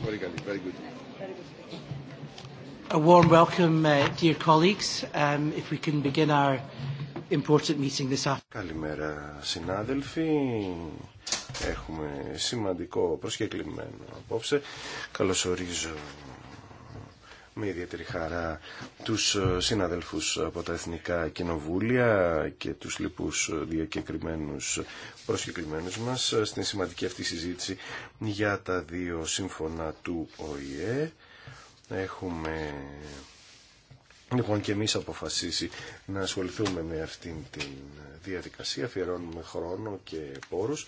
Very good. Very good. A warm welcome, uh, dear colleagues. Um, if we can begin our important meeting this afternoon. Καλημέρα, συνάδελφοι. Έχουμε σημαντικό προσκεκλημένο απόψε. Καλωσορίζω με ιδιαίτερη χαρά τους ε, συναδέλφους από τα Εθνικά Κοινοβούλια και τους λοιπούς ε, διακεκριμένους ε, προσκεκριμένους μας στην σημαντική αυτή συζήτηση για τα δύο σύμφωνα του ΟΗΕ. Έχουμε λοιπόν και εμείς αποφασίσει να ασχοληθούμε με αυτήν την διαδικασία, αφιερώνουμε χρόνο και πόρους.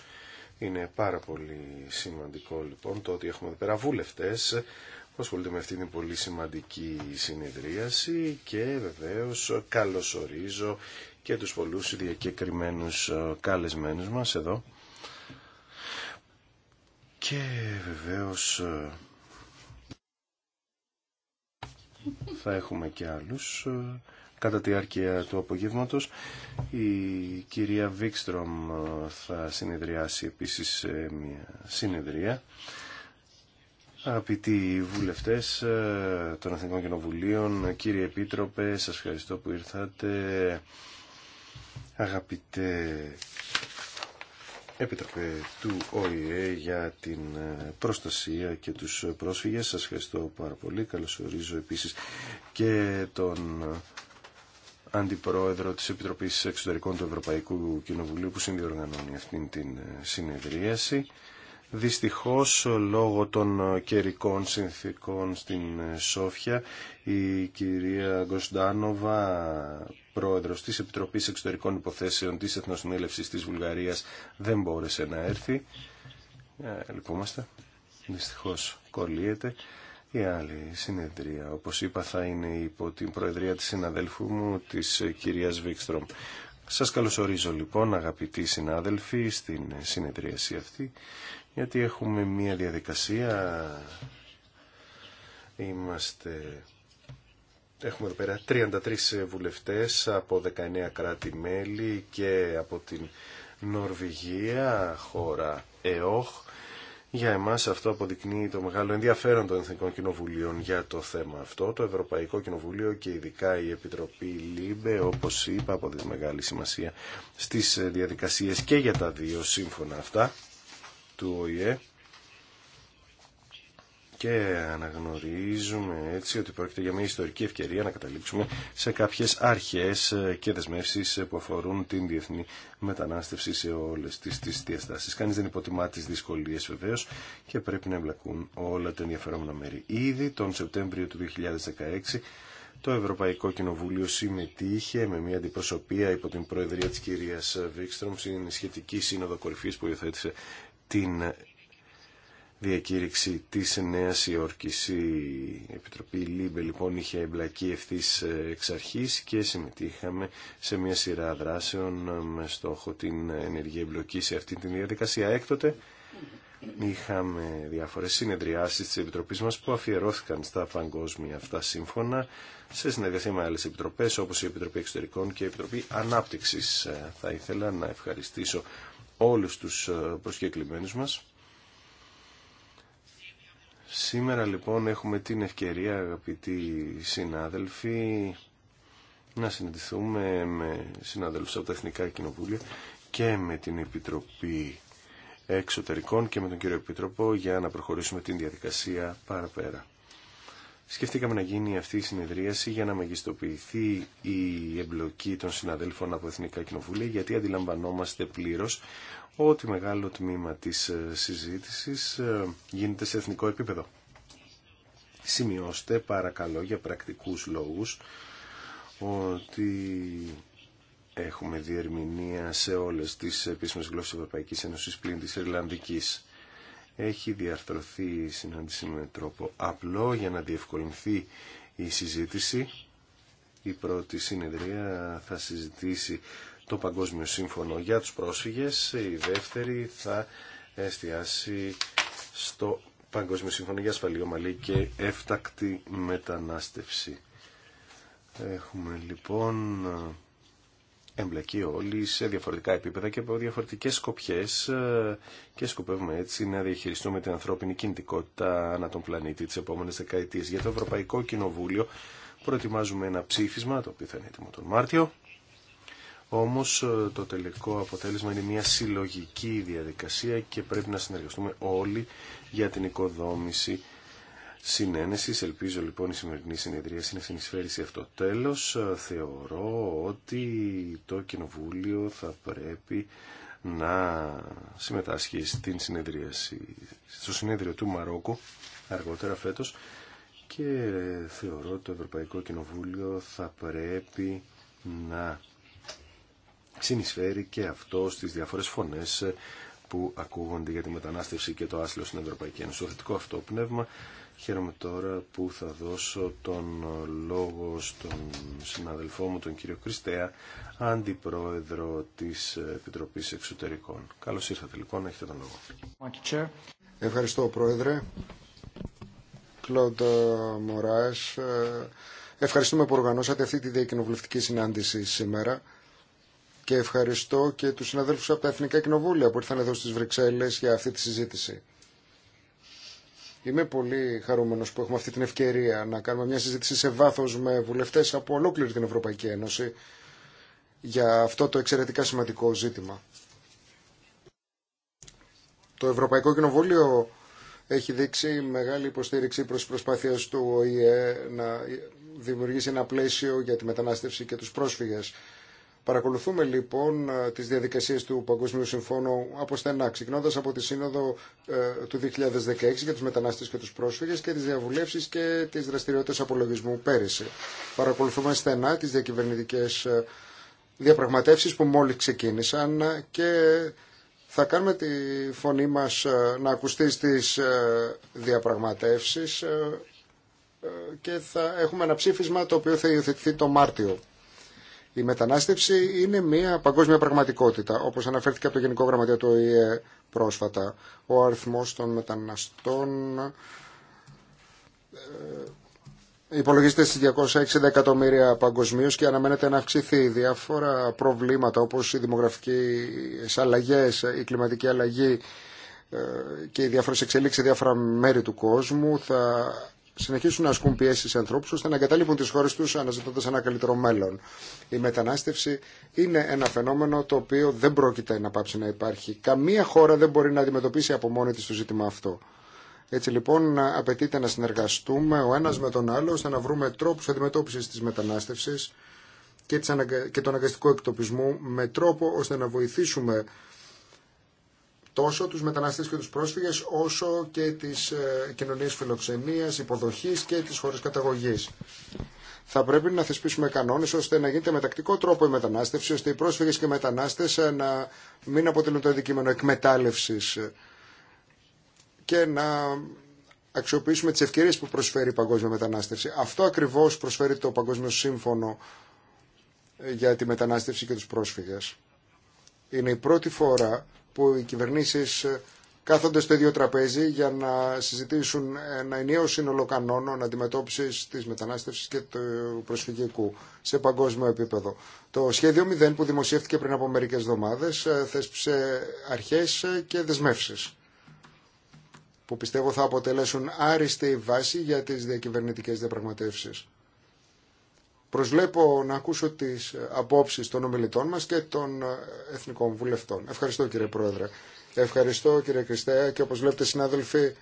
Είναι πάρα πολύ σημαντικό λοιπόν το ότι έχουμε εδώ πέρα βουλευτές ασχολείται με αυτήν την πολύ σημαντική συνεδρίαση και βεβαίως καλωσορίζω και τους πολλούς διακεκριμένους ε, καλεσμένους μας εδώ. Και βεβαίως ε, θα έχουμε και άλλους ε, κατά τη διάρκεια του απογεύματος. Η κυρία Βίξτρομ θα συνεδριάσει επίσης μια συνεδρία Αγαπητοί βουλευτές ε, των Εθνικών Κοινοβουλίων, κύριε Επίτροπε, σας ευχαριστώ που ήρθατε. Αγαπητέ Επίτροπε του ΟΗΕ για την ε, προστασία και τους πρόσφυγες, σας ευχαριστώ πάρα πολύ. ορίζω επίσης και τον ε, Αντιπρόεδρο της Επιτροπής Εξωτερικών του Ευρωπαϊκού Κοινοβουλίου που συνδιοργανώνει αυτήν την συνεδρίαση. Δυστυχώς λόγω των καιρικών συνθήκων στην Σόφια η κυρία Γκοσντάνοβα πρόεδρος της Επιτροπής Εξωτερικών Υποθέσεων της Εθνοσυνέλευσης της Βουλγαρίας δεν μπόρεσε να έρθει. Ε, λυπούμαστε. Δυστυχώς κολλείεται. Η άλλη συνεδρία, όπως είπα, θα είναι υπό την προεδρία της συναδέλφου μου, της κυρίας Βίξτρομ. Σας καλωσορίζω λοιπόν αγαπητοί συνάδελφοι στην συνεδρίαση αυτή γιατί έχουμε μία διαδικασία, είμαστε... Έχουμε εδώ πέρα 33 βουλευτές από 19 κράτη-μέλη και από την Νορβηγία, χώρα ΕΟΧ. Για εμάς αυτό αποδεικνύει το μεγάλο ενδιαφέρον των Εθνικών Κοινοβουλίων για το θέμα αυτό. Το Ευρωπαϊκό Κοινοβούλιο και ειδικά η Επιτροπή ΛΥΜΠΕ, όπως είπα, από τη μεγάλη σημασία στις διαδικασίες και για τα δύο σύμφωνα αυτά του ΟΗΕ και αναγνωρίζουμε έτσι ότι πρόκειται για μια ιστορική ευκαιρία να καταλήξουμε σε κάποιες αρχές και δεσμεύσεις που αφορούν την διεθνή μετανάστευση σε όλες τις, τις διαστάσεις. Κανείς δεν υποτιμά τις δυσκολίες βεβαίως και πρέπει να εμπλακούν όλα τα ενδιαφερόμενα μέρη. Ήδη τον Σεπτέμβριο του 2016 το Ευρωπαϊκό Κοινοβούλιο συμμετείχε με μια αντιπροσωπεία υπό την Προεδρία της κυρίας Βίξτρομ στην σχετική σύνοδο κορυφής που υιοθέτησε την διακήρυξη της Νέας Υόρκης. Η Επιτροπή ΛΥΜΠΕ λοιπόν είχε εμπλακεί ευθύς ε, εξ αρχής και συμμετείχαμε σε μια σειρά δράσεων ε, με στόχο την ενεργή εμπλοκή σε αυτή τη διαδικασία. Έκτοτε είχαμε διάφορες συνεδριάσεις της Επιτροπής μας που αφιερώθηκαν στα παγκόσμια αυτά σύμφωνα σε συνεργασία με άλλες επιτροπές όπως η Επιτροπή Εξωτερικών και η Επιτροπή Ανάπτυξης. Ε, θα ήθελα να ευχαριστήσω όλους τους ε, προσκεκλημένους μας. Σήμερα λοιπόν έχουμε την ευκαιρία αγαπητοί συνάδελφοι να συναντηθούμε με συνάδελφους από τα Εθνικά Κοινοβούλια και με την Επιτροπή Εξωτερικών και με τον κύριο Επίτροπο για να προχωρήσουμε την διαδικασία παραπέρα σκεφτήκαμε να γίνει αυτή η συνεδρίαση για να μεγιστοποιηθεί η εμπλοκή των συναδέλφων από Εθνικά Κοινοβούλια, γιατί αντιλαμβανόμαστε πλήρως ότι μεγάλο τμήμα της ε, συζήτησης ε, γίνεται σε εθνικό επίπεδο. Σημειώστε παρακαλώ για πρακτικούς λόγους ότι έχουμε διερμηνία σε όλες τις επίσημες γλώσσες Ευρωπαϊκής Ένωσης πλην της Ιρλανδικής έχει διαρθρωθεί η συνάντηση με τρόπο απλό για να διευκολυνθεί η συζήτηση. Η πρώτη συνεδρία θα συζητήσει το Παγκόσμιο Σύμφωνο για τους πρόσφυγες. Η δεύτερη θα εστιάσει στο Παγκόσμιο Σύμφωνο για Ασφαλή Ομαλή και Εφτακτή Μετανάστευση. Έχουμε λοιπόν Εμπλεκεί όλοι σε διαφορετικά επίπεδα και από διαφορετικές σκοπιές ε, και σκοπεύουμε έτσι να διαχειριστούμε την ανθρώπινη κινητικότητα ανά τον πλανήτη τις επόμενες δεκαετίες. Για το Ευρωπαϊκό Κοινοβούλιο προετοιμάζουμε ένα ψήφισμα, το οποίο θα είναι έτοιμο τον Μάρτιο, όμως ε, το τελικό αποτέλεσμα είναι μια συλλογική διαδικασία και πρέπει να συνεργαστούμε όλοι για την οικοδόμηση συνένεση. Ελπίζω λοιπόν η σημερινή συνεδρία να συνεισφέρει σε αυτό. Τέλος, θεωρώ ότι το Κοινοβούλιο θα πρέπει να συμμετάσχει στην συνεδρίαση, στο συνέδριο του Μαρόκου αργότερα φέτο, και θεωρώ ότι το Ευρωπαϊκό Κοινοβούλιο θα πρέπει να συνεισφέρει και αυτό στις διάφορες φωνές που ακούγονται για τη μετανάστευση και το άσυλο στην Ευρωπαϊκή Ένωση. Το θετικό αυτό πνεύμα Χαίρομαι τώρα που θα δώσω τον λόγο στον συναδελφό μου, τον κύριο Κριστέα, αντιπρόεδρο της Επιτροπής Εξωτερικών. Καλώς ήρθατε λοιπόν, έχετε τον λόγο. Ευχαριστώ πρόεδρε. Κλοντ ε, Μωράς, ε, ευχαριστούμε που οργανώσατε αυτή τη διακοινοβουλευτική συνάντηση σήμερα και ευχαριστώ και τους συναδέλφους από τα Εθνικά Κοινοβούλια που ήρθαν εδώ στις Βρυξέλλες για αυτή τη συζήτηση. Είμαι πολύ χαρούμενος που έχουμε αυτή την ευκαιρία να κάνουμε μια συζήτηση σε βάθο με βουλευτές από ολόκληρη την Ευρωπαϊκή Ένωση για αυτό το εξαιρετικά σημαντικό ζήτημα. Το Ευρωπαϊκό Κοινοβούλιο έχει δείξει μεγάλη υποστήριξη προ τι προσπάθειε του ΟΗΕ να δημιουργήσει ένα πλαίσιο για τη μετανάστευση και του πρόσφυγες. Παρακολουθούμε λοιπόν ε, τι διαδικασίε του Παγκοσμίου Συμφώνου από στενά, ξεκινώντα από τη Σύνοδο ε, του 2016 για του μετανάστε και του πρόσφυγε και τι διαβουλεύσει και τι δραστηριότητε απολογισμού πέρυσι. Παρακολουθούμε στενά τι διακυβερνητικέ ε, διαπραγματεύσεις που μόλις ξεκίνησαν και θα κάνουμε τη φωνή μα να ακουστεί στι διαπραγματεύσει και θα έχουμε ένα ψήφισμα το οποίο θα υιοθετηθεί το Μάρτιο. Η μετανάστευση είναι μια παγκόσμια πραγματικότητα, όπως αναφέρθηκε από το Γενικό Γραμματείο του ΟΗΕ πρόσφατα. Ο αριθμός των μεταναστών ε, υπολογίζεται στις 260 εκατομμύρια παγκοσμίω και αναμένεται να αυξηθεί διάφορα προβλήματα όπως οι δημογραφικές αλλαγές, η κλιματική αλλαγή ε, και οι διάφορες εξελίξεις σε διάφορα μέρη του κόσμου θα συνεχίσουν να ασκούν πιέσει σε ανθρώπου ώστε να εγκαταλείπουν τι χώρε του αναζητώντα ένα καλύτερο μέλλον. Η μετανάστευση είναι ένα φαινόμενο το οποίο δεν πρόκειται να πάψει να υπάρχει. Καμία χώρα δεν μπορεί να αντιμετωπίσει από μόνη τη το ζήτημα αυτό. Έτσι λοιπόν απαιτείται να συνεργαστούμε ο ένας με τον άλλο ώστε να βρούμε τρόπους αντιμετώπισης της μετανάστευσης και, της αναγκα... και τον με τρόπο ώστε να βοηθήσουμε τόσο τους μεταναστές και τους πρόσφυγες όσο και τις ε, κοινωνίες φιλοξενίας, υποδοχής και τις χώρες καταγωγής. Θα πρέπει να θεσπίσουμε κανόνες ώστε να γίνεται με τακτικό τρόπο η μετανάστευση, ώστε οι πρόσφυγες και οι μετανάστες ε, να μην αποτελούν το αντικείμενο εκμετάλλευσης και να αξιοποιήσουμε τις ευκαιρίες που προσφέρει η παγκόσμια μετανάστευση. Αυτό ακριβώς προσφέρει το Παγκόσμιο Σύμφωνο ε, για τη μετανάστευση και τους πρόσφυγες. Είναι η πρώτη φορά που οι κυβερνήσεις ε, κάθονται στο ίδιο τραπέζι για να συζητήσουν ένα ε, ενιαίο σύνολο κανόνων αντιμετώπιση τη μετανάστευση και του προσφυγικού σε παγκόσμιο επίπεδο. Το σχέδιο 0 που δημοσιεύτηκε πριν από μερικέ εβδομάδε ε, θέσπισε αρχέ και δεσμεύσει που πιστεύω θα αποτελέσουν άριστη βάση για τις διακυβερνητικές διαπραγματεύσεις. Προσβλέπω να ακούσω τις απόψεις των ομιλητών μας και των εθνικών βουλευτών. Ευχαριστώ κύριε Πρόεδρε. Ευχαριστώ κύριε Κριστέα και όπως βλέπετε συνάδελφοι,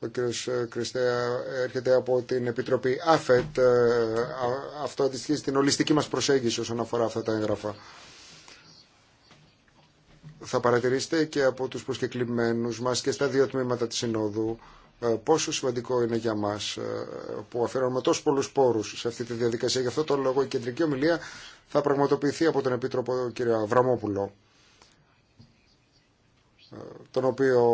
ο κύριος Κριστέα έρχεται από την Επιτροπή ΑΦΕΤ. Ε, αυτό αντιστοιχεί στην ολιστική μας προσέγγιση όσον αφορά αυτά τα έγγραφα. Θα παρατηρήσετε και από τους προσκεκλημένους μας και στα δύο τμήματα της Συνόδου ε, πόσο σημαντικό είναι για μα ε, που αφαιρώνουμε τόσου πολλούς πόρους σε αυτή τη διαδικασία. Γι' αυτό το λόγο η κεντρική ομιλία θα πραγματοποιηθεί από τον Επίτροπο κ. Αβραμόπουλο, ε, τον οποίο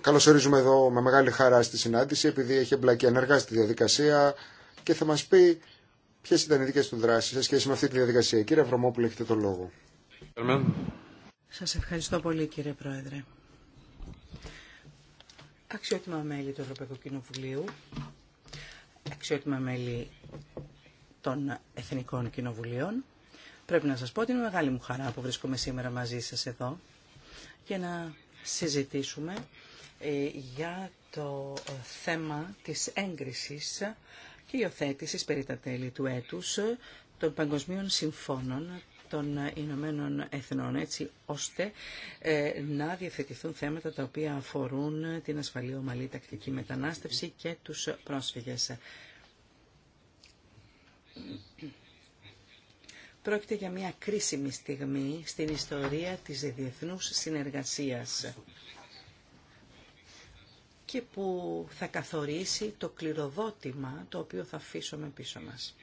καλωσορίζουμε εδώ με μεγάλη χαρά στη συνάντηση, επειδή έχει εμπλακεί ενεργά στη διαδικασία και θα μας πει ποιε ήταν οι δικές του δράσει σε σχέση με αυτή τη διαδικασία. Κύριε Αβραμόπουλο, έχετε το λόγο. Σας ευχαριστώ πολύ κύριε Πρόεδρε. Αξιότιμα μέλη του Ευρωπαϊκού Κοινοβουλίου, αξιότιμα μέλη των Εθνικών Κοινοβουλίων, πρέπει να σας πω ότι είναι μεγάλη μου χαρά που βρίσκομαι σήμερα μαζί σας εδώ για να συζητήσουμε ε, για το θέμα της έγκρισης και υιοθέτησης περί τα τέλη του έτους των Παγκοσμίων Συμφώνων των Ηνωμένων Εθνών, έτσι ώστε ε, να διευθετηθούν θέματα τα οποία αφορούν την ασφαλή ομαλή τακτική μετανάστευση και τους πρόσφυγες. Πρόκειται για μια κρίσιμη στιγμή στην ιστορία της διεθνούς συνεργασίας και που θα καθορίσει το κληροδότημα το οποίο θα αφήσουμε πίσω μας.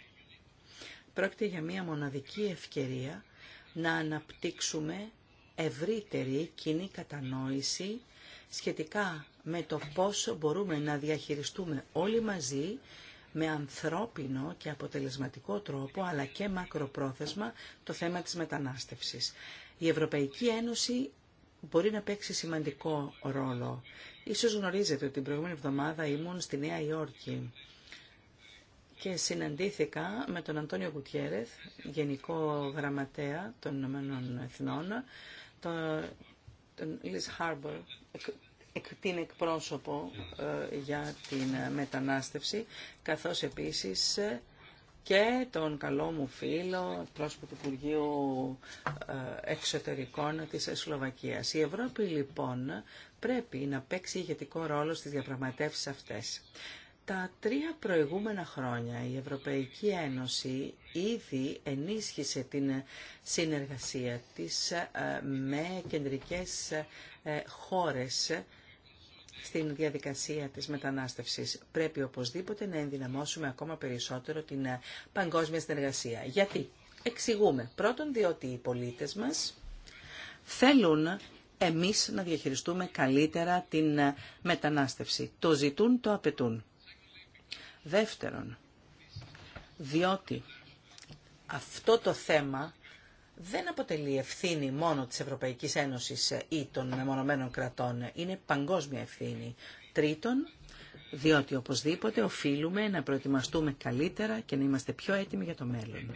Πρόκειται για μία μοναδική ευκαιρία να αναπτύξουμε ευρύτερη κοινή κατανόηση σχετικά με το πόσο μπορούμε να διαχειριστούμε όλοι μαζί με ανθρώπινο και αποτελεσματικό τρόπο, αλλά και μακροπρόθεσμα, το θέμα της μετανάστευσης. Η Ευρωπαϊκή Ένωση μπορεί να παίξει σημαντικό ρόλο. Ίσως γνωρίζετε ότι την προηγούμενη εβδομάδα ήμουν στη Νέα Υόρκη και συναντήθηκα με τον Αντώνιο Κουτιέρεθ, Γενικό Γραμματέα των Ηνωμένων Εθνών, τον Λις Χάρμπορ, την εκπρόσωπο ε, για την μετανάστευση, καθώς επίσης ε, και τον καλό μου φίλο, πρόσωπο του Υπουργείου ε, Εξωτερικών της Σλοβακίας. Η Ευρώπη λοιπόν πρέπει να παίξει ηγετικό ρόλο στις διαπραγματεύσεις αυτές. Τα τρία προηγούμενα χρόνια η Ευρωπαϊκή Ένωση ήδη ενίσχυσε την συνεργασία της ε, με κεντρικές ε, χώρες στην διαδικασία της μετανάστευσης. Πρέπει οπωσδήποτε να ενδυναμώσουμε ακόμα περισσότερο την ε, παγκόσμια συνεργασία. Γιατί εξηγούμε. Πρώτον, διότι οι πολίτες μας θέλουν εμείς να διαχειριστούμε καλύτερα την μετανάστευση. Το ζητούν, το απαιτούν. Δεύτερον, διότι αυτό το θέμα δεν αποτελεί ευθύνη μόνο της Ευρωπαϊκής Ένωσης ή των μεμονωμένων κρατών. Είναι παγκόσμια ευθύνη. Τρίτον, διότι οπωσδήποτε οφείλουμε να προετοιμαστούμε καλύτερα και να είμαστε πιο έτοιμοι για το μέλλον.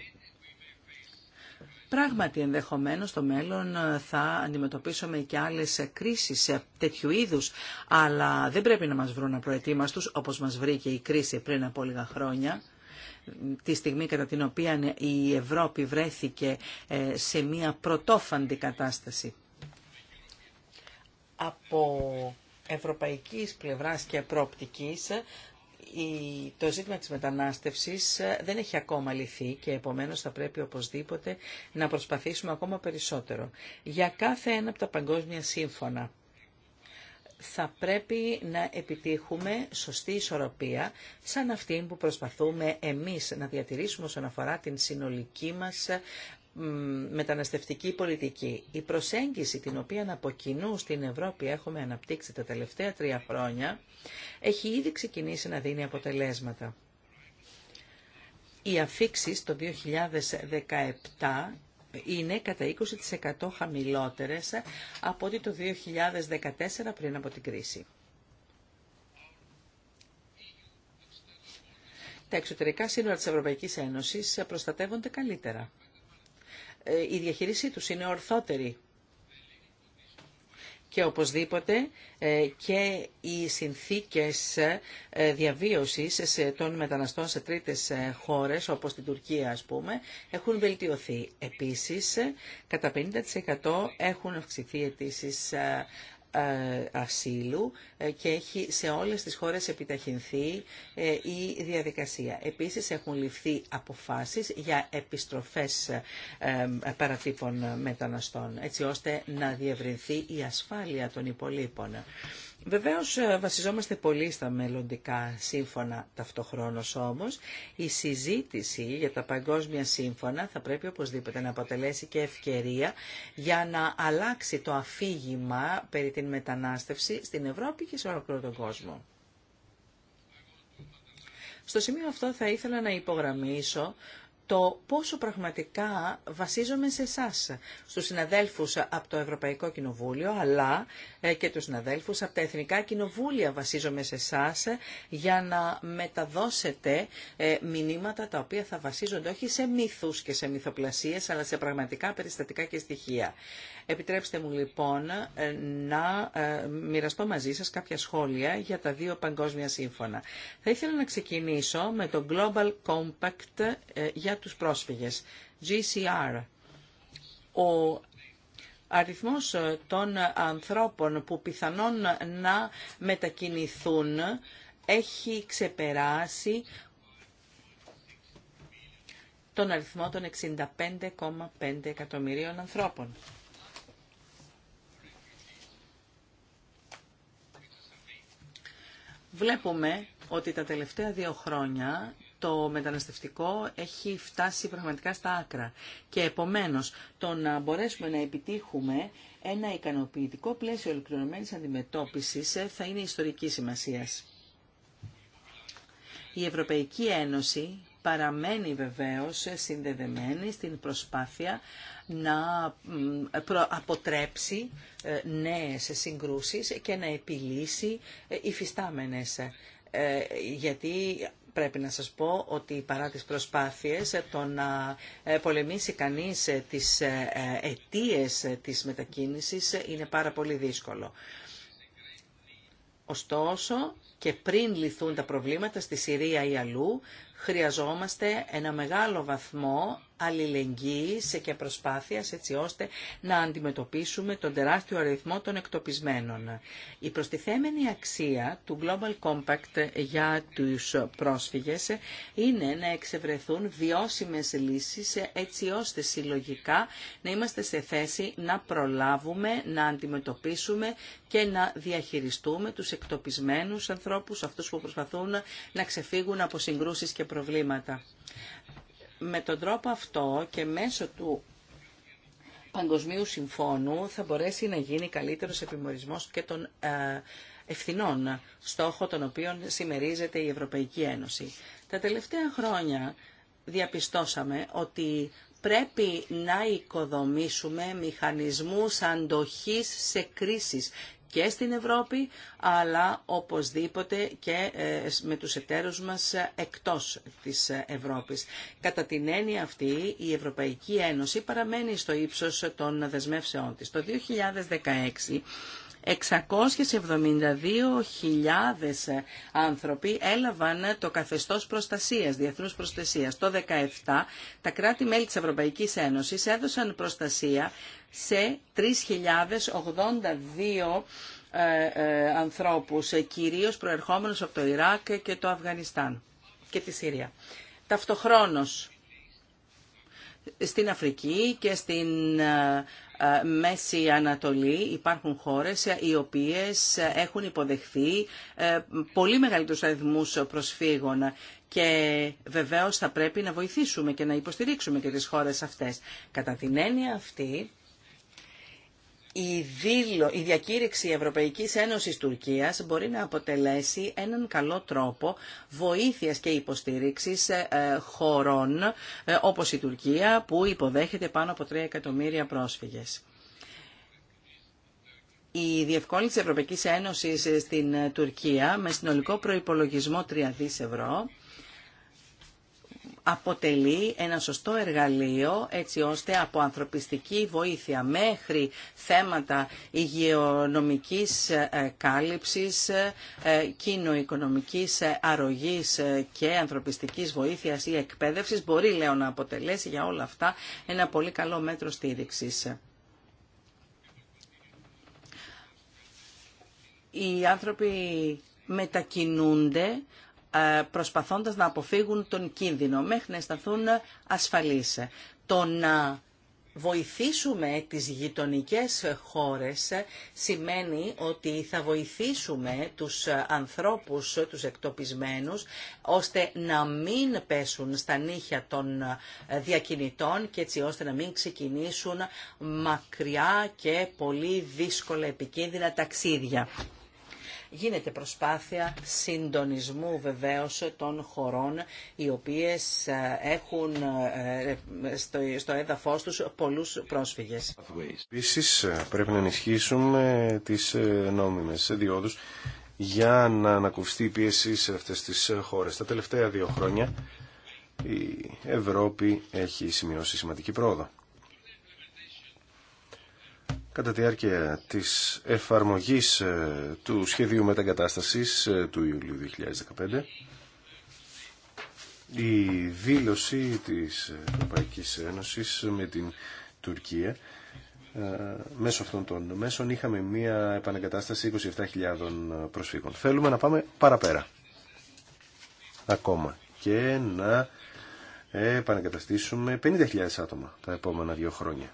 Πράγματι, ενδεχομένως στο μέλλον ε, θα αντιμετωπίσουμε και άλλες ε, κρίσεις ε, τέτοιου είδους, αλλά δεν πρέπει να μας βρουν απροετοίμαστους, όπως μας βρήκε η κρίση πριν από λίγα χρόνια τη στιγμή κατά την οποία η Ευρώπη βρέθηκε σε μια πρωτόφαντη κατάσταση. Από ευρωπαϊκής πλευράς και προοπτικής το ζήτημα της μετανάστευσης ε, δεν έχει ακόμα λυθεί και επομένως θα πρέπει οπωσδήποτε να προσπαθήσουμε ακόμα περισσότερο. Για κάθε ένα από τα παγκόσμια σύμφωνα θα πρέπει να επιτύχουμε σωστή ισορροπία σαν αυτήν που προσπαθούμε εμείς να διατηρήσουμε όσον αφορά την συνολική μας ε, μεταναστευτική πολιτική. Η προσέγγιση την οποία από κοινού στην Ευρώπη έχουμε αναπτύξει τα τελευταία τρία χρόνια έχει ήδη ξεκινήσει να δίνει αποτελέσματα. Οι αφήξεις το 2017 είναι κατά 20% χαμηλότερες από ότι το 2014 πριν από την κρίση. Τα εξωτερικά σύνορα της Ευρωπαϊκής Ένωσης προστατεύονται καλύτερα. Ε, η διαχείρισή τους είναι ορθότερη. Και οπωσδήποτε ε, και οι συνθήκες ε, διαβίωσης των μεταναστών σε τρίτες χώρες, όπως την Τουρκία ας πούμε, έχουν βελτιωθεί. Επίσης, κατά 50% έχουν αυξηθεί αιτήσει ε, ασύλου ε, και έχει σε όλες τις χώρες επιταχυνθεί ε, η διαδικασία. Επίσης έχουν ληφθεί αποφάσεις για επιστροφές παρατύπων μεταναστών, έτσι ώστε να διευρυνθεί η ασφάλεια των υπολείπων. Βεβαίω, ε, βασιζόμαστε πολύ στα μελλοντικά σύμφωνα ταυτοχρόνως όμως. Η συζήτηση για τα παγκόσμια σύμφωνα θα πρέπει οπωσδήποτε να αποτελέσει και ευκαιρία για να αλλάξει το αφήγημα περί την μετανάστευση στην Ευρώπη και σε ολόκληρο τον κόσμο. Στο σημείο αυτό θα ήθελα να υπογραμμίσω το πόσο πραγματικά βασίζομαι σε εσά, στους συναδέλφους από το Ευρωπαϊκό Κοινοβούλιο, αλλά ε, και τους συναδέλφους από τα Εθνικά Κοινοβούλια βασίζομαι σε εσά ε, για να μεταδώσετε ε, μηνύματα τα οποία θα βασίζονται όχι σε μύθους και σε μυθοπλασίες, αλλά σε πραγματικά περιστατικά και στοιχεία. Επιτρέψτε μου λοιπόν ε, να ε, μοιραστώ μαζί σας κάποια σχόλια για τα δύο παγκόσμια σύμφωνα. Θα ήθελα να ξεκινήσω με το Global Compact ε, για τους πρόσφυγες, GCR. Ο αριθμός των ανθρώπων που πιθανόν να μετακινηθούν έχει ξεπεράσει τον αριθμό των 65,5 εκατομμυρίων ανθρώπων. Βλέπουμε ότι τα τελευταία δύο χρόνια το μεταναστευτικό έχει φτάσει πραγματικά στα άκρα. Και επομένως το να μπορέσουμε να επιτύχουμε ένα ικανοποιητικό πλαίσιο ολοκληρωμένης αντιμετώπισης ε, θα είναι ιστορική σημασίας. Η Ευρωπαϊκή Ένωση παραμένει βεβαίως συνδεδεμένη στην προσπάθεια να αποτρέψει ε, νέες συγκρούσεις και να επιλύσει ε, υφιστάμενες. Ε, γιατί πρέπει να σας πω ότι παρά τις προσπάθειες το να πολεμήσει κανείς τις αιτίες της μετακίνησης είναι πάρα πολύ δύσκολο. Ωστόσο, και πριν λυθούν τα προβλήματα στη Συρία ή αλλού, χρειαζόμαστε ένα μεγάλο βαθμό αλληλεγγύης και προσπάθειας έτσι ώστε να αντιμετωπίσουμε τον τεράστιο αριθμό των εκτοπισμένων. Η προστιθέμενη αξία του Global Compact για τους πρόσφυγες είναι να εξευρεθούν βιώσιμες λύσεις έτσι ώστε συλλογικά να είμαστε σε θέση να προλάβουμε, να αντιμετωπίσουμε και να διαχειριστούμε τους εκτοπισμένους ανθρώπους, αυτούς που προσπαθούν να ξεφύγουν από συγκρούσεις και προβλήματα με τον τρόπο αυτό και μέσω του Παγκοσμίου Συμφώνου θα μπορέσει να γίνει καλύτερος επιμορισμός και των ε, ευθυνών, στόχο των οποίων συμμερίζεται η Ευρωπαϊκή Ένωση. Τα τελευταία χρόνια διαπιστώσαμε ότι πρέπει να οικοδομήσουμε μηχανισμούς αντοχής σε κρίσεις και στην Ευρώπη, αλλά οπωσδήποτε και ε, με τους εταίρους μας ε, εκτός της ε, Ευρώπης. Κατά την έννοια αυτή, η Ευρωπαϊκή Ένωση παραμένει στο ύψος των δεσμεύσεών της. Το 2016 672.000 άνθρωποι έλαβαν το καθεστώς προστασίας, διεθνούς προστασίας. Το 2017 τα κράτη-μέλη της Ευρωπαϊκής Ένωσης έδωσαν προστασία σε 3.082 ε, ε, ανθρώπους, κυρίως προερχόμενους από το Ιράκ και το Αφγανιστάν και τη Συρία. Ταυτοχρόνως στην Αφρική και στην ε, ε, Μέση Ανατολή υπάρχουν χώρες οι οποίες έχουν υποδεχθεί ε, πολύ μεγαλύτερους αριθμούς προσφύγων και βεβαίως θα πρέπει να βοηθήσουμε και να υποστηρίξουμε και τις χώρες αυτές. Κατά την έννοια αυτή η, δήλω, η διακήρυξη Ευρωπαϊκής Ένωσης Τουρκίας μπορεί να αποτελέσει έναν καλό τρόπο βοήθειας και υποστήριξης ε, ε, χωρών ε, όπως η Τουρκία που υποδέχεται πάνω από 3 εκατομμύρια πρόσφυγες. Η διευκόλυνση Ευρωπαϊκής Ένωσης στην Τουρκία με συνολικό προϋπολογισμό 3 δις ευρώ αποτελεί ένα σωστό εργαλείο έτσι ώστε από ανθρωπιστική βοήθεια μέχρι θέματα υγειονομικής ε, κάλυψης, ε, κοινοοικονομικής ε, αρρωγής και ανθρωπιστικής βοήθειας ή εκπαίδευσης μπορεί λέω να αποτελέσει για όλα αυτά ένα πολύ καλό μέτρο στήριξης. Οι άνθρωποι μετακινούνται ε, προσπαθώντας να αποφύγουν τον κίνδυνο μέχρι να αισθανθούν ασφαλείς. Το να βοηθήσουμε τις γειτονικές χώρες σημαίνει ότι θα βοηθήσουμε τους ανθρώπους, τους εκτοπισμένους, ώστε να μην πέσουν στα νύχια των διακινητών και έτσι ώστε να μην ξεκινήσουν μακριά και πολύ δύσκολα επικίνδυνα ταξίδια. Γίνεται προσπάθεια συντονισμού βεβαίως των χωρών οι οποίες ε, έχουν ε, ε, στο έδαφος τους πολλούς πρόσφυγες. Επίσης πρέπει να ενισχύσουμε τις νόμιμες διόδους για να ανακουφιστεί η πίεση σε αυτές τις χώρες. Τα τελευταία δύο χρόνια η Ευρώπη έχει σημειώσει σημαντική πρόοδο κατά τη διάρκεια της εφαρμογής ε, του σχεδίου μεταγκατάστασης ε, του Ιουλίου 2015 η δήλωση της Ευρωπαϊκής Ένωσης με την Τουρκία ε, μέσω αυτών των μέσων είχαμε μία επανεκατάσταση 27.000 προσφύγων. Θέλουμε να πάμε παραπέρα ακόμα και να επανεγκαταστήσουμε 50.000 άτομα τα επόμενα δύο χρόνια.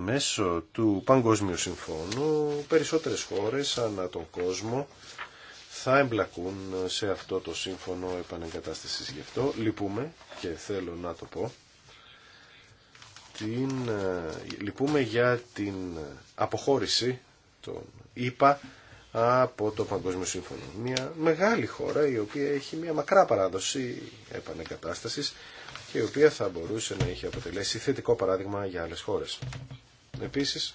Μέσω του Παγκόσμιου Συμφώνου περισσότερες χώρες ανά τον κόσμο θα εμπλακούν σε αυτό το σύμφωνο επανεγκατάστασης. Γι' αυτό λυπούμε και θέλω να το πω. Την, ε, λυπούμε για την αποχώρηση των ΙΠΑ από το Παγκόσμιο Σύμφωνο. Μια μεγάλη χώρα η οποία έχει μια μακρά παράδοση επανεγκατάστασης και η οποία θα μπορούσε να έχει αποτελέσει θετικό παράδειγμα για άλλες χώρες. Επίσης,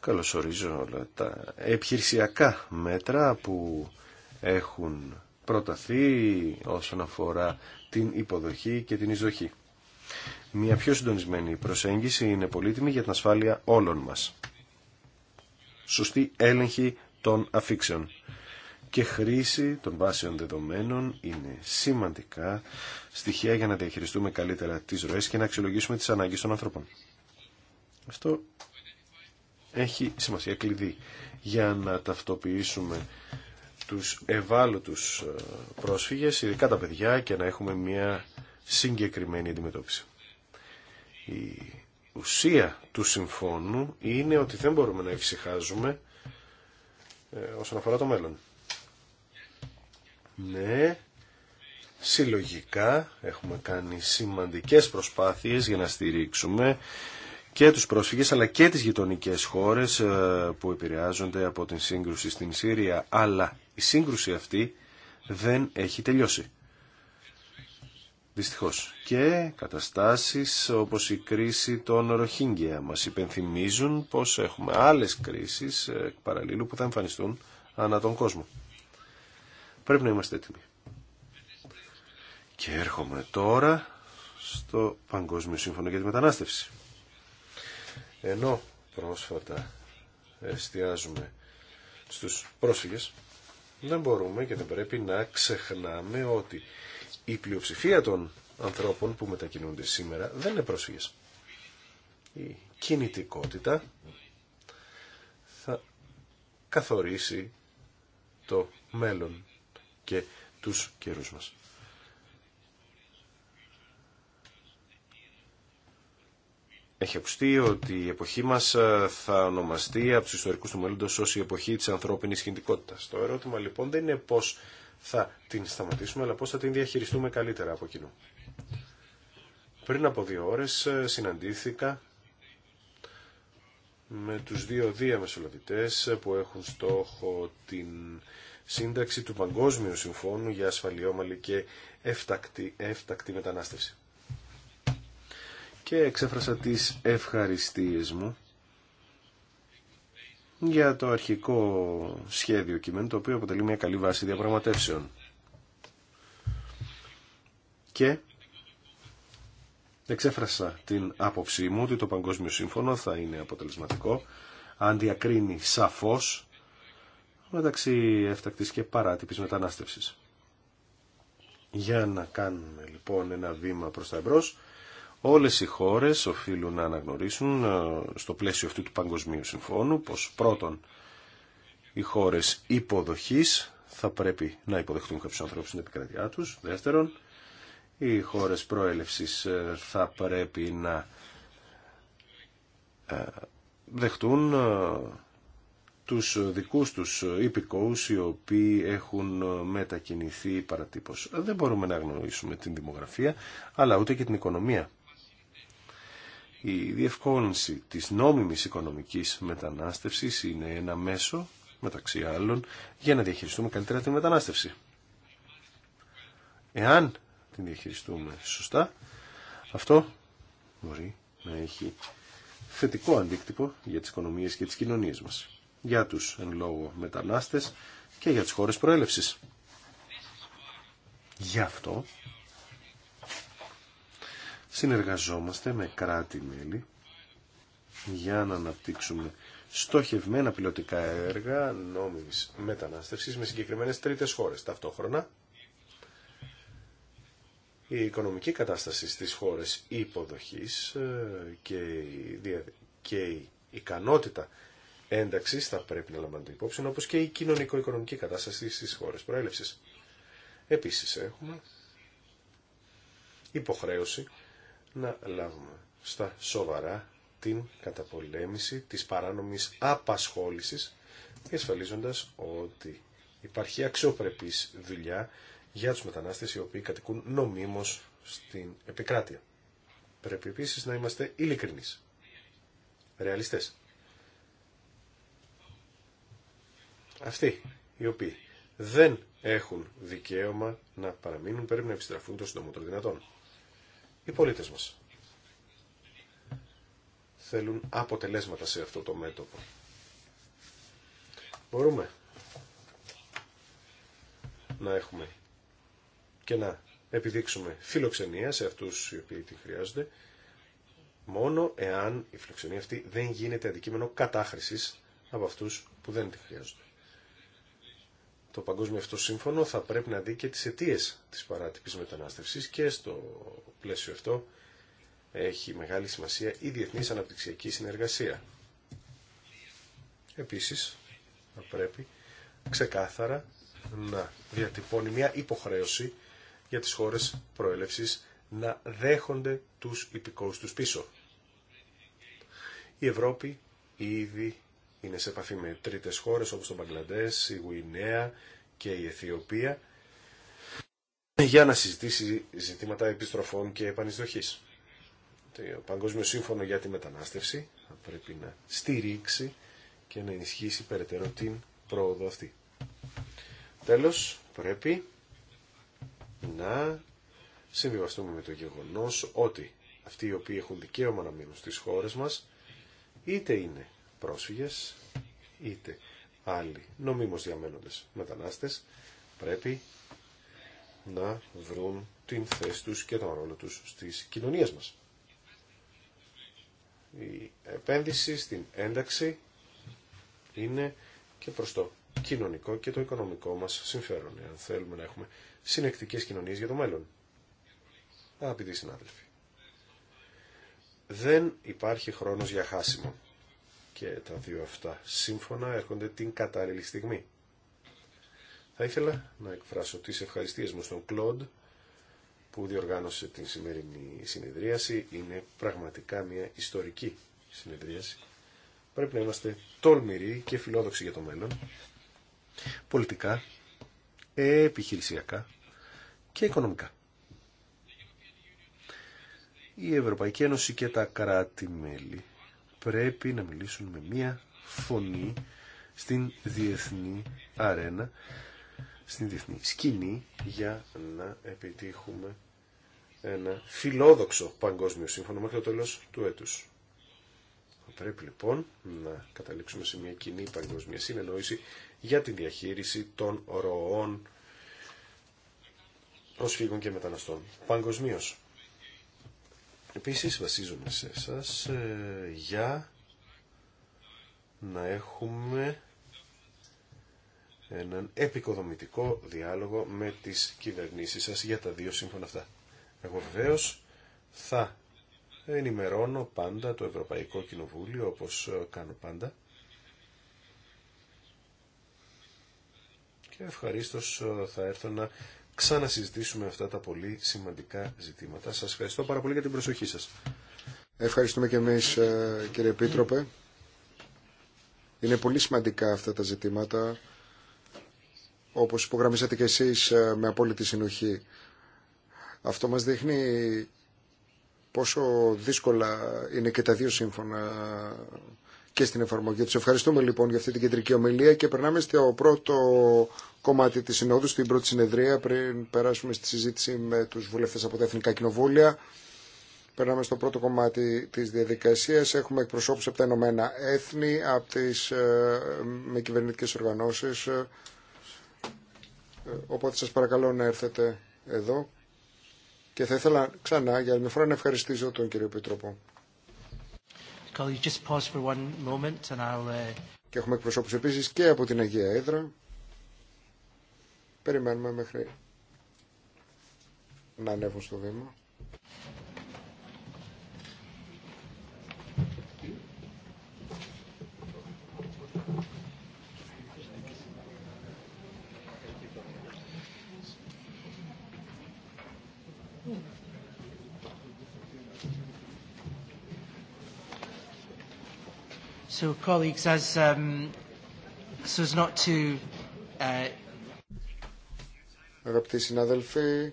καλωσορίζω όλα τα επιχειρησιακά μέτρα που έχουν προταθεί όσον αφορά την υποδοχή και την εισδοχή. Μια πιο συντονισμένη προσέγγιση είναι πολύτιμη για την ασφάλεια όλων μας. Σωστή έλεγχη των αφήξεων και χρήση των βάσεων δεδομένων είναι σημαντικά στοιχεία για να διαχειριστούμε καλύτερα τις ροές και να αξιολογήσουμε τις ανάγκες των ανθρώπων. Αυτό έχει σημασία κλειδί για να ταυτοποιήσουμε τους ευάλωτους ε, πρόσφυγες, ειδικά τα παιδιά, και να έχουμε μια συγκεκριμένη αντιμετώπιση. Η ουσία του συμφώνου είναι ότι δεν μπορούμε να ευσυχάζουμε ε, όσον αφορά το μέλλον. Ναι, συλλογικά έχουμε κάνει σημαντικές προσπάθειες για να στηρίξουμε και τους πρόσφυγες αλλά και τις γειτονικές χώρες ε, που επηρεάζονται από την σύγκρουση στην Σύρια. Αλλά η σύγκρουση αυτή δεν έχει τελειώσει. Δυστυχώς. Και καταστάσεις όπως η κρίση των Ροχίνγκια μας υπενθυμίζουν πως έχουμε άλλες κρίσεις ε, παραλλήλου που θα εμφανιστούν ανά τον κόσμο. Πρέπει να είμαστε έτοιμοι. Και έρχομαι τώρα στο Παγκόσμιο Σύμφωνο για τη Μετανάστευση. Ενώ πρόσφατα εστιάζουμε στους πρόσφυγες, δεν μπορούμε και δεν πρέπει να ξεχνάμε ότι η πλειοψηφία των ανθρώπων που μετακινούνται σήμερα δεν είναι πρόσφυγες. Η κινητικότητα θα καθορίσει το μέλλον και τους καιρούς μας. Έχει ακουστεί ότι η εποχή μας ε, θα ονομαστεί από του ιστορικού του μέλλοντο ω η εποχή της ανθρώπινης κινητικότητα. Το ερώτημα λοιπόν δεν είναι πώς θα την σταματήσουμε, αλλά πώς θα την διαχειριστούμε καλύτερα από κοινού. Πριν από δύο ώρες ε, συναντήθηκα με τους δύο διαμεσολαβητέ ε, που έχουν στόχο την σύνταξη του Παγκόσμιου Συμφώνου για ασφαλιόμαλη και έφτακτη μετανάστευση και εξέφρασα τις ευχαριστίες μου για το αρχικό σχέδιο κειμένου, το οποίο αποτελεί μια καλή βάση διαπραγματεύσεων. Και εξέφρασα την άποψή μου ότι το Παγκόσμιο Σύμφωνο θα είναι αποτελεσματικό, αν διακρίνει σαφώς μεταξύ έφτακτης και παράτυπης μετανάστευσης. Για να κάνουμε λοιπόν ένα βήμα προς τα εμπρός, Όλες οι χώρες οφείλουν να αναγνωρίσουν ε, στο πλαίσιο αυτού του Παγκοσμίου Συμφώνου πως πρώτον οι χώρες υποδοχής θα πρέπει να υποδεχτούν κάποιους ανθρώπους στην επικρατειά τους. Δεύτερον, οι χώρες προέλευσης ε, θα πρέπει να ε, δεχτούν τους δικούς τους υπηκόους οι οποίοι έχουν μετακινηθεί παρατύπως. Δεν μπορούμε να αγνοήσουμε την δημογραφία αλλά ούτε και την οικονομία. Η διευκόλυνση της νόμιμης οικονομικής μετανάστευσης είναι ένα μέσο, μεταξύ άλλων, για να διαχειριστούμε καλύτερα τη μετανάστευση. Εάν την διαχειριστούμε σωστά, αυτό μπορεί να έχει θετικό αντίκτυπο για τις οικονομίες και τις κοινωνίες μας, για τους εν λόγω μετανάστες και για τις χώρες προέλευσης. Γι' αυτό συνεργαζόμαστε με κράτη-μέλη για να αναπτύξουμε στοχευμένα πιλωτικά έργα νόμιμης μετανάστευσης με συγκεκριμένες τρίτες χώρες. Ταυτόχρονα, η οικονομική κατάσταση στις χώρες υποδοχής ε, και η, και η ικανότητα ένταξη θα πρέπει να λαμβάνεται υπόψη, όπως και η κοινωνικο-οικονομική κατάσταση στις χώρες προέλευσης. Επίσης έχουμε υποχρέωση να λάβουμε στα σοβαρά την καταπολέμηση της παράνομης απασχόλησης, διασφαλίζοντας ότι υπάρχει αξιοπρεπής δουλειά για τους μετανάστες οι οποίοι κατοικούν νομίμως στην επικράτεια. Πρέπει επίση να είμαστε ειλικρινεί. ρεαλιστέ. Αυτοί οι οποίοι δεν έχουν δικαίωμα να παραμείνουν πρέπει να επιστραφούν το των δυνατόν οι πολίτες μας. Θέλουν αποτελέσματα σε αυτό το μέτωπο. Μπορούμε να έχουμε και να επιδείξουμε φιλοξενία σε αυτούς οι οποίοι τη χρειάζονται, μόνο εάν η φιλοξενία αυτή δεν γίνεται αντικείμενο κατάχρησης από αυτούς που δεν τη χρειάζονται το Παγκόσμιο αυτό σύμφωνο θα πρέπει να δει και τις αιτίε της παράτυπης μετανάστευσης και στο πλαίσιο αυτό έχει μεγάλη σημασία η διεθνής αναπτυξιακή συνεργασία. Επίσης, θα πρέπει ξεκάθαρα να διατυπώνει μια υποχρέωση για τις χώρες προέλευσης να δέχονται τους υπηκόους τους πίσω. Η Ευρώπη ήδη είναι σε επαφή με τρίτες χώρες όπως το Μπαγκλαντές, η Γουινέα και η Αιθιοπία για να συζητήσει ζητήματα επιστροφών και επανεισδοχής. Το Παγκόσμιο Σύμφωνο για τη Μετανάστευση θα πρέπει να στηρίξει και να ενισχύσει περαιτέρω την πρόοδο αυτή. Τέλος, πρέπει να συμβιβαστούμε με το γεγονός ότι αυτοί οι οποίοι έχουν δικαίωμα να μείνουν στις χώρες μας, είτε είναι πρόσφυγες, είτε άλλοι νομίμως διαμένοντες μετανάστες, πρέπει να βρουν την θέση τους και τον ρόλο τους στις κοινωνίες μας. Η επένδυση στην ένταξη είναι και προς το κοινωνικό και το οικονομικό μας συμφέρον, αν θέλουμε να έχουμε συνεκτικές κοινωνίες για το μέλλον. Αγαπητοί συνάδελφοι, δεν υπάρχει χρόνος για χάσιμο και τα δύο αυτά σύμφωνα έρχονται την κατάλληλη στιγμή. Θα ήθελα να εκφράσω τις ευχαριστίες μου στον Κλοντ που διοργάνωσε την σημερινή συνεδρίαση. Είναι πραγματικά μια ιστορική συνεδρίαση. Πρέπει να είμαστε τολμηροί και φιλόδοξοι για το μέλλον, πολιτικά, επιχειρησιακά και οικονομικά. Η Ευρωπαϊκή Ένωση και τα κράτη-μέλη πρέπει να μιλήσουν με μία φωνή στην διεθνή αρένα, στην διεθνή σκηνή για να επιτύχουμε ένα φιλόδοξο παγκόσμιο σύμφωνο μέχρι το τέλος του έτους. Πρέπει λοιπόν να καταλήξουμε σε μια κοινή παγκόσμια συνεννόηση για τη διαχείριση των ροών προσφύγων και μεταναστών παγκοσμίω. Επίσης βασίζομαι σε εσάς ε, για να έχουμε έναν επικοδομητικό διάλογο με τις κυβερνήσεις σας για τα δύο σύμφωνα αυτά. Εγώ βεβαίω θα ενημερώνω πάντα το Ευρωπαϊκό Κοινοβούλιο όπως κάνω πάντα και ευχαρίστως ε, θα έρθω να ξανασυζητήσουμε αυτά τα πολύ σημαντικά ζητήματα. Σας ευχαριστώ πάρα πολύ για την προσοχή σας. Ευχαριστούμε και εμείς ε, κύριε Επίτροπε. Είναι πολύ σημαντικά αυτά τα ζητήματα, όπως υπογραμμίσατε και εσείς ε, με απόλυτη συνοχή. Αυτό μας δείχνει πόσο δύσκολα είναι και τα δύο σύμφωνα και στην εφαρμογή τους. Ευχαριστούμε λοιπόν για αυτή την κεντρική ομιλία και περνάμε στο πρώτο κομμάτι της συνόδου, στην πρώτη συνεδρία, πριν περάσουμε στη συζήτηση με τους βουλευτές από τα Εθνικά Κοινοβούλια. Περνάμε στο πρώτο κομμάτι της διαδικασίας. Έχουμε εκπροσώπους από τα Ηνωμένα Έθνη, από τις με κυβερνητικές οργανώσεις. Ε, οπότε σας παρακαλώ να έρθετε εδώ. Και θα ήθελα ξανά για μια φορά να ευχαριστήσω τον κύριο Επιτροπό. Uh, και έχουμε εκπροσώπους επίσης και από την Αγία Έδρα. Περιμένουμε μέχρι να ανέβουν στο βήμα. So, colleagues, as, um, so as not to, uh... Αγαπητοί συνάδελφοι,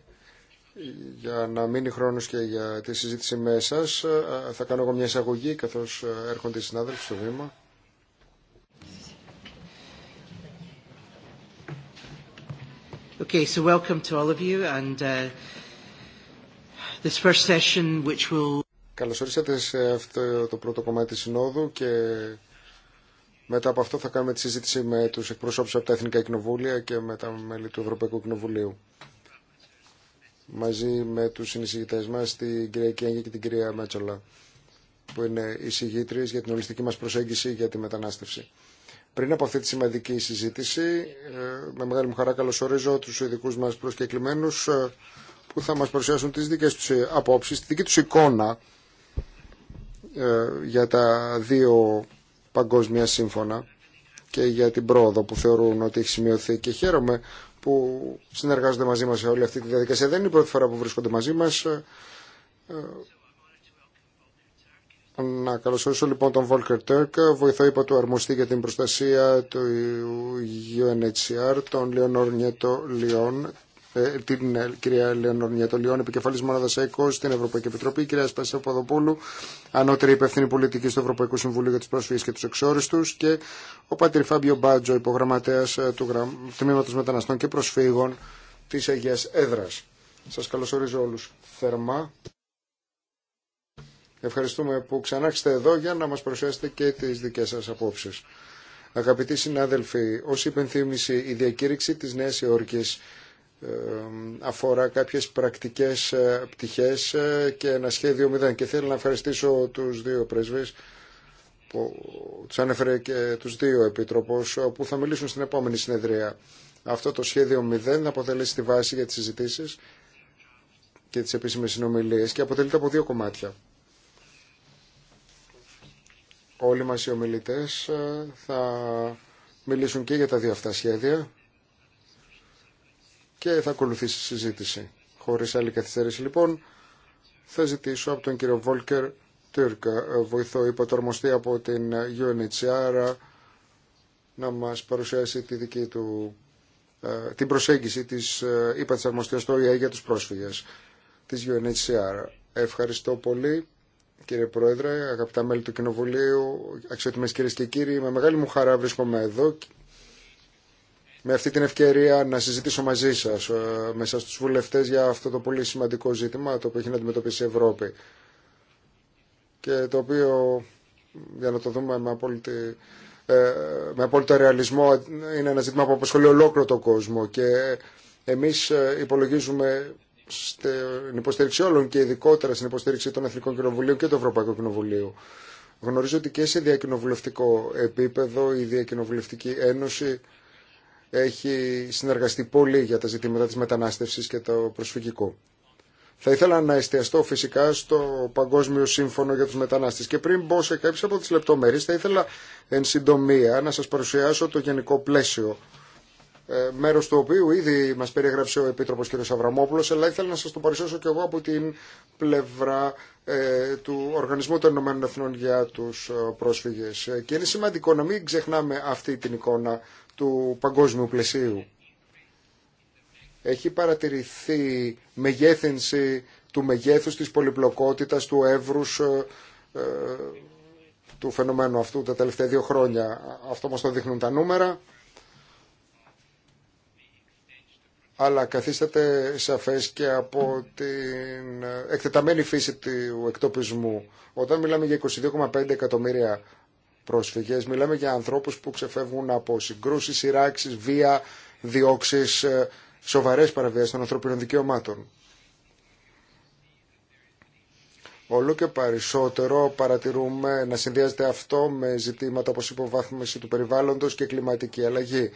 για να μείνει χρόνος και για τη συζήτηση με εσάς, ε, θα κάνω εγώ μια εισαγωγή καθώς ε, έρχονται οι συνάδελφοι στο βήμα. Okay, so welcome to all of you and uh, this first session which will... Καλώς ορίσατε σε αυτό το πρώτο κομμάτι της Συνόδου και μετά από αυτό θα κάνουμε τη συζήτηση με τους εκπροσώπους από τα Εθνικά Κοινοβούλια και με τα μέλη του Ευρωπαϊκού Κοινοβουλίου. Μαζί με τους συνεισηγητές μας, την κυρία Κιέγγι και την κυρία Μέτσολα, που είναι εισηγήτριε για την ολιστική μας προσέγγιση για τη μετανάστευση. Πριν από αυτή τη σημαντική συζήτηση, ε, με μεγάλη μου χαρά καλωσορίζω τους ειδικούς μας προσκεκλημένους ε, που θα μας παρουσιάσουν τις δικές τους ε, απόψεις, τη δική τους εικόνα ε, για τα δύο παγκόσμια σύμφωνα και για την πρόοδο που θεωρούν ότι έχει σημειωθεί και χαίρομαι που συνεργάζονται μαζί μας σε όλη αυτή τη διαδικασία. Δεν είναι η πρώτη φορά που βρίσκονται μαζί μας. Ε, ε, να καλωσορίσω λοιπόν τον Βόλκερ Τέρκ, βοηθό είπα του αρμοστή για την προστασία του UNHCR, τον Λιονόρ Νιέτο Λιόν, ε, την ε, κυρία Λεωνόρ Νιατολιών, επικεφαλής μονάδα ΕΚΟ στην Ευρωπαϊκή Επιτροπή, κυρία Σπασία Παδοπούλου, ανώτερη υπευθύνη πολιτική του Ευρωπαϊκού Συμβουλίου για τις πρόσφυγες και του Εξόριστου, και ο πατήρ Φάμπιο Μπάτζο, υπογραμματέας ε, του Τμήματο Μεταναστών και Προσφύγων τη Αγία Έδρα. Σα καλωσορίζω όλου. θερμά. Ευχαριστούμε που είστε εδώ για να μα παρουσιάσετε και τι δικέ σα απόψει. Αγαπητοί συνάδελφοι, ως υπενθύμηση η διακήρυξη της Νέας Υόρκης αφορά κάποιες πρακτικές ε, πτυχές ε, και ένα σχέδιο μηδέν. Και θέλω να ευχαριστήσω τους δύο πρεσβείς που τους ανέφερε και τους δύο επίτροπους ε, που θα μιλήσουν στην επόμενη συνεδρία. Αυτό το σχέδιο μηδέν θα αποτελέσει τη βάση για τις συζητήσεις και τις επίσημες συνομιλίες και αποτελείται από δύο κομμάτια. Όλοι μας οι ομιλητές θα μιλήσουν και για τα δύο αυτά σχέδια και θα ακολουθήσει συζήτηση. Χωρίς άλλη καθυστέρηση λοιπόν θα ζητήσω από τον κύριο Βόλκερ Τούρκ, ε, βοηθό υποτορμοστή από την UNHCR, να μας παρουσιάσει τη δική του, ε, την προσέγγιση της ΥΠΑ ε, στο για τους πρόσφυγες της UNHCR. Ευχαριστώ πολύ. Κύριε Πρόεδρε, αγαπητά μέλη του Κοινοβουλίου, αξιότιμες κυρίες και κύριοι, με μεγάλη μου χαρά βρίσκομαι εδώ με αυτή την ευκαιρία να συζητήσω μαζί σας, ε, μέσα στου βουλευτέ, για αυτό το πολύ σημαντικό ζήτημα το οποίο έχει να αντιμετωπίσει η Ευρώπη και το οποίο, για να το δούμε με απόλυτη ε, με απόλυτο ρεαλισμό είναι ένα ζήτημα που απασχολεί ολόκληρο τον κόσμο και εμείς ε, υπολογίζουμε στην υποστήριξη όλων και ειδικότερα στην υποστήριξη των Εθνικών Κοινοβουλίων και του Ευρωπαϊκού Κοινοβουλίου. Γνωρίζω ότι και σε διακοινοβουλευτικό επίπεδο η Διακοινοβουλευτική Ένωση έχει συνεργαστεί πολύ για τα ζητήματα της μετανάστευσης και το προσφυγικό. Θα ήθελα να εστιαστώ φυσικά στο Παγκόσμιο Σύμφωνο για τους Μετανάστες και πριν μπω σε κάποιες από τις λεπτομέρειες θα ήθελα εν συντομία να σας παρουσιάσω το γενικό πλαίσιο ε, μέρος του οποίου ήδη μας περιέγραψε ο Επίτροπος κ. Σαβραμόπουλος, αλλά ήθελα να σας το παρουσιάσω και εγώ από την πλευρά ε, του Οργανισμού των Ηνωμένων για τους ε, πρόσφυγες και είναι σημαντικό να μην ξεχνάμε αυτή την εικόνα του παγκόσμιου πλαισίου. Έχει παρατηρηθεί μεγέθυνση του μεγέθους της πολυπλοκότητας του εύρους ε, ε, του φαινομένου αυτού τα τελευταία δύο χρόνια. Αυτό μας το δείχνουν τα νούμερα. αλλά καθίσταται σαφές και από την εκτεταμένη φύση του εκτοπισμού. Όταν μιλάμε για 22,5 εκατομμύρια πρόσφυγες. Μιλάμε για ανθρώπους που ξεφεύγουν από συγκρούσεις, σειράξεις, βία, διώξεις, ε, σοβαρές παραβιάσεις των ανθρωπίνων δικαιωμάτων. Όλο και περισσότερο παρατηρούμε να συνδυάζεται αυτό με ζητήματα όπως υποβάθμιση του περιβάλλοντος και κλιματική αλλαγή.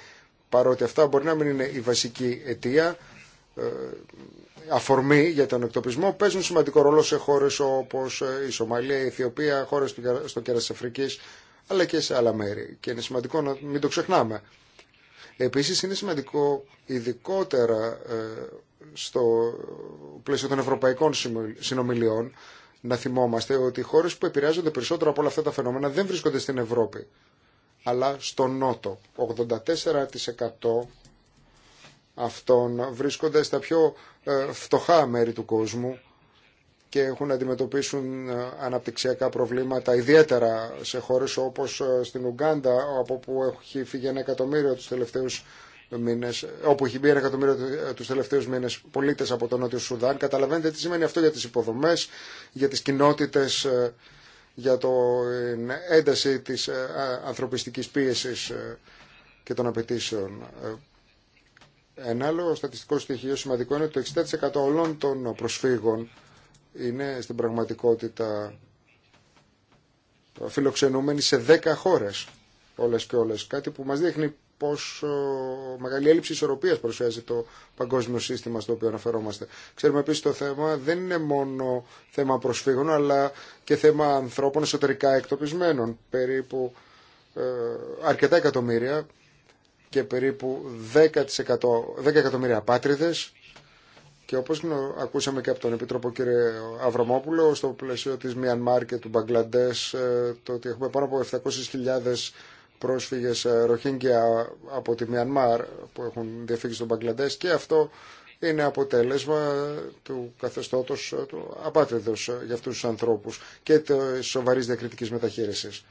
Παρότι αυτά μπορεί να μην είναι η βασική αιτία, ε, αφορμή για τον εκτοπισμό, παίζουν σημαντικό ρόλο σε χώρες όπως ε, η Σομαλία, η Αιθιοπία, χώρες στο κέρας Αφρικής αλλά και σε άλλα μέρη. Και είναι σημαντικό να μην το ξεχνάμε. Επίσης είναι σημαντικό ειδικότερα ε, στο πλαίσιο των ευρωπαϊκών συνομιλιών να θυμόμαστε ότι οι χώρες που επηρεάζονται περισσότερο από όλα αυτά τα φαινόμενα δεν βρίσκονται στην Ευρώπη, αλλά στο Νότο. 84% αυτών βρίσκονται στα πιο ε, φτωχά μέρη του κόσμου και έχουν να αντιμετωπίσουν ε, αναπτυξιακά προβλήματα, ιδιαίτερα σε χώρες όπως ε, στην Ουγγάντα, από όπου έχει φύγει ένα τους τελευταίους μήνες, όπου έχει μπει ένα εκατομμύριο ε, τους τελευταίους μήνες πολίτες από τον Νότιο Σουδάν. Καταλαβαίνετε τι σημαίνει αυτό για τις υποδομές, για τις κοινότητες, για την ένταση της ανθρωπιστικής πίεσης και των απαιτήσεων. Ένα άλλο στατιστικό στοιχείο σημαντικό είναι ότι το 60% όλων των προσφύγων είναι στην πραγματικότητα φιλοξενούμενοι σε 10 χώρες όλες και όλες. Κάτι που μας δείχνει πόσο μεγάλη έλλειψη ισορροπίας παρουσιάζει το παγκόσμιο σύστημα στο οποίο αναφερόμαστε. Ξέρουμε επίσης το θέμα δεν είναι μόνο θέμα προσφύγων αλλά και θέμα ανθρώπων εσωτερικά εκτοπισμένων. Περίπου ε, αρκετά εκατομμύρια και περίπου 10, 10 εκατομμύρια πάτριδες και όπως ακούσαμε και από τον Επίτροπο κύριε Αβραμόπουλο, στο πλαίσιο της Μιανμάρ και του Μπαγκλαντές, ε, το ότι έχουμε πάνω από 700.000 πρόσφυγες ε, Ροχίνγκια από τη Μιανμάρ που έχουν διαφύγει στο Μπαγκλαντές και αυτό είναι αποτέλεσμα του καθεστώτος ε, του απάτριδος για αυτούς τους ανθρώπους και της σοβαρής διακριτικής μεταχείρισης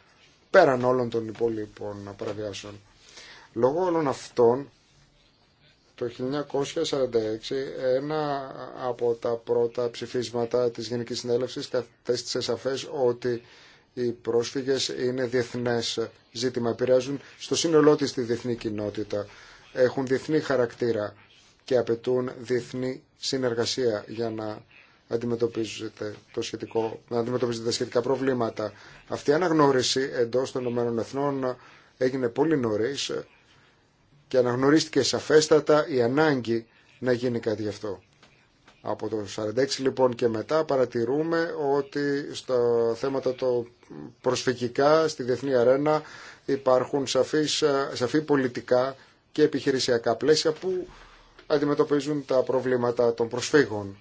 πέραν όλων των υπόλοιπων παραβιάσεων. Λόγω όλων αυτών το 1946 ένα από τα πρώτα ψηφίσματα της Γενικής Συνέλευσης κατέστησε σαφές ότι οι πρόσφυγες είναι διεθνές ζήτημα, επηρεάζουν στο σύνολό της τη διεθνή κοινότητα, έχουν διεθνή χαρακτήρα και απαιτούν διεθνή συνεργασία για να αντιμετωπίζετε το σχετικό, να αντιμετωπίζετε τα σχετικά προβλήματα. Αυτή η αναγνώριση εντός των ΗΕ έγινε πολύ νωρίς και αναγνωρίστηκε σαφέστατα η ανάγκη να γίνει κάτι γι' αυτό. Από το 46 λοιπόν και μετά παρατηρούμε ότι στα θέματα το προσφυγικά στη διεθνή αρένα υπάρχουν σαφείς, σαφή πολιτικά και επιχειρησιακά πλαίσια που αντιμετωπίζουν τα προβλήματα των προσφύγων.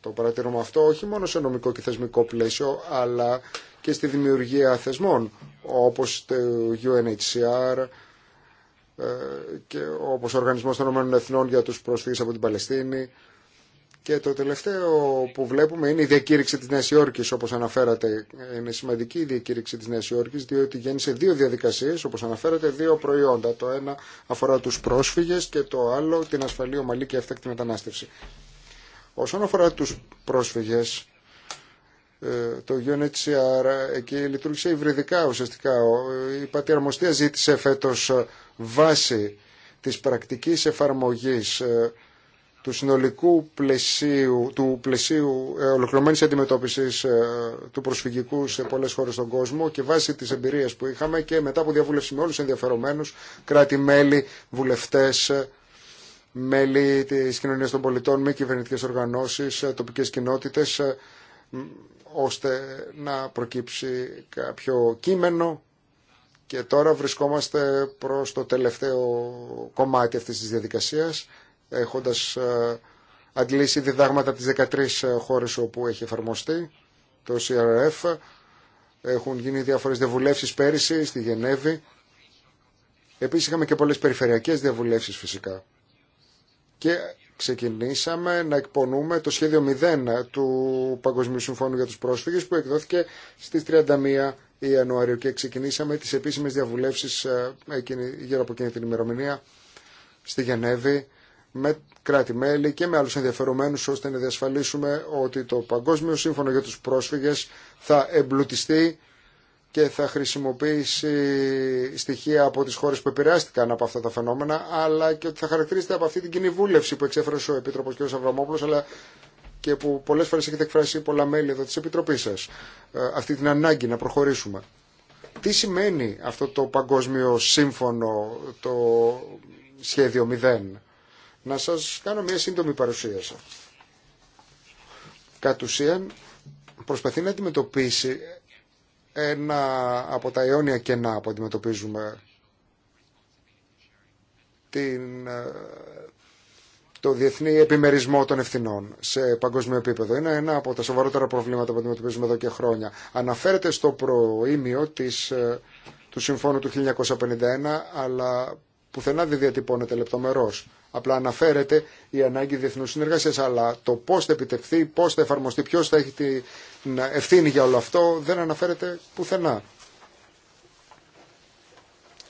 Το παρατηρούμε αυτό όχι μόνο σε νομικό και θεσμικό πλαίσιο, αλλά και στη δημιουργία θεσμών, όπως το UNHCR, ε, και όπως ο Οργανισμός των Ηνωμένων Εθνών για τους πρόσφυγες από την Παλαιστίνη. Και το τελευταίο που βλέπουμε είναι η διακήρυξη της Νέας Υόρκης, όπως αναφέρατε. Είναι σημαντική η διακήρυξη της Νέας Υόρκης, διότι γέννησε δύο διαδικασίες, όπως αναφέρατε, δύο προϊόντα. Το ένα αφορά τους πρόσφυγες και το άλλο την ασφαλή ομαλή και εύθεκτη μετανάστευση. Όσον αφορά τους πρόσφυγες, ε, το UNHCR εκεί λειτουργήσε υβριδικά ουσιαστικά. Η πατιαρμοστία ζήτησε φέτος ε, βάση της πρακτικής εφαρμογής ε, του συνολικού πλαισίου, του πλαισίου ολοκληρωμένης αντιμετώπισης του προσφυγικού σε πολλές χώρες στον κόσμο και βάση της εμπειρίας που είχαμε και μετά από διαβούλευση με όλους ενδιαφερομένους, κράτη-μέλη, βουλευτές, μέλη της κοινωνίας των πολιτών, μη κυβερνητικέ οργανώσεις, τοπικές κοινότητες, ώστε να προκύψει κάποιο κείμενο και τώρα βρισκόμαστε προς το τελευταίο κομμάτι αυτής της διαδικασίας έχοντας ε, αντλήσει διδάγματα από τις 13 ε, χώρες όπου έχει εφαρμοστεί το CRF. Έχουν γίνει διάφορες διαβουλεύσεις πέρυσι στη Γενέβη. Επίσης είχαμε και πολλές περιφερειακές διαβουλεύσεις φυσικά. Και ξεκινήσαμε να εκπονούμε το σχέδιο 0 του Παγκοσμίου Συμφώνου για τους Πρόσφυγες που εκδόθηκε στις 31 Ιανουαρίου και ξεκινήσαμε τις επίσημες διαβουλεύσεις ε, γύρω από εκείνη την ημερομηνία στη Γενέβη με κράτη-μέλη και με άλλους ενδιαφερομένους ώστε να διασφαλίσουμε ότι το Παγκόσμιο Σύμφωνο για τους Πρόσφυγες θα εμπλουτιστεί και θα χρησιμοποιήσει στοιχεία από τις χώρες που επηρεάστηκαν από αυτά τα φαινόμενα, αλλά και ότι θα χαρακτηρίζεται από αυτή την κοινή βούλευση που εξέφρασε ο Επίτροπος κ. Αβραμόπουλος, αλλά και που πολλές φορές έχετε εκφράσει πολλά μέλη εδώ της Επιτροπής σας, ε, αυτή την ανάγκη να προχωρήσουμε. Τι σημαίνει αυτό το παγκόσμιο σύμφωνο, το σχέδιο 0. Να σας κάνω μια σύντομη παρουσίαση. Κατ' ουσίαν προσπαθεί να αντιμετωπίσει ένα από τα αιώνια κενά που αντιμετωπίζουμε την, ε, το διεθνή επιμερισμό των ευθυνών σε παγκόσμιο επίπεδο. Είναι ένα από τα σοβαρότερα προβλήματα που αντιμετωπίζουμε εδώ και χρόνια. Αναφέρεται στο προήμιο της, ε, του Συμφώνου του 1951, αλλά πουθενά δεν διατυπώνεται λεπτομερώς. Απλά αναφέρεται η ανάγκη διεθνού συνεργασία. Αλλά το πώ θα επιτευχθεί, πώ θα εφαρμοστεί, ποιο θα έχει την ευθύνη για όλο αυτό δεν αναφέρεται πουθενά.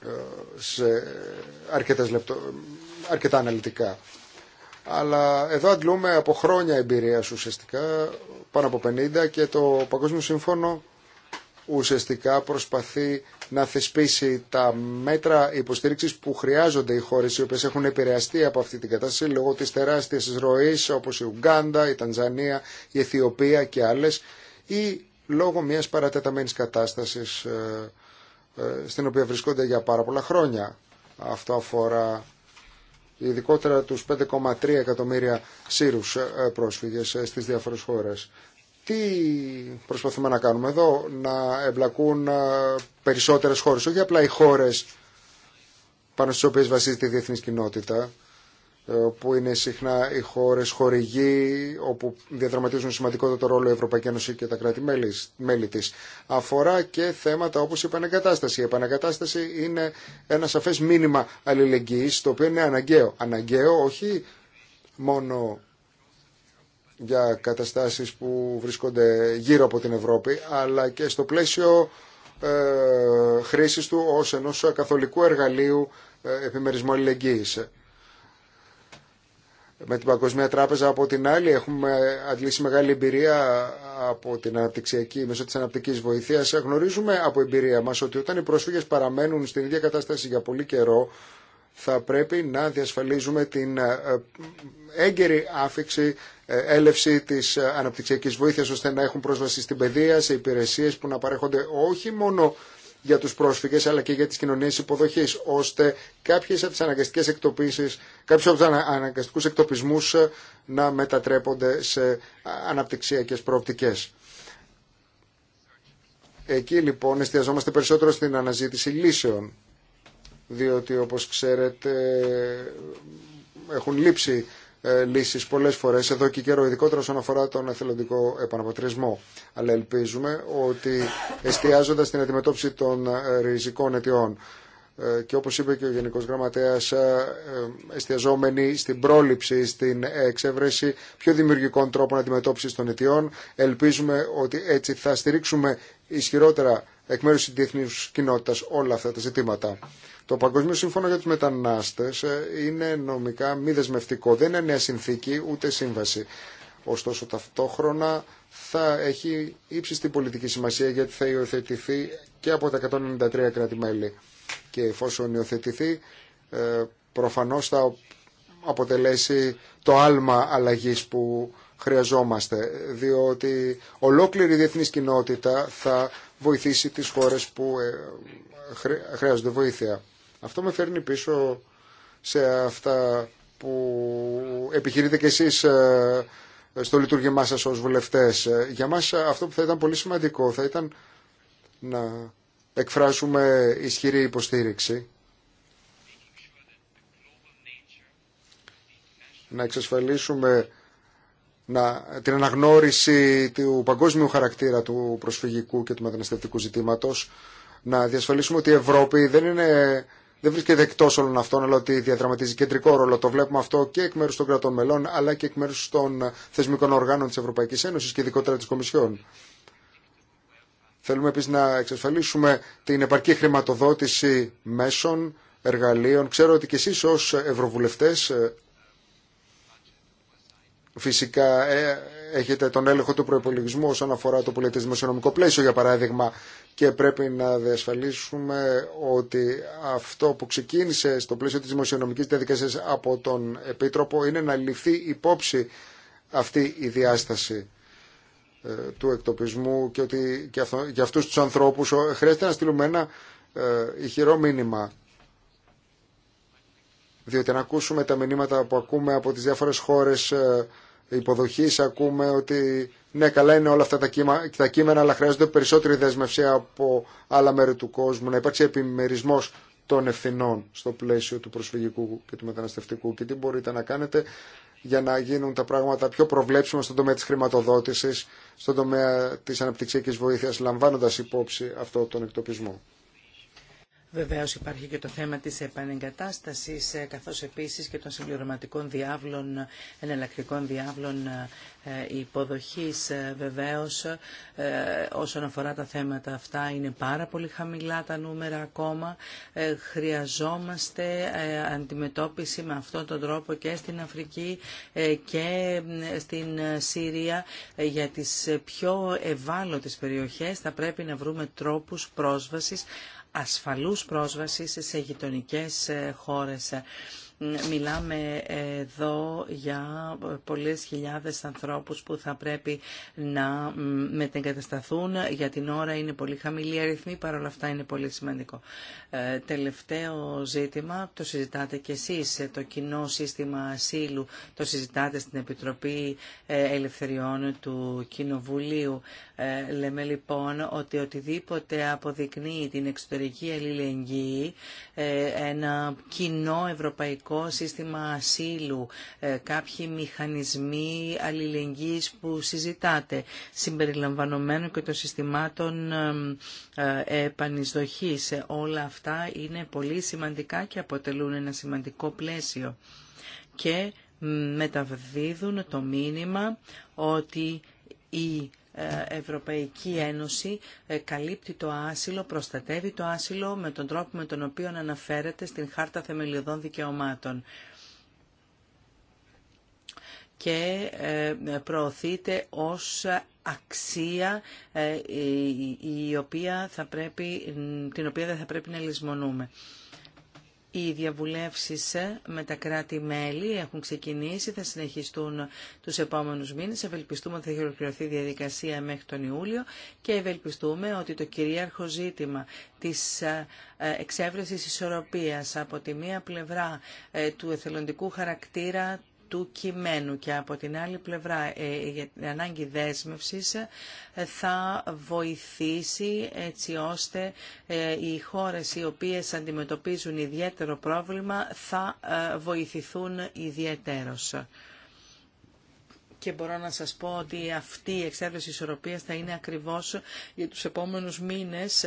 Ε, σε αρκετές λεπτο... αρκετά αναλυτικά. Αλλά εδώ αντλούμε από χρόνια εμπειρία ουσιαστικά, πάνω από 50 και το Παγκόσμιο Σύμφωνο ουσιαστικά προσπαθεί να θεσπίσει τα μέτρα υποστήριξης που χρειάζονται οι χώρες οι οποίε έχουν επηρεαστεί από αυτή την κατάσταση λόγω τη τεράστια ροή, όπως η Ουγγάντα, η Τανζανία, η Αιθιοπία και άλλες ή λόγω μιας παρατεταμένης κατάστασης ε, ε, στην οποία βρισκόνται για πάρα πολλά χρόνια. Αυτό αφορά ειδικότερα τους 5,3 εκατομμύρια Σύρους ε, πρόσφυγες στις διάφορες χώρες. Τι προσπαθούμε να κάνουμε εδώ, να εμπλακούν ε, περισσότερες χώρες, όχι απλά οι χώρες πάνω στις οποίες βασίζεται η διεθνής κοινότητα, ε, που είναι συχνά οι χώρες χορηγοί όπου διαδραματίζουν σημαντικότατο ρόλο η Ευρωπαϊκή Ένωση και τα κράτη-μέλη της. Αφορά και θέματα όπως η επανακατάσταση. Η επανακατάσταση είναι ένα σαφές μήνυμα αλληλεγγύης το οποίο είναι αναγκαίο. Αναγκαίο όχι μόνο για καταστάσεις που βρίσκονται γύρω από την Ευρώπη αλλά και στο πλαίσιο ε, χρήσης του ως ενός καθολικού εργαλείου ε, επιμερισμού αλληλεγγύης. Με την Παγκοσμία Τράπεζα από την άλλη έχουμε αντλήσει μεγάλη εμπειρία από την αναπτυξιακή, μέσω της αναπτυκής βοηθείας. Γνωρίζουμε από εμπειρία μας ότι όταν οι πρόσφυγες παραμένουν στην ίδια κατάσταση για πολύ καιρό θα πρέπει να διασφαλίζουμε την ε, έγκαιρη άφηξη, ε, έλευση της ε, αναπτυξιακής βοήθειας ώστε να έχουν πρόσβαση στην παιδεία, σε υπηρεσίες που να παρέχονται όχι μόνο για τους πρόσφυγες αλλά και για τις κοινωνίες υποδοχής ώστε κάποιες από τις αναγκαστικές εκτοπίσεις, κάποιους από τους αναγκαστικούς εκτοπισμούς να μετατρέπονται σε αναπτυξιακές προοπτικές. Εκεί λοιπόν εστιαζόμαστε περισσότερο στην αναζήτηση λύσεων διότι όπως ξέρετε έχουν λείψει ε, λύσεις πολλές φορές, εδώ και καιρό, ειδικότερα όσον αφορά τον εθελοντικό επαναπατρισμό. Αλλά ελπίζουμε ότι εστιάζοντας την αντιμετώπιση των ε, ριζικών αιτιών ε, και όπως είπε και ο Γενικός Γραμματέας εστιαζόμενοι στην πρόληψη, στην εξέβρεση πιο δημιουργικών τρόπων αντιμετώπισης των αιτιών ελπίζουμε ότι έτσι θα στηρίξουμε ισχυρότερα εκ μέρους της διεθνής κοινότητας όλα αυτά τα ζητήματα. Το Παγκόσμιο Σύμφωνο για τους Μετανάστες ε, είναι νομικά μη δεσμευτικό. Δεν είναι νέα συνθήκη ούτε σύμβαση. Ωστόσο ταυτόχρονα θα έχει ύψιστη πολιτική σημασία γιατί θα υιοθετηθεί και από τα 193 κράτη-μέλη. Και εφόσον υιοθετηθεί ε, προφανώς θα αποτελέσει το άλμα αλλαγή που χρειαζόμαστε, διότι ολόκληρη η διεθνή κοινότητα θα βοηθήσει τι χώρε που ε, χρειάζονται βοήθεια. Αυτό με φέρνει πίσω σε αυτά που επιχειρείτε κι εσείς ε, στο λειτουργήμά σας ως βουλευτές. Ε, για μας αυτό που θα ήταν πολύ σημαντικό θα ήταν να εκφράσουμε ισχυρή υποστήριξη. Να εξασφαλίσουμε να, την αναγνώριση του παγκόσμιου χαρακτήρα του προσφυγικού και του μεταναστευτικού ζητήματος. Να διασφαλίσουμε ότι η Ευρώπη δεν είναι δεν βρίσκεται εκτό όλων αυτών, αλλά ότι διαδραματίζει κεντρικό ρόλο. Το βλέπουμε αυτό και εκ μέρου των κρατών μελών, αλλά και εκ μέρου των θεσμικών οργάνων τη Ευρωπαϊκή Ένωση και ειδικότερα τη Κομισιόν. Θέλουμε επίση να εξασφαλίσουμε την επαρκή χρηματοδότηση μέσων, εργαλείων. Ξέρω ότι και εσεί ω Ευρωβουλευτέ ε, φυσικά ε, έχετε τον έλεγχο του προπολογισμού όσον αφορά το πολιτικό δημοσιονομικό πλαίσιο, για παράδειγμα, και πρέπει να διασφαλίσουμε ότι αυτό που ξεκίνησε στο πλαίσιο τη δημοσιονομική διαδικασία από τον Επίτροπο είναι να ληφθεί υπόψη αυτή η διάσταση ε, του εκτοπισμού και ότι και αυτό, για αυτούς τους ανθρώπους χρειάζεται να στείλουμε ένα ε, ηχηρό μήνυμα διότι να ακούσουμε τα μηνύματα που ακούμε από τις διάφορες χώρες ε, υποδοχή ακούμε ότι ναι καλά είναι όλα αυτά τα, κύμα, τα κείμενα αλλά χρειάζονται περισσότερη δέσμευση από άλλα μέρη του κόσμου να υπάρξει επιμερισμός των ευθυνών στο πλαίσιο του προσφυγικού και του μεταναστευτικού και τι μπορείτε να κάνετε για να γίνουν τα πράγματα πιο προβλέψιμα στον τομέα της χρηματοδότηση, στον τομέα τη αναπτυξιακής βοήθεια, λαμβάνοντα υπόψη αυτό τον εκτοπισμό. Βεβαίως υπάρχει και το θέμα της επανεγκατάστασης, ε, καθώς επίσης και των συμπληρωματικών διάβλων, εναλλακτικών διάβλων ε, ε, υποδοχής. Βεβαίως, όσον αφορά τα θέματα αυτά, είναι πάρα πολύ χαμηλά τα νούμερα ακόμα. Χρειαζόμαστε αντιμετώπιση με αυτόν τον τρόπο και στην Αφρική και στην Σύρια. Για τις πιο ευάλωτες περιοχές θα πρέπει να βρούμε τρόπους πρόσβασης ασφαλούς πρόσβασης σε γειτονικές ε, χώρες. Ε, μιλάμε εδώ για πολλές χιλιάδες ανθρώπους που θα πρέπει να μετεγκατασταθούν. Για την ώρα είναι πολύ χαμηλή αριθμή, παρόλα αυτά είναι πολύ σημαντικό. Ε, τελευταίο ζήτημα, το συζητάτε και εσείς, το κοινό σύστημα ασύλου, το συζητάτε στην Επιτροπή Ελευθεριών του Κοινοβουλίου. Ε, λέμε λοιπόν ότι οτιδήποτε αποδεικνύει την εξωτερική αλληλεγγύη, ε, ένα κοινό ευρωπαϊκό σύστημα ασύλου, ε, κάποιοι μηχανισμοί αλληλεγγύης που συζητάτε, συμπεριλαμβανομένου και των συστημάτων επανεισδοχής. Όλα αυτά είναι πολύ σημαντικά και αποτελούν ένα σημαντικό πλαίσιο. Και μεταβδίδουν το μήνυμα ότι η ε, Ευρωπαϊκή Ένωση ε, καλύπτει το άσυλο, προστατεύει το άσυλο με τον τρόπο με τον οποίο αναφέρεται στην Χάρτα Θεμελιωδών Δικαιωμάτων και ε, προωθείται ως αξία η οποία θα πρέπει, την οποία δεν θα πρέπει να λησμονούμε. Οι διαβουλεύσεις ε, με τα κράτη-μέλη έχουν ξεκινήσει, θα συνεχιστούν τους επόμενους μήνες. Ευελπιστούμε ότι θα έχει η διαδικασία μέχρι τον Ιούλιο και ευελπιστούμε ότι το κυρίαρχο ζήτημα της ε, ε, εξέβρεσης ισορροπίας από τη μία πλευρά του εθελοντικού χαρακτήρα του κειμένου και από την άλλη πλευρά ε, η ανάγκη δέσμευσης ε, θα βοηθήσει έτσι ώστε ε, οι χώρες οι οποίες αντιμετωπίζουν ιδιαίτερο πρόβλημα θα βοηθηθούν ιδιαίτερος και μπορώ να σας πω ότι αυτή η εξέβρεση ισορροπίας θα είναι ακριβώς για τους επόμενους μήνες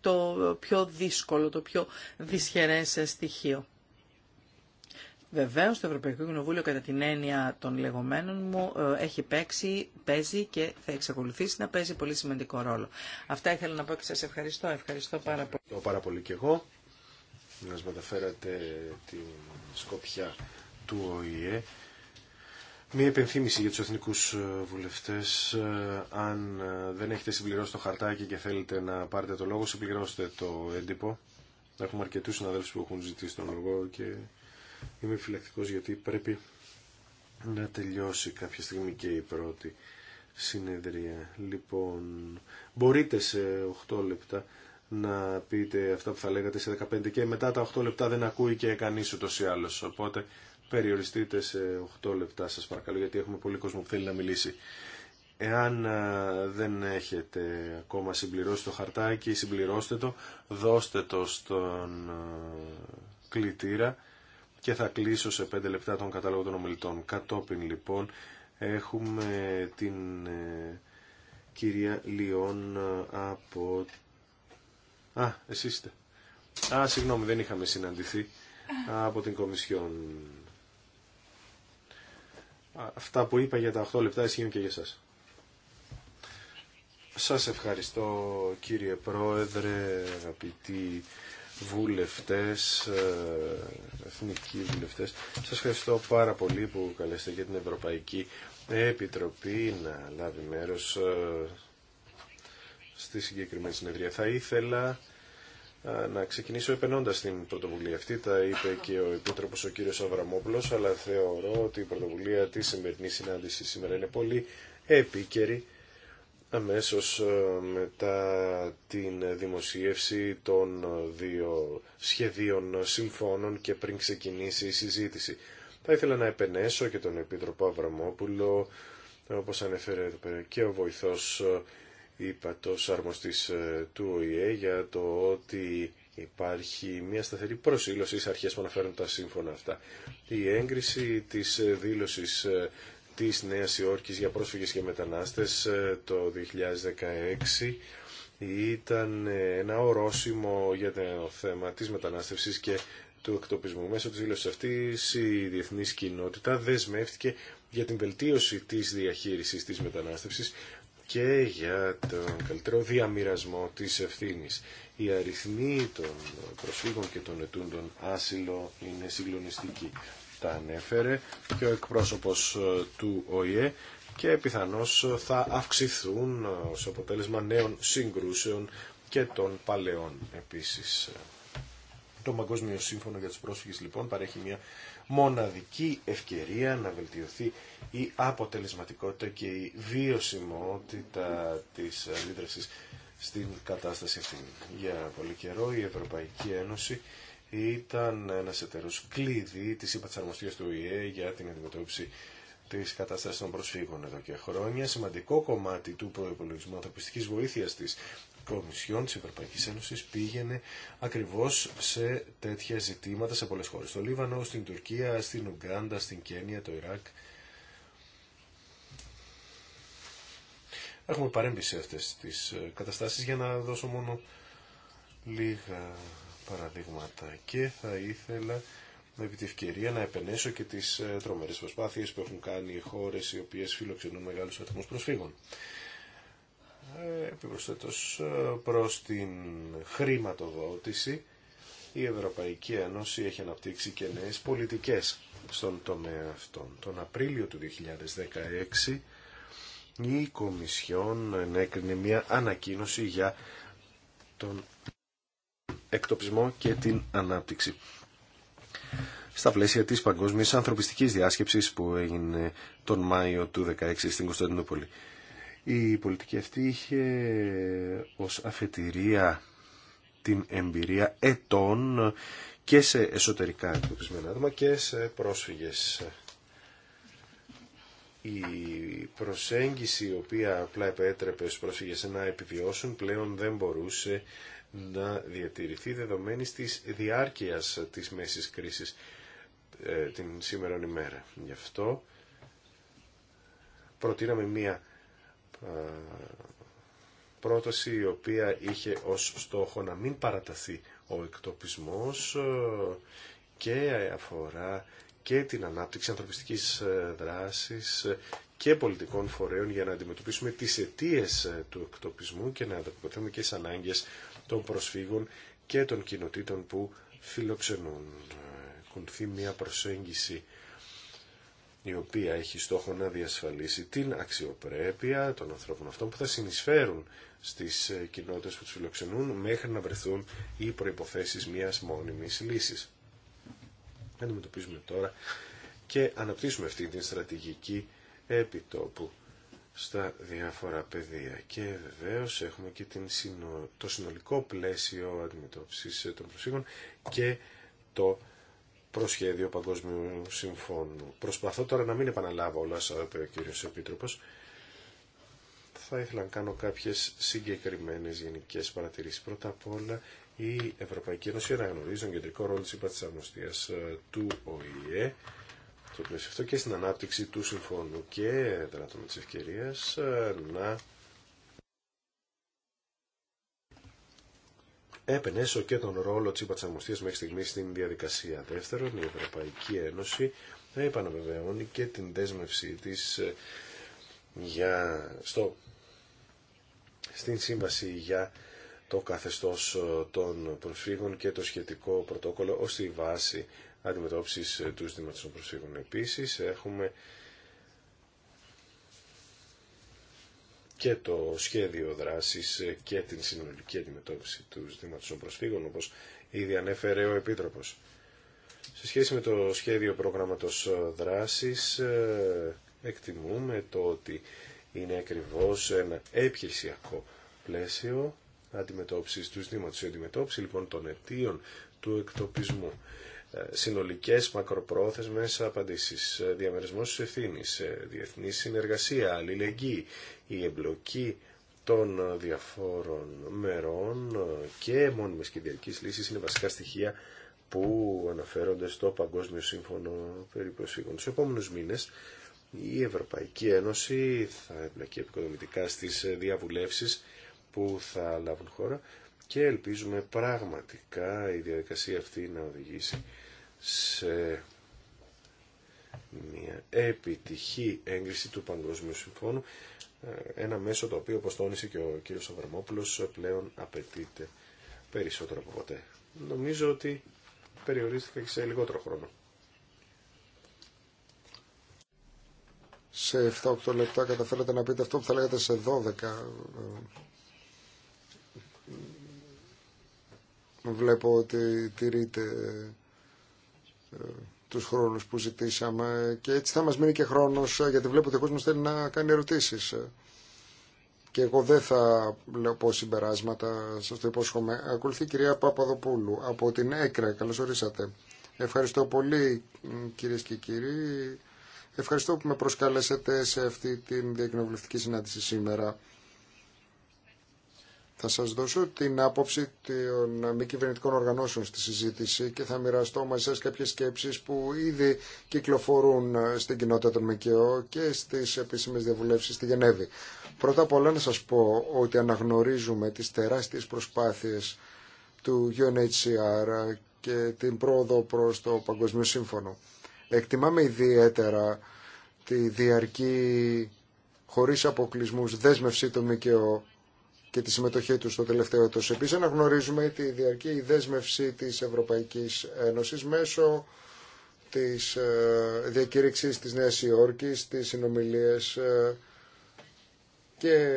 το πιο δύσκολο, το πιο δυσχερές στοιχείο. Βεβαίω, το Ευρωπαϊκό Κοινοβούλιο κατά την έννοια των λεγόμενων μου ε, έχει παίξει, παίζει και θα εξακολουθήσει να παίζει πολύ σημαντικό ρόλο. Αυτά ήθελα να πω και σα ευχαριστώ. Ευχαριστώ πάρα πολύ. Ευχαριστώ πάρα πολύ και εγώ. Μας μεταφέρατε την σκοπιά του ΟΗΕ. Μία επενθύμηση για τους εθνικούς ε, βουλευτές. Ε, αν δεν έχετε συμπληρώσει το χαρτάκι και θέλετε να πάρετε το λόγο, συμπληρώστε το έντυπο. Έχουμε αρκετούς συναδέλφους που έχουν ζητήσει τον λόγο και είμαι φυλακτικό γιατί πρέπει να τελειώσει κάποια στιγμή και η πρώτη συνεδρία. Λοιπόν, μπορείτε σε 8 λεπτά να πείτε αυτά που θα λέγατε σε 15 και μετά τα 8 λεπτά δεν ακούει και κανείς ούτως ή άλλως. Οπότε περιοριστείτε σε 8 λεπτά σας παρακαλώ γιατί έχουμε πολύ κόσμο που θέλει να μιλήσει. Εάν δεν έχετε ακόμα συμπληρώσει το χαρτάκι, συμπληρώστε το, δώστε το στον κλητήρα και θα κλείσω σε 5 λεπτά τον κατάλογο των ομιλητών. Κατόπιν λοιπόν έχουμε την ε, κυρία Λιόν ε, από... Α, εσείς είστε. Α, συγγνώμη, δεν είχαμε συναντηθεί από την Κομισιόν. Αυτά που είπα για τα 8 λεπτά ισχύουν και για σας. Σας ευχαριστώ κύριε Πρόεδρε, αγαπητοί βουλευτές, ε, εθνικοί βουλευτές. Σας ευχαριστώ πάρα πολύ που καλέσατε για την Ευρωπαϊκή Επιτροπή να λάβει μέρος ε, στη συγκεκριμένη συνεδρία. Θα ήθελα ε, να ξεκινήσω επενώντας την πρωτοβουλία αυτή, τα είπε και ο Επίτροπος ο κύριος Αβραμόπλος, αλλά θεωρώ ότι η πρωτοβουλία της σημερινής συνάντησης σήμερα είναι πολύ επίκαιρη αμέσως ε, μετά την δημοσίευση των δύο σχεδίων συμφώνων και πριν ξεκινήσει η συζήτηση. Θα ήθελα να επενέσω και τον Επίτροπο Αβραμόπουλο, όπως ανέφερε εδώ πέρα και ο βοηθός ύπατος ε, αρμοστής ε, του ΟΗΕ για το ότι υπάρχει μια σταθερή προσήλωση στις αρχές που αναφέρουν τα σύμφωνα αυτά. Η έγκριση της δήλωσης της Νέας Υόρκης για πρόσφυγες και μετανάστες ε, το 2016 ήταν ε, ένα ορόσημο για το θέμα της μετανάστευσης και του εκτοπισμού. Μέσω της δήλωσης αυτής η διεθνής κοινότητα δεσμεύτηκε για την βελτίωση της διαχείρισης της μετανάστευσης και για τον καλύτερο διαμοιρασμό της ευθύνη. Οι αριθμοί των προσφύγων και των ετούντων άσυλο είναι συγκλονιστικοί τα ανέφερε και ο εκπρόσωπος ε, του ΟΗΕ και πιθανώς ε, θα αυξηθούν ε, ως αποτέλεσμα νέων συγκρούσεων και των παλαιών επίσης. Το Παγκόσμιο Σύμφωνο για τις Πρόσφυγες λοιπόν παρέχει μια μοναδική ευκαιρία να βελτιωθεί η αποτελεσματικότητα και η βιωσιμότητα της αντίδρασης στην κατάσταση αυτή. Για πολύ καιρό η Ευρωπαϊκή Ένωση ήταν ένα εταιρό κλειδί τη υπατσαρμοστίας του ΟΗΕ για την αντιμετώπιση τη κατάσταση των προσφύγων εδώ και χρόνια. Σημαντικό κομμάτι του προπολογισμού ανθρωπιστική βοήθεια τη Κομισιόν τη Ευρωπαϊκή Ένωση πήγαινε ακριβώ σε τέτοια ζητήματα σε πολλέ χώρε. Στο Λίβανο, στην Τουρκία, στην Ουγγάντα, στην Κένια, το Ιράκ. Έχουμε παρέμβει σε αυτές τις καταστάσεις για να δώσω μόνο λίγα παραδείγματα και θα ήθελα με τη να επενέσω και τις ε, τρομερές προσπάθειες που έχουν κάνει οι χώρες οι οποίες φιλοξενούν μεγάλους αριθμούς προσφύγων. Ε, επιπροσθέτως ε, προς την χρηματοδότηση η Ευρωπαϊκή Ένωση έχει αναπτύξει και νέες πολιτικές στον τομέα αυτόν. Τον Απρίλιο του 2016 η Κομισιόν ενέκρινε μια ανακοίνωση για τον εκτοπισμό και την ανάπτυξη. Στα πλαίσια της παγκόσμιας ανθρωπιστικής διάσκεψης που έγινε τον Μάιο του 2016 στην Κωνσταντινούπολη. Η πολιτική αυτή είχε ως αφετηρία την εμπειρία ετών και σε εσωτερικά εκτοπισμένα άτομα και σε πρόσφυγες. Η προσέγγιση η οποία απλά επέτρεπε στους πρόσφυγες να επιβιώσουν πλέον δεν μπορούσε να διατηρηθεί δεδομένη της διάρκειας της μέσης κρίσης ε, την σήμερον ημέρα. Γι' αυτό προτείναμε μία ε, πρόταση η οποία είχε ως στόχο να μην παραταθεί ο εκτοπισμός ε, και αφορά και την ανάπτυξη ανθρωπιστικής δράσης και πολιτικών φορέων για να αντιμετωπίσουμε τις αιτίες του εκτοπισμού και να ανταποκριθούμε και στις ανάγκες των προσφύγων και των κοινοτήτων που φιλοξενούν. Κουνθεί μια προσέγγιση η οποία έχει στόχο να διασφαλίσει την αξιοπρέπεια των ανθρώπων αυτών που θα συνεισφέρουν στις ε, κοινότητες που τους φιλοξενούν μέχρι να βρεθούν οι προϋποθέσεις μιας μόνιμης λύσης. Αντιμετωπίζουμε τώρα και αναπτύσσουμε αυτή την στρατηγική επιτόπου στα διάφορα πεδία. Και βεβαίως έχουμε και την το συνολικό πλαίσιο αντιμετώπισης των προσφύγων και το προσχέδιο Παγκόσμιου Συμφώνου. Προσπαθώ τώρα να μην επαναλάβω όλα όσα είπε ο κύριος Επίτροπος. Θα ήθελα να κάνω κάποιες συγκεκριμένες γενικές παρατηρήσεις. Πρώτα απ' όλα η Ευρωπαϊκή Ένωση αναγνωρίζει τον κεντρικό ρόλο της ε, του ΟΗΕ στο πλαίσιο αυτό και στην ανάπτυξη του συμφώνου και δράτωμα της ευκαιρίας ε, να επενέσω και τον ρόλο της υπατσαμουστίας μέχρι στιγμή στην διαδικασία. Δεύτερον, η Ευρωπαϊκή Ένωση επαναβεβαιώνει και την δέσμευσή της ε, για, στο, στην σύμβαση για το καθεστώς ε, των προσφύγων και το σχετικό πρωτόκολλο ως τη βάση αντιμετώπισης ε, του ζητήματος των προσφύγων. Επίσης έχουμε και το σχέδιο δράσης ε, και την συνολική αντιμετώπιση του ζητήματος των προσφύγων, όπως ήδη ανέφερε ο Επίτροπος. Σε σχέση με το σχέδιο πρόγραμματος ε, δράσης, εκτιμούμε το ότι είναι ακριβώς ένα επιχειρησιακό πλαίσιο αντιμετώπισης του ζητήματος. Η αντιμετώπιση λοιπόν των αιτίων του εκτοπισμού ε, συνολικές μακροπρόθεσμες απαντήσει. Ε, Διαμερισμό τη ευθύνη. Ε, διεθνή συνεργασία, αλληλεγγύη, η εμπλοκή των διαφόρων μερών και μόνιμες και διαρκεί λύσεις είναι βασικά στοιχεία που αναφέρονται στο Παγκόσμιο Σύμφωνο περί προσφύγων. Στους επόμενους μήνες η Ευρωπαϊκή Ένωση θα εμπλακεί επικοδομητικά στις διαβουλεύσεις που θα λάβουν χώρα και ελπίζουμε πραγματικά η διαδικασία αυτή να οδηγήσει σε μια επιτυχή έγκριση του Παγκόσμιου Συμφώνου, ε, ένα μέσο το οποίο, όπως τόνισε και ο κύριος Αβραμόπουλος, πλέον απαιτείται περισσότερο από ποτέ. Νομίζω ότι περιορίστηκα και σε λιγότερο χρόνο. Σε 7-8 λεπτά καταφέρατε να πείτε αυτό που θα λέγατε σε 12. Βλέπω ότι τηρείται ε, τους χρόνους που ζητήσαμε και έτσι θα μας μείνει και χρόνος ε, γιατί βλέπω ότι ο κόσμος θέλει να κάνει ερωτήσεις ε, και εγώ δεν θα λέω πω συμπεράσματα, σας το υπόσχομαι. Ακολουθεί η κυρία Παπαδοπούλου από την ΕΚΡΑ. Καλώς ορίσατε. Ευχαριστώ πολύ κυρίες και κύριοι. Ευχαριστώ που με προσκάλεσετε σε αυτή την διακοινοβουλευτική συνάντηση σήμερα. Θα σας δώσω την άποψη των μη κυβερνητικών οργανώσεων στη συζήτηση και θα μοιραστώ μαζί σας κάποιες σκέψεις που ήδη κυκλοφορούν στην κοινότητα των ΜΚΟ και στις επίσημες διαβουλεύσεις στη Γενέβη. Πρώτα απ' όλα να σας πω ότι αναγνωρίζουμε τις τεράστιες προσπάθειες του UNHCR και την πρόοδο προς το Παγκοσμίο Σύμφωνο. Εκτιμάμε ιδιαίτερα τη διαρκή χωρίς αποκλεισμούς δέσμευση των ΜΚΟ και τη συμμετοχή του στο τελευταίο έτος. επίση. αναγνωρίζουμε τη διαρκή δέσμευση της Ευρωπαϊκής Ένωσης μέσω της ε, διακήρυξης τη Νέα Υόρκης, τη συνομιλίες ε, και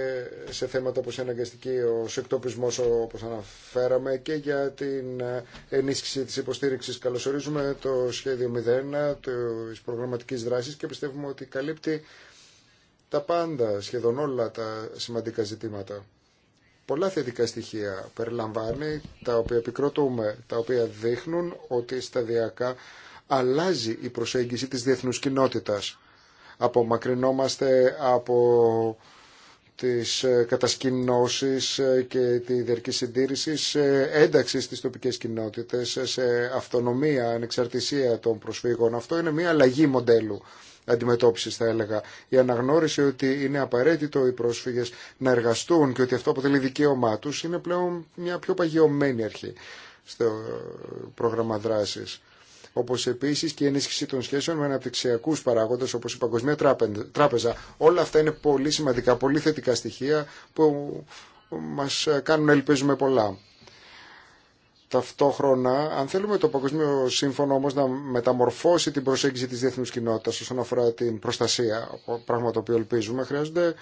σε θέματα όπω η αναγκαστική, ο σεκτοπισμός όπως αναφέραμε και για την ε, ενίσχυση της υποστήριξης. Καλωσορίζουμε το σχέδιο 01 τη προγραμματική δράση και πιστεύουμε ότι καλύπτει τα πάντα, σχεδόν όλα τα σημαντικά ζητήματα πολλά θετικά στοιχεία περιλαμβάνει, τα οποία επικροτούμε, τα οποία δείχνουν ότι σταδιακά αλλάζει η προσέγγιση της διεθνούς κοινότητας. Απομακρυνόμαστε από τις ε, κατασκηνώσεις ε, και τη διαρκή συντήρηση σε ένταξη στις τοπικές κοινότητες, σε αυτονομία, ανεξαρτησία των προσφύγων. Αυτό είναι μια αλλαγή μοντέλου αντιμετώπισης θα έλεγα. Η αναγνώριση ότι είναι απαραίτητο οι πρόσφυγες να εργαστούν και ότι αυτό αποτελεί δικαίωμά τους είναι πλέον μια πιο παγιωμένη αρχή στο πρόγραμμα δράσης όπω επίση και η ενίσχυση των σχέσεων με αναπτυξιακού παράγοντε όπω η Παγκοσμία Τράπεζα. Όλα αυτά είναι πολύ σημαντικά, πολύ θετικά στοιχεία που μα κάνουν να ελπίζουμε πολλά. Ταυτόχρονα, αν θέλουμε το Παγκοσμίο Σύμφωνο όμω να μεταμορφώσει την προσέγγιση της διεθνού κοινότητα όσον αφορά την προστασία, πράγμα το οποίο ελπίζουμε, χρειάζονται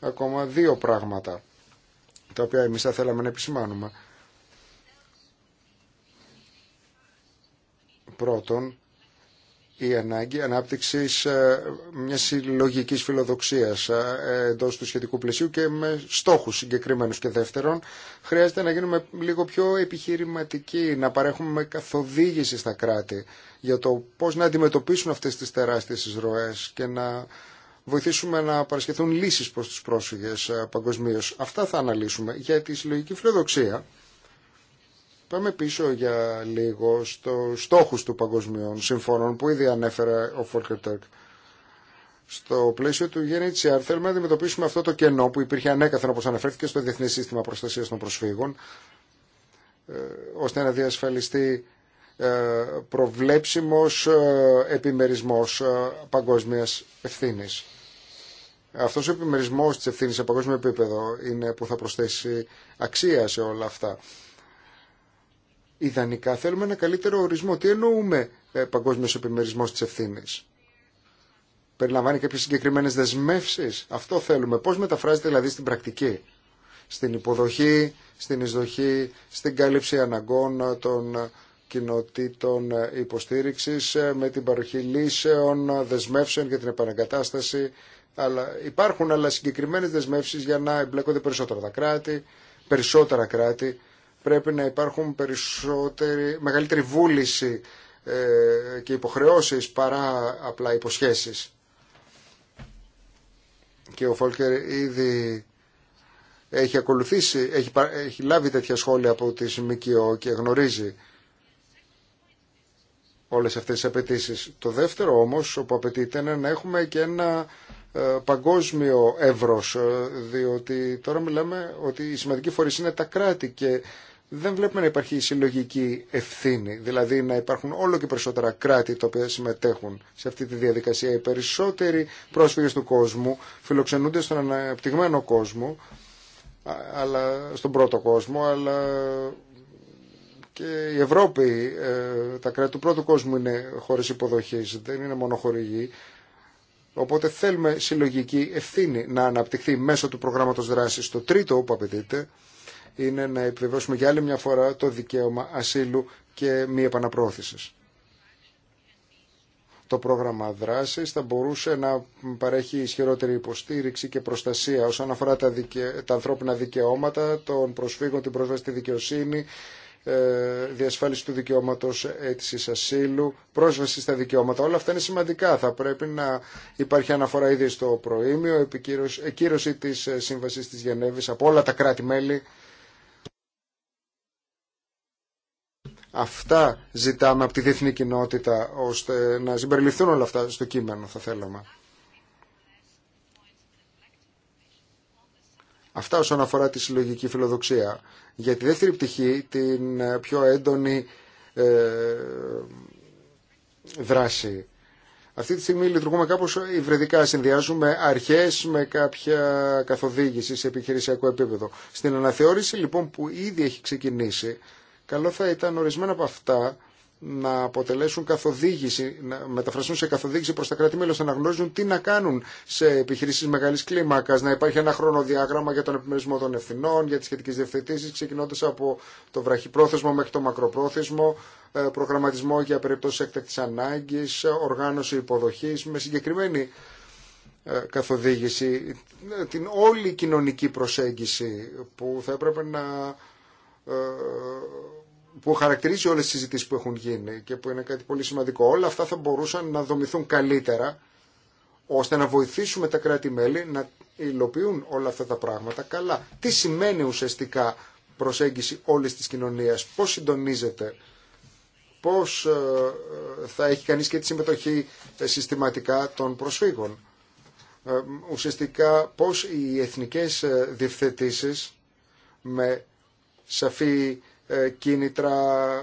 ακόμα δύο πράγματα, τα οποία εμείς θα θέλαμε να επισημάνουμε. Πρώτον, η ανάγκη ανάπτυξης ε, μιας συλλογική φιλοδοξίας ε, εντό του σχετικού πλαισίου και με στόχους συγκεκριμένου και δεύτερον χρειάζεται να γίνουμε λίγο πιο επιχειρηματικοί, να παρέχουμε καθοδήγηση στα κράτη για το πώς να αντιμετωπίσουν αυτές τις τεράστιες ροές και να βοηθήσουμε να παρασκευθούν λύσεις προς τους πρόσφυγες ε, παγκοσμίω. Αυτά θα αναλύσουμε για τη συλλογική φιλοδοξία. Πάμε πίσω για λίγο στους στόχους του Παγκοσμίων Συμφώνων που ήδη ανέφερε ο Φόρκερ Τέρκ. Στο πλαίσιο του UNHCR θέλουμε να αντιμετωπίσουμε αυτό το κενό που υπήρχε ανέκαθεν όπως αναφέρθηκε στο Διεθνή Σύστημα Προστασίας των Προσφύγων ε, ώστε να διασφαλιστεί ε, προβλέψιμος ε, επιμερισμός παγκόσμιας ευθύνης. Αυτός ο επιμερισμός της ευθύνης σε παγκόσμιο επίπεδο είναι που θα προσθέσει αξία σε όλα αυτά ιδανικά θέλουμε ένα καλύτερο ορισμό. Τι εννοούμε ε, παγκόσμιος επιμερισμός της ευθύνη. Περιλαμβάνει κάποιες συγκεκριμένες δεσμεύσεις. Αυτό θέλουμε. Πώς μεταφράζεται δηλαδή στην πρακτική. Στην υποδοχή, στην εισδοχή, στην κάλυψη αναγκών των κοινοτήτων υποστήριξης, ε, με την παροχή λύσεων, δεσμεύσεων για την επαναγκατάσταση. Αλλά υπάρχουν αλλά συγκεκριμένες δεσμεύσεις για να εμπλέκονται περισσότερα τα κράτη, περισσότερα κράτη πρέπει να υπάρχουν περισσότερη, μεγαλύτερη βούληση ε, και υποχρεώσεις παρά απλά υποσχέσεις. Και ο Φόλκερ ήδη έχει ακολουθήσει, έχει, έχει λάβει τέτοια σχόλια από τη ΜΚΟ και γνωρίζει όλες αυτές τις απαιτήσει. Το δεύτερο όμως που απαιτείται είναι να έχουμε και ένα ε, παγκόσμιο εύρος, ε, διότι τώρα μιλάμε ότι οι σημαντικοί φορείς είναι τα κράτη και δεν βλέπουμε να υπάρχει συλλογική ευθύνη, δηλαδή να υπάρχουν όλο και περισσότερα κράτη τα οποία συμμετέχουν σε αυτή τη διαδικασία. Οι περισσότεροι πρόσφυγες του κόσμου φιλοξενούνται στον αναπτυγμένο κόσμο, αλλά, στον πρώτο κόσμο, αλλά και η Ευρώπη, ε, τα κράτη του πρώτου κόσμου είναι χώρες υποδοχής, δεν είναι μόνο χορηγοί. Οπότε θέλουμε συλλογική ευθύνη να αναπτυχθεί μέσω του προγράμματος δράσης το τρίτο που απαιτείται, είναι να επιβεβαιώσουμε για άλλη μια φορά το δικαίωμα ασύλου και μη επαναπρόθεσης. Το πρόγραμμα δράση θα μπορούσε να παρέχει ισχυρότερη υποστήριξη και προστασία όσον αφορά τα, τα ανθρώπινα δικαιώματα των προσφύγων, την πρόσβαση στη δικαιοσύνη, ε, διασφάλιση του δικαιώματο αίτηση ασύλου, πρόσβαση στα δικαιώματα. Όλα αυτά είναι σημαντικά. Θα πρέπει να υπάρχει αναφορά ήδη στο προήμιο, εκύρωση της ε, σύμβαση τη Γενέβη από όλα τα κράτη-μέλη Αυτά ζητάμε από τη διεθνή κοινότητα ώστε να συμπεριληφθούν όλα αυτά στο κείμενο θα θέλαμε. Αυτά όσον αφορά τη συλλογική φιλοδοξία. Για τη δεύτερη πτυχή, την πιο έντονη ε, δράση. Αυτή τη στιγμή λειτουργούμε κάπως υβρεδικά, συνδυάζουμε αρχές με κάποια καθοδήγηση σε επιχειρησιακό επίπεδο. Στην αναθεώρηση λοιπόν που ήδη έχει ξεκινήσει, καλό θα ήταν ορισμένα από αυτά να αποτελέσουν καθοδήγηση, να μεταφραστούν σε καθοδήγηση προ τα κράτη-μέλη, ώστε να γνωρίζουν τι να κάνουν σε επιχειρήσει μεγάλη κλίμακα, να υπάρχει ένα χρονοδιάγραμμα για τον επιμερισμό των ευθυνών, για τι σχετικέ διευθετήσει, ξεκινώντα από το βραχυπρόθεσμο μέχρι το μακροπρόθεσμο, ε, προγραμματισμό για περιπτώσει έκτακτη ανάγκη, οργάνωση υποδοχή, με συγκεκριμένη ε, καθοδήγηση, ε, την όλη κοινωνική προσέγγιση που θα έπρεπε να που χαρακτηρίζει όλες τις συζητήσεις που έχουν γίνει και που είναι κάτι πολύ σημαντικό. Όλα αυτά θα μπορούσαν να δομηθούν καλύτερα ώστε να βοηθήσουμε τα κράτη-μέλη να υλοποιούν όλα αυτά τα πράγματα καλά. Τι σημαίνει ουσιαστικά προσέγγιση όλης της κοινωνίας, πώς συντονίζεται, πώς ε, ε, θα έχει κανείς και τη συμμετοχή ε, συστηματικά των προσφύγων. Ουσιαστικά πώς οι εθνικές διευθετήσεις με σαφή ε, κίνητρα,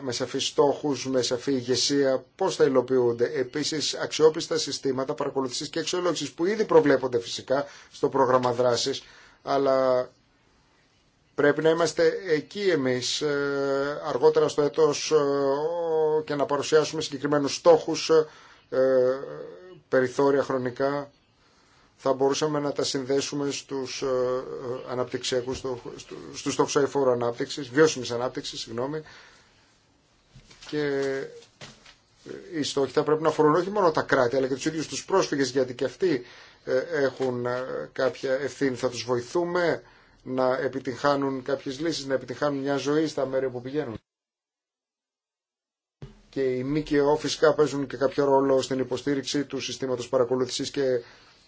με σαφείς στόχους, με σαφή ηγεσία, πώς θα υλοποιούνται. Επίσης αξιόπιστα συστήματα παρακολουθήσεις και αξιολόγησης που ήδη προβλέπονται φυσικά στο πρόγραμμα δράσης, αλλά πρέπει να είμαστε εκεί εμείς ε, αργότερα στο έτος ε, και να παρουσιάσουμε συγκεκριμένους στόχους, περιθώρια χρονικά θα μπορούσαμε να τα συνδέσουμε στους ε, ε, αναπτυξιακούς στους στόχους ανάπτυξης, βιώσιμης ανάπτυξης, συγγνώμη, και ε, οι στόχοι θα πρέπει να αφορούν όχι μόνο τα κράτη, αλλά και τους ίδιους τους πρόσφυγες, γιατί και αυτοί έχουν κάποια ευθύνη, θα τους βοηθούμε να επιτυγχάνουν κάποιες λύσεις, να επιτυγχάνουν μια ζωή στα μέρη που πηγαίνουν. Και οι ΜΚΟ φυσικά παίζουν και κάποιο ρόλο στην υποστήριξη του συστήματος παρακολούθησης και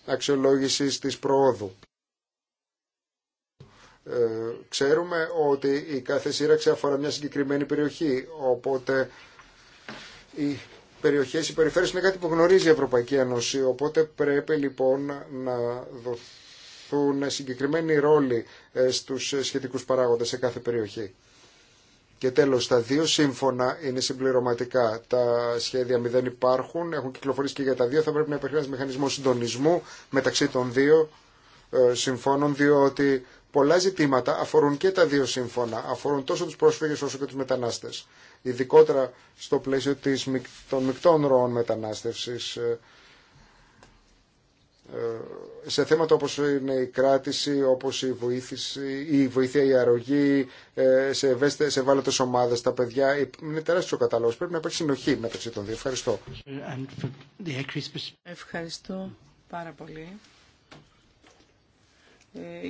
αξιολόγησης της προόδου. Ε, ξέρουμε ότι η κάθε σύραξη αφορά μια συγκεκριμένη περιοχή, οπότε οι περιοχές, οι περιφέρειες είναι κάτι που γνωρίζει η Ευρωπαϊκή Ένωση, οπότε πρέπει λοιπόν να δοθούν συγκεκριμένοι ρόλοι ε, στους σχετικούς παράγοντες σε κάθε περιοχή. Και τέλος, τα δύο σύμφωνα είναι συμπληρωματικά. Τα σχέδια μηδέν υπάρχουν, έχουν κυκλοφορήσει και για τα δύο. Θα πρέπει να υπάρχει ένα μηχανισμό συντονισμού μεταξύ των δύο ε, συμφώνων, διότι πολλά ζητήματα αφορούν και τα δύο σύμφωνα. Αφορούν τόσο τους πρόσφυγες όσο και τους μετανάστες. Ειδικότερα στο πλαίσιο της, των μεικτών ροών μετανάστευσης ε, ε, σε θέματα όπως είναι η κράτηση, όπως η, βοήθηση, η βοήθεια, η αρρωγή, ε, σε, ευαίσθε, σε ευάλωτες ομάδες, τα παιδιά. Ε, είναι τεράστιο ο κατάλογος. Πρέπει να υπάρχει συνοχή μεταξύ των δύο. Ευχαριστώ. Ευχαριστώ πάρα πολύ.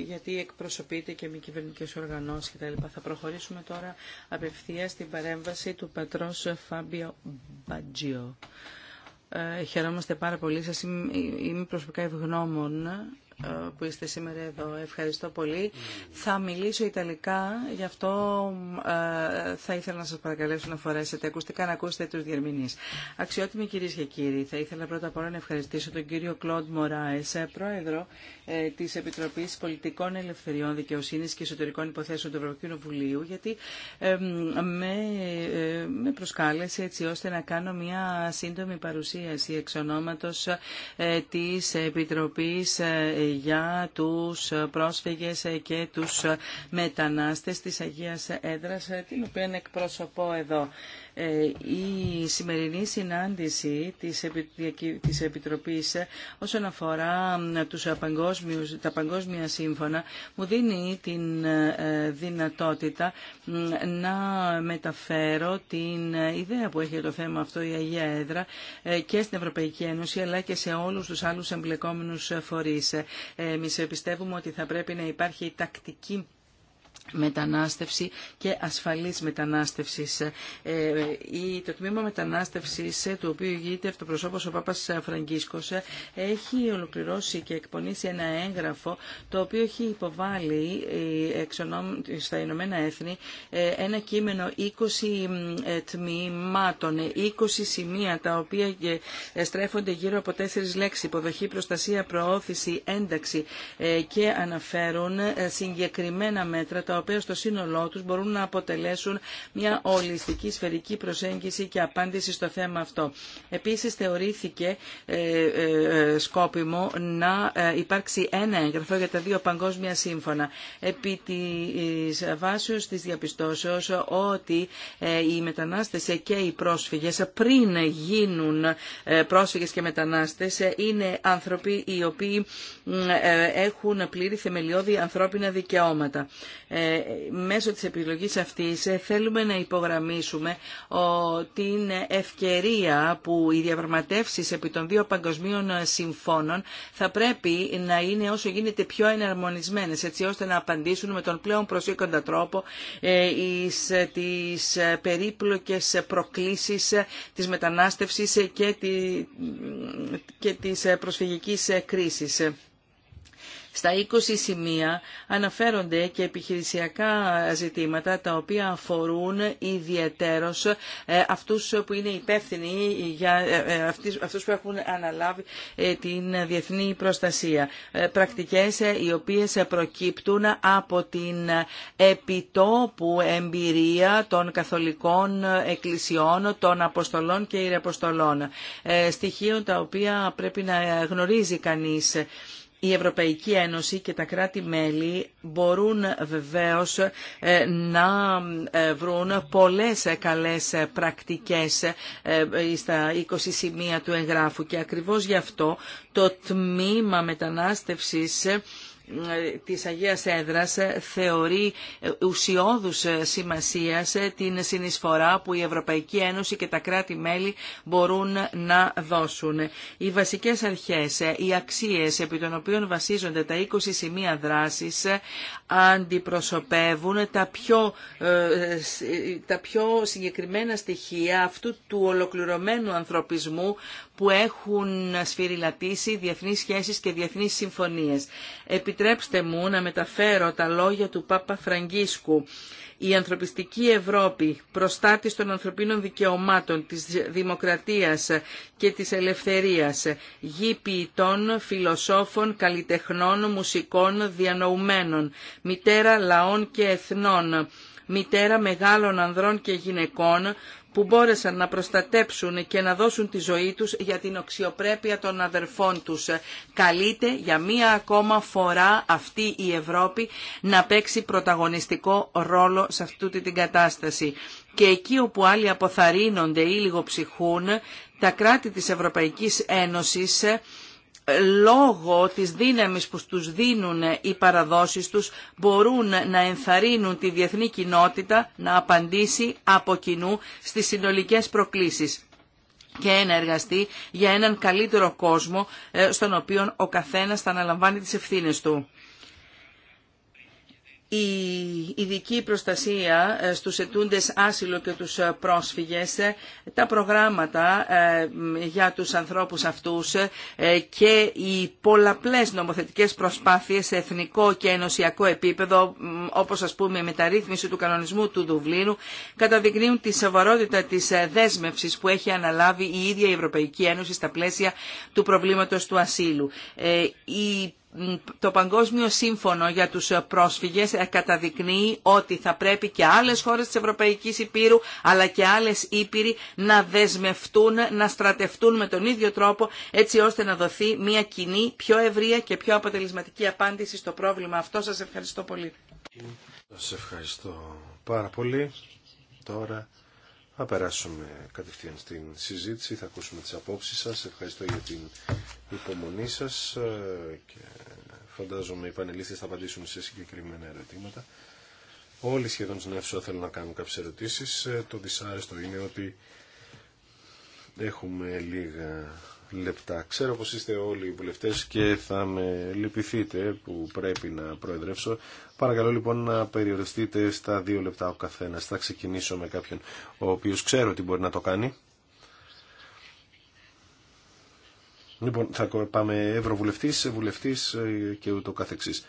γιατί εκπροσωπείται και μη κυβερνητικέ οργανώσει κτλ. Θα προχωρήσουμε τώρα απευθεία στην παρέμβαση του πατρός Φάμπιο Μπατζίο. Ε, χαιρόμαστε πάρα πολύ. Σας είμαι προσωπικά ευγνώμων ε, που είστε σήμερα εδώ. Ευχαριστώ πολύ. Θα μιλήσω Ιταλικά, γι' αυτό ε, θα ήθελα να σας παρακαλέσω να φορέσετε ακουστικά, να ακούσετε τους διερμηνείς. Αξιότιμοι κυρίες και κύριοι, θα ήθελα πρώτα απ' όλα να ευχαριστήσω τον κύριο Κλοντ Μωράες, ε, πρόεδρο της Επιτροπής Πολιτικών Ελευθεριών Δικαιοσύνης και Εσωτερικών Υποθέσεων του Ευρωπαϊκού Βουλίου, γιατί με προσκάλεσε έτσι ώστε να κάνω μια σύντομη παρουσίαση εξ ονόματος της Επιτροπής για τους πρόσφυγες και τους μετανάστες της Αγίας Έδρας, την οποία εκπροσωπώ εδώ. Ε, η σημερινή συνάντηση της Επιτροπής ε, όσον αφορά τους τα παγκόσμια σύμφωνα μου δίνει την ε, δυνατότητα να μεταφέρω την ιδέα που έχει το θέμα αυτό η Αγία Έδρα και στην Ευρωπαϊκή Ένωση αλλά και σε όλους τους άλλους εμπλεκόμενους φορείς. Εμείς πιστεύουμε ότι θα πρέπει να υπάρχει τακτική μετανάστευση και ασφαλής μετανάστευσης. Ε, το τμήμα μετανάστευσης, ε, το οποίο ηγείται αυτοπροσώπος ο Πάπας Φραγκίσκος, ε, έχει ολοκληρώσει και εκπονήσει ένα έγγραφο, το οποίο έχει υποβάλει στα Ηνωμένα Έθνη ένα κείμενο 20 τμήματων, 20 σημεία, τα οποία στρέφονται γύρω από τέσσερις λέξεις, υποδοχή, προστασία, προώθηση, ένταξη και αναφέρουν συγκεκριμένα μέτρα, τα οποία στο σύνολό τους μπορούν να αποτελέσουν μια ολιστική σφαιρική προσέγγιση και απάντηση στο θέμα αυτό. Επίσης θεωρήθηκε ε, ε, σκόπιμο να ε, υπάρξει ένα έγγραφο για τα δύο παγκόσμια σύμφωνα. Επί τη βάσεως της διαπιστώσεως ότι οι μετανάστες και οι πρόσφυγες πριν γίνουν πρόσφυγες και μετανάστες είναι άνθρωποι οι οποίοι έχουν πλήρη θεμελιώδη ανθρώπινα δικαιώματα μέσω της επιλογής αυτής ε, θέλουμε να υπογραμμίσουμε την ευκαιρία που οι διαπραγματεύσεις επί των δύο παγκοσμίων συμφώνων θα πρέπει να είναι όσο γίνεται πιο εναρμονισμένες έτσι ώστε να απαντήσουν με τον πλέον προσήκοντα τρόπο ε, εις τις περίπλοκες προκλήσεις της μετανάστευσης και της προσφυγικής κρίσης. Στα 20 σημεία αναφέρονται και επιχειρησιακά ζητήματα τα οποία αφορούν ιδιαιτέρως ε, αυτούς που είναι υπεύθυνοι για ε, ε, αυτούς που έχουν αναλάβει την διεθνή προστασία. Πρακτικές οι οποίες προκύπτουν από την επιτόπου εμπειρία των καθολικών εκκλησιών, των Αποστολών και ηρεποστολών. Στοιχείων τα οποία πρέπει να γνωρίζει κανείς η Ευρωπαϊκή Ένωση και τα κράτη-μέλη μπορούν βεβαίως ε, να ε, βρουν πολλές καλές πρακτικές ε, στα 20 σημεία του εγγράφου και ακριβώς γι' αυτό το τμήμα μετανάστευσης της Αγίας Έδρας θεωρεί ουσιώδους σημασίας την συνεισφορά που η Ευρωπαϊκή Ένωση και τα κράτη-μέλη μπορούν να δώσουν. Οι βασικές αρχές, οι αξίες επί των οποίων βασίζονται τα 20 σημεία δράσης αντιπροσωπεύουν τα πιο, ε, τα πιο συγκεκριμένα στοιχεία αυτού του ολοκληρωμένου ανθρωπισμού που έχουν σφυριλατήσει διεθνείς σχέσεις και διεθνείς συμφωνίες. Επιτρέψτε μου να μεταφέρω τα λόγια του Πάπα Φραγκίσκου. Η ανθρωπιστική Ευρώπη, προστάτης των ανθρωπίνων δικαιωμάτων, της δημοκρατίας και της ελευθερίας, γη ποιητών, φιλοσόφων, καλλιτεχνών, μουσικών, διανοουμένων, μητέρα λαών και εθνών, μητέρα μεγάλων ανδρών και γυναικών, που μπόρεσαν να προστατέψουν και να δώσουν τη ζωή τους για την οξιοπρέπεια των αδερφών τους. Καλείται για μία ακόμα φορά αυτή η Ευρώπη να παίξει πρωταγωνιστικό ρόλο σε αυτή την κατάσταση. Και εκεί όπου άλλοι αποθαρρύνονται ή λιγοψυχούν, τα κράτη της Ευρωπαϊκής Ένωσης λόγω της δύναμης που τους δίνουν οι παραδόσεις τους μπορούν να ενθαρρύνουν τη διεθνή κοινότητα να απαντήσει από κοινού στις συνολικές προκλήσεις και να εργαστεί για έναν καλύτερο κόσμο ε, στον οποίο ο καθένας θα αναλαμβάνει τις ευθύνες του η ειδική προστασία ε, στους ετούντες άσυλο και τους ε, πρόσφυγες, ε, τα προγράμματα για τους ανθρώπους αυτούς και οι πολλαπλές νομοθετικές προσπάθειες σε εθνικό και ενωσιακό επίπεδο, όπως ας πούμε η μεταρρύθμιση του κανονισμού του Δουβλίνου, καταδεικνύουν τη σοβαρότητα της δέσμευσης που έχει αναλάβει η ίδια η Ευρωπαϊκή Ένωση στα πλαίσια του προβλήματος του ασύλου. Η το Παγκόσμιο Σύμφωνο για τους ε, πρόσφυγες ε, καταδεικνύει ότι θα πρέπει και άλλες χώρες της Ευρωπαϊκής Υπήρου αλλά και άλλες Ήπειροι να δεσμευτούν, να στρατευτούν με τον ίδιο τρόπο έτσι ώστε να δοθεί μια κοινή, πιο ευρεία και πιο αποτελεσματική απάντηση στο πρόβλημα αυτό. Σας ευχαριστώ πολύ. Σας ευχαριστώ πάρα πολύ. Τώρα θα περάσουμε κατευθείαν στην συζήτηση, θα ακούσουμε τις απόψεις σας. Ευχαριστώ για την υπομονή σας ε, και φαντάζομαι οι πανελίστες θα απαντήσουν σε συγκεκριμένα ερωτήματα. Όλοι σχεδόν στην αίθουσα θέλουν να κάνουν κάποιες ερωτήσεις. Ε, το δυσάρεστο είναι ότι έχουμε λίγα λεπτά. Ξέρω πως είστε όλοι οι βουλευτές και θα με λυπηθείτε που πρέπει να προεδρεύσω. Παρακαλώ λοιπόν να περιοριστείτε στα δύο λεπτά ο καθένας. Θα ξεκινήσω με κάποιον ο οποίος ξέρω τι μπορεί να το κάνει. Λοιπόν, θα πάμε ευρωβουλευτής, βουλευτής ε, και ούτω καθεξής.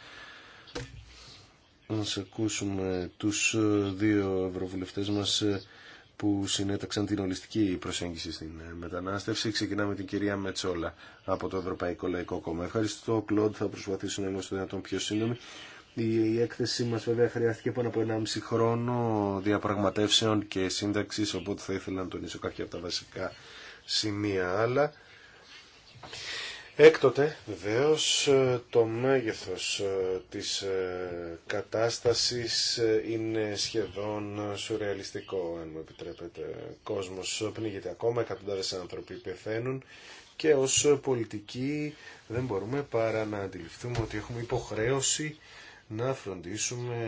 Να σε ακούσουμε τους ε, δύο ευρωβουλευτές μας ε, που συνέταξαν την ολιστική προσέγγιση στην ε, μετανάστευση. Ξεκινάμε την κυρία Μετσόλα από το Ευρωπαϊκό Λαϊκό Κόμμα. Ευχαριστώ, Κλοντ. Θα προσπαθήσω να είμαι στο δυνατόν πιο σύντομη. Η έκθεσή μα βέβαια χρειάστηκε πάνω από 1,5 χρόνο διαπραγματεύσεων και σύνταξη οπότε θα ήθελα να τονίσω κάποια από τα βασικά σημεία. Αλλά Έκτοτε, βεβαίως, ε, το μέγεθος ε, της ε, κατάστασης είναι σχεδόν σουρεαλιστικό, αν μου επιτρέπετε. Ο κόσμος πνίγεται ακόμα, εκατοντάδες άνθρωποι πεθαίνουν και ως πολιτικοί δεν μπορούμε παρά να αντιληφθούμε ότι έχουμε υποχρέωση να φροντίσουμε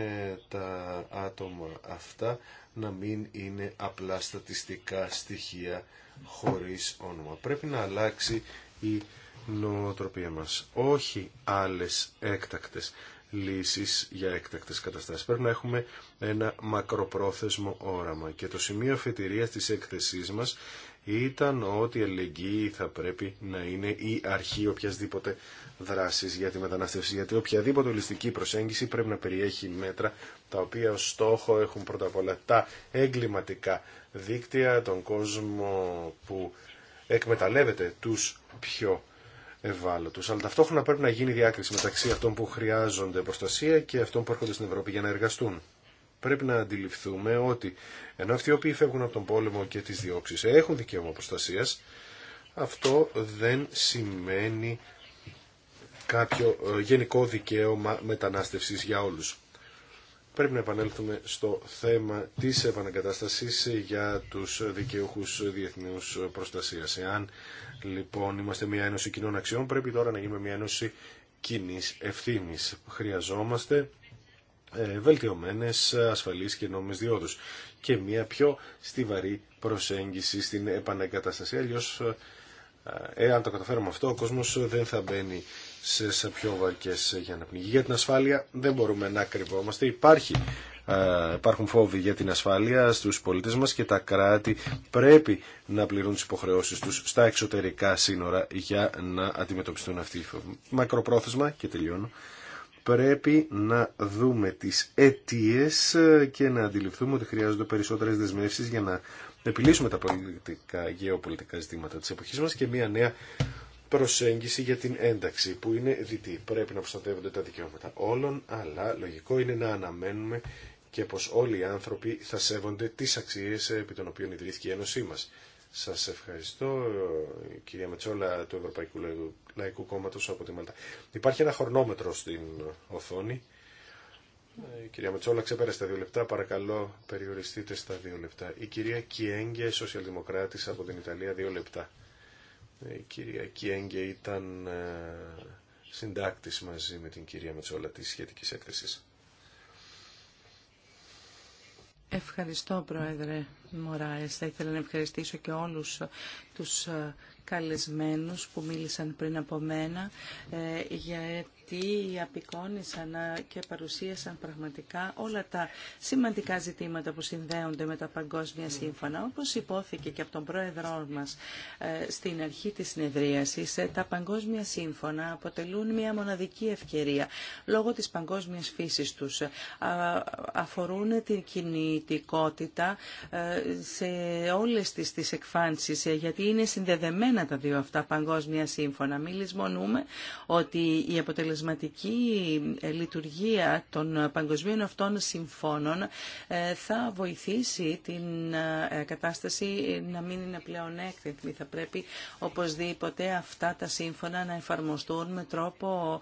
τα άτομα αυτά να μην είναι απλά στατιστικά στοιχεία χωρίς όνομα. Πρέπει να αλλάξει η νοοτροπία μας. Όχι άλλες έκτακτες λύσεις για έκτακτες καταστάσεις. Πρέπει να έχουμε ένα μακροπρόθεσμο όραμα. Και το σημείο αφετηρίας της έκθεσής μας ήταν ότι η ελεγγύη θα πρέπει να είναι η αρχή οποιασδήποτε δράσης για τη μεταναστεύση. Γιατί οποιαδήποτε ολιστική προσέγγιση πρέπει να περιέχει μέτρα τα οποία ως στόχο έχουν πρώτα απ' όλα τα εγκληματικά δίκτυα, τον κόσμο που εκμεταλλεύεται τους πιο αλλά ταυτόχρονα πρέπει να γίνει διάκριση μεταξύ αυτών που χρειάζονται προστασία και αυτών που έρχονται στην Ευρώπη για να εργαστούν. Πρέπει να αντιληφθούμε ότι ενώ αυτοί οι οποίοι φεύγουν από τον πόλεμο και τις διώξει έχουν δικαίωμα προστασίας, αυτό δεν σημαίνει κάποιο ε, γενικό δικαίωμα μετανάστευση για όλου πρέπει να επανέλθουμε στο θέμα της επανακατάστασης για τους δικαιούχους διεθνούς προστασίας. Εάν λοιπόν είμαστε μια ένωση κοινών αξιών, πρέπει τώρα να γίνουμε μια ένωση κοινή ευθύνη. Χρειαζόμαστε ε, βελτιωμένες ασφαλείς και νόμιμες διόδους και μια πιο στιβαρή προσέγγιση στην επανακατάσταση. Αλλιώς, ε, εάν το καταφέρουμε αυτό, ο κόσμος δεν θα μπαίνει σε πιο βαρκές ε, για να πνιγεί. Για την ασφάλεια δεν μπορούμε να κρυβόμαστε. Υπάρχει ε, υπάρχουν φόβοι για την ασφάλεια στους πολίτες μας και τα κράτη πρέπει να πληρούν τις υποχρεώσεις τους στα εξωτερικά σύνορα για να αντιμετωπιστούν αυτοί οι φόβοι. Μακροπρόθεσμα και τελειώνω. Πρέπει να δούμε τις αιτίε ε, και να αντιληφθούμε ότι χρειάζονται περισσότερες δεσμεύσεις για να επιλύσουμε τα πολιτικά, γεωπολιτικά ζητήματα της εποχής μας και μια νέα προσέγγιση για την ένταξη που είναι δυτή. Πρέπει να προστατεύονται τα δικαιώματα όλων, αλλά λογικό είναι να αναμένουμε και πως όλοι οι άνθρωποι θα σέβονται τις αξίες επί των οποίων ιδρύθηκε η Ένωσή μας. Σας ευχαριστώ, ε, κυρία Μετσόλα του Ευρωπαϊκού Λαϊκού Κόμματος από τη Μαλτά. Υπάρχει ένα χορνόμετρο στην οθόνη. Ε, κυρία Μετσόλα, ξεπέρασε τα δύο λεπτά. Παρακαλώ, περιοριστείτε στα δύο λεπτά. Η κυρία Κιέγγε, σοσιαλδημοκράτης από την Ιταλία, δύο λεπτά. Ε, η κυρία Κιέγγε ήταν ε, συντάκτης μαζί με την κυρία Μετσόλα της σχετικής έκθεσης. Ευχαριστώ, Πρόεδρε. Μωράες. Θα ήθελα να ευχαριστήσω και όλους ε, τους ε, καλεσμένους που μίλησαν πριν από μένα ε, γιατί απεικόνισαν και παρουσίασαν πραγματικά όλα τα σημαντικά ζητήματα που συνδέονται με τα παγκόσμια σύμφωνα. Όπως υπόθηκε και από τον πρόεδρό μας στην αρχή της συνεδρίασης, τα παγκόσμια σύμφωνα αποτελούν μια μοναδική ευκαιρία λόγω της παγκόσμιας φύσης τους. Αφορούν την κινητικότητα σε όλες τις, τις εκφάνσεις, ε, γιατί είναι συνδεδεμένα τα δύο αυτά παγκόσμια σύμφωνα. Μην λησμονούμε ότι η αποτελεσματική ε, λειτουργία των παγκοσμίων αυτών συμφώνων ε, θα βοηθήσει την κατάσταση να μην είναι πλέον έκθετη. Θα πρέπει οπωσδήποτε αυτά τα σύμφωνα να εφαρμοστούν με τρόπο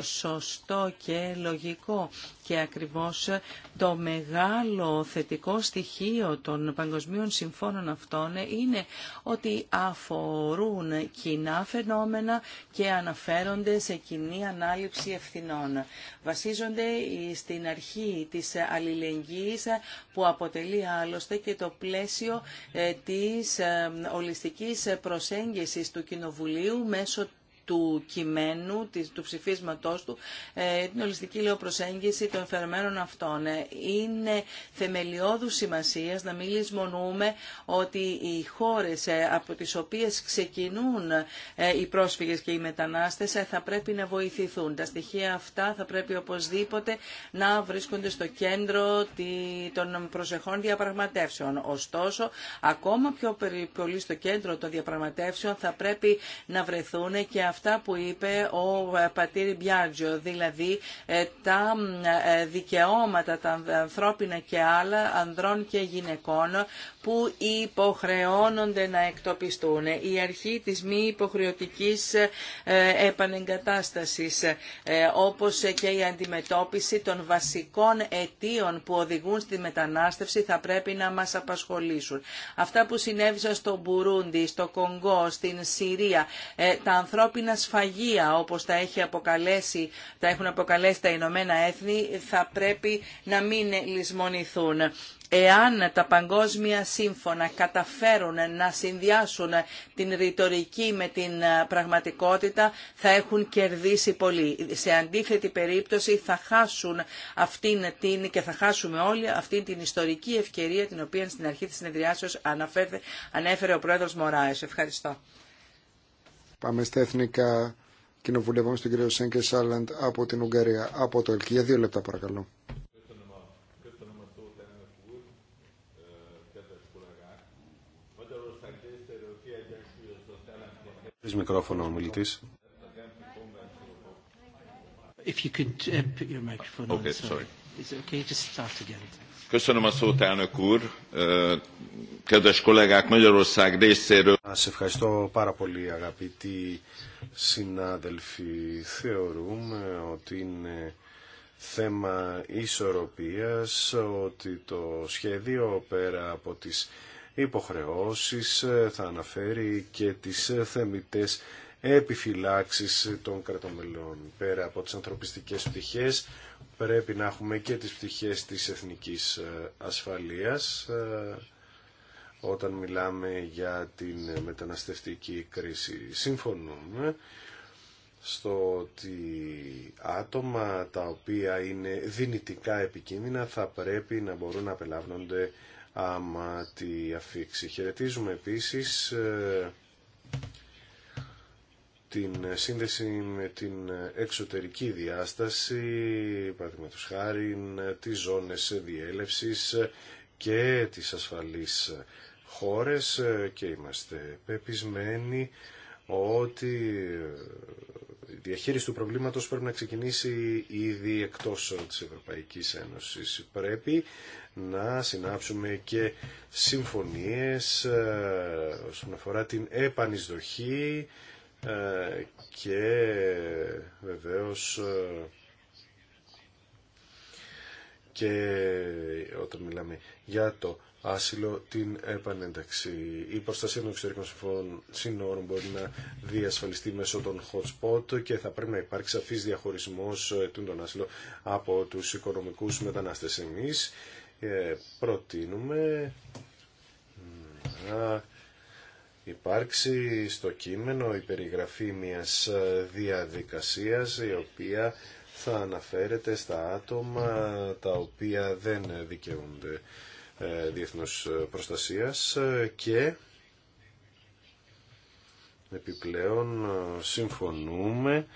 σωστό και λογικό. Και ακριβώς το μεγάλο θετικό στοιχείο των παγκοσμίων συμφώνων αυτών είναι ότι αφορούν κοινά φαινόμενα και αναφέρονται σε κοινή ανάληψη ευθυνών. Βασίζονται στην αρχή της αλληλεγγύης που αποτελεί άλλωστε και το πλαίσιο ε, της ε, ολιστικής προσέγγισης του Κοινοβουλίου μέσω του κειμένου, του ψηφίσματός του, ε, την ολιστική λέω, προσέγγιση των φερμένων αυτών. Ε, είναι θεμελιώδου σημασία να μην λησμονούμε ότι οι χώρες ε, από τις οποίες ξεκινούν οι πρόσφυγες και οι μετανάστες θα πρέπει να βοηθηθούν. Τα στοιχεία αυτά θα πρέπει οπωσδήποτε να βρίσκονται στο κέντρο των προσεχών διαπραγματεύσεων. Ωστόσο, ακόμα πιο πολύ στο κέντρο των διαπραγματεύσεων θα πρέπει να βρεθούν και αυτά που είπε ο ε, πατήρ Μπιάντζο, δηλαδή ε, τα ε, δικαιώματα, τα ανθρώπινα και άλλα, ανδρών και γυναικών, που υποχρεώνονται να εκτοπιστούν. Η αρχή της μη υποχρεωτικής επανεγκατάστασης, όπως και η αντιμετώπιση των βασικών αιτίων που οδηγούν στη μετανάστευση, θα πρέπει να μας απασχολήσουν. Αυτά που συνέβησαν στο Μπουρούντι, στο Κονγκό, στην Συρία, τα ανθρώπινα ανθρώπινα σφαγεία όπως τα, έχει αποκαλέσει, τα έχουν αποκαλέσει τα Ηνωμένα Έθνη θα πρέπει να μην λησμονηθούν. Εάν τα παγκόσμια σύμφωνα καταφέρουν να συνδυάσουν την ρητορική με την πραγματικότητα, θα έχουν κερδίσει πολύ. Σε αντίθετη περίπτωση θα χάσουν αυτήν την, και θα χάσουμε όλοι αυτήν την ιστορική ευκαιρία την οποία στην αρχή της συνεδριάσεως ανέφερε ο πρόεδρος Μωράες. Ευχαριστώ. Πάμε στα εθνικά κοινοβουλία. Πάμε στον κύριο Σέγκε Σάλαντ από την Ουγγαρία. Από το ΕΛΚΙ. Για δύο λεπτά παρακαλώ. Χωρίς μικρόφωνο ο μιλητής. If you could uh, put your microphone on, okay, sorry. Is it okay? Just start again. Köszönöm Σας ευχαριστώ πάρα πολύ αγαπητοί συνάδελφοι. Θεωρούμε ότι είναι θέμα ισορροπίας, ότι το σχέδιο πέρα από τις υποχρεώσεις θα αναφέρει και τις θεμητές επιφυλάξεις των κρατομελών πέρα από τις ανθρωπιστικές πτυχές πρέπει να έχουμε και τις πτυχές της εθνικής ε, ασφαλείας ε, όταν μιλάμε για την μεταναστευτική κρίση. Συμφωνούμε στο ότι άτομα τα οποία είναι δυνητικά επικίνδυνα θα πρέπει να μπορούν να απελάβνονται άμα τη αφήξη. Χαιρετίζουμε επίσης ε, την σύνδεση με την εξωτερική διάσταση, παραδείγματο χάρη, τις ζώνες διέλευσης και τις ασφαλείς χώρες και είμαστε πεπισμένοι ότι η διαχείριση του προβλήματος πρέπει να ξεκινήσει ήδη εκτός της Ευρωπαϊκής Ένωσης. Πρέπει να συνάψουμε και συμφωνίες ε, όσον αφορά την επανεισδοχή ε, και βεβαίως ε, και όταν μιλάμε για το άσυλο την επανένταξη. Η προστασία των εξωτερικών σύνορων μπορεί να διασφαλιστεί μέσω των hot spot και θα πρέπει να υπάρξει σαφής διαχωρισμός ε, του τον άσυλο από τους οικονομικούς μετανάστες εμείς. προτείνουμε υπάρξει στο κείμενο η περιγραφή μιας ε, διαδικασίας η οποία θα αναφέρεται στα άτομα τα οποία δεν δικαιούνται ε, διεθνούς ε, προστασίας και επιπλέον συμφωνούμε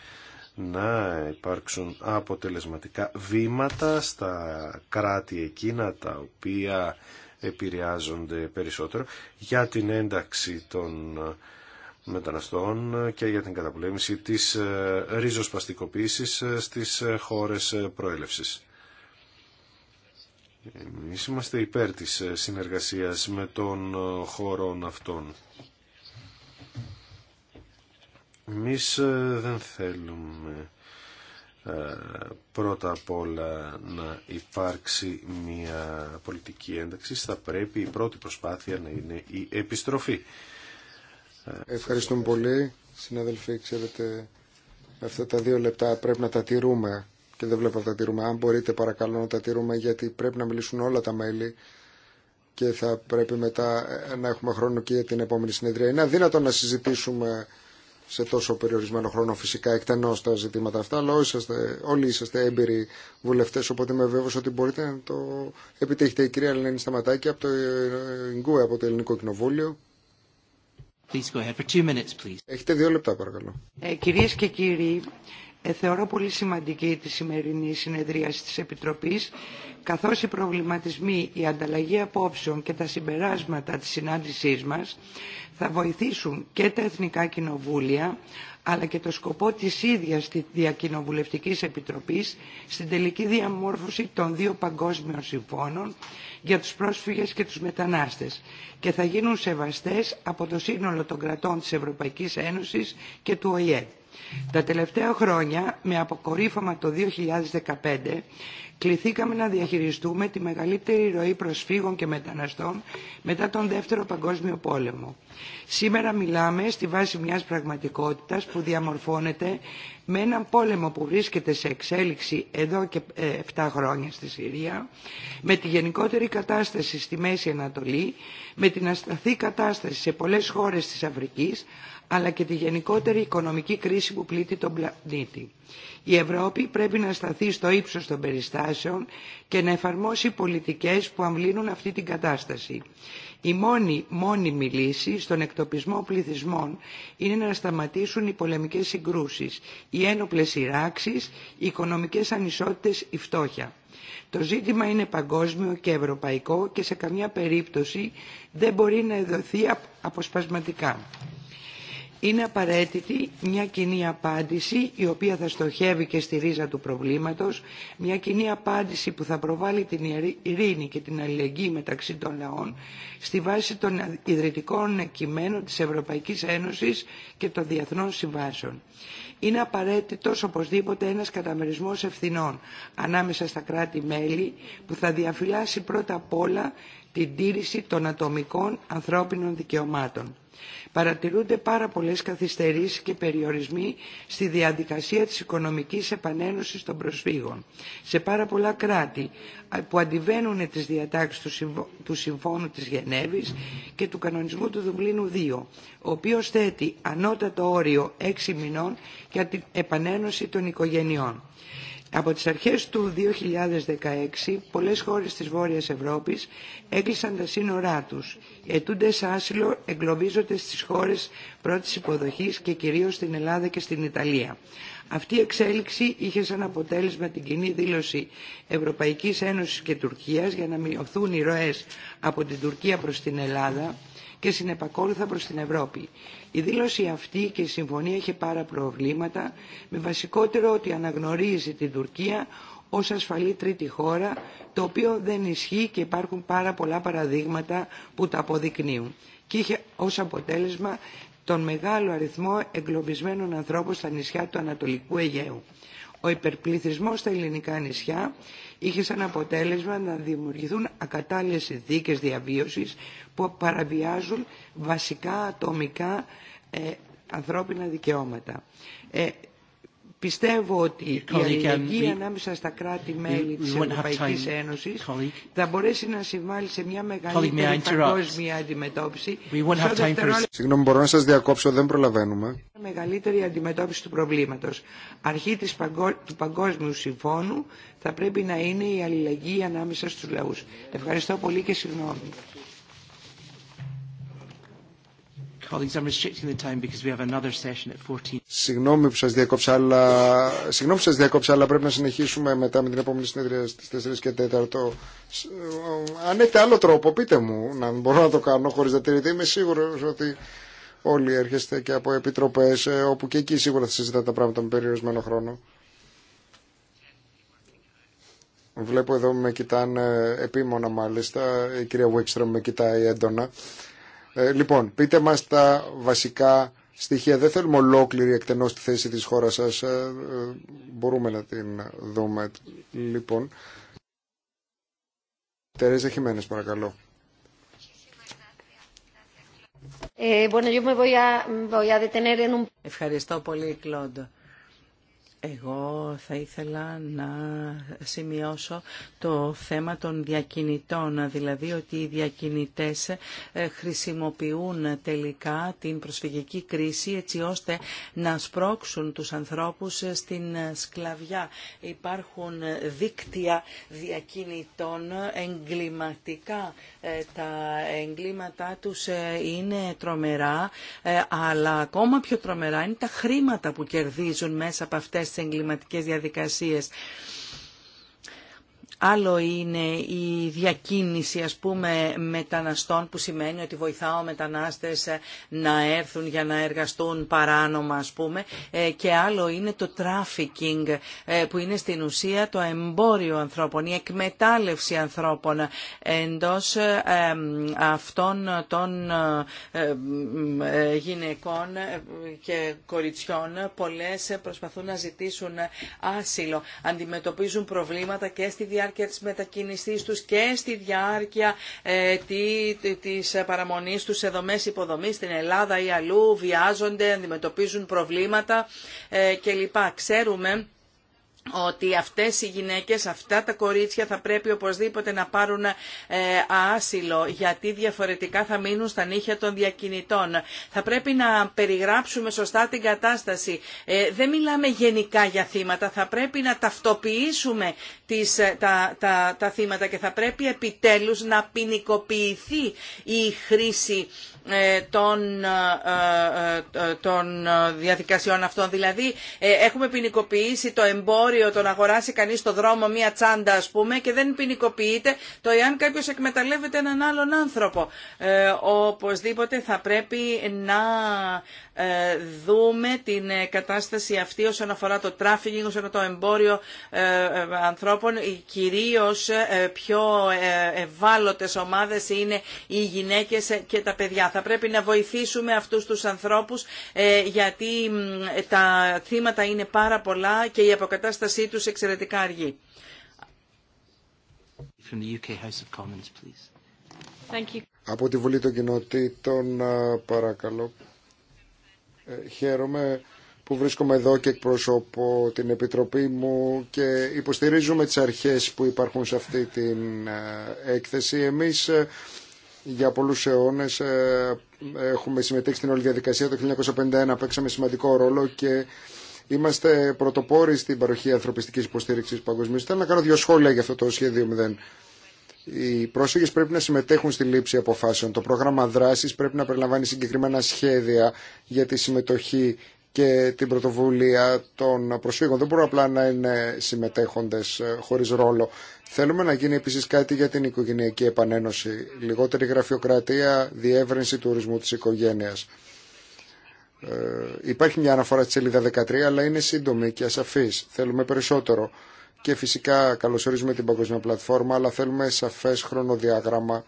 να υπάρξουν αποτελεσματικά βήματα στα κράτη εκείνα τα οποία επηρεάζονται περισσότερο για την ένταξη των μεταναστών και για την καταπολέμηση της ε, ρίζοσπαστικοποίησης ε, στις ε, χώρες προέλευσης. Εμείς είμαστε υπέρ της συνεργασίας με των χώρο αυτών. Εμείς δεν θέλουμε ε, πρώτα απ' όλα να υπάρξει μια πολιτική ένταξη θα πρέπει η πρώτη προσπάθεια να είναι η επιστροφή. Ε, Ευχαριστούμε πολύ συναδελφοί ξέρετε αυτά τα δύο λεπτά πρέπει να τα τηρούμε και δεν βλέπω να τα τηρούμε αν μπορείτε παρακαλώ να τα τηρούμε γιατί πρέπει να μιλήσουν όλα τα μέλη και θα πρέπει μετά να έχουμε χρόνο και για την επόμενη συνεδρία. Είναι αδύνατο να συζητήσουμε σε τόσο περιορισμένο χρόνο φυσικά εκτενώ τα ζητήματα αυτά, αλλά όλοι είσαστε, όλοι είσαστε έμπειροι βουλευτές, οπότε είμαι βέβαιο ότι μπορείτε να το επιτύχετε. Η κυρία Ελένη Σταματάκη από το Ιγκούε, από το Ελληνικό Κοινοβούλιο. Please go ahead for two minutes, please. Έχετε δύο λεπτά παρακαλώ. Ε, κυρίες και κύριοι, ε, θεωρώ πολύ σημαντική τη σημερινή συνεδρίαση της Επιτροπής, καθώς οι προβληματισμοί, η ανταλλαγή απόψεων και τα συμπεράσματα της συνάντησής μας θα βοηθήσουν και τα Εθνικά Κοινοβούλια, αλλά και το σκοπό της ίδιας της Διακοινοβουλευτικής Επιτροπής στην τελική διαμόρφωση των δύο παγκόσμιων συμφώνων για τους πρόσφυγες και τους μετανάστες και θα γίνουν σεβαστές από το σύνολο των κρατών της Ευρωπαϊκής Ένωσης και του ΟΗΕ. Τα τελευταία χρόνια, με αποκορύφωμα το 2015, κληθήκαμε να διαχειριστούμε τη μεγαλύτερη ροή προσφύγων και μεταναστών μετά τον Δεύτερο Παγκόσμιο Πόλεμο. Σήμερα μιλάμε στη βάση μιας πραγματικότητας που διαμορφώνεται με έναν πόλεμο που βρίσκεται σε εξέλιξη εδώ και 7 ε, χρόνια στη Συρία, με τη γενικότερη κατάσταση στη Μέση Ανατολή, με την ασταθή κατάσταση σε πολλές χώρες της Αφρικής, αλλά και τη γενικότερη οικονομική κρίση που πλήττει τον πλανήτη. Η Ευρώπη πρέπει να σταθεί στο ύψος των περιστάσεων και να εφαρμόσει πολιτικές που αμβλύνουν αυτή την κατάσταση. Η μόνη μόνιμη λύση στον εκτοπισμό πληθυσμών είναι να σταματήσουν οι πολεμικές συγκρούσεις, οι ένοπλες σειράξει, οι οικονομικές ανισότητες, η φτώχεια. Το ζήτημα είναι παγκόσμιο και ευρωπαϊκό και σε καμιά περίπτωση δεν μπορεί να εδωθεί αποσπασματικά είναι απαραίτητη μια κοινή απάντηση η οποία θα στοχεύει και στη ρίζα του προβλήματος, μια κοινή απάντηση που θα προβάλλει την ειρήνη και την αλληλεγγύη μεταξύ των λαών στη βάση των ιδρυτικών κειμένων της Ευρωπαϊκής Ένωσης και των διεθνών συμβάσεων. Είναι απαραίτητος οπωσδήποτε ένας καταμερισμός ευθυνών ανάμεσα στα κράτη-μέλη που θα διαφυλάσει πρώτα απ' όλα την τήρηση των ατομικών ανθρώπινων δικαιωμάτων Παρατηρούνται πάρα πολλές καθυστερήσεις και περιορισμοί στη διαδικασία της οικονομικής επανένωσης των προσφύγων. Σε πάρα πολλά κράτη που αντιβαίνουν τις διατάξεις του Συμφώνου της Γενέβης και του κανονισμού του Δουβλίνου 2, ο οποίος θέτει ανώτατο όριο έξι μηνών για την επανένωση των οικογενειών. Από τις αρχές του 2016, πολλές χώρες της Βόρειας Ευρώπης έκλεισαν τα σύνορά τους. ετούντε άσυλο εγκλωβίζονται στις χώρες πρώτης υποδοχής και κυρίως στην Ελλάδα και στην Ιταλία. Αυτή η εξέλιξη είχε σαν αποτέλεσμα την κοινή δήλωση Ευρωπαϊκής Ένωσης και Τουρκίας για να μειωθούν οι ροές από την Τουρκία προς την Ελλάδα και συνεπακόλουθα προς την Ευρώπη. Η δήλωση αυτή και η συμφωνία είχε πάρα προβλήματα, με βασικότερο ότι αναγνωρίζει την Τουρκία ως ασφαλή τρίτη χώρα, το οποίο δεν ισχύει και υπάρχουν πάρα πολλά παραδείγματα που τα αποδεικνύουν. Και είχε ως αποτέλεσμα τον μεγάλο αριθμό εγκλωβισμένων ανθρώπων στα νησιά του Ανατολικού Αιγαίου. Ο υπερπληθυσμός στα ελληνικά νησιά είχε σαν αποτέλεσμα να δημιουργηθούν ακατάλληλες συνθήκε διαβίωσης που παραβιάζουν βασικά ατομικά ε, ανθρώπινα δικαιώματα. Ε, Πιστεύω ότι η um, αλληλεγγύη ανάμεσα στα κράτη-μέλη της Ευρωπαϊκής Ένωσης θα μπορέσει να συμβάλλει σε μια μεγαλύτερη παγκόσμια αντιμετώπιση. Συγγνώμη, μπορώ να σας διακόψω, δεν προλαβαίνουμε. Μεγαλύτερη αντιμετώπιση του προβλήματος. Αρχή της του Παγκόσμιου Συμφώνου θα πρέπει να είναι η αλληλεγγύη ανάμεσα στους λαούς. Ευχαριστώ πολύ και συγγνώμη. Συγγνώμη που σας διακόψα, αλλά... πρέπει να συνεχίσουμε μετά με την επόμενη συνεδρία στις 4 και 4. Αν έχετε άλλο τρόπο, πείτε μου, να μπορώ να το κάνω χωρίς να τηρείτε. Είμαι σίγουρος ότι όλοι έρχεστε και από επιτροπές, ε, όπου και εκεί σίγουρα θα συζητάτε τα πράγματα με περιορισμένο χρόνο. Βλέπω εδώ με κοιτάνε ε, επίμονα μάλιστα, η κυρία Βουέξτρομ με κοιτάει έντονα. Ε, λοιπόν, πείτε μας τα βασικά στοιχεία. Δεν θέλουμε ολόκληρη εκτενώς τη θέση της χώρας σας. Ε, ε, μπορούμε να την δούμε. Λοιπόν, Τερέζα Χιμένες παρακαλώ. Ευχαριστώ πολύ, Κλόντο. Εγώ θα ήθελα να σημειώσω το θέμα των διακινητών, δηλαδή ότι οι διακινητές ε, χρησιμοποιούν τελικά την προσφυγική κρίση έτσι ώστε να σπρώξουν τους ανθρώπους ε, στην ε, σκλαβιά. Υπάρχουν δίκτυα διακινητών εγκληματικά. Τα εγκλήματά τους είναι τρομερά, αλλά ακόμα πιο τρομερά είναι τα χρήματα που κερδίζουν μέσα από αυτές στις εγκληματικές διαδικασίες. Άλλο είναι η διακίνηση ας πούμε μεταναστών που σημαίνει ότι βοηθάω μετανάστες ε, να έρθουν για να εργαστούν παράνομα ας πούμε ε, και άλλο είναι το trafficking ε, που είναι στην ουσία το εμπόριο ανθρώπων, η εκμετάλλευση ανθρώπων εντός αυτών των γυναικών και κοριτσιών πολλές προσπαθούν να ζητήσουν άσυλο, αντιμετωπίζουν προβλήματα και στη διαδικασία διάρκεια της μετακίνησής τους και στη διάρκεια ε, της παραμονής τους σε δομές υποδομής στην Ελλάδα ή αλλού, βιάζονται, αντιμετωπίζουν προβλήματα ε, κλπ. Ξέρουμε ότι αυτές οι γυναίκες, αυτά τα κορίτσια θα πρέπει οπωσδήποτε να πάρουν ε, άσυλο γιατί διαφορετικά θα μείνουν στα νύχια των διακινητών. Θα πρέπει να περιγράψουμε σωστά την κατάσταση. Ε, δεν μιλάμε γενικά για θύματα, θα πρέπει να ταυτοποιήσουμε τις, ε, τα, τα, τα θύματα και θα πρέπει επιτέλους να ποινικοποιηθεί η χρήση ε, των, ε, ε, των διαδικασιών αυτών. Δηλαδή έχουμε ποινικοποιήσει το εμπόριο, το να αγοράσει κανείς στο δρόμο μία τσάντα α πούμε και δεν ποινικοποιείται το εάν κάποιος εκμεταλλεύεται έναν άλλον άνθρωπο. Ε, οπωσδήποτε θα πρέπει να ε, δούμε την ε, κατάσταση αυτή όσον αφορά το τράφικινγκ, όσον αφορά το εμπόριο ε, ανθρώπων. Κυρίως πιο ευάλωτες ομάδες είναι οι γυναίκες και τα παιδιά. Θα πρέπει να βοηθήσουμε αυτούς τους ανθρώπους γιατί τα θύματα είναι πάρα πολλά και η αποκατάστασή τους εξαιρετικά αργή. Από τη Βουλή των Κοινοτήτων, παρακαλώ. Ε, χαίρομαι που βρίσκομαι εδώ και εκπροσωπώ την Επιτροπή μου και υποστηρίζουμε τις αρχές που υπάρχουν σε αυτή την ε, έκθεση. Εμείς ε, για πολλούς αιώνες έχουμε συμμετέχει στην όλη διαδικασία. Το 1951 παίξαμε σημαντικό ρόλο και είμαστε πρωτοπόροι στην παροχή ανθρωπιστικής υποστήριξης παγκοσμίως. Θέλω να κάνω δύο σχόλια για αυτό το σχέδιο οι πρόσφυγες πρέπει να συμμετέχουν στη λήψη αποφάσεων. Το πρόγραμμα δράσης πρέπει να περιλαμβάνει συγκεκριμένα σχέδια για τη συμμετοχή και την πρωτοβουλία των προσφύγων. Δεν μπορούν απλά να είναι συμμετέχοντες ε, χωρίς ρόλο. Θέλουμε να γίνει επίσης κάτι για την οικογενειακή επανένωση. Λιγότερη γραφειοκρατία, διεύρυνση του ορισμού της οικογένειας. Ε, υπάρχει μια αναφορά στη σελίδα 13, αλλά είναι σύντομη και ασαφής. Θέλουμε περισσότερο και φυσικά καλωσορίζουμε την παγκόσμια πλατφόρμα, αλλά θέλουμε σαφές χρονοδιάγραμμα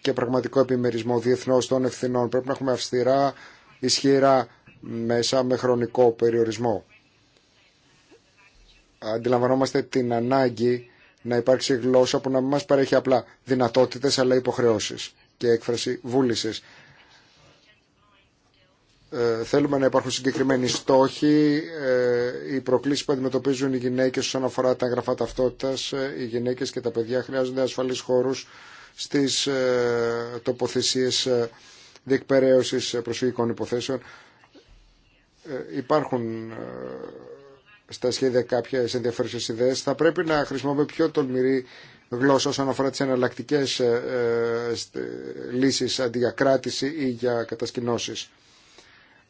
και πραγματικό επιμερισμό διεθνώ των ευθυνών. Πρέπει να έχουμε αυστηρά, ισχυρά μέσα με χρονικό περιορισμό. Αντιλαμβανόμαστε την ανάγκη να υπάρξει γλώσσα που να μην μας παρέχει απλά δυνατότητες αλλά υποχρεώσεις και έκφραση βούλησης. Ε, θέλουμε να υπάρχουν συγκεκριμένοι στόχοι, ε, οι προκλήσει που αντιμετωπίζουν οι γυναίκε όσον αφορά τα εγγραφά ταυτότητας, ε, οι γυναίκε και τα παιδιά χρειάζονται ασφαλείς χώρους στις τοποθεσίες διεκπαιρέωση προσφυγικών υποθέσεων. Υπάρχουν στα σχέδια κάποιε ενδιαφέρουσες ιδέες. Θα πρέπει να χρησιμοποιούμε πιο τολμηρή γλώσσα όσον αφορά τι εναλλακτικέ λύσει αντί για κράτηση ή για κατασκηνώσει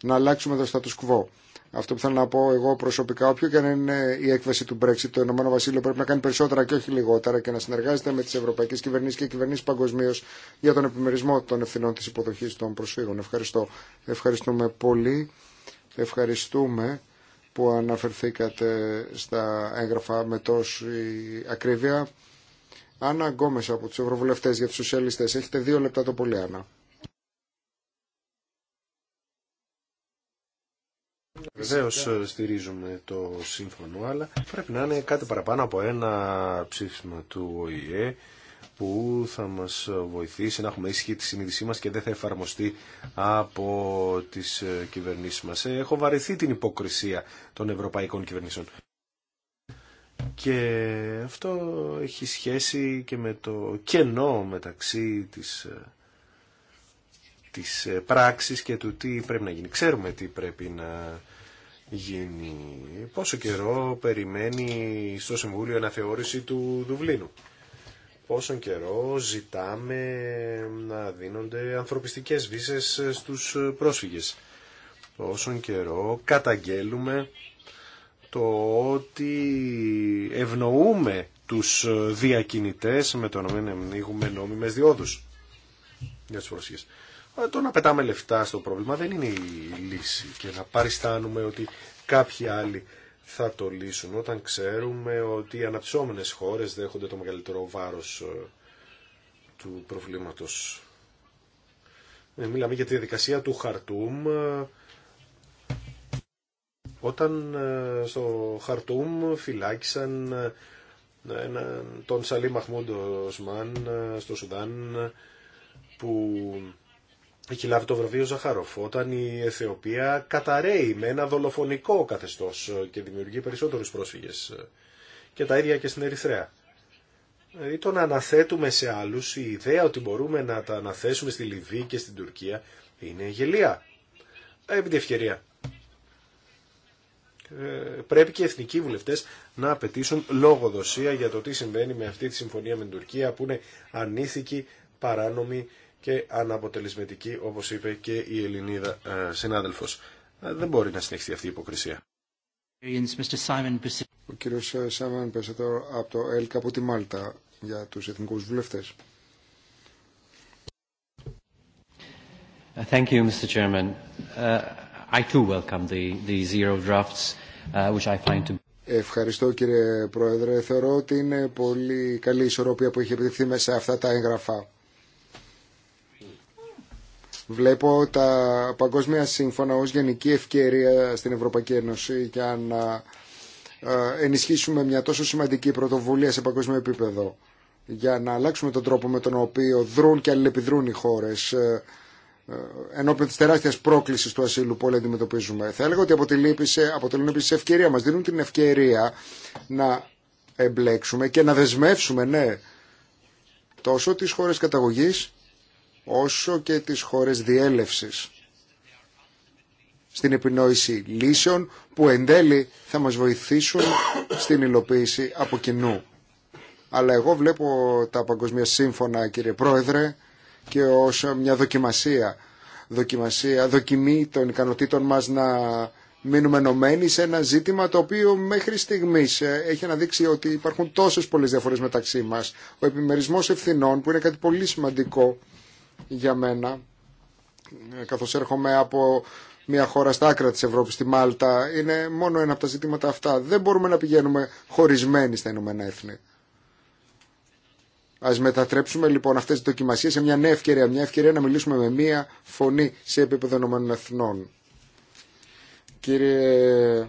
να αλλάξουμε το status quo. Αυτό που θέλω να πω εγώ προσωπικά, όποιο και αν είναι η έκβαση του Brexit, το Ηνωμένο Βασίλειο πρέπει να κάνει περισσότερα και όχι λιγότερα και να συνεργάζεται με τι ευρωπαϊκέ κυβερνήσει και κυβερνήσει παγκοσμίω για τον επιμερισμό των ευθυνών τη υποδοχή των προσφύγων. Ευχαριστώ. Ευχαριστούμε πολύ. Ευχαριστούμε που αναφερθήκατε στα έγγραφα με τόση ακρίβεια. Άννα Γκόμες από του ευρωβουλευτέ για του Σοσιαλιστέ. Έχετε δύο λεπτά το πολύ, Άννα. Βεβαίω ε, στηρίζουμε το σύμφωνο, αλλά πρέπει να είναι κάτι παραπάνω από ένα ψήφισμα του ΟΗΕ που θα μας βοηθήσει να έχουμε ίσχυη τη συνείδησή μας και δεν θα εφαρμοστεί από τις ε, κυβερνήσεις μας. Ε, έχω βαρεθεί την υποκρισία των ευρωπαϊκών κυβερνήσεων. Και αυτό έχει σχέση και με το κενό μεταξύ της της ε, πράξης και του τι πρέπει να γίνει. Ξέρουμε τι πρέπει να γίνει. Πόσο καιρό περιμένει στο Συμβούλιο αναθεώρηση του Δουβλίνου. Πόσο καιρό ζητάμε να δίνονται ανθρωπιστικές βίζες στους πρόσφυγες. Πόσο καιρό καταγγέλουμε το ότι ευνοούμε τους διακινητές με το να μην ανοίγουμε νόμιμες διόδους για τους πρόσφυγες. Ε, το να πετάμε λεφτά στο πρόβλημα δεν είναι η λύση και να παριστάνουμε ότι κάποιοι άλλοι θα το λύσουν όταν ξέρουμε ότι οι χώρες χώρες δέχονται το μεγαλύτερο βάρος ε, του προβλήματος. Ε, μιλάμε για τη διαδικασία του Χαρτούμ. Όταν στο Χαρτούμ φυλάκισαν ένα, τον Σαλή Μαχμούντο στο Σουδάν που έχει λάβει το βραβείο Ζαχαρόφ, όταν η Αιθιοπία καταραίει με ένα δολοφονικό καθεστώς και δημιουργεί περισσότερους πρόσφυγες ε, και τα ίδια και στην Ερυθρέα. Δηλαδή το να αναθέτουμε σε άλλους η ιδέα ότι μπορούμε να τα αναθέσουμε στη Λιβύη και στην Τουρκία είναι γελία. Επί τη ευκαιρία. Ε, πρέπει και οι εθνικοί βουλευτές να απαιτήσουν λόγοδοσία για το τι συμβαίνει με αυτή τη συμφωνία με την Τουρκία που είναι ανήθικη, παράνομη και αναποτελεσματική, όπως είπε και η Ελληνίδα ε, συνάδελφος. Ε, δεν μπορεί να συνεχιστεί αυτή η υποκρισία. Ο κύριος Σάμαν ε, Πεσέτο από το Ελκα από τη Μάλτα για τους εθνικούς βουλευτέ. Uh, thank you, Mr. Chairman. Uh, I too welcome the, the zero drafts, uh, which I find to... Ευχαριστώ κύριε Πρόεδρε. Θεωρώ ότι είναι πολύ καλή ισορροπία που έχει επιτευχθεί μέσα σε αυτά τα έγγραφα. Βλέπω τα παγκόσμια σύμφωνα ως γενική ευκαιρία στην Ευρωπαϊκή Ένωση για να ε, ενισχύσουμε μια τόσο σημαντική πρωτοβουλία σε παγκόσμιο επίπεδο για να αλλάξουμε τον τρόπο με τον οποίο δρούν και αλληλεπιδρούν οι χώρες ε, ε, ενώπιον τη τεράστια πρόκληση του ασύλου που όλοι αντιμετωπίζουμε. Θα έλεγα ότι αποτελούν επίση ευκαιρία. μας. δίνουν την ευκαιρία να εμπλέξουμε και να δεσμεύσουμε, ναι, τόσο τι χώρε καταγωγής όσο και τις χώρες διέλευσης στην επινόηση λύσεων που εν τέλει θα μας βοηθήσουν στην υλοποίηση από κοινού. Αλλά εγώ βλέπω τα παγκοσμία σύμφωνα κύριε Πρόεδρε και ως μια δοκιμασία, δοκιμασία δοκιμή των ικανοτήτων μας να μείνουμε ενωμένοι σε ένα ζήτημα το οποίο μέχρι στιγμής έχει αναδείξει ότι υπάρχουν τόσες πολλές διαφορές μεταξύ μας. Ο επιμερισμός ευθυνών που είναι κάτι πολύ σημαντικό για μένα, ε, καθώς έρχομαι από μια χώρα στα άκρα της Ευρώπης, τη Μάλτα, είναι μόνο ένα από τα ζητήματα αυτά. Δεν μπορούμε να πηγαίνουμε χωρισμένοι στα Ηνωμένα Έθνη. Ας μετατρέψουμε λοιπόν αυτές τις δοκιμασίες σε μια νέα ευκαιρία. Μια ευκαιρία να μιλήσουμε με μία φωνή σε επίπεδο Ηνωμένων Εθνών. Κύριε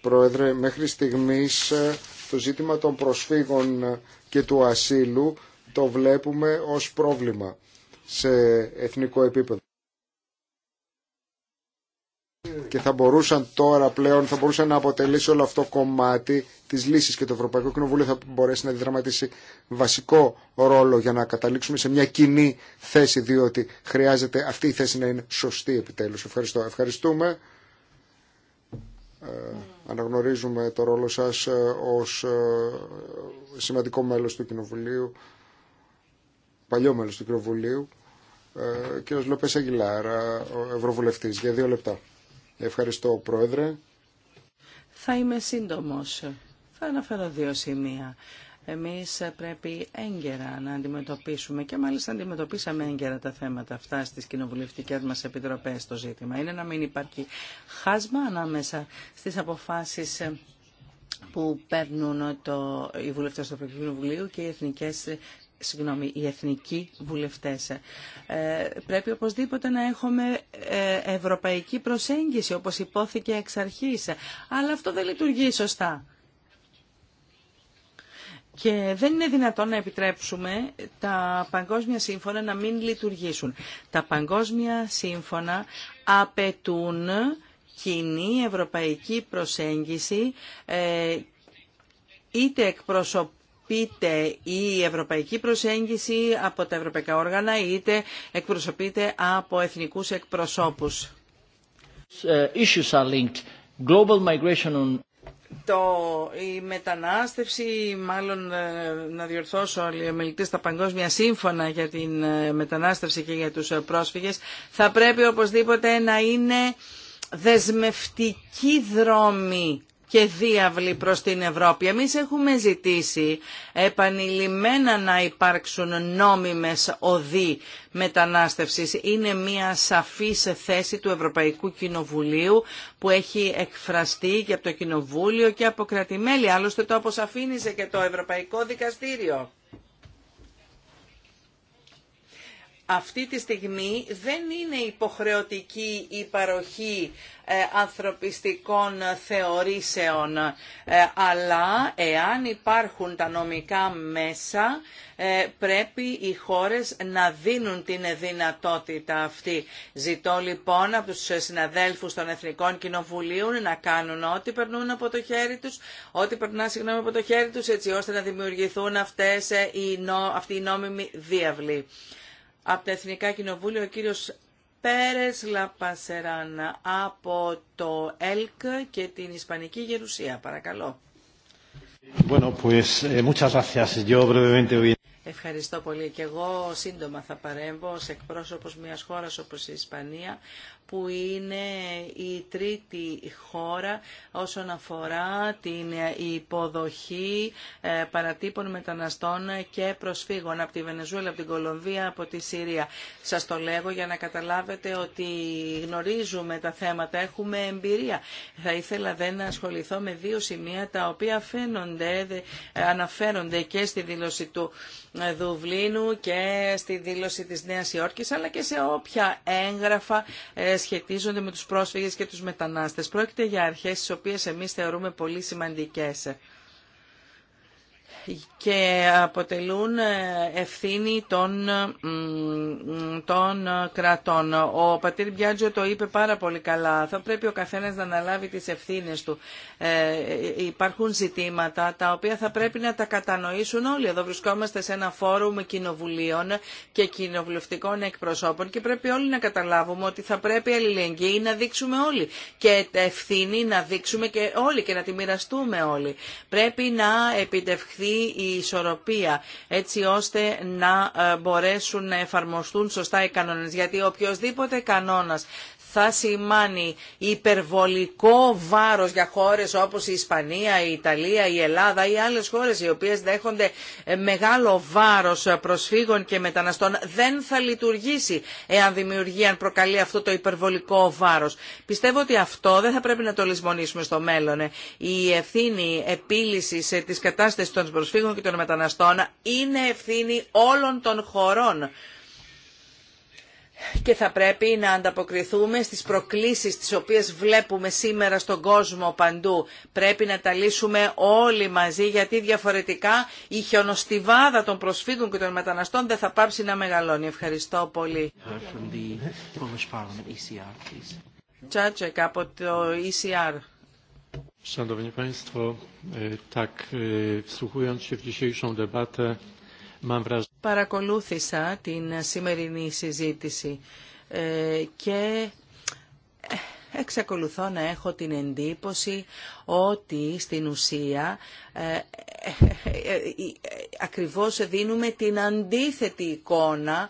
Πρόεδρε, μέχρι στιγμής ε, το ζήτημα των προσφύγων ε, και του ασύλου το βλέπουμε ως πρόβλημα σε εθνικό επίπεδο. Και θα μπορούσαν τώρα πλέον, θα μπορούσαν να αποτελήσει όλο αυτό κομμάτι της λύσης και το Ευρωπαϊκό Κοινοβούλιο θα μπορέσει να διδραματίσει βασικό ρόλο για να καταλήξουμε σε μια κοινή θέση, διότι χρειάζεται αυτή η θέση να είναι σωστή επιτέλους. Ευχαριστώ. Ευχαριστούμε. Ε, αναγνωρίζουμε το ρόλο σας ε, ως ε, σημαντικό μέλος του Κοινοβουλίου παλιό μέλο του Κοινοβουλίου, ε, κ. Λόπε Αγγιλάρα, ο Ευρωβουλευτής, για δύο λεπτά. Ευχαριστώ, Πρόεδρε. Θα είμαι σύντομος. Θα αναφέρω δύο σημεία. Εμείς πρέπει έγκαιρα να αντιμετωπίσουμε και μάλιστα αντιμετωπίσαμε έγκαιρα τα θέματα αυτά στις κοινοβουλευτικές μας επιτροπές το ζήτημα. Είναι να μην υπάρχει χάσμα ανάμεσα στις αποφάσεις που παίρνουν το, οι βουλευτέ του Ευρωπαϊκού Κοινοβουλίου και οι εθνικέ συγγνώμη, οι εθνικοί βουλευτές. Ε, πρέπει οπωσδήποτε να έχουμε ε, ευρωπαϊκή προσέγγιση, όπως υπόθηκε εξ αρχής. Αλλά αυτό δεν λειτουργεί σωστά. Και δεν είναι δυνατόν να επιτρέψουμε τα παγκόσμια σύμφωνα να μην λειτουργήσουν. Τα παγκόσμια σύμφωνα απαιτούν κοινή ευρωπαϊκή προσέγγιση ε, είτε εκπροσωπ εκπροσωπείται η ευρωπαϊκή προσέγγιση από τα ευρωπαϊκά όργανα είτε εκπροσωπείται από εθνικούς εκπροσώπους. Ε, Το, η μετανάστευση, μάλλον ε, να διορθώσω όλοι οι μελητές στα παγκόσμια σύμφωνα για την ε, μετανάστευση και για τους πρόσφυγες, θα πρέπει οπωσδήποτε να είναι δεσμευτική δρόμη και διάβλη προς την Ευρώπη. Εμείς έχουμε ζητήσει επανειλημμένα να υπάρξουν νόμιμες οδοί μετανάστευσης. Είναι μια σαφής θέση του Ευρωπαϊκού Κοινοβουλίου που έχει εκφραστεί και από το Κοινοβούλιο και από κρατημέλη. Άλλωστε το αποσαφήνισε και το Ευρωπαϊκό Δικαστήριο. αυτή τη στιγμή δεν είναι υποχρεωτική η παροχή ε, ανθρωπιστικών θεωρήσεων, ε, αλλά εάν υπάρχουν τα νομικά μέσα ε, πρέπει οι χώρες να δίνουν την δυνατότητα αυτή. Ζητώ λοιπόν από τους συναδέλφους των Εθνικών Κοινοβουλίων να κάνουν ό,τι περνούν από το χέρι τους, ό,τι περνά συγγνώμη από το χέρι τους έτσι ώστε να δημιουργηθούν αυτές οι νο, αυτοί οι νόμιμοι από τα Εθνικά Κοινοβούλια, ο κύριος Πέρες Λαπασεράν από το ΕΛΚ και την Ισπανική Γερουσία. Παρακαλώ. Eh, Ευχαριστώ πολύ. Και εγώ σύντομα θα παρέμβω ως εκπρόσωπος μιας χώρας όπως η Ισπανία που είναι η τρίτη χώρα όσον αφορά την υποδοχή ε, παρατύπων μεταναστών και προσφύγων από τη Βενεζουέλα, από την Κολομβία, από τη Συρία. Σας το λέγω για να καταλάβετε ότι γνωρίζουμε τα θέματα, έχουμε εμπειρία. Θα ήθελα δεν να ασχοληθώ με δύο σημεία τα οποία φαίνονται, αναφέρονται και στη δήλωση του ε, Δουβλίνου και στη δήλωση της Νέας Υόρκης αλλά και σε όποια έγγραφα ε, σχετίζονται με τους πρόσφυγες και τους μετανάστες. Πρόκειται για αρχές τις οποίες εμείς θεωρούμε πολύ σημαντικές και αποτελούν ε, ευθύνη των, των κρατών. Ο πατήρ Μπιάντζο το είπε πάρα πολύ καλά. Θα πρέπει ο καθένας να αναλάβει τις ευθύνες του. Ε, υπάρχουν ζητήματα τα οποία θα πρέπει να τα κατανοήσουν όλοι. Εδώ βρισκόμαστε σε ένα φόρουμ κοινοβουλίων και κοινοβουλευτικών εκπροσώπων και πρέπει όλοι να καταλάβουμε ότι θα πρέπει αλληλεγγύη να δείξουμε όλοι και ευθύνη να δείξουμε και όλοι και να τη μοιραστούμε όλοι. Πρέπει να επιτευχθεί επιτευχθεί η ισορροπία έτσι ώστε να ε, μπορέσουν να εφαρμοστούν σωστά οι κανόνες. Γιατί οποιοδήποτε κανόνας θα σημάνει υπερβολικό βάρος για χώρες όπως η Ισπανία, η Ιταλία, η Ελλάδα ή άλλες χώρες οι οποίες δέχονται ε, μεγάλο βάρος προσφύγων και μεταναστών δεν θα λειτουργήσει εάν δημιουργεί, αν προκαλεί αυτό το υπερβολικό βάρος. Πιστεύω ότι αυτό δεν θα πρέπει να το λησμονήσουμε στο μέλλον. Ε. Η ευθύνη επίλυσης ε, της κατάστασης των προσφύγων και των μεταναστών είναι ευθύνη όλων των χωρών και θα πρέπει να ανταποκριθούμε στις προκλήσεις τις οποίες βλέπουμε σήμερα στον κόσμο παντού. Πρέπει να τα λύσουμε όλοι μαζί γιατί διαφορετικά η χιονοστιβάδα των προσφύγων και των μεταναστών δεν θα πάψει να μεγαλώνει. Ευχαριστώ πολύ. Τσάτσεκ το ECR. Szanowni Państwo, e, tak e, wsłuchując się w dzisiejszą Παρακολούθησα την σημερινή συζήτηση ε, και ε, εξακολουθώ να έχω την εντύπωση ότι στην ουσία ε, ε, ε, ε ακριβώς δίνουμε την αντίθετη εικόνα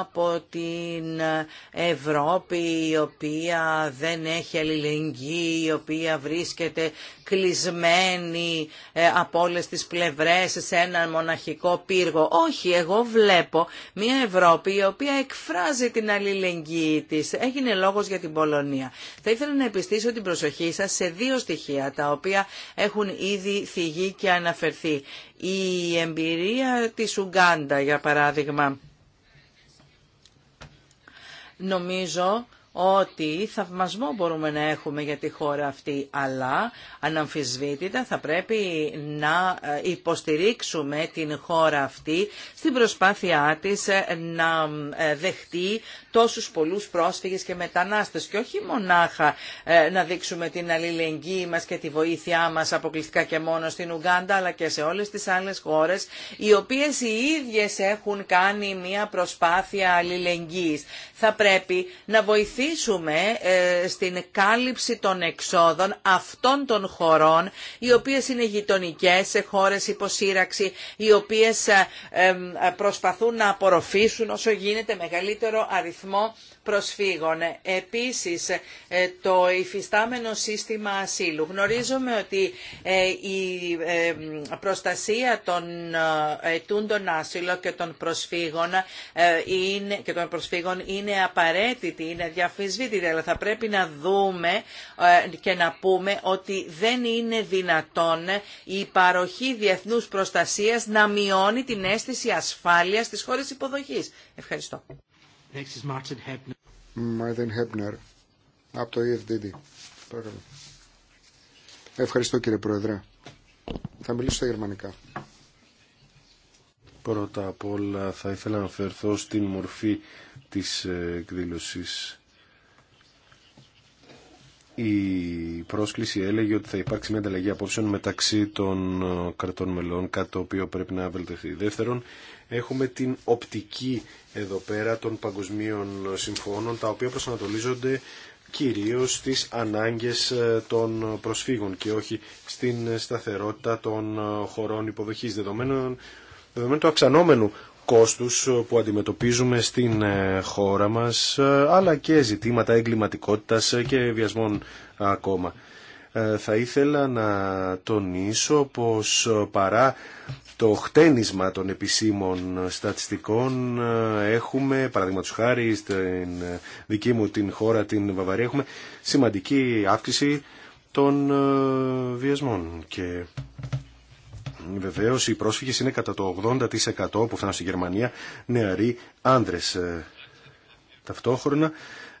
από την Ευρώπη η οποία δεν έχει αλληλεγγύη, η οποία βρίσκεται κλεισμένη από όλε τις πλευρές σε ένα μοναχικό πύργο. Όχι, εγώ βλέπω μια Ευρώπη η οποία εκφράζει την αλληλεγγύη της. Έγινε λόγος για την Πολωνία θα ήθελα να επιστήσω την προσοχή σας σε δύο στοιχεία τα οποία έχουν ήδη θυγεί και αναφερθεί. Η εμπειρία της Ουγκάντα, για παράδειγμα, νομίζω ότι θαυμασμό μπορούμε να έχουμε για τη χώρα αυτή, αλλά αναμφισβήτητα θα πρέπει να ε, υποστηρίξουμε την χώρα αυτή στην προσπάθειά της ε, να ε, δεχτεί τόσους πολλούς πρόσφυγες και μετανάστες και όχι μονάχα ε, να δείξουμε την αλληλεγγύη μας και τη βοήθειά μας αποκλειστικά και μόνο στην Ουγγάντα αλλά και σε όλες τις άλλες χώρες οι οποίες οι ίδιες έχουν κάνει μια προσπάθεια αλληλεγγύης. Θα πρέπει να βοηθήσουμε ε, στην κάλυψη των εξόδων αυτών των χωρών οι οποίες είναι γειτονικέ σε χώρες υποσύραξη, οι οποίες ε, προσπαθούν να απορροφήσουν όσο γίνεται μεγαλύτερο αριθμό αριθμό προσφύγων. Επίσης, ε, το υφιστάμενο σύστημα ασύλου. Γνωρίζουμε ότι ε, η ε, προστασία των ετούντων άσυλο και των προσφύγων είναι, και των προσφύγων είναι απαραίτητη, είναι διαφυσβήτητη, αλλά θα πρέπει να δούμε και να πούμε ότι δεν είναι δυνατόν η παροχή διεθνούς προστασίας να μειώνει την αίσθηση ασφάλειας της χώρες υποδοχής. Ευχαριστώ από το EFDD. Ευχαριστώ κύριε Πρόεδρε. Θα μιλήσω στα γερμανικά. Πρώτα απ' όλα θα ήθελα να αφαιρθώ στην μορφή της ε, εκδήλωσης η πρόσκληση έλεγε ότι θα υπάρξει μια ανταλλαγή απόψεων μεταξύ των ε, κρατών μελών, κάτι το οποίο πρέπει να βελτιωθεί. Δεύτερον, έχουμε την οπτική εδώ πέρα των παγκοσμίων συμφώνων, τα οποία προσανατολίζονται κυρίως στις ανάγκες ε, των προσφύγων και όχι στην σταθερότητα των ε, χωρών υποδοχής δεδομένων, δεδομένου του αυξανόμενου κόστους ε, που αντιμετωπίζουμε στην ε, χώρα μας, ε, αλλά και ζητήματα εγκληματικότητας και βιασμών ακόμα. Θα ήθελα να τονίσω πως παρά το χτένισμα των επισήμων στατιστικών έχουμε, παραδείγματος χάρη στην δική μου την χώρα, την Βαβαρία, έχουμε σημαντική αύξηση των βιασμών και Βεβαίω, οι πρόσφυγε είναι κατά το 80% που φτάνουν στη Γερμανία νεαροί άντρε. Ε, ταυτόχρονα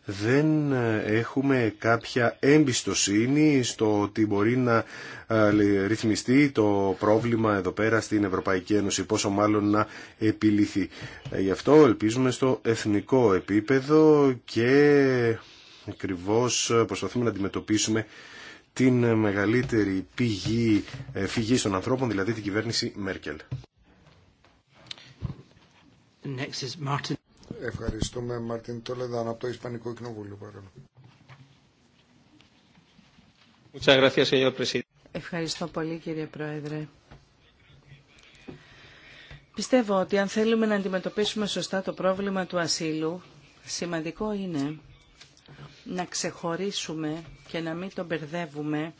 δεν ε, έχουμε κάποια εμπιστοσύνη στο ότι μπορεί να ε, ρυθμιστεί το πρόβλημα εδώ πέρα στην Ευρωπαϊκή Ένωση, πόσο μάλλον να επιληθεί. Γι' αυτό ελπίζουμε στο εθνικό επίπεδο και ακριβώ προσπαθούμε να αντιμετωπίσουμε την μεγαλύτερη πηγή ε, φυγής των ανθρώπων, δηλαδή την κυβέρνηση Μέρκελ. Ευχαριστούμε Μαρτίν Τόλεδαν από το Ισπανικό Κοινοβούλιο. Ευχαριστώ πολύ κύριε Πρόεδρε. Πιστεύω ότι αν θέλουμε να αντιμετωπίσουμε σωστά το πρόβλημα του ασύλου, σημαντικό είναι να ξεχωρίσουμε και να μην τον μπερδεύουμε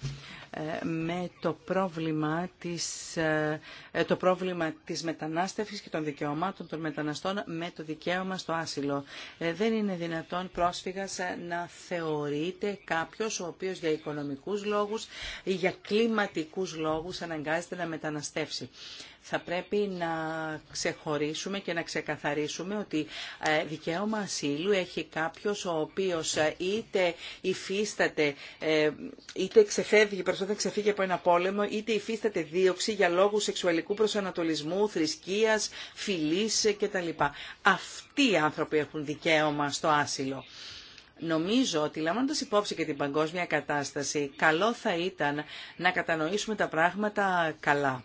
ε, με το πρόβλημα, της, ε, ε, το πρόβλημα της μετανάστευσης και των δικαιωμάτων των μεταναστών με το δικαίωμα στο άσυλο. Δεν είναι δυνατόν πρόσφυγας να θεωρείται κάποιος ο οποίος για οικονομικούς λόγους ή για κλιματικούς λόγους αναγκάζεται να μεταναστεύσει. Θα πρέπει να ξεχωρίσουμε και να ξεκαθαρίσουμε ότι ε, δικαίωμα ασύλου έχει κάποιος ο οποίος ε, είτε υφίσταται, ε, είτε ξεφεύγει, προσπαθεί να ξεφύγει από ένα πόλεμο, είτε υφίσταται δίωξη για λόγους σεξουαλικού προσανατολισμού, θρησκείας, φιλής κτλ. Αυτοί οι άνθρωποι έχουν δικαίωμα στο άσυλο. Νομίζω ότι λαμβάνοντας υπόψη και την παγκόσμια κατάσταση, καλό θα ήταν να κατανοήσουμε τα πράγματα καλά.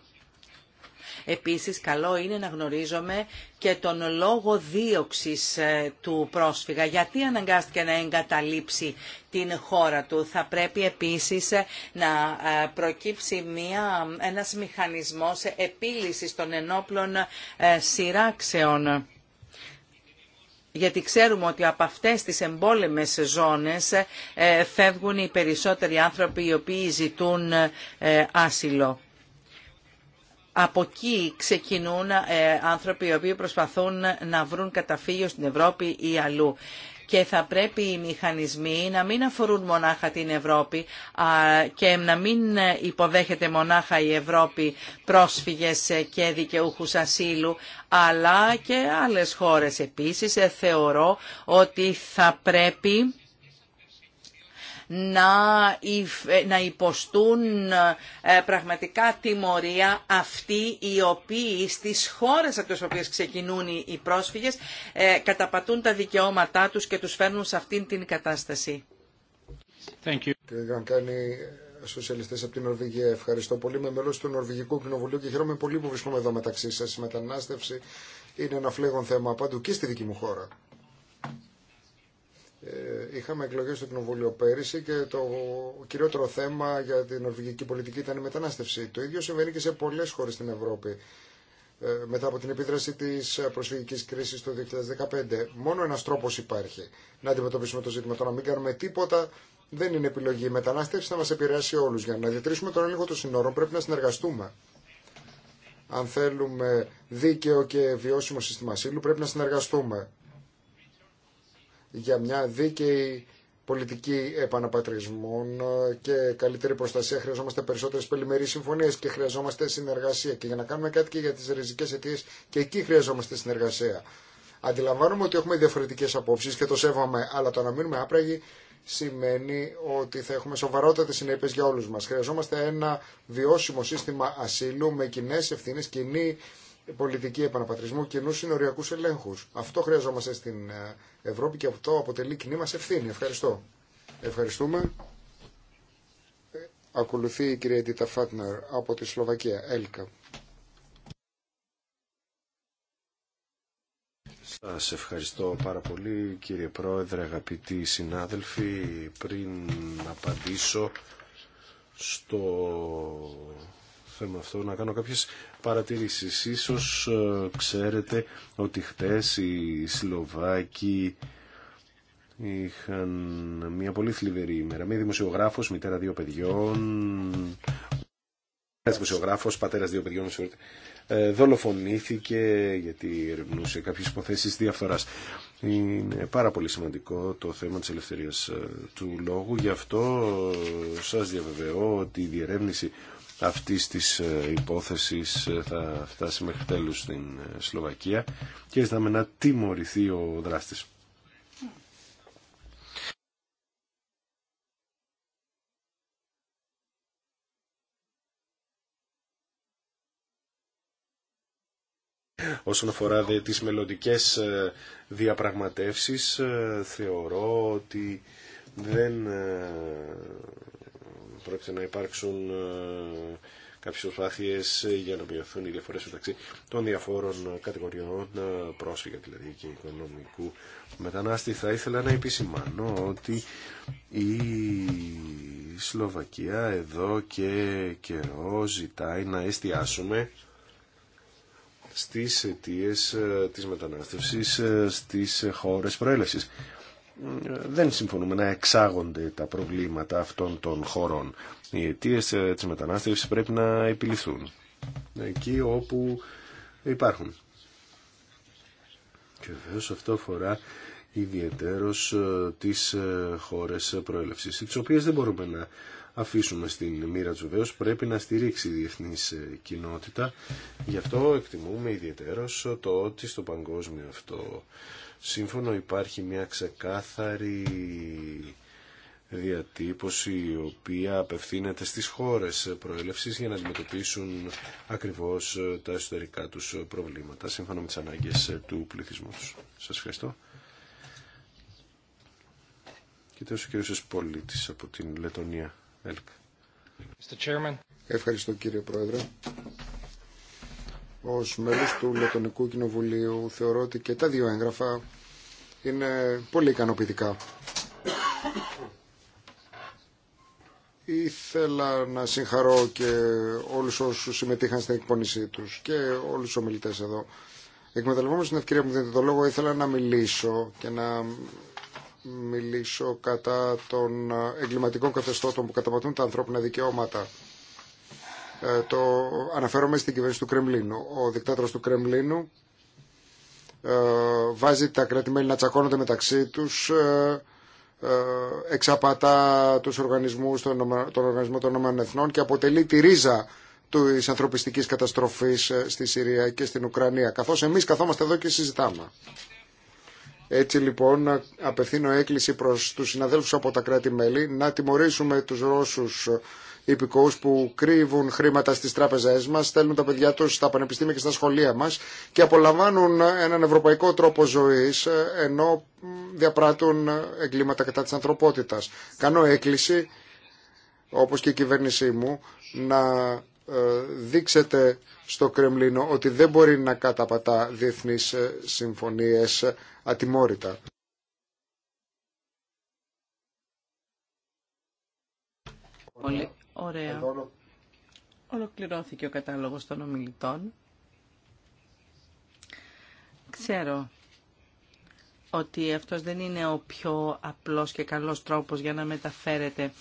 Επίσης, καλό είναι να γνωρίζουμε και τον λόγο δίωξης ε, του πρόσφυγα. Γιατί αναγκάστηκε να εγκαταλείψει την χώρα του. Θα πρέπει επίσης ε, να ε, προκύψει μια, ένας μηχανισμός επίλυσης των ενόπλων σειράξεων γιατί ξέρουμε ότι από αυτές τις εμπόλεμες ζώνες φεύγουν οι περισσότεροι άνθρωποι οι οποίοι ζητούν άσυλο από εκεί ξεκινούν ε, άνθρωποι οι οποίοι προσπαθούν να βρουν καταφύγιο στην Ευρώπη ή αλλού. Και θα πρέπει οι μηχανισμοί να μην αφορούν μονάχα την Ευρώπη και να μην ε, υποδέχεται μονάχα η Ευρώπη πρόσφυγες ε, και δικαιούχους ασύλου, αλλά και άλλες χώρες. Επίσης, θεωρώ ότι θα πρέπει να υποστούν ε, πραγματικά τιμωρία αυτοί οι οποίοι στις χώρες από τις οποίες ξεκινούν οι πρόσφυγες ε, καταπατούν τα δικαιώματά τους και τους φέρνουν σε αυτήν την κατάσταση. Thank you. κάνει από την Νορβηγία. Ευχαριστώ πολύ. Είμαι μέλο του Νορβηγικού Κοινοβουλίου και χαίρομαι πολύ που βρίσκομαι εδώ μεταξύ σα. Η μετανάστευση είναι ένα φλέγον θέμα παντού και στη δική μου χώρα. Ε, είχαμε εκλογές στο Κοινοβούλιο πέρυσι και το κυριότερο θέμα για την νορβηγική πολιτική ήταν η μετανάστευση. Το ίδιο συμβαίνει και σε πολλές χώρες στην Ευρώπη ε, μετά από την επίδραση της προσφυγικής κρίσης το 2015. Μόνο ένας τρόπος υπάρχει να αντιμετωπίσουμε το ζήτημα. Το να μην κάνουμε τίποτα δεν είναι επιλογή. Η μετανάστευση θα μας επηρεάσει όλους. Για να διατηρήσουμε τον έλεγχο των συνόρων πρέπει να συνεργαστούμε. Αν θέλουμε δίκαιο και βιώσιμο σύστημα ασύλου πρέπει να συνεργαστούμε για μια δίκαιη πολιτική επαναπατρισμών και καλύτερη προστασία χρειαζόμαστε περισσότερε πολυμερεί συμφωνίε και χρειαζόμαστε συνεργασία. Και για να κάνουμε κάτι και για τι ριζικέ αιτίε, και εκεί χρειαζόμαστε συνεργασία. Αντιλαμβάνομαι ότι έχουμε διαφορετικέ απόψει και το σέβομαι, αλλά το να μείνουμε άπραγοι σημαίνει ότι θα έχουμε σοβαρότατε συνέπειε για όλου μα. Χρειαζόμαστε ένα βιώσιμο σύστημα ασύλου με κοινέ ευθύνε, κοινή πολιτική επαναπατρισμού, ενό συνοριακού ελέγχου. Αυτό χρειαζόμαστε στην ε, Ευρώπη και αυτό αποτελεί κοινή μα ευθύνη. Ευχαριστώ. Ευχαριστούμε. Ε, ακολουθεί η κυρία Τίτα Φάτνερ από τη Σλοβακία, ΕΛΚΑ. Σας ευχαριστώ πάρα πολύ κύριε Πρόεδρε, αγαπητοί συνάδελφοι. Πριν απαντήσω στο θέμα αυτό να κάνω κάποιες παρατηρήσεις. Ίσως ε, ξέρετε ότι χτες οι Σλοβάκοι είχαν μια πολύ θλιβερή ημέρα. Μία δημοσιογράφος, μητέρα δύο παιδιών, ένας δημοσιογράφος, πατέρας δύο παιδιών, ε, δολοφονήθηκε γιατί ερευνούσε κάποιες υποθέσεις διαφθοράς. Είναι πάρα πολύ σημαντικό το θέμα της ελευθερίας ε, του λόγου, γι' αυτό σας διαβεβαιώ ότι η διερεύνηση αυτής της ε, υπόθεσης ε, θα φτάσει μέχρι τέλους στην ε, Σλοβακία και ζητάμε να τιμωρηθεί ο δράστης. Όσον αφορά δε, τις μελλοντικές διαπραγματεύσεις, θεωρώ ότι δεν πρόκειται να υπάρξουν ε, κάποιες προσπάθειες για να μειωθούν οι διαφορές μεταξύ των διαφόρων κατηγοριών ε, πρόσφυγα δηλαδή και οικονομικού μετανάστη. Θα ήθελα να επισημάνω ότι η Σλοβακία εδώ και καιρό ζητάει να εστιάσουμε στις αιτίε ε, της μετανάστευσης στις χώρες προέλευσης. Ε, δεν συμφωνούμε να εξάγονται τα προβλήματα αυτών των χωρών. Οι αιτίες ε, της μετανάστευσης πρέπει να επιληθούν εκεί όπου υπάρχουν. Και βεβαίως αυτό αφορά ιδιαιτέρως ε, τις χώρες προέλευσης, τις οποίες δεν μπορούμε να αφήσουμε στην μοίρα του βεβαίως, πρέπει να στηρίξει η διεθνής κοινότητα. Γι' αυτό εκτιμούμε ιδιαιτέρως το ότι στο παγκόσμιο αυτό σύμφωνο υπάρχει μια ξεκάθαρη διατύπωση η οποία απευθύνεται στις χώρες προέλευσης για να αντιμετωπίσουν ακριβώς τα εσωτερικά τους προβλήματα σύμφωνα με τις ανάγκες του πληθυσμού τους. Σας ευχαριστώ. Και ο κύριος από την Λετωνία. Ευχαριστώ κύριε Πρόεδρε. Ως μέλος του Λετωνικού Κοινοβουλίου θεωρώ ότι και τα δύο έγγραφα είναι πολύ ικανοποιητικά. Ήθελα να συγχαρώ και όλους όσους συμμετείχαν στην εκπονήσή τους και όλους τους ομιλητές εδώ. Εκμεταλλευόμενος την ευκαιρία που μου δίνετε το λόγο, ήθελα να μιλήσω και να μιλήσω κατά των εγκληματικών καθεστώτων που καταπατούν τα ανθρώπινα δικαιώματα ε, το αναφέρομαι στην κυβέρνηση του Κρεμλίνου. Ο δικτάτορας του Κρεμλίνου ε, βάζει τα κρατημέλη να τσακώνονται μεταξύ τους, ε, εξαπατά τους οργανισμούς, τον, Οργανισμό των και αποτελεί τη ρίζα της ανθρωπιστικής καταστροφής στη Συρία και στην Ουκρανία, καθώς εμείς καθόμαστε εδώ και συζητάμε. Έτσι λοιπόν απευθύνω έκκληση προς τους συναδέλφους από τα κράτη-μέλη να τιμωρήσουμε τους Ρώσους υπηκόους που κρύβουν χρήματα στις τράπεζές μας, στέλνουν τα παιδιά τους στα πανεπιστήμια και στα σχολεία μας και απολαμβάνουν έναν ευρωπαϊκό τρόπο ζωής ε, ενώ διαπράττουν εγκλήματα κατά της ανθρωπότητας. Κάνω έκκληση, όπως και η κυβέρνησή μου, να ε, δείξετε στο Κρεμλίνο ότι δεν μπορεί να καταπατά διεθνείς ε, συμφωνίες ατιμόρυτα. Ωραία. Ολοκληρώθηκε ο κατάλογος των ομιλητών. Ξέρω ότι αυτός δεν είναι ο πιο απλός και καλός τρόπος για να μεταφέρετε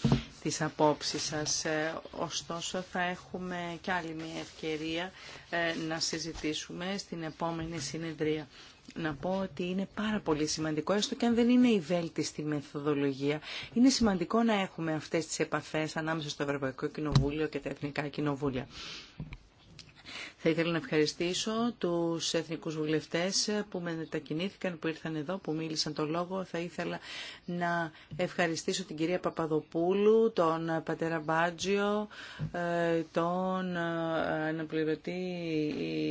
τις απόψεις σας. Ε, ωστόσο θα έχουμε κι άλλη μια ευκαιρία ε, να συζητήσουμε στην επόμενη συνεδρία να πω ότι είναι πάρα πολύ σημαντικό, έστω και αν δεν είναι η βέλτιστη μεθοδολογία. Είναι σημαντικό να έχουμε αυτές τις επαφές ανάμεσα στο Ευρωπαϊκό Κοινοβούλιο και τα Εθνικά Κοινοβούλια. Θα ήθελα να ευχαριστήσω τους εθνικούς βουλευτές που με μετακινήθηκαν, που ήρθαν εδώ, που μίλησαν το λόγο. Θα ήθελα να ευχαριστήσω την κυρία Παπαδοπούλου, τον πατέρα Μπάτζιο, ε, τον ε, αναπληρωτή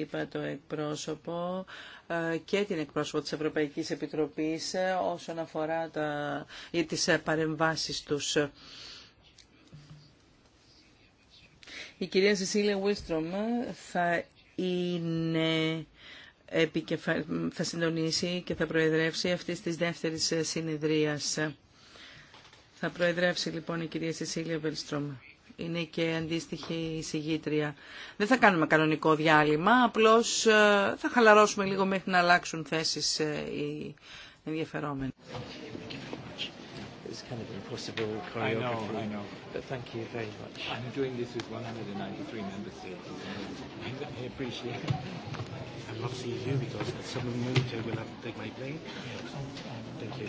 είπα το εκπρόσωπο ε, και την εκπρόσωπο της Ευρωπαϊκής Επιτροπής όσον αφορά τα, τις παρεμβάσεις τους. Η κυρία Σεσίλια Βίλστρομ θα είναι θα συντονίσει και θα προεδρεύσει αυτή της δεύτερη συνεδρία. Θα προεδρεύσει λοιπόν η κυρία Σεσίλια Βέλστρομ. Είναι και αντίστοιχη συγγήτρια. Δεν θα κάνουμε κανονικό διάλειμμα, απλώς ε, θα χαλαρώσουμε λίγο μέχρι να αλλάξουν θέσεις ε, οι ενδιαφερόμενοι is kind of impossible choreography. I know, I know. But thank you very much. I'm doing this with 193 members. states. I appreciate it. I'm not seeing you because some moved. I will have to take my plane. Thank you.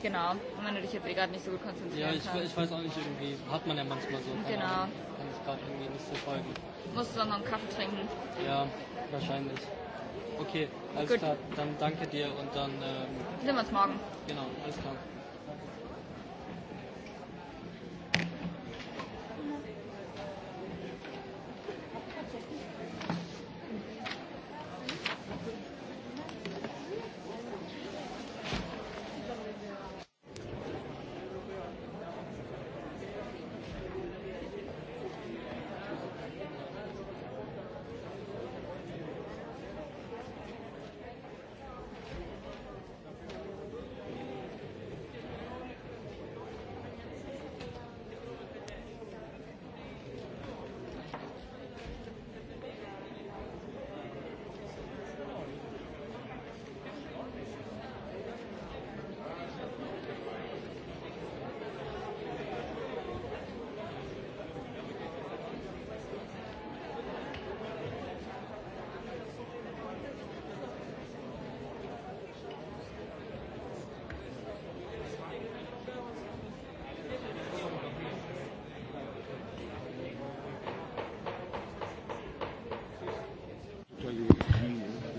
Genau, und wenn du dich jetzt eh gerade nicht so gut konzentrieren ja, ich, ich weiß auch nicht, irgendwie hat man ja manchmal so. Genau. kann ich gerade irgendwie nicht so folgen. Musst du dann noch einen Kaffee trinken? Ja, wahrscheinlich. Okay, alles gut. klar. Dann danke dir und dann. Ähm, sehen wir uns morgen. Genau, alles klar.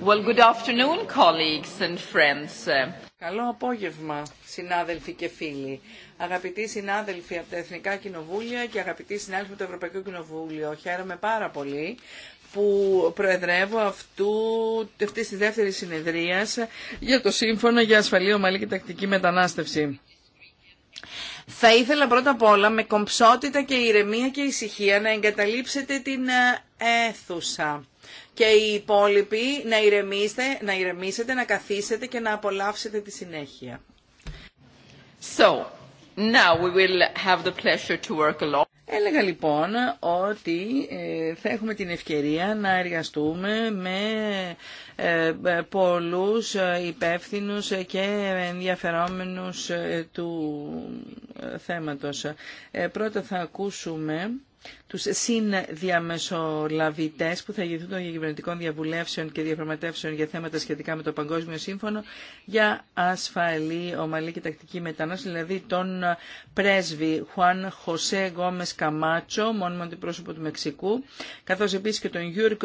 Well, good afternoon, colleagues and friends. Καλό απόγευμα, συνάδελφοι και φίλοι. Αγαπητοί συνάδελφοι από τα Εθνικά Κοινοβούλια και αγαπητοί συνάδελφοι από το Ευρωπαϊκό Κοινοβούλιο, χαίρομαι πάρα πολύ που προεδρεύω αυτού, τη της δεύτερης συνεδρίας για το Σύμφωνο για Ασφαλή Ομαλή και Τακτική Μετανάστευση. Θα ήθελα πρώτα απ' όλα με κομψότητα και ηρεμία και ησυχία να εγκαταλείψετε την ε, αίθουσα. Και οι υπόλοιποι να ηρεμήσετε, να, να καθίσετε και να απολαύσετε τη συνέχεια. now we will have the Έλεγα λοιπόν ότι ε, θα έχουμε την ευκαιρία να εργαστούμε με ε, ε, πολλούς υπεύθυνους και ενδιαφερόμενους του θέματος. Πρώτα θα ακούσουμε τους συνδιαμεσολαβητές που θα ηγηθούν των κυβερνητικών διαβουλεύσεων και διαπραγματεύσεων για θέματα σχετικά με το Παγκόσμιο Σύμφωνο για ασφαλή, ομαλή και τακτική μετανάστευση, δηλαδή τον πρέσβη Χουάν Χωσέ Γκόμε Καμάτσο, μόνιμο αντιπρόσωπο του Μεξικού, καθώ επίσης και τον Γιούρκ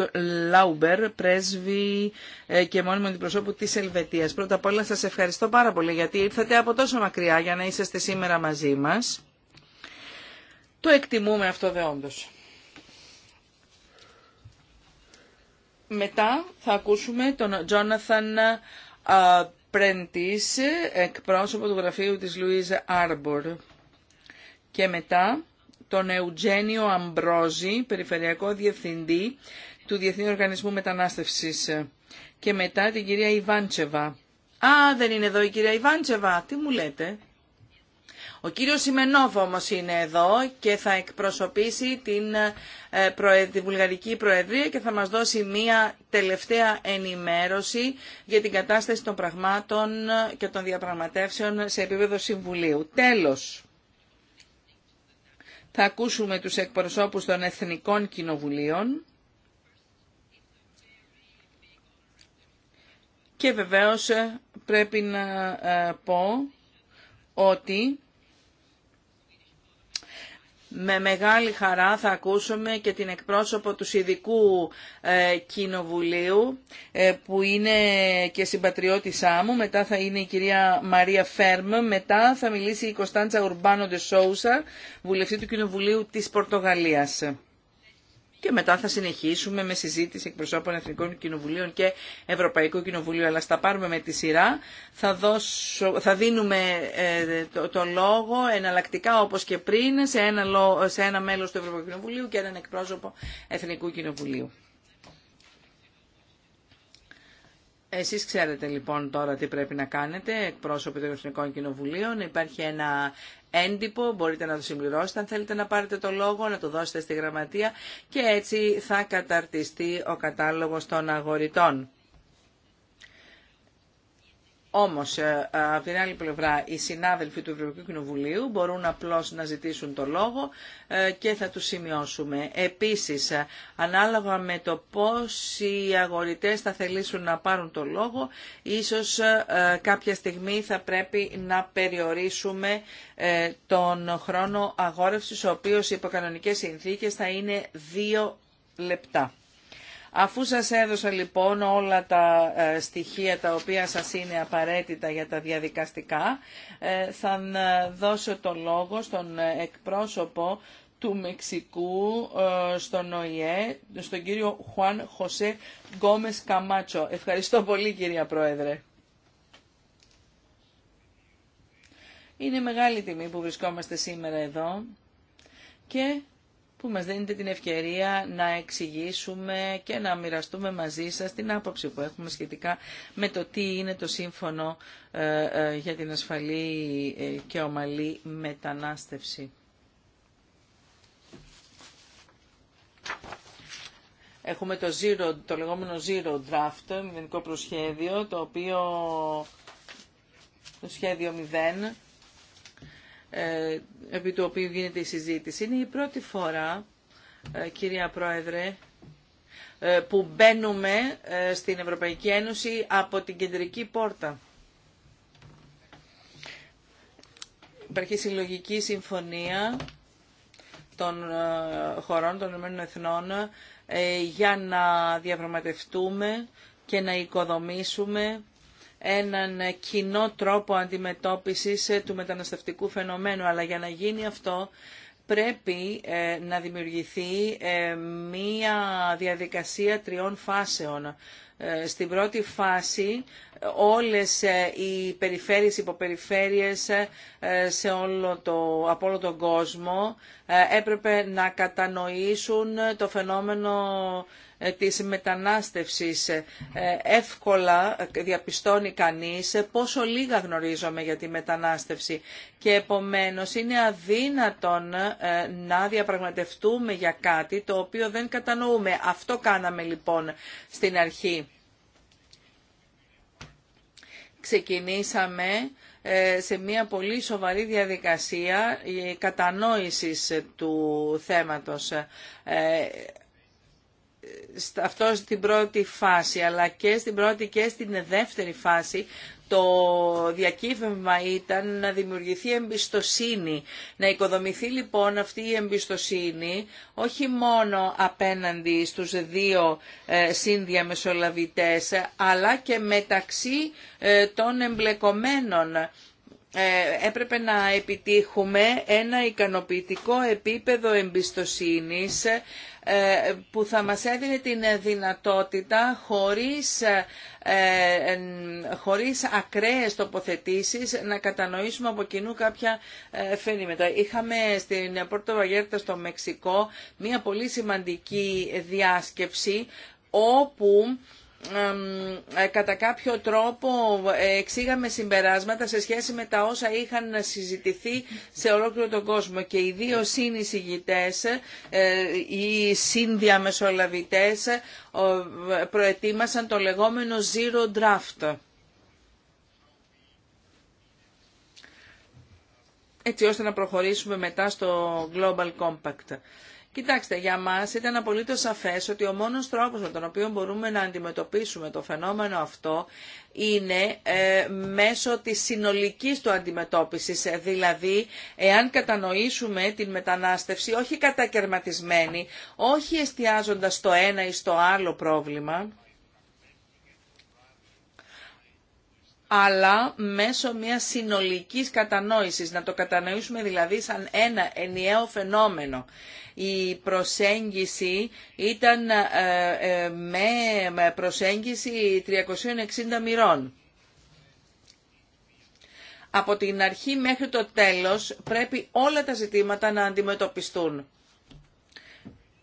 Λάουμπερ, πρέσβη ε, και μόνιμο αντιπρόσωπο τη Ελβετία. Πρώτα απ' όλα σα ευχαριστώ πάρα πολύ γιατί ήρθατε από τόσο μακριά για να είσαστε σήμερα μαζί μας. Το εκτιμούμε αυτό δεόντως. Μετά θα ακούσουμε τον Τζόναθαν Πρέντις, εκπρόσωπο του γραφείου της Λουίζα Άρμπορ. Και μετά τον Εουτζένιο Αμπρόζη, περιφερειακό διευθυντή του Διεθνή Οργανισμού Μετανάστευσης. Και μετά την κυρία Ιβάντσεβα. Α, δεν είναι εδώ η κυρία Ιβάντσεβα. Τι μου λέτε. Ο κύριος Σιμενόβ όμως είναι εδώ και θα εκπροσωπήσει την, ε, Βουλγαρική Προεδρία και θα μας δώσει μία τελευταία ενημέρωση για την κατάσταση των πραγμάτων και των διαπραγματεύσεων σε επίπεδο Συμβουλίου. Τέλος. Θα ακούσουμε τους εκπροσώπους των Εθνικών Κοινοβουλίων. Και βεβαίως ε, πρέπει να ε, πω ότι με μεγάλη χαρά θα ακούσουμε και την εκπρόσωπο του Συνδικού ε, Κοινοβουλίου ε, που είναι και συμπατριώτησά μου. Μετά θα είναι η κυρία Μαρία Φέρμ. Μετά θα μιλήσει η Κωνσταντζα Ουρμπάνο Σόουσα, βουλευτή του Κοινοβουλίου της Πορτογαλίας και μετά θα συνεχίσουμε με συζήτηση εκπροσώπων Εθνικών Κοινοβουλίων και Ευρωπαϊκού Κοινοβουλίου. Αλλά στα πάρουμε με τη σειρά. Θα, θα δίνουμε ε, το, το, λόγο εναλλακτικά όπως και πριν σε ένα, σε ένα μέλος του Ευρωπαϊκού Κοινοβουλίου και έναν εκπρόσωπο Εθνικού Κοινοβουλίου. Εσείς ξέρετε λοιπόν τώρα τι πρέπει να κάνετε, εκπρόσωποι των Εθνικών Κοινοβουλίων. Υπάρχει ένα έντυπο, μπορείτε να το συμπληρώσετε αν θέλετε να πάρετε το λόγο, να το δώσετε στη γραμματεία και έτσι θα καταρτιστεί ο κατάλογος των αγορητών. Όμως, ε, ε, από την άλλη πλευρά, οι συνάδελφοι του Ευρωπαϊκού Κοινοβουλίου μπορούν απλώ να ζητήσουν το λόγο ε, και θα του σημειώσουμε. Επίσης, ανάλογα με το πώς οι αγορητέ θα θελήσουν να πάρουν το λόγο, ίσως κάποια στιγμή θα πρέπει να περιορίσουμε τον χρόνο αγόρευσης, ο οποίος υπό κανονικέ συνθήκες θα είναι δύο λεπτά. Αφού σας έδωσα λοιπόν όλα τα ε, στοιχεία τα οποία σας είναι απαραίτητα για τα διαδικαστικά, ε, θα ε, δώσω το λόγο στον εκπρόσωπο του Μεξικού στον ΟΗΕ, στον κύριο Χουάν Χωσέ Γκόμες Καμάτσο. Ευχαριστώ πολύ κυρία Πρόεδρε. Είναι μεγάλη τιμή που βρισκόμαστε σήμερα εδώ και που μας δίνετε την ευκαιρία να εξηγήσουμε και να μοιραστούμε μαζί σας την άποψη που έχουμε σχετικά με το τι είναι το σύμφωνο ε, ε, για την ασφαλή ε, και ομαλή μετανάστευση. Έχουμε το, zero, το λεγόμενο zero draft, μηδενικό προσχέδιο, το οποίο το σχέδιο 0, ε, επί του οποίου γίνεται η συζήτηση. Είναι η πρώτη φορά, ε, κυρία Πρόεδρε, ε, που μπαίνουμε στην Ευρωπαϊκή Ένωση από την κεντρική πόρτα. Υπάρχει συλλογική συμφωνία των χωρών των Ηνωμένων Εθνών για να διαπραγματευτούμε και να οικοδομήσουμε έναν κοινό τρόπο αντιμετώπισης ε, του μεταναστευτικού φαινομένου. Αλλά για να γίνει αυτό πρέπει ε, να δημιουργηθεί ε, μία διαδικασία τριών φάσεων. Στην πρώτη φάση όλες οι περιφέρειες, υποπεριφέρειες σε όλο το, από όλο τον κόσμο έπρεπε να κατανοήσουν το φαινόμενο ε, της μετανάστευσης. Ε, εύκολα διαπιστώνει κανείς πόσο λίγα γνωρίζουμε για τη μετανάστευση και επομένως είναι αδύνατον ε, να διαπραγματευτούμε για κάτι το οποίο δεν κατανοούμε. Αυτό κάναμε λοιπόν στην αρχή. Ξεκινήσαμε σε μια πολύ σοβαρή διαδικασία κατανόησης του θέματος αυτό στην πρώτη φάση, αλλά και στην πρώτη και στην δεύτερη φάση το διακύβευμα ήταν να δημιουργηθεί εμπιστοσύνη. Να οικοδομηθεί λοιπόν αυτή η εμπιστοσύνη όχι μόνο απέναντι στους δύο ε, συνδιαμεσολαβητές, αλλά και μεταξύ ε, των εμπλεκομένων. Ε, έπρεπε να επιτύχουμε ένα ικανοποιητικό επίπεδο εμπιστοσύνης ε, που θα μας έδινε την δυνατότητα χωρίς, ε, χωρίς ακραίες τοποθετήσεις να κατανοήσουμε από κοινού κάποια ε, φαινήματα. Είχαμε στην Πόρτο Βαγέρτα στο Μεξικό μια πολύ σημαντική διάσκεψη όπου ε, κατά κάποιο τρόπο ε, εξήγαμε συμπεράσματα σε σχέση με τα όσα είχαν να συζητηθεί σε ολόκληρο τον κόσμο και οι δύο συνεισηγητές, ε, οι συνδιαμεσολαβητές προετοίμασαν το λεγόμενο zero draft. έτσι ώστε να προχωρήσουμε μετά στο Global Compact. Κοιτάξτε, για μα ήταν απολύτως σαφέ ότι ο μόνος τρόπος με τον οποίο μπορούμε να αντιμετωπίσουμε το φαινόμενο αυτό είναι ε, μέσω τη συνολική του αντιμετώπισης. Ε, δηλαδή, εάν κατανοήσουμε την μετανάστευση, όχι κατακαιρματισμένη, όχι εστιάζοντας στο ένα ή στο άλλο πρόβλημα, αλλά μέσω μιας συνολικής κατανόησης, να το κατανοήσουμε δηλαδή σαν ένα ενιαίο φαινόμενο. Η προσέγγιση ήταν ε, ε, με προσέγγιση 360 μοιρών. Από την αρχή μέχρι το τέλος πρέπει όλα τα ζητήματα να αντιμετωπιστούν.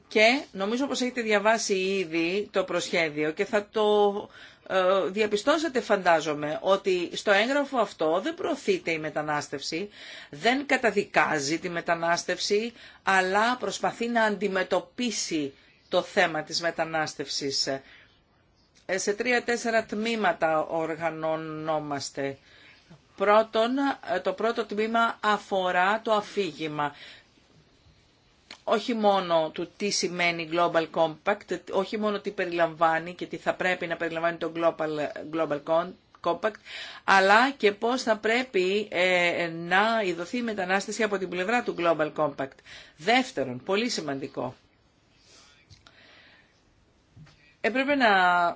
Και νομίζω πως έχετε διαβάσει ήδη το προσχέδιο και θα το ε, διαπιστώσατε φαντάζομαι ότι στο έγγραφο αυτό δεν προωθείται η μετανάστευση, δεν καταδικάζει τη μετανάστευση, αλλά προσπαθεί να αντιμετωπίσει το θέμα της μετανάστευσης. Ε, σε τρία-τέσσερα τμήματα οργανωνόμαστε. Πρώτον, ε, το πρώτο τμήμα αφορά το αφήγημα όχι μόνο του τι σημαίνει Global Compact, όχι μόνο τι περιλαμβάνει και τι θα πρέπει να περιλαμβάνει το Global, Global Compact, αλλά και πώς θα πρέπει ε, να ειδωθεί η μετανάστευση από την πλευρά του Global Compact. Δεύτερον, πολύ σημαντικό, έπρεπε να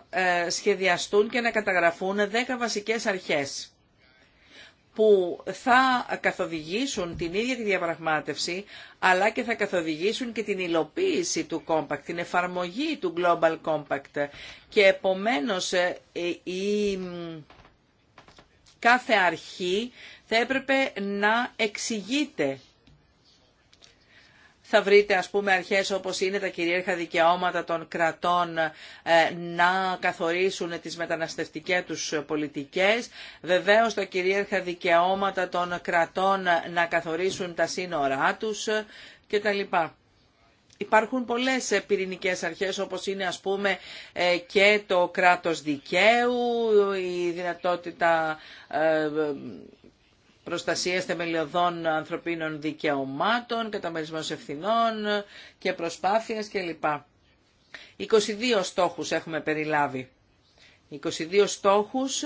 ε, σχεδιαστούν και να καταγραφούν 10 βασικές αρχές που θα καθοδηγήσουν την ίδια τη διαπραγμάτευση, αλλά και θα καθοδηγήσουν και την υλοποίηση του Compact, την εφαρμογή του Global Compact. Και επομένως ε, ε, η κάθε αρχή θα έπρεπε να εξηγείται θα βρείτε ας πούμε αρχές όπως είναι τα κυρίαρχα δικαιώματα των κρατών ε, να καθορίσουν τις μεταναστευτικές τους πολιτικές, βεβαίως τα κυρίαρχα δικαιώματα των κρατών ε, να καθορίσουν τα σύνορά τους ε, κτλ. Υπάρχουν πολλές πυρηνικές αρχές όπως είναι ας πούμε και το κράτος δικαίου, η δυνατότητα προστασία θεμελιωδών ανθρωπίνων δικαιωμάτων, καταμερισμός ευθυνών και προσπάθειας κλπ. 22 στόχους έχουμε περιλάβει. 22 στόχους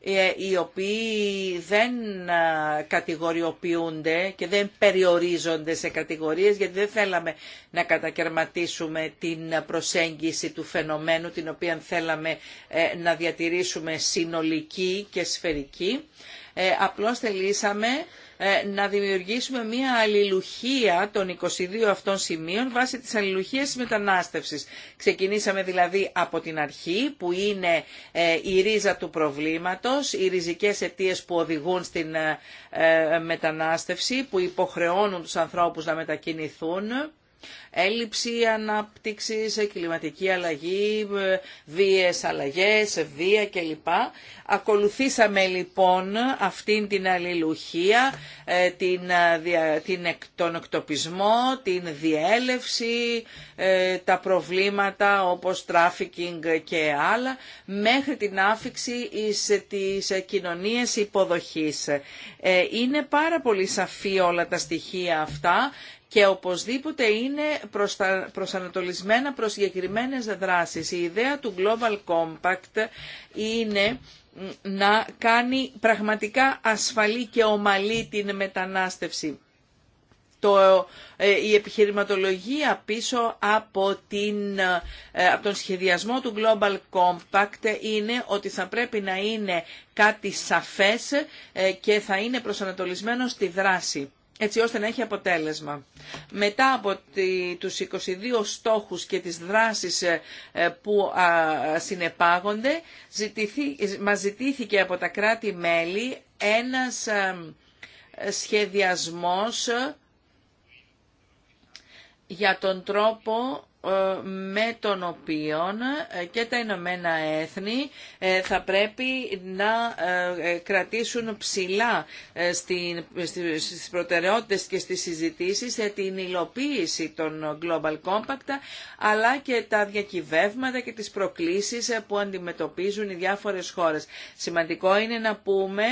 ε, οι οποίοι δεν ε, κατηγοριοποιούνται και δεν περιορίζονται σε κατηγορίες γιατί δεν θέλαμε να κατακαιρματίσουμε την προσέγγιση του φαινομένου την οποία θέλαμε ε, να διατηρήσουμε συνολική και σφαιρική. Ε, απλώς θελήσαμε ε, να δημιουργήσουμε μία αλληλουχία των 22 αυτών σημείων βάσει της αλληλουχίας της μετανάστευσης. Ξεκινήσαμε δηλαδή από την αρχή που είναι ε, η ρίζα του προβλήματος, οι ριζικές αιτίες που οδηγούν στην μετανάστευση, που υποχρεώνουν τους ανθρώπους να μετακινηθούν Έλλειψη ανάπτυξης, κλιματική αλλαγή, ε, βίες αλλαγές, ευδία κλπ. Ακολουθήσαμε λοιπόν αυτήν την αλληλουχία, ε, την, ε, την, τον εκτοπισμό, την διέλευση, τα προβλήματα όπως τράφικινγκ και άλλα, μέχρι την άφηξη της κοινωνία υποδοχής. Είναι πάρα πολύ σαφή όλα τα στοιχεία αυτά και οπωσδήποτε είναι προσανατολισμένα προς συγκεκριμένε δράσεις. Η ιδέα του Global Compact είναι να κάνει πραγματικά ασφαλή και ομαλή την μετανάστευση. Το, ε, η επιχειρηματολογία πίσω από, την, ε, από τον σχεδιασμό του Global Compact είναι ότι θα πρέπει να είναι κάτι σαφές ε, και θα είναι προσανατολισμένο στη δράση έτσι ώστε να έχει αποτέλεσμα. Μετά από τους 22 στόχους και τις δράσεις ε, που συνεπάγονται, μας ζητήθηκε από τα κράτη-μέλη ένας ε, σχεδιασμός για τον τρόπο ε, με τον οποίο ε, και τα Ηνωμένα Έθνη ε, θα πρέπει να κρατήσουν ψηλά στις προτεραιότητες και στις συζητήσεις την υλοποίηση των Global Compact αλλά και τα διακυβεύματα και τις προκλήσεις που αντιμετωπίζουν οι διάφορες χώρες. Σημαντικό είναι να πούμε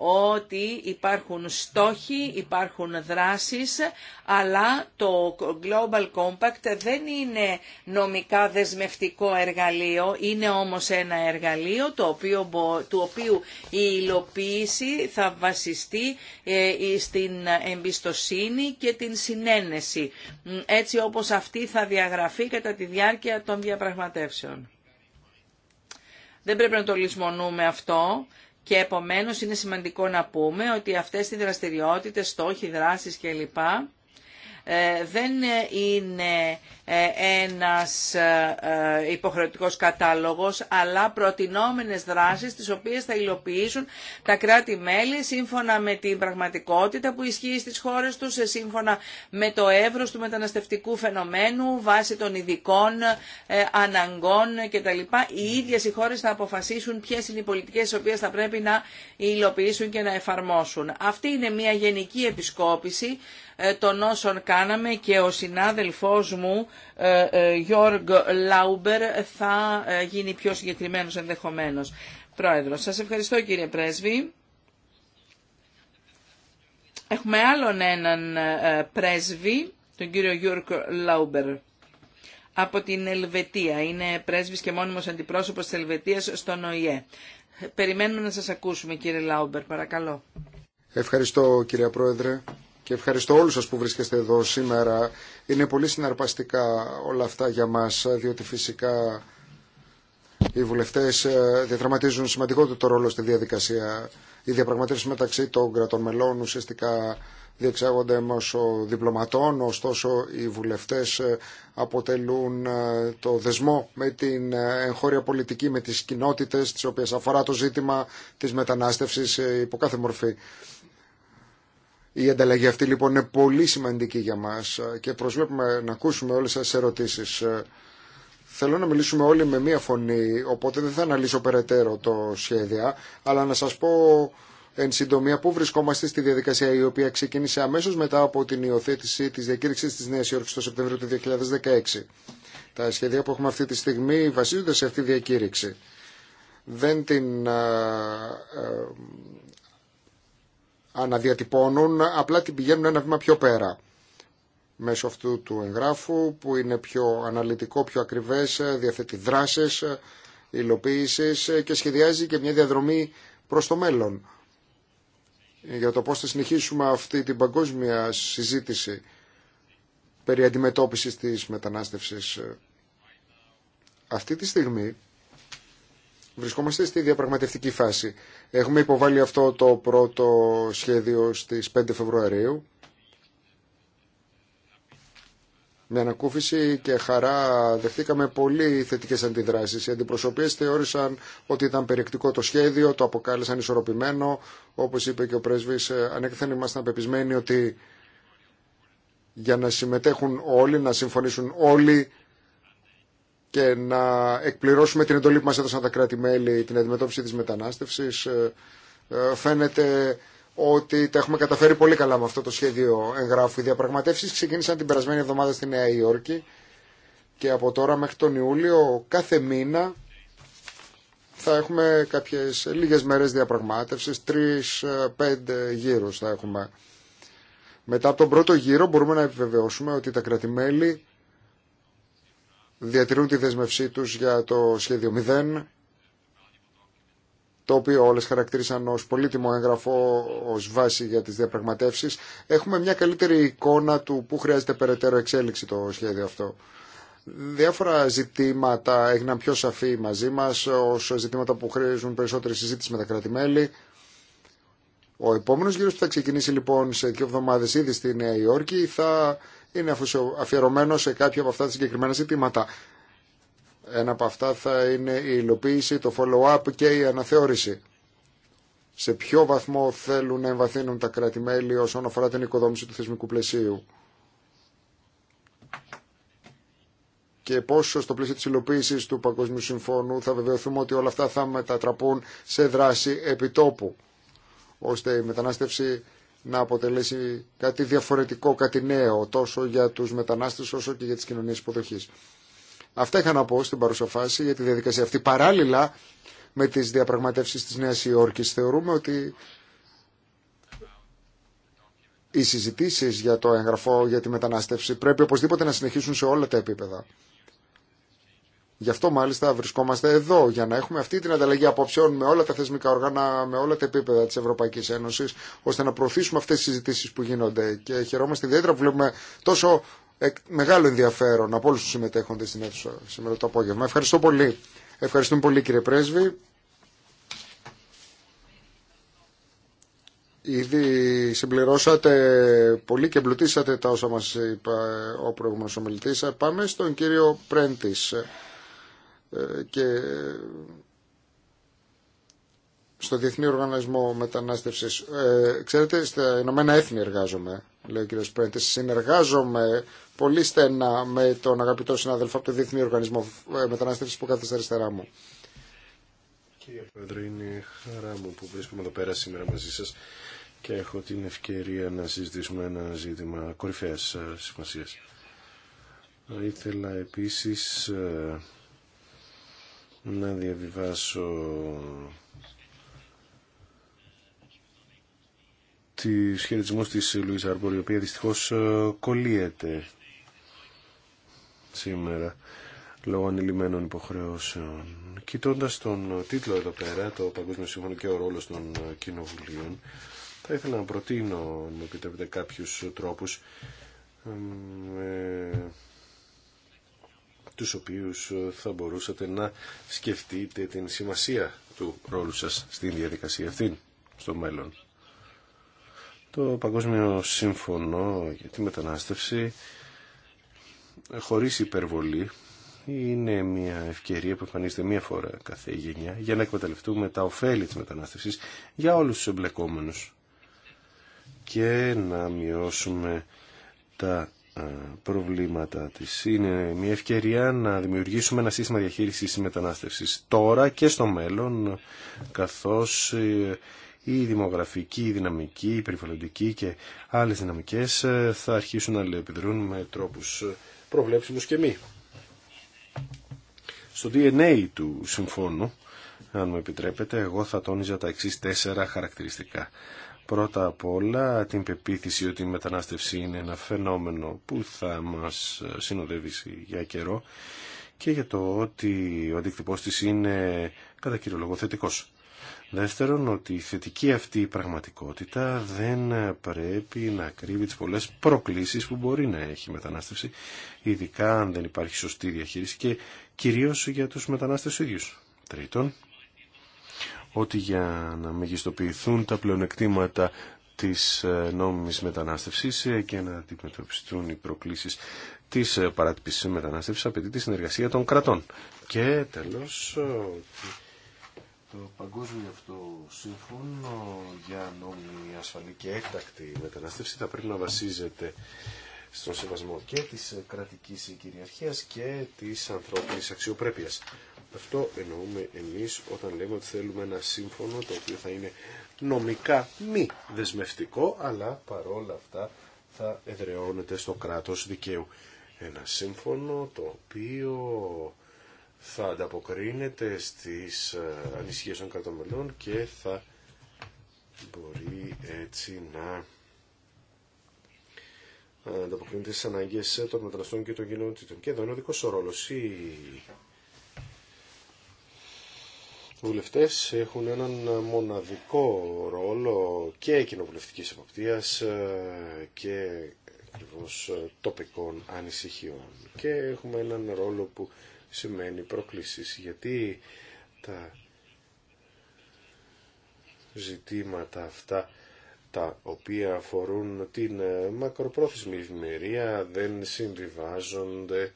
ότι υπάρχουν στόχοι, υπάρχουν δράσεις, αλλά το Global Compact δεν είναι νομικά δεσμευτικό εργαλείο, είναι όμως ένα εργαλείο το οποίο, του οποίου η υλοποίηση θα βασιστεί ε, στην εμπιστοσύνη και την συνένεση, έτσι όπως αυτή θα διαγραφεί κατά τη διάρκεια των διαπραγματεύσεων. Δεν πρέπει να το λησμονούμε αυτό. Και επομένως είναι σημαντικό να πούμε ότι αυτές οι δραστηριότητες, στόχοι, δράσεις κλπ ε, δεν είναι ε, ένας ε, υποχρεωτικός κατάλογος, αλλά προτινόμενες δράσεις τις οποίες θα υλοποιήσουν τα κράτη-μέλη σύμφωνα με την πραγματικότητα που ισχύει στις χώρες τους, σύμφωνα με το εύρος του μεταναστευτικού φαινομένου, βάσει των ειδικών αναγκών κτλ. Οι ίδιες οι χώρες θα αποφασίσουν ποιες είναι οι πολιτικές τις οποίες θα πρέπει να υλοποιήσουν και να εφαρμόσουν. Αυτή είναι μια γενική επισκόπηση ε, των όσων κάναμε και ο συνάδελφός μου ε, ε, Γιώργ Λάουμπερ θα γίνει πιο συγκεκριμένος ενδεχομένως. Πρόεδρο, σας ευχαριστώ κύριε Πρέσβη. Έχουμε άλλον έναν πρέσβη, τον κύριο Γιούρκ Λάουμπερ από την Ελβετία. Είναι πρέσβης και μόνιμος αντιπρόσωπος της Ελβετίας στον ΟΗΕ. Περιμένουμε να σας ακούσουμε κύριε Λάουμπερ, παρακαλώ. Ευχαριστώ κύριε Πρόεδρε και ευχαριστώ όλους σας που βρίσκεστε εδώ σήμερα. Είναι πολύ συναρπαστικά όλα αυτά για μας, διότι φυσικά οι βουλευτές ε, διαδραματίζουν σημαντικότερο ρόλο στη διαδικασία. Οι διαπραγματεύσει μεταξύ των κρατών μελών ουσιαστικά διεξάγονται μέσω διπλωματών, ωστόσο οι βουλευτές ε, αποτελούν ε, το δεσμό με την εγχώρια πολιτική, με τις κοινότητες τις οποίες αφορά το ζήτημα της μετανάστευσης υπό κάθε μορφή. Η ανταλλαγή αυτή λοιπόν είναι πολύ σημαντική για μας και προσβλέπουμε να ακούσουμε όλες σας ερωτήσεις. Θέλω να μιλήσουμε όλοι με μία φωνή, οπότε δεν θα αναλύσω περαιτέρω το σχέδια, αλλά να σας πω εν συντομία πού βρισκόμαστε στη διαδικασία η οποία ξεκίνησε αμέσως μετά από την υιοθέτηση της διακήρυξης της Νέας Υόρκης το Σεπτέμβριο του 2016. Τα σχέδια που έχουμε αυτή τη στιγμή βασίζονται σε αυτή τη διακήρυξη. Δεν την ε, ε, αναδιατυπώνουν, απλά την πηγαίνουν ένα βήμα πιο πέρα. Μέσω αυτού του εγγράφου που είναι πιο αναλυτικό, πιο ακριβές, διαθέτει δράσεις, υλοποίησεις και σχεδιάζει και μια διαδρομή προς το μέλλον για το πώς θα συνεχίσουμε αυτή την παγκόσμια συζήτηση περί αντιμετώπισης της μετανάστευσης. Αυτή τη στιγμή Βρισκόμαστε στη διαπραγματευτική φάση. Έχουμε υποβάλει αυτό το πρώτο σχέδιο στις 5 Φεβρουαρίου. Με ανακούφιση και χαρά δεχτήκαμε πολύ θετικέ αντιδράσει. Οι αντιπροσωπείε θεώρησαν ότι ήταν περιεκτικό το σχέδιο, το αποκάλεσαν ισορροπημένο. Όπω είπε και ο πρέσβη, ανέκθεν ήμασταν πεπισμένοι ότι για να συμμετέχουν όλοι, να συμφωνήσουν όλοι, και να εκπληρώσουμε την εντολή που μας έδωσαν τα κράτη-μέλη, την αντιμετώπιση της μετανάστευσης. Ε, ε, φαίνεται ότι τα έχουμε καταφέρει πολύ καλά με αυτό το σχέδιο εγγράφου. Οι διαπραγματεύσεις ξεκίνησαν την περασμένη εβδομάδα στη Νέα Υόρκη και από τώρα μέχρι τον Ιούλιο κάθε μήνα θα έχουμε κάποιες λίγες μέρες διαπραγμάτευσης, τρεις-πέντε ε, γύρους θα έχουμε. Μετά από τον πρώτο γύρο μπορούμε να επιβεβαιώσουμε ότι τα κρατημέλη διατηρούν τη δέσμευσή τους για το σχέδιο 0, το οποίο όλες χαρακτήρισαν ως πολύτιμο έγγραφο, ως βάση για τις διαπραγματεύσεις. Έχουμε μια καλύτερη εικόνα του που χρειάζεται περαιτέρω εξέλιξη το σχέδιο αυτό. Διάφορα ζητήματα έγιναν πιο σαφή μαζί μας, ως ζητήματα που χρειάζουν περισσότερη συζήτηση με τα κρατη Ο επόμενος γύρος που θα ξεκινήσει λοιπόν σε δύο εβδομάδες ήδη στη Νέα Υόρκη θα είναι αφιερωμένο σε κάποια από αυτά τα συγκεκριμένα ζητήματα. Ένα από αυτά θα είναι η υλοποίηση, το follow-up και η αναθεώρηση. Σε ποιο βαθμό θέλουν να εμβαθύνουν τα κράτη-μέλη όσον αφορά την οικοδόμηση του θεσμικού πλαισίου. και πόσο στο πλαίσιο της υλοποίησης του Παγκόσμιου Συμφώνου θα βεβαιωθούμε ότι όλα αυτά θα μετατραπούν σε δράση επιτόπου, ώστε η μετανάστευση να αποτελέσει κάτι διαφορετικό, κάτι νέο, τόσο για τους μετανάστες όσο και για τις κοινωνίες υποδοχής. Αυτά είχα να πω στην παρούσα φάση για τη διαδικασία αυτή. Παράλληλα με τις διαπραγματεύσεις της Νέας Υόρκης θεωρούμε ότι οι συζητήσεις για το έγγραφο, για τη μετανάστευση πρέπει οπωσδήποτε να συνεχίσουν σε όλα τα επίπεδα. Γι' αυτό μάλιστα βρισκόμαστε εδώ, για να έχουμε αυτή την ανταλλαγή απόψεων με όλα τα θεσμικά οργάνα, με όλα τα επίπεδα τη Ευρωπαϊκή Ένωση, ώστε να προωθήσουμε αυτέ τι συζητήσει που γίνονται. Και χαιρόμαστε ιδιαίτερα που βλέπουμε τόσο μεγάλο ενδιαφέρον από όλου του συμμετέχοντε στην αίθουσα σήμερα το απόγευμα. Ευχαριστώ πολύ. Ευχαριστούμε πολύ κύριε Πρέσβη. Ήδη συμπληρώσατε πολύ και εμπλουτίσατε τα όσα μας είπε ο προηγούμενος ομιλητής. Πάμε στον κύριο Πρέντης. Ε, και στο Διεθνή Οργανισμό Μετανάστευσης. Ε, ξέρετε, στα Ηνωμένα Έθνη εργάζομαι, λέει ο κ. Πρέντε. Συνεργάζομαι πολύ στενά με τον αγαπητό συνάδελφο από το Διεθνή Οργανισμό ε, Μετανάστευσης που κάθεται στα αριστερά μου. Κύριε Πρόεδρε, είναι χαρά μου που βρίσκομαι εδώ πέρα σήμερα μαζί σας και έχω την ευκαιρία να συζητήσουμε ένα ζήτημα κορυφαίας Θα Ήθελα επίσης να διαβιβάσω τη χαιρετισμού της Λουίς Αρμπορ, η οποία δυστυχώς ε, κολλείεται σήμερα λόγω ανηλυμένων υποχρεώσεων. Κοιτώντας τον τίτλο εδώ πέρα, το Παγκόσμιο Σύμφωνο και ο ρόλος των κοινοβουλίων, θα ήθελα να προτείνω, αν μου επιτρέπετε, κάποιους τρόπους ε, τους οποίους ε, θα μπορούσατε να σκεφτείτε την σημασία του ρόλου σας στην διαδικασία αυτή στο μέλλον. Το Παγκόσμιο Σύμφωνο για τη Μετανάστευση χωρίς υπερβολή είναι μια ευκαιρία που εμφανίζεται μία φορά κάθε γενιά για να εκμεταλλευτούμε τα ωφέλη της μετανάστευσης για όλους τους εμπλεκόμενους και να μειώσουμε τα ε, προβλήματα της. Είναι μια ευκαιρία να δημιουργήσουμε ένα σύστημα διαχείρισης μετανάστευσης τώρα και στο μέλλον, καθώς ε, η δημογραφική, η δυναμική, η περιβαλλοντική και άλλες δυναμικές ε, θα αρχίσουν να αλληλεπιδρούν με τρόπους προβλέψιμους και μη. Στο DNA του συμφώνου, αν μου επιτρέπετε, εγώ θα τόνιζα τα εξής τέσσερα χαρακτηριστικά πρώτα απ' όλα την πεποίθηση ότι η μετανάστευση είναι ένα φαινόμενο που θα μας συνοδεύσει για καιρό και για το ότι ο αντίκτυπός της είναι κατά κύριο λόγο θετικός. Δεύτερον, ότι η θετική αυτή πραγματικότητα δεν πρέπει να κρύβει τις πολλές προκλήσεις που μπορεί να έχει η μετανάστευση, ειδικά αν δεν υπάρχει σωστή διαχείριση και κυρίως για τους μετανάστες ίδιους. Τρίτον, ότι για να μεγιστοποιηθούν τα πλεονεκτήματα της ε, νόμιμης μετανάστευσης ε, και να αντιμετωπιστούν οι προκλήσεις της ε, παράτυπης μετανάστευσης απαιτεί τη συνεργασία των κρατών. Και τέλος, το Παγκόσμιο αυτό σύμφωνο για νόμιμη ασφαλή και έκτακτη μετανάστευση θα πρέπει να βασίζεται στον σεβασμό και της κρατικής κυριαρχίας και της ανθρώπινης αξιοπρέπειας. Αυτό εννοούμε εμείς όταν λέμε ότι θέλουμε ένα σύμφωνο το οποίο θα είναι νομικά μη δεσμευτικό αλλά παρόλα αυτά θα εδραιώνεται στο κράτος δικαίου. Ένα σύμφωνο το οποίο θα ανταποκρίνεται στις ε, ανησυχίες των κρατομελών και θα μπορεί έτσι να ανταποκρίνεται στις ανάγκες των μεταναστών και των κοινότητων. Και εδώ είναι ο δικός ο ρόλος Η βουλευτές έχουν έναν μοναδικό ρόλο και κοινοβουλευτικής εποπτείας ε, και ακριβώς ε, τοπικών ανησυχιών και έχουμε έναν ρόλο που σημαίνει προκλήσεις γιατί τα ζητήματα αυτά τα οποία αφορούν την ε, μακροπρόθεσμη ευημερία δεν συμβιβάζονται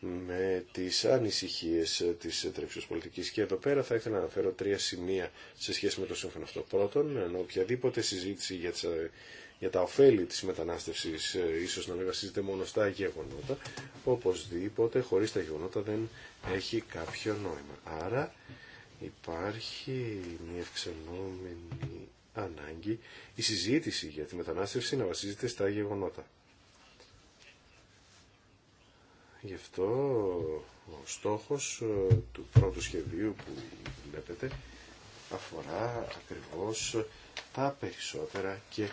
με τις ανησυχίες της τρέψης πολιτικής. Και εδώ πέρα θα ήθελα να αναφέρω τρία σημεία σε σχέση με το σύμφωνο αυτό. Πρώτον, ενώ οποιαδήποτε συζήτηση για, για τα ωφέλη της μετανάστευσης ε, ίσως να βασίζεται μόνο στα γεγονότα, οπωσδήποτε χωρίς τα γεγονότα δεν έχει κάποιο νόημα. Άρα υπάρχει μια ευξενόμενη ανάγκη η συζήτηση για τη μετανάστευση να βασίζεται στα γεγονότα. Γι' αυτό ο στόχος ε, του πρώτου σχεδίου που βλέπετε αφορά ακριβώς τα περισσότερα και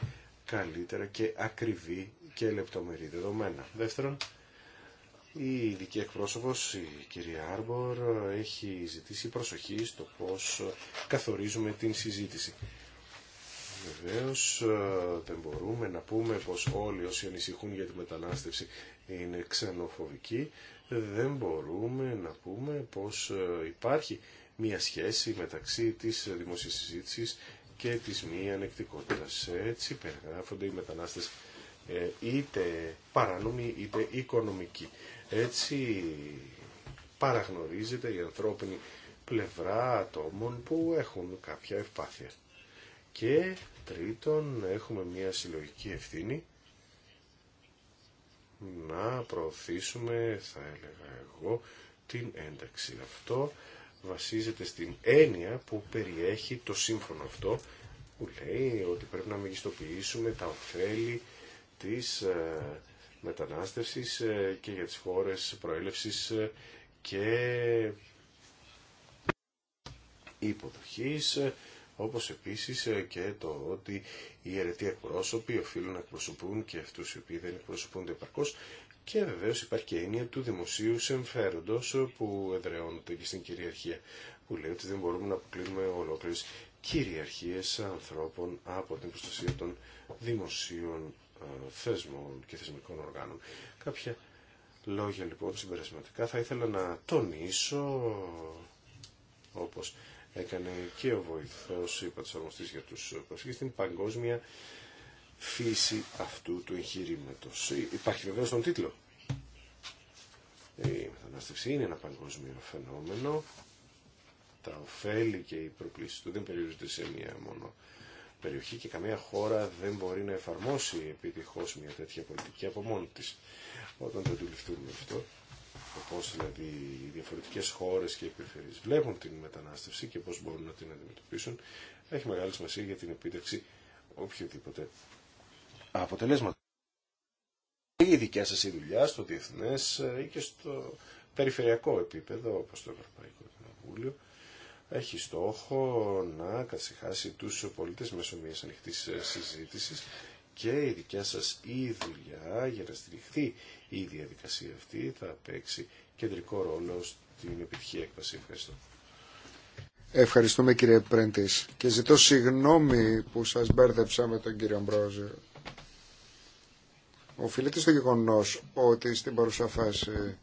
καλύτερα και ακριβή και λεπτομερή δεδομένα. Δεύτερον, η ειδική εκπρόσωπος, η κυρία Άρμπορ, έχει ζητήσει προσοχή στο πώς καθορίζουμε την συζήτηση. Βεβαίω ε, δεν μπορούμε να πούμε πως καθοριζουμε την συζητηση βεβαιως όσοι ανησυχούν για τη μετανάστευση είναι ξενοφοβική, δεν μπορούμε να πούμε πως ε, υπάρχει μία σχέση μεταξύ της δημόσιας και της μη ανεκτικότητας. Έτσι περιγράφονται οι μετανάστες ε, είτε παράνομοι είτε οικονομικοί. Έτσι παραγνωρίζεται η ανθρώπινη πλευρά ατόμων που έχουν κάποια ευπάθεια. Και τρίτον έχουμε μία συλλογική ευθύνη να προωθήσουμε, θα έλεγα εγώ, την ένταξη. Αυτό βασίζεται στην έννοια που περιέχει το σύμφωνο αυτό που λέει ότι πρέπει να μεγιστοποιήσουμε τα ωφέλη της ε, μετανάστευσης ε, και για τις χώρες προέλευσης ε, και υποδοχής όπως επίσης ε, και το ότι οι αιρετοί εκπρόσωποι οφείλουν να εκπροσωπούν και αυτούς οι οποίοι δεν εκπροσωπούνται επαρκώς και βεβαίω υπάρχει και έννοια του δημοσίου συμφέροντος ε, που εδραιώνεται και στην κυριαρχία που λέει ότι δεν μπορούμε να αποκλίνουμε ολόκληρες κυριαρχίες ανθρώπων από την προστασία των δημοσίων ε, θεσμών και θεσμικών οργάνων. Κάποια λόγια λοιπόν συμπερασματικά θα ήθελα να τονίσω όπως έκανε και ο βοηθός υπατσαρμοστής για τους προσφύγει, στην παγκόσμια φύση αυτού του εγχειρήματο. Ε, υπάρχει βεβαίω τον τίτλο. Ε, η μετανάστευση είναι ένα παγκόσμιο φαινόμενο. Τα ωφέλη και οι προκλήσει του δεν περιορίζονται σε μία μόνο περιοχή και καμία χώρα δεν μπορεί να εφαρμόσει επιτυχώ μια τέτοια πολιτική από μόνη τη. Όταν το αντιληφθούμε αυτό, το πώ δηλαδή οι διαφορετικέ χώρε και οι περιφερειές βλέπουν την μετανάστευση και πώ μπορούν να την αντιμετωπίσουν έχει μεγάλη σημασία για την επίτευξη οποιοδήποτε αποτελέσμα, Η δικιά σα η δουλειά στο διεθνέ ή ε, και στο περιφερειακό επίπεδο όπω το Ευρωπαϊκό Κοινοβούλιο έχει στόχο να καθυσυχάσει του πολίτε μέσω μια ανοιχτή ε, συζήτηση και η δικιά σα η δουλειά για να στηριχθεί η διαδικασία αυτή θα παίξει κεντρικό ρόλο στην επιτυχία έκβαση. Ευχαριστώ. Ευχαριστούμε κύριε Πρέντης και ζητώ συγγνώμη που σας μπέρδεψα με τον κύριο Αμπρόζη. Οφείλεται στο γεγονό ότι στην παρούσα φάση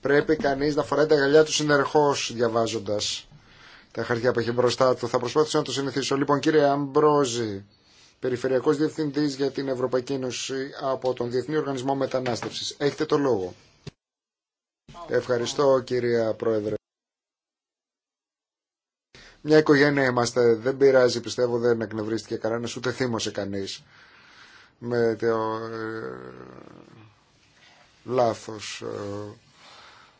πρέπει κανείς να φοράει τα γαλιά του συνερχώς διαβάζοντας τα χαρτιά που έχει μπροστά του. Θα προσπαθήσω να το συνηθίσω. Λοιπόν κύριε Αμπρόζη, Περιφερειακός Διευθυντής για την Ευρωπαϊκή Ένωση από τον Διεθνή Οργανισμό Μετανάστευσης. Έχετε το λόγο. Ευχαριστώ κυρία Πρόεδρε. Μια οικογένεια είμαστε, δεν πειράζει πιστεύω, δεν εκνευρίστηκε κανένας, ούτε θύμωσε κανείς με το ε, λάθος, ε,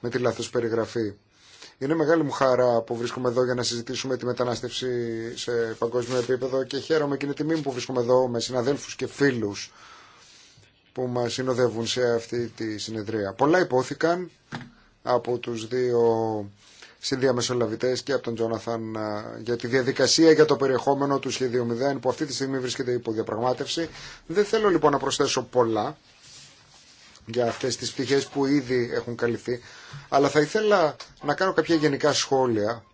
με τη λάθος περιγραφή. Είναι μεγάλη μου χαρά που βρίσκομαι εδώ για να συζητήσουμε τη μετανάστευση σε παγκόσμιο επίπεδο και χαίρομαι και είναι τιμή μου που βρίσκομαι εδώ με συναδέλφους και φίλους που μας συνοδεύουν σε αυτή τη συνεδρία. Πολλά υπόθηκαν από τους δύο συνδιαμεσολαβητές και από τον Τζόναθαν ε, για τη διαδικασία για το περιεχόμενο του σχεδίου 0 που αυτή τη στιγμή βρίσκεται υπό διαπραγμάτευση. Δεν θέλω λοιπόν να προσθέσω πολλά για αυτές τις πτυχές που ήδη έχουν καλυφθεί. Αλλά θα ήθελα να κάνω κάποια γενικά σχόλια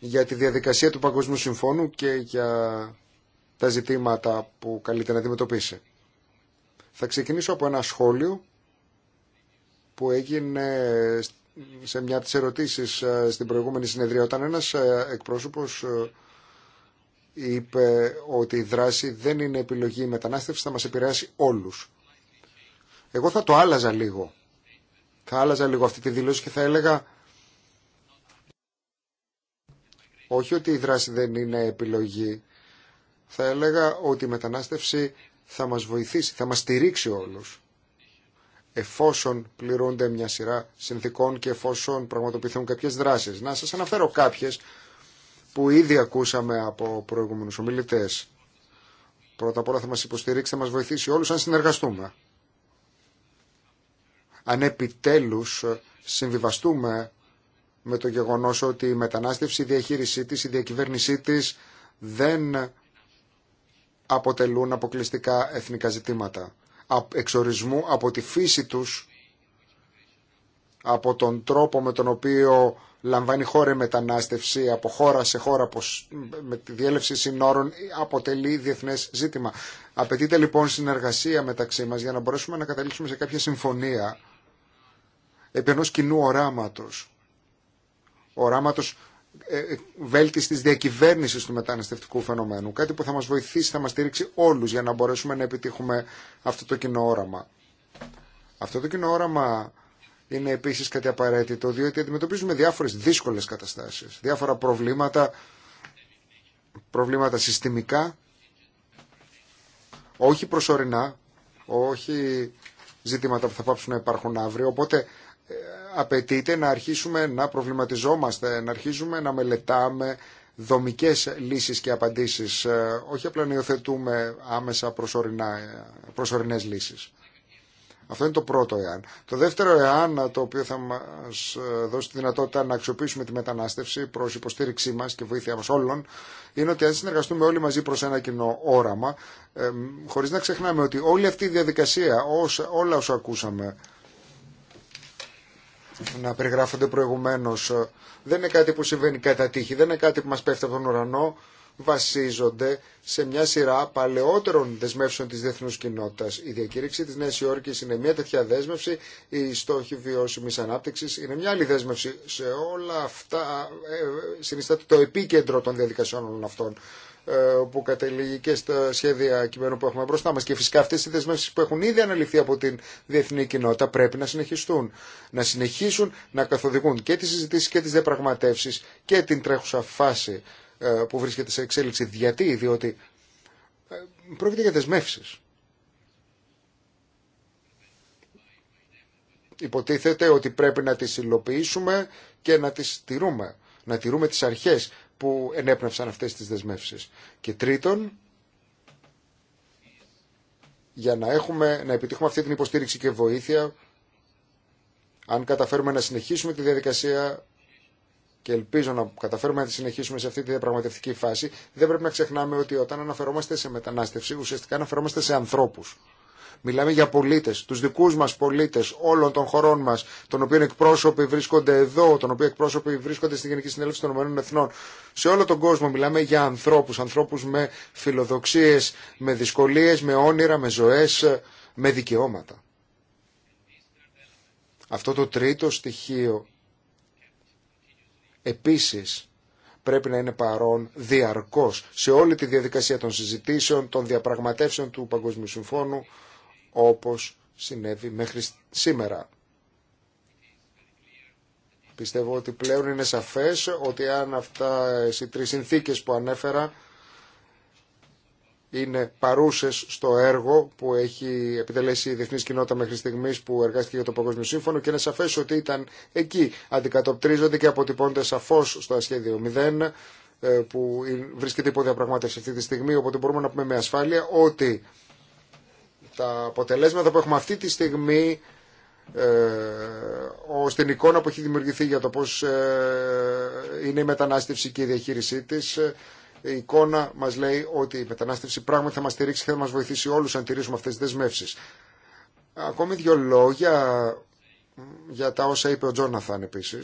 για τη διαδικασία του Παγκοσμίου Συμφώνου και για τα ζητήματα που καλείται να αντιμετωπίσει. Θα ξεκινήσω από ένα σχόλιο που έγινε σε μια από τις ερωτήσεις ε, στην προηγούμενη συνεδρία όταν ένας ε, εκπρόσωπος ε, είπε ότι η δράση δεν είναι επιλογή, η μετανάστευση θα μας επηρεάσει όλους. Εγώ θα το άλλαζα λίγο. Θα άλλαζα λίγο αυτή τη δήλωση και θα έλεγα όχι ότι η δράση δεν είναι επιλογή. Θα έλεγα ότι η μετανάστευση θα μας βοηθήσει, θα μας στηρίξει όλους εφόσον πληρούνται μια σειρά συνθήκων και εφόσον πραγματοποιηθούν κάποιες δράσεις. Να σας αναφέρω κάποιες που ήδη ακούσαμε από προηγούμενους ομιλητές. Πρώτα απ' όλα θα μας υποστηρίξει, θα μας βοηθήσει όλους αν συνεργαστούμε. Αν επιτέλους συμβιβαστούμε με το γεγονός ότι η μετανάστευση, η διαχείρισή της, η διακυβέρνησή της δεν αποτελούν αποκλειστικά εθνικά ζητήματα. Εξορισμού από τη φύση τους, από τον τρόπο με τον οποίο λαμβάνει χώρα μετανάστευση από χώρα σε χώρα με τη διέλευση συνόρων αποτελεί διεθνές ζήτημα. Απαιτείται λοιπόν συνεργασία μεταξύ μας για να μπορέσουμε να καταλήξουμε σε κάποια συμφωνία επί ενός κοινού οράματος. Οράματος ε, ε, βέλτιστης διακυβέρνηση του μεταναστευτικού φαινομένου. Κάτι που θα μας βοηθήσει, θα μα στηρίξει όλου για να μπορέσουμε να επιτύχουμε αυτό το κοινό όραμα. Αυτό το κοινό όραμα είναι επίση κάτι απαραίτητο, διότι αντιμετωπίζουμε διάφορες δύσκολε καταστάσεις, διάφορα προβλήματα, προβλήματα συστημικά, όχι προσωρινά, όχι ζητήματα που θα πάψουν να υπάρχουν αύριο, οπότε ε, απαιτείται να αρχίσουμε να προβληματιζόμαστε, να αρχίσουμε να μελετάμε δομικές λύσεις και απαντήσεις, ε, όχι απλά να υιοθετούμε άμεσα προσωρινά, ε, προσωρινές λύσεις. Αυτό είναι το πρώτο εάν. Το δεύτερο εάν, το οποίο θα μα ε, δώσει τη δυνατότητα να αξιοποιήσουμε τη μετανάστευση προ υποστήριξή μα και βοήθειά μα όλων, είναι ότι αν συνεργαστούμε όλοι μαζί προ ένα κοινό όραμα, ε, χωρί να ξεχνάμε ότι όλη αυτή η διαδικασία, όσα, όλα όσα ακούσαμε να περιγράφονται προηγουμένω, ε, δεν είναι κάτι που συμβαίνει κατά τύχη, δεν είναι κάτι που μα πέφτει από τον ουρανό βασίζονται σε μια σειρά παλαιότερων δεσμεύσεων της διεθνούς κοινότητας. Η διακήρυξη της Νέας Υόρκης είναι μια τέτοια δέσμευση, η στόχη βιώσιμης ανάπτυξης είναι μια άλλη δέσμευση. Σε όλα αυτά ε, συνιστάται το επίκεντρο των διαδικασιών όλων αυτών ε, που καταλήγει και στα σχέδια κειμένου που έχουμε μπροστά μας. Και φυσικά αυτές οι δεσμεύσεις που έχουν ήδη αναλυθεί από την διεθνή κοινότητα πρέπει να συνεχιστούν. Να συνεχίσουν να καθοδηγούν και τις συζητήσεις και τις διαπραγματεύσεις και την τρέχουσα φάση ε, που βρίσκεται σε εξέλιξη. Γιατί, διότι ε, πρόκειται για δεσμεύσει. Υποτίθεται ότι πρέπει να τις υλοποιήσουμε και να τις τηρούμε. Να τηρούμε τις αρχές που ενέπνευσαν αυτές τις δεσμεύσεις. Και τρίτον, για να, έχουμε, να επιτύχουμε αυτή την υποστήριξη και βοήθεια, αν καταφέρουμε να συνεχίσουμε τη διαδικασία και ελπίζω να καταφέρουμε να τη συνεχίσουμε σε αυτή τη διαπραγματευτική φάση, δεν πρέπει να ξεχνάμε ότι όταν αναφερόμαστε σε μετανάστευση, ουσιαστικά αναφερόμαστε σε ανθρώπου. Μιλάμε για πολίτε, του δικού μα πολίτε όλων των χωρών μα, των οποίων εκπρόσωποι βρίσκονται εδώ, των οποίων εκπρόσωποι βρίσκονται στην Γενική Συνέλευση των Ηνωμένων Εθνών. Σε όλο τον κόσμο μιλάμε για ανθρώπου, ανθρώπου με φιλοδοξίε, με δυσκολίε, με όνειρα, με ζωέ, με δικαιώματα. Αυτό το τρίτο στοιχείο Επίσης, πρέπει να είναι παρόν διαρκώς σε όλη τη διαδικασία των συζητήσεων, των διαπραγματεύσεων του Παγκοσμίου Συμφώνου, όπως συνέβη μέχρι σήμερα. Πιστεύω ότι πλέον είναι σαφές ότι αν αυτά οι τρεις συνθήκες που ανέφερα είναι παρούσες στο έργο που έχει επιτελέσει η διεθνής κοινότητα μέχρι στιγμή που εργάστηκε για το Παγκόσμιο Σύμφωνο και είναι σαφές ότι ήταν εκεί. Αντικατοπτρίζονται και αποτυπώνται σαφώς στο ασχέδιο 0 ε, που βρίσκεται υπό διαπραγμάτευση αυτή τη στιγμή, οπότε μπορούμε να πούμε με ασφάλεια ότι τα αποτελέσματα που έχουμε αυτή τη στιγμή ε, στην εικόνα που έχει δημιουργηθεί για το πώς ε, είναι η μετανάστευση και η διαχείρισή της η εικόνα μα λέει ότι η μετανάστευση πράγματι θα μα στηρίξει και θα μα βοηθήσει όλου αν τηρήσουμε αυτέ τι δεσμεύσει. Ακόμη δύο λόγια για τα όσα είπε ο Τζόναθαν επίση.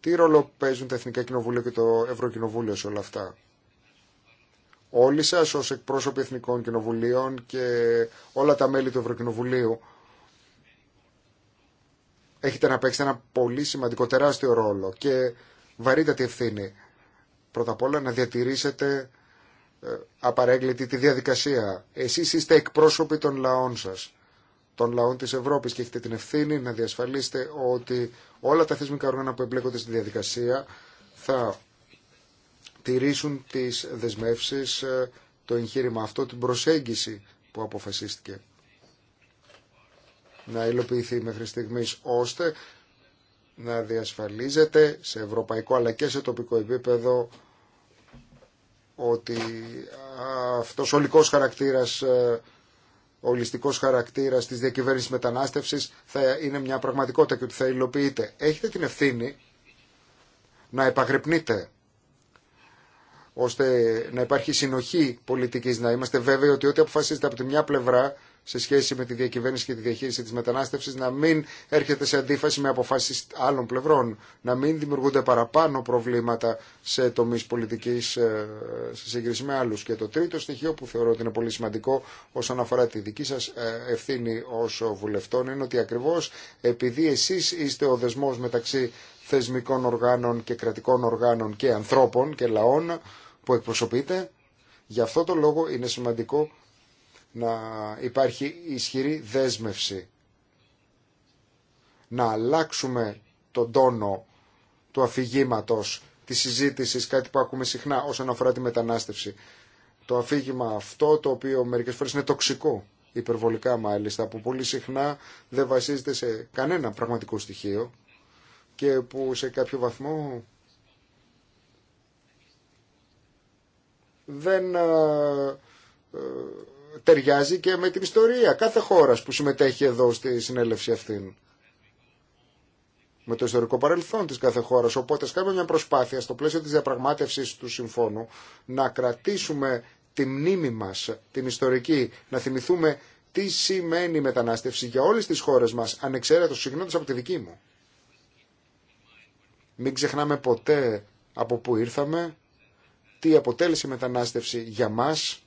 Τι ρόλο παίζουν τα Εθνικά Κοινοβούλια και το Ευρωκοινοβούλιο σε όλα αυτά. Όλοι σα ως εκπρόσωποι Εθνικών Κοινοβουλίων και όλα τα μέλη του Ευρωκοινοβουλίου έχετε να παίξετε ένα πολύ σημαντικό τεράστιο ρόλο και βαρύτατη ευθύνη. Πρώτα απ' όλα να διατηρήσετε ε, απαρέγκλητη τη διαδικασία. Εσείς είστε εκπρόσωποι των λαών σας, των λαών της Ευρώπης και έχετε την ευθύνη να διασφαλίσετε ότι όλα τα θεσμικά όργανα που εμπλέκονται στη διαδικασία θα τηρήσουν τις δεσμεύσεις, ε, το εγχείρημα αυτό, την προσέγγιση που αποφασίστηκε να υλοποιηθεί μέχρι στιγμής, ώστε να διασφαλίζεται σε ευρωπαϊκό αλλά και σε τοπικό επίπεδο ότι αυτός ολικός χαρακτήρας, ε, ολιστικός χαρακτήρας της διακυβέρνησης μετανάστευσης θα είναι μια πραγματικότητα και ότι θα υλοποιείται. Έχετε την ευθύνη να επαγρυπνείτε ώστε να υπάρχει συνοχή πολιτικής, να είμαστε βέβαιοι ότι ό,τι αποφασίζετε από τη μια πλευρά σε σχέση με τη διακυβέρνηση και τη διαχείριση της μετανάστευσης να μην έρχεται σε αντίφαση με αποφάσεις άλλων πλευρών, να μην δημιουργούνται παραπάνω προβλήματα σε τομείς πολιτικής ε, σε σύγκριση με άλλους. Και το τρίτο στοιχείο που θεωρώ ότι είναι πολύ σημαντικό όσον αφορά τη δική σας ε, ευθύνη ως βουλευτών είναι ότι ακριβώς επειδή εσείς είστε ο δεσμός μεταξύ θεσμικών οργάνων και κρατικών οργάνων και ανθρώπων και λαών που εκπροσωπείτε, γι' αυτό το λόγο είναι σημαντικό να υπάρχει ισχυρή δέσμευση να αλλάξουμε τον τόνο του αφηγήματο τη συζήτηση, κάτι που ακούμε συχνά όσον αφορά τη μετανάστευση. Το αφήγημα αυτό, το οποίο μερικέ φορέ είναι τοξικό, υπερβολικά μάλιστα, που πολύ συχνά δεν βασίζεται σε κανένα πραγματικό στοιχείο και που σε κάποιο βαθμό δεν ε, ε, ταιριάζει και με την ιστορία κάθε χώρας που συμμετέχει εδώ στη συνέλευση αυτήν με το ιστορικό παρελθόν της κάθε χώρας. Οπότε κάνουμε μια προσπάθεια στο πλαίσιο της διαπραγμάτευσης του συμφώνου να κρατήσουμε τη μνήμη μας, την ιστορική, να θυμηθούμε τι σημαίνει η μετανάστευση για όλες τις χώρες μας, ανεξαίρετο συγγνώμη από τη δική μου. Μην ξεχνάμε ποτέ από πού ήρθαμε, τι αποτέλεσε η μετανάστευση για μας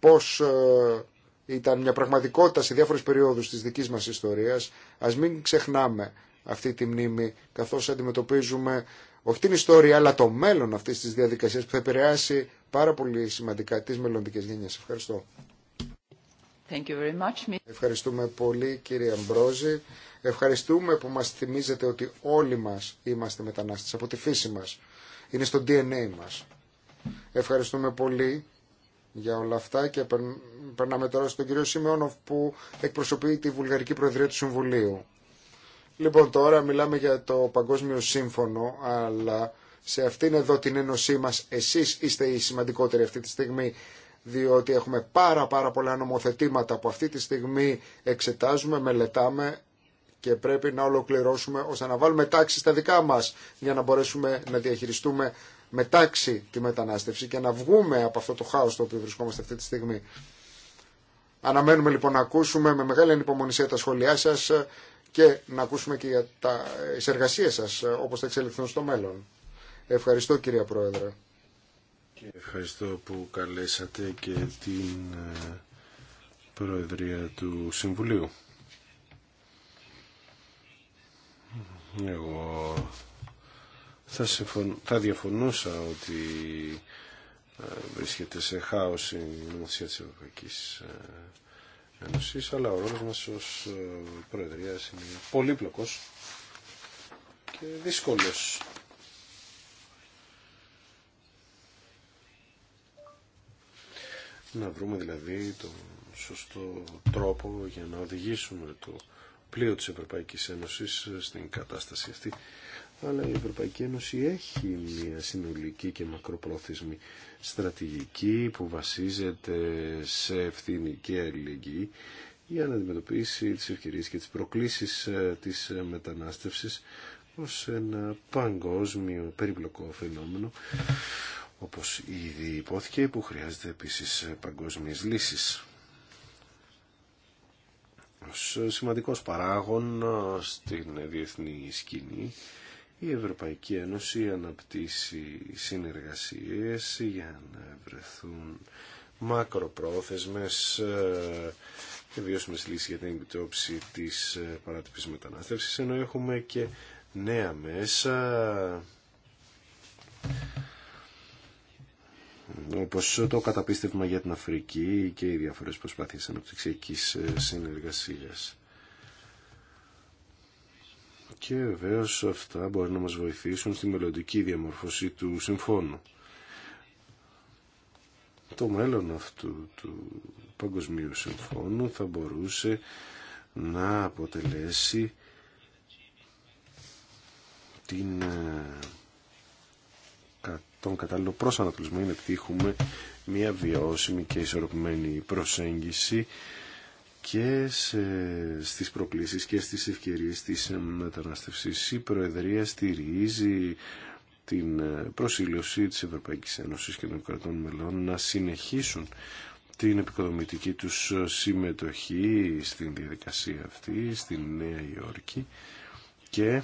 πώς ε, ήταν μια πραγματικότητα σε διάφορες περιόδους της δικής μας ιστορίας. Ας μην ξεχνάμε αυτή τη μνήμη καθώς αντιμετωπίζουμε όχι την ιστορία αλλά το μέλλον αυτή της διαδικασίας που θα επηρεάσει πάρα πολύ σημαντικά τις μελλοντικές γενιές. Ευχαριστώ. Thank you very much. Ευχαριστούμε πολύ κύριε Αμπρόζη. Ευχαριστούμε που μας θυμίζετε ότι όλοι μας είμαστε μετανάστες από τη φύση μας. Είναι στο DNA μας. Ευχαριστούμε πολύ για όλα αυτά και περνάμε τώρα στον κύριο Σιμεώνοφ που εκπροσωπεί τη Βουλγαρική Προεδρία του Συμβουλίου. Λοιπόν, τώρα μιλάμε για το Παγκόσμιο Σύμφωνο, αλλά σε αυτήν εδώ την ένωσή μας εσείς είστε οι σημαντικότεροι αυτή τη στιγμή, διότι έχουμε πάρα πάρα πολλά νομοθετήματα που αυτή τη στιγμή εξετάζουμε, μελετάμε και πρέπει να ολοκληρώσουμε ώστε να βάλουμε τάξη στα δικά μας για να μπορέσουμε να διαχειριστούμε μετάξει τη μετανάστευση και να βγούμε από αυτό το χάος το οποίο βρισκόμαστε αυτή τη στιγμή. Αναμένουμε λοιπόν να ακούσουμε με μεγάλη ανυπομονησία τα σχόλιά σας και να ακούσουμε και για τα εργασίες σας όπως θα εξελιχθούν στο μέλλον. Ευχαριστώ κυρία Πρόεδρε. ευχαριστώ που καλέσατε και την ε, Προεδρία του Συμβουλίου. Εγώ θα, συμφων... διαφωνούσα ότι ε, βρίσκεται σε χάος η νομοθεσία της Ευρωπαϊκής ε, Ένωσης, αλλά ο ρόλος μας ως ε, Προεδρίας είναι πολύπλοκος και δύσκολος. Να βρούμε δηλαδή τον σωστό τρόπο για να οδηγήσουμε το πλοίο της Ευρωπαϊκής Ένωσης στην κατάσταση αυτή αλλά η Ευρωπαϊκή Ένωση έχει μια συνολική και μακροπρόθεσμη στρατηγική που βασίζεται σε ευθύνη και αλληλεγγύη για να αντιμετωπίσει τις ευκαιρίες και τις προκλήσεις ε, της ε, μετανάστευσης ως ένα παγκόσμιο περιπλοκό φαινόμενο όπως ήδη υπόθηκε που χρειάζεται επίσης παγκόσμιες λύσεις. Ως σημαντικός παράγων ε, στην διεθνή σκηνή η Ευρωπαϊκή Ένωση αναπτύσσει συνεργασίες για να βρεθούν μακροπρόθεσμες ε, και βιώσιμες λύσεις για την επιτόψη της ε, παράτυπης μετανάστευσης, ενώ έχουμε και νέα μέσα όπως το καταπίστευμα για την Αφρική και οι διάφορες προσπάθειες αναπτυξιακής ε, συνεργασίας και βεβαίω αυτά μπορεί να μας βοηθήσουν στη μελλοντική διαμορφωσή του συμφώνου. Το μέλλον αυτού του Παγκοσμίου Συμφώνου θα μπορούσε να αποτελέσει την, ε, τον κατάλληλο προσανατολισμό για να μια βιώσιμη και ισορροπημένη προσέγγιση και σε, στις προκλήσεις και στις ευκαιρίες της μετανάστευσης. Η Προεδρία στηρίζει την προσήλωση της Ευρωπαϊκής Ένωσης και των κρατών μελών να συνεχίσουν την επικοδομητική τους συμμετοχή στην διαδικασία αυτή, στη Νέα Υόρκη και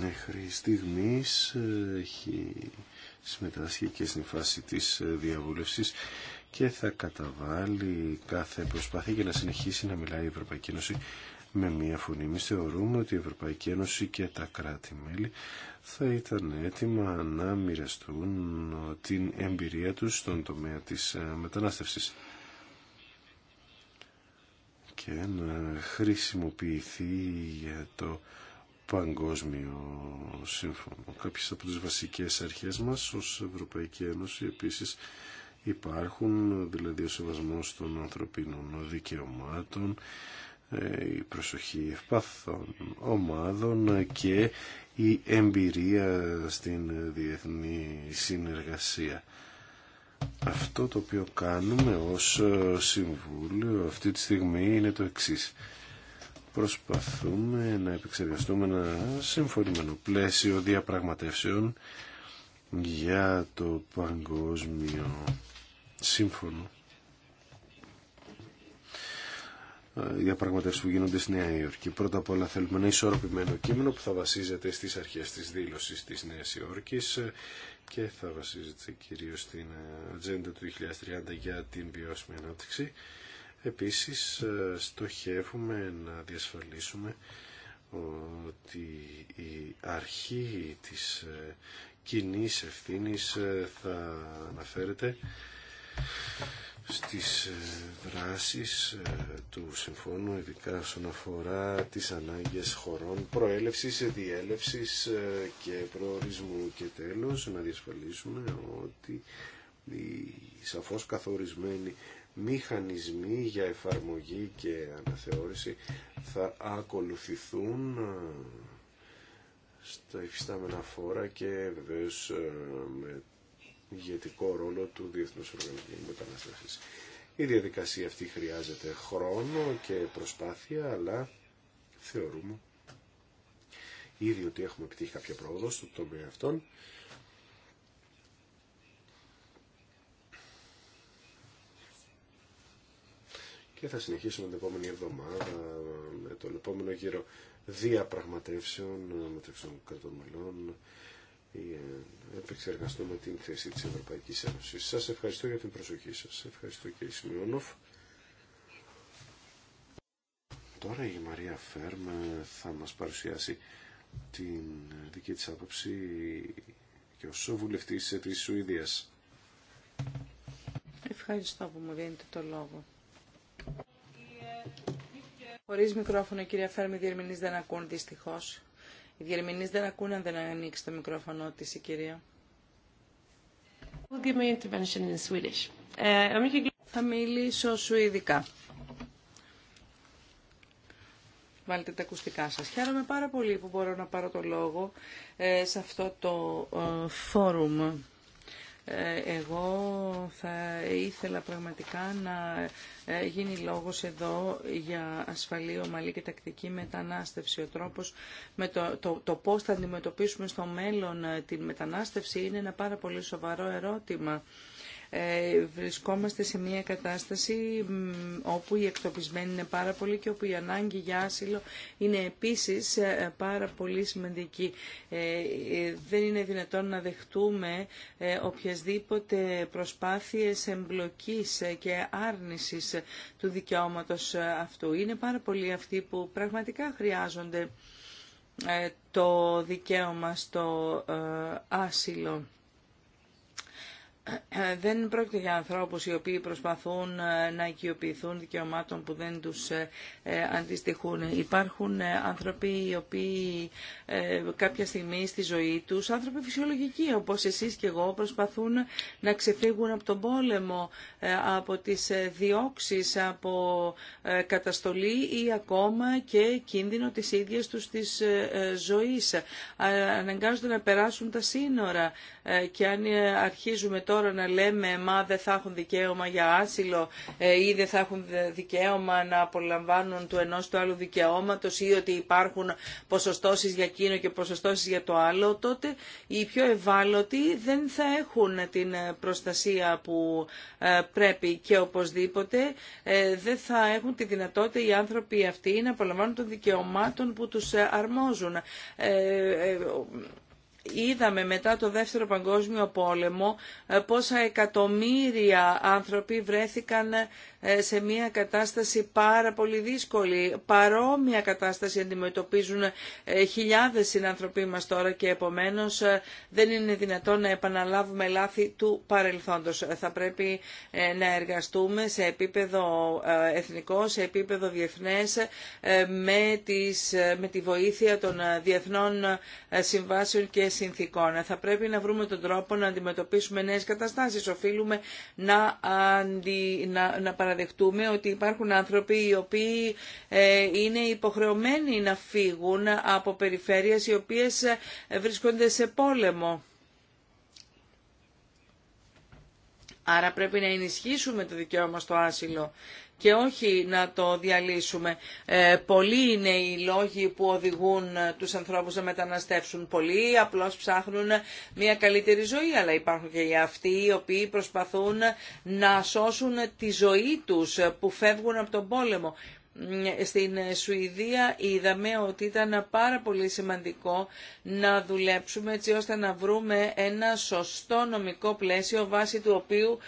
μέχρι στιγμής έχει συμμετάσχει και στην φάση της διαβούλευσης και θα καταβάλει κάθε προσπάθεια για να συνεχίσει να μιλάει η Ευρωπαϊκή Ένωση με μία φωνή. Εμεί θεωρούμε ότι η Ευρωπαϊκή Ένωση και τα κράτη-μέλη θα ήταν έτοιμα να μοιραστούν ε, την εμπειρία τους στον τομέα της ε, μετανάστευσης και να χρησιμοποιηθεί για το παγκόσμιο σύμφωνο. Κάποιες από τις βασικές αρχές μας ως Ευρωπαϊκή Ένωση επίσης υπάρχουν, δηλαδή ο σεβασμός των ανθρωπίνων δικαιωμάτων, ε, η προσοχή ευπάθων ομάδων και η εμπειρία στην διεθνή συνεργασία. Αυτό το οποίο κάνουμε ως Συμβούλιο αυτή τη στιγμή είναι το εξής. Προσπαθούμε να επεξεργαστούμε ένα συμφωνημένο πλαίσιο διαπραγματεύσεων για το παγκόσμιο σύμφωνο ε, διαπραγματεύσει που γίνονται στη Νέα Υόρκη. Πρώτα απ' όλα θέλουμε ένα ισορροπημένο κείμενο που θα βασίζεται στις αρχές της δήλωσης της Νέας Υόρκης ε, και θα βασίζεται κυρίως στην ατζέντα του 2030 για την βιώσιμη ανάπτυξη. Επίσης ε, στοχεύουμε να διασφαλίσουμε ότι η αρχή της κοινή ευθύνης θα αναφέρεται στις ε, δράσεις ε, του συμφώνου, ειδικά όσον αφορά τις ανάγκες χωρών προέλευσης, διέλευσης ε, και προορισμού και τέλος, να διασφαλίσουμε ότι οι σαφώς καθορισμένοι μηχανισμοί για εφαρμογή και αναθεώρηση θα ακολουθηθούν στα υφιστάμενα φόρα και βεβαίως με ηγετικό ρόλο του Διεθνούς Οργανισμού Μετανάστευσης. Η διαδικασία αυτή χρειάζεται χρόνο και προσπάθεια, αλλά θεωρούμε ήδη ότι έχουμε επιτύχει κάποια πρόοδο στο τομέα αυτών. Και θα συνεχίσουμε την επόμενη εβδομάδα με τον επόμενο γύρο διαπραγματεύσεων μεταξύ των κρατών μελών ε, επεξεργαστούμε την θέση της Ευρωπαϊκής Ένωσης. Σας ευχαριστώ για την προσοχή σας. Ευχαριστώ και η Σιμιόνοφ. Τώρα η Μαρία Φέρμ ε, θα μας παρουσιάσει την ε, δική της άποψη και ως βουλευτής της Σουηδίας. Ευχαριστώ που μου δίνετε το λόγο. Χωρίς μικρόφωνο, η κυρία Φέρμη, οι διερμηνείς δεν ακούν δυστυχώς. Οι διερμηνείς δεν ακούνε αν δεν ανοίξει το μικρόφωνο της η κυρία. Ε, Θα μιλήσω σουηδικά. Βάλτε τα ακουστικά σας. Χαίρομαι πάρα πολύ που μπορώ να πάρω το λόγο ε, σε αυτό το ε, φόρουμ. Ε, εγώ θα ήθελα πραγματικά να ε, γίνει λόγος εδώ για ασφαλή, ομαλή και τακτική μετανάστευση. Ο τρόπος, με το, το, το πώς θα αντιμετωπίσουμε στο μέλλον ε, την μετανάστευση είναι ένα πάρα πολύ σοβαρό ερώτημα. Ε, βρισκόμαστε σε μια κατάσταση όπου οι εκτοπισμένοι είναι πάρα πολλοί και όπου η ανάγκη για άσυλο είναι επίσης ε, πάρα πολύ σημαντική. Ε, δεν είναι δυνατόν να δεχτούμε οποιασδήποτε προσπάθειες εμπλοκής και άρνησης του δικαιώματος αυτού. Είναι πάρα πολλοί αυτοί που πραγματικά χρειάζονται το δικαίωμα στο άσυλο δεν πρόκειται για ανθρώπους οι οποίοι προσπαθούν ε, να οικειοποιηθούν δικαιωμάτων που δεν τους ε, ε, αντιστοιχούν. Υπάρχουν άνθρωποι οι οποίοι κάποια στιγμή στη ζωή τους, άνθρωποι φυσιολογικοί όπως εσείς και εγώ, προσπαθούν να ξεφύγουν από τον πόλεμο, από τις διώξεις, από καταστολή ή ακόμα και κίνδυνο της ίδιας τους της ζωής. Αναγκάζονται να περάσουν τα σύνορα και αν αρχίζουμε τώρα τώρα να λέμε μα δεν θα έχουν δικαίωμα για άσυλο ε, ή δεν θα έχουν δικαίωμα να απολαμβάνουν του ενός του άλλου δικαιώματος ή ότι υπάρχουν ποσοστώσεις για εκείνο και ποσοστώσεις για το άλλο, τότε οι πιο ευάλωτοι δεν θα έχουν την προστασία που ε, πρέπει και οπωσδήποτε ε, δεν θα έχουν τη δυνατότητα οι άνθρωποι αυτοί να απολαμβάνουν των δικαιωμάτων που τους αρμόζουν είδαμε μετά το Δεύτερο Παγκόσμιο Πόλεμο ε, πόσα εκατομμύρια άνθρωποι βρέθηκαν ε, σε μια κατάσταση πάρα πολύ δύσκολη. Παρόμοια κατάσταση αντιμετωπίζουν ε, χιλιάδες συνανθρωποί μας τώρα και επομένως δεν είναι δυνατόν να επαναλάβουμε λάθη του παρελθόντος. Θα πρέπει να εργαστούμε σε επίπεδο εθνικό, σε επίπεδο διεθνές με, με τη βοήθεια των διεθνών συμβάσεων και συνθήκων. Θα πρέπει να βρούμε τον τρόπο να αντιμετωπίσουμε νέες καταστάσεις. Οφείλουμε να, να, να παραδεχτούμε ότι υπάρχουν άνθρωποι οι οποίοι ε, είναι υποχρεωμένοι να φύγουν από περιφέρειες οι οποίες ε, βρίσκονται σε πόλεμο. Άρα πρέπει να ενισχύσουμε το δικαίωμα στο άσυλο και όχι να το διαλύσουμε. Ε, πολλοί είναι οι λόγοι που οδηγούν ε, τους ανθρώπους να μεταναστεύσουν. Πολλοί απλώς ψάχνουν μια καλύτερη ζωή, αλλά υπάρχουν και οι αυτοί οι οποίοι προσπαθούν να σώσουν τη ζωή τους ε, που φεύγουν από τον πόλεμο. Στην Σουηδία είδαμε ότι ήταν πάρα πολύ σημαντικό να δουλέψουμε έτσι ώστε να βρούμε ένα σωστό νομικό πλαίσιο βάσει του οποίου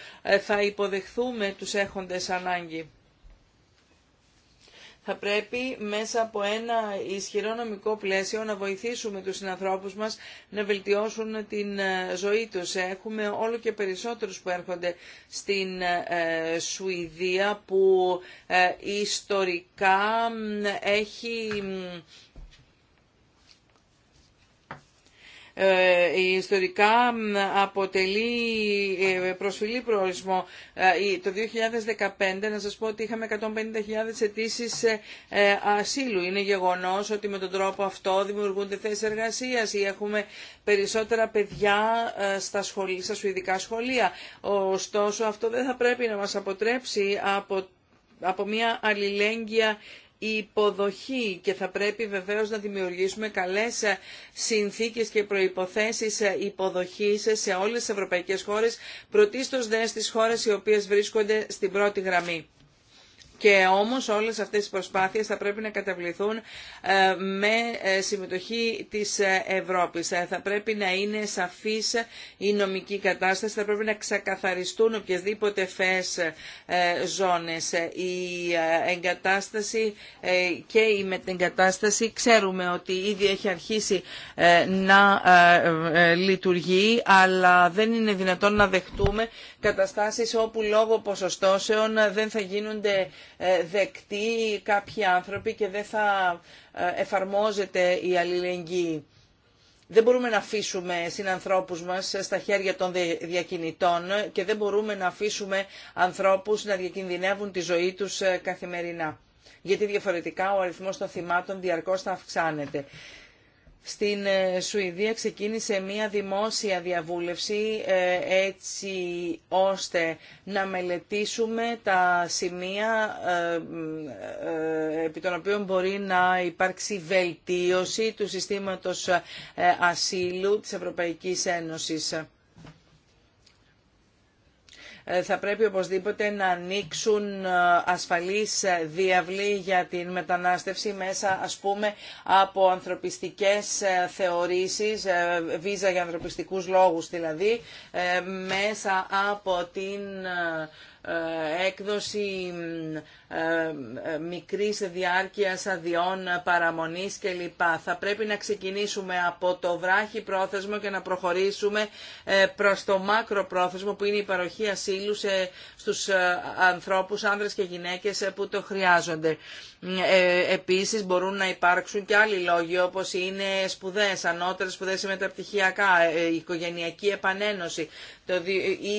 θα υποδεχθούμε τους έχοντες ανάγκη θα πρέπει μέσα από ένα ισχυρό νομικό πλαίσιο να βοηθήσουμε τους συνανθρώπους μας να βελτιώσουν την ε, ζωή τους. Έχουμε όλο και περισσότερους που έρχονται στην ε, Σουηδία που ε, ιστορικά έχει Ε, ιστορικά αποτελεί ε, προσφυλή προορισμό. Ε, το 2015 να σας πω ότι είχαμε 150.000 αιτήσει ασύλου. Είναι γεγονός ότι με τον τρόπο αυτό δημιουργούνται θέσεις εργασίας ή έχουμε περισσότερα παιδιά στα, σχολεία, στα σουηδικά σχολεία. Ωστόσο αυτό δεν θα πρέπει να μας αποτρέψει από από μια αλληλέγγυα η υποδοχή και θα πρέπει βεβαίως να δημιουργήσουμε καλές συνθήκες και προϋποθέσεις υποδοχής σε όλες τις ευρωπαϊκές χώρες, πρωτίστως δε στις χώρες οι οποίες βρίσκονται στην πρώτη γραμμή. Και όμως όλες αυτές οι προσπάθειες θα πρέπει να καταβληθούν ε, με ε, συμμετοχή της ε, Ευρώπης. Θα πρέπει να είναι σαφής η νομική κατάσταση, θα πρέπει να ξεκαθαριστούν οποιασδήποτε φες ζώνες. Η εγκατάσταση και η μετεγκατάσταση ξέρουμε ότι ήδη έχει αρχίσει να λειτουργεί, αλλά δεν είναι δυνατόν να δεχτούμε καταστάσεις όπου λόγω ποσοστώσεων δεν θα γίνονται ε, δεκτεί κάποιοι άνθρωποι και δεν θα ε, εφαρμόζεται η αλληλεγγύη. Δεν μπορούμε να αφήσουμε συνανθρώπους μας στα χέρια των διακινητών και δεν μπορούμε να αφήσουμε ανθρώπους να διακινδυνεύουν τη ζωή τους ε, καθημερινά. Γιατί διαφορετικά ο αριθμός των θυμάτων διαρκώς θα αυξάνεται. Στην ε, Σουηδία ξεκίνησε μία δημόσια διαβούλευση ε, έτσι ώστε να μελετήσουμε τα σημεία ε, επί των οποίων μπορεί να υπάρξει βελτίωση του συστήματος ασύλου της Ευρωπαϊκής Ένωσης. Ε, θα πρέπει οπωσδήποτε να ανοίξουν ε, ασφαλείς ε, διαβλή για την μετανάστευση μέσα ας πούμε από ανθρωπιστικές θεωρήσεις, βίζα για ανθρωπιστικούς λόγους δηλαδή, μέσα από την ε, έκδοση ε, ε, μικρής διάρκειας αδειών παραμονής κλπ. Θα πρέπει να ξεκινήσουμε από το βράχι πρόθεσμο και να προχωρήσουμε προς το μάκρο πρόθεσμο που είναι η παροχή ασύλου σε, στους ανθρώπους, άνδρες και γυναίκες που το χρειάζονται. Ε, ε, επίσης μπορούν να υπάρξουν και άλλοι λόγοι όπως είναι σπουδές, ανώτερες σπουδές ή μεταπτυχιακά, ε, οικογενειακή επανένωση. Το,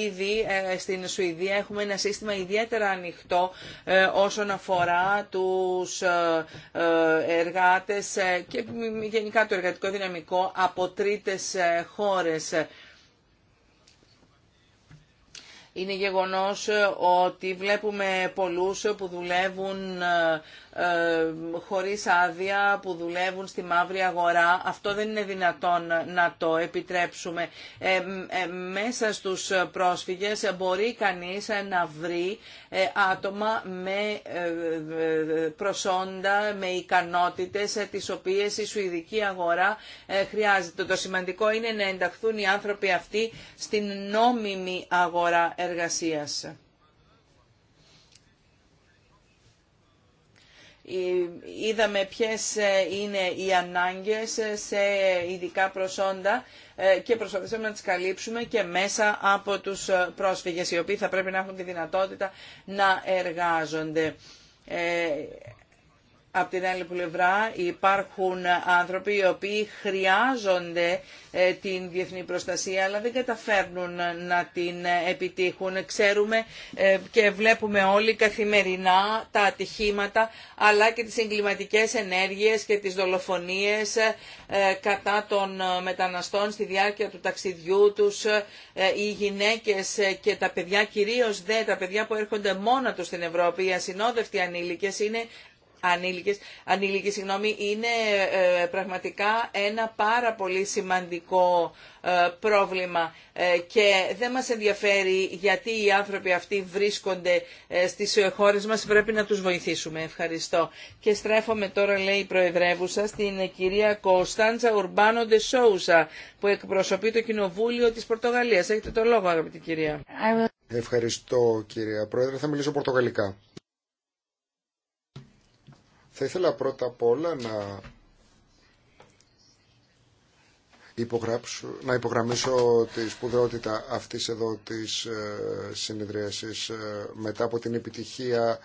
ήδη στην Σουηδία έχουμε ένα σύστημα ιδιαίτερα ανοιχτό όσον αφορά τους εργάτες και γενικά το εργατικό δυναμικό από τρίτες χώρες. Είναι γεγονός ότι βλέπουμε πολλούς που δουλεύουν ε, χωρίς άδεια που δουλεύουν στη μαύρη αγορά. Αυτό δεν είναι δυνατόν να το επιτρέψουμε. Ε, ε, μέσα στους πρόσφυγες μπορεί κανείς να βρει άτομα με προσόντα, με ικανότητες τις οποίες η σουηδική αγορά χρειάζεται. Το σημαντικό είναι να ενταχθούν οι άνθρωποι αυτοί στην νόμιμη αγορά εργασίας. Ε, είδαμε ποιες ε, είναι οι ανάγκες ε, σε ειδικά προσόντα και προσπαθήσαμε να τις καλύψουμε και μέσα από τους πρόσφυγες οι οποίοι θα πρέπει να έχουν τη δυνατότητα να εργάζονται. Από την άλλη πλευρά υπάρχουν άνθρωποι οι οποίοι χρειάζονται ε, την διεθνή προστασία αλλά δεν καταφέρνουν να την ε, επιτύχουν. Ξέρουμε ε, και βλέπουμε όλοι καθημερινά τα ατυχήματα αλλά και τις εγκληματικέ ενέργειες και τις δολοφονίες κατά των μεταναστών στη διάρκεια του ταξιδιού τους. Οι γυναίκες και τα παιδιά, κυρίως δε τα παιδιά που έρχονται μόνα τους στην Ευρώπη, οι ασυνόδευτοι ανήλικες είναι ανήλικες, ανήλικες συγγνώμη, είναι ε, πραγματικά ένα πάρα πολύ σημαντικό ε, πρόβλημα ε, και δεν μας ενδιαφέρει γιατί οι άνθρωποι αυτοί βρίσκονται στις χώρες μας, πρέπει να τους βοηθήσουμε. Ευχαριστώ. Και στρέφομαι τώρα, λέει η Προεδρεύουσα, στην κυρία Κωνσταντζα Ουρμπάνοντε Σόουσα, που εκπροσωπεί το Κοινοβούλιο της Πορτογαλίας. Έχετε το λόγο, αγαπητή κυρία. Ευχαριστώ, κυρία Πρόεδρε. Θα μιλήσω πορτογαλικά. Θα ήθελα πρώτα απ' όλα να, υπογράψω, να υπογραμμίσω τη σπουδαιότητα αυτής εδώ της ε, συνεδρίασης ε, μετά από την επιτυχία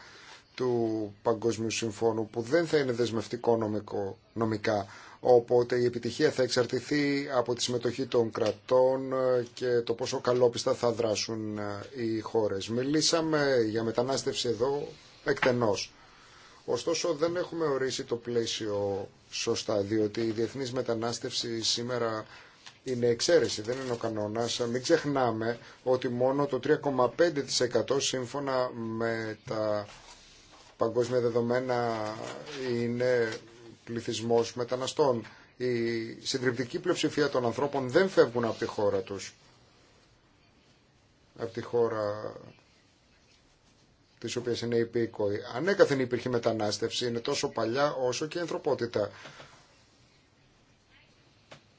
του Παγκόσμιου Συμφώνου που δεν θα είναι δεσμευτικό νομικό, νομικά οπότε η επιτυχία θα εξαρτηθεί από τη συμμετοχή των κρατών ε, και το πόσο καλόπιστα θα δράσουν οι χώρες. Μιλήσαμε για μετανάστευση εδώ εκτενώς. Ωστόσο δεν έχουμε ορίσει το πλαίσιο σωστά, διότι η διεθνής μετανάστευση σήμερα είναι εξαίρεση, δεν είναι ο κανόνας. Μην ξεχνάμε ότι μόνο το 3,5% σύμφωνα με τα παγκόσμια δεδομένα είναι πληθυσμός μεταναστών. Η συντριπτική πλειοψηφία των ανθρώπων δεν φεύγουν από τη χώρα τους, από τη χώρα της οποίας είναι υπήκοοι. Ανέκαθεν υπήρχε μετανάστευση, είναι τόσο παλιά όσο και η ανθρωπότητα.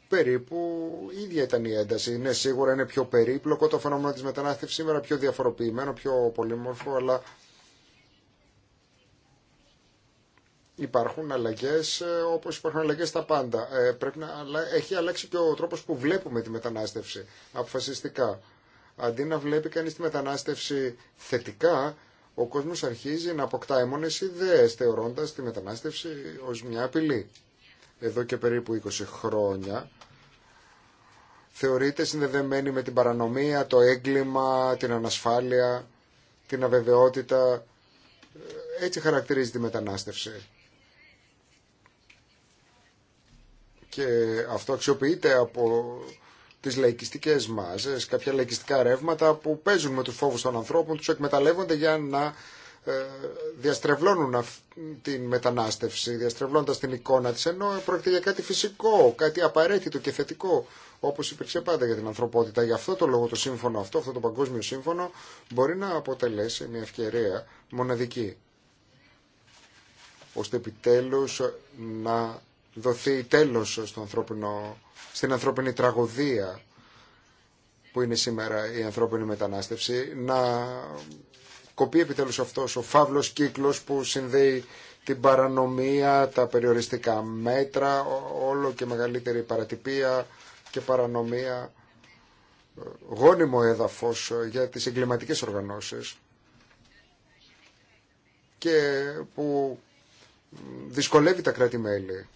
Περίπου η ίδια ήταν η ένταση. Είναι σίγουρα είναι πιο περίπλοκο το φαινόμενο της μετανάστευσης σήμερα, πιο διαφοροποιημένο, πιο πολύμορφο, αλλά υπάρχουν αλλαγές ε, όπως υπάρχουν αλλαγές στα πάντα. Ε, πρέπει αλλά, έχει αλλάξει και ο τρόπος που βλέπουμε τη μετανάστευση αποφασιστικά. Αντί να βλέπει κανείς τη μετανάστευση θετικά, ο κόσμος αρχίζει να αποκτά αίμονες ιδέες, θεωρώντας τη μετανάστευση ως μια απειλή. Εδώ και περίπου 20 χρόνια θεωρείται συνδεδεμένη με την παρανομία, το έγκλημα, την ανασφάλεια, την αβεβαιότητα. Έτσι χαρακτηρίζει τη μετανάστευση. Και αυτό αξιοποιείται από τι λαϊκιστικέ μάζε, κάποια λαϊκιστικά ρεύματα που παίζουν με του φόβου των ανθρώπων, του εκμεταλλεύονται για να ε, διαστρεβλώνουν την μετανάστευση, διαστρεβλώντα την εικόνα τη ενώ πρόκειται για κάτι φυσικό, κάτι απαραίτητο και θετικό, Όπω υπήρξε πάντα για την ανθρωπότητα. Γι' αυτό το λόγο το σύμφωνο αυτό, αυτό το παγκόσμιο σύμφωνο, μπορεί να αποτελέσει μια ευκαιρία μοναδική, ώστε επιτέλους να δοθεί τέλος στο ανθρώπινο, στην ανθρώπινη τραγωδία που είναι σήμερα η ανθρώπινη μετανάστευση, να κοπεί επιτέλους αυτός ο φαύλος κύκλος που συνδέει την παρανομία, τα περιοριστικά μέτρα, όλο και μεγαλύτερη παρατυπία και παρανομία, γόνιμο έδαφος για τις εγκληματικές οργανώσεις και που δυσκολεύει τα κράτη-μέλη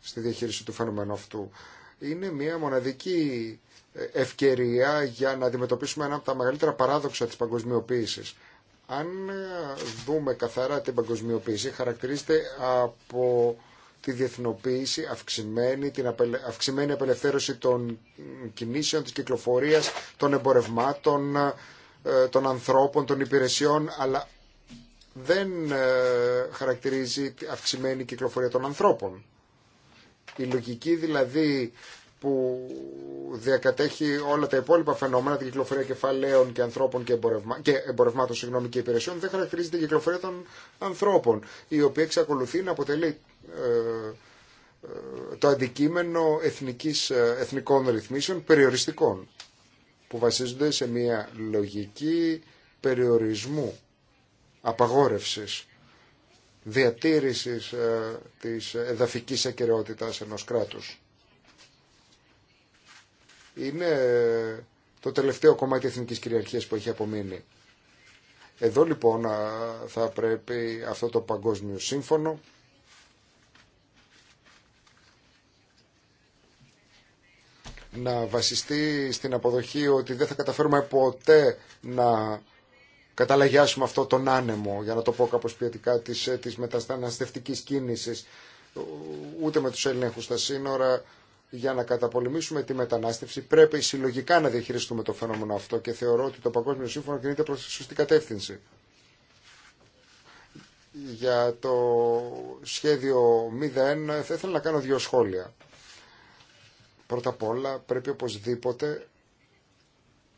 στη διαχείριση του φαινομένου αυτού. Είναι μια μοναδική ε, ευκαιρία για να αντιμετωπίσουμε ένα από τα μεγαλύτερα παράδοξα της παγκοσμιοποίησης. Αν ε, δούμε καθαρά την παγκοσμιοποίηση, χαρακτηρίζεται από τη διεθνοποίηση, αυξημένη, την απελε... αυξημένη απελευθέρωση των κινήσεων, της κυκλοφορίας, των εμπορευμάτων, ε, των ανθρώπων, των υπηρεσιών, αλλά δεν χαρακτηρίζει αυξημένη κυκλοφορία των ανθρώπων. Η λογική δηλαδή που διακατέχει όλα τα υπόλοιπα φαινόμενα, την κυκλοφορία κεφαλαίων και ανθρώπων και, και εμπορευμάτων συγγνώμη, και υπηρεσιών, δεν χαρακτηρίζεται την κυκλοφορία των ανθρώπων, η οποία εξακολουθεί να αποτελεί ε, ε, το αντικείμενο εθνικής, ε, εθνικών ρυθμίσεων περιοριστικών, που βασίζονται σε μια λογική περιορισμού, απαγόρευσης διατήρησης ε, της εδαφικής ακεραιότητας ενός κράτους. Είναι το τελευταίο κομμάτι εθνικής κυριαρχίας που έχει απομείνει. Εδώ λοιπόν θα πρέπει αυτό το παγκόσμιο σύμφωνο να βασιστεί στην αποδοχή ότι δεν θα καταφέρουμε ποτέ να καταλαγιάσουμε αυτό τον άνεμο, για να το πω κάπως ποιοτικά, της, ε, της μετασταναστευτικής κίνησης, ούτε με τους ελέγχους στα σύνορα, για να καταπολεμήσουμε τη μετανάστευση πρέπει συλλογικά να διαχειριστούμε το φαινόμενο αυτό και θεωρώ ότι το Παγκόσμιο Σύμφωνο κινείται προς τη σωστή κατεύθυνση. Για το σχέδιο 0 θα ήθελα να κάνω δύο σχόλια. Πρώτα απ' όλα πρέπει οπωσδήποτε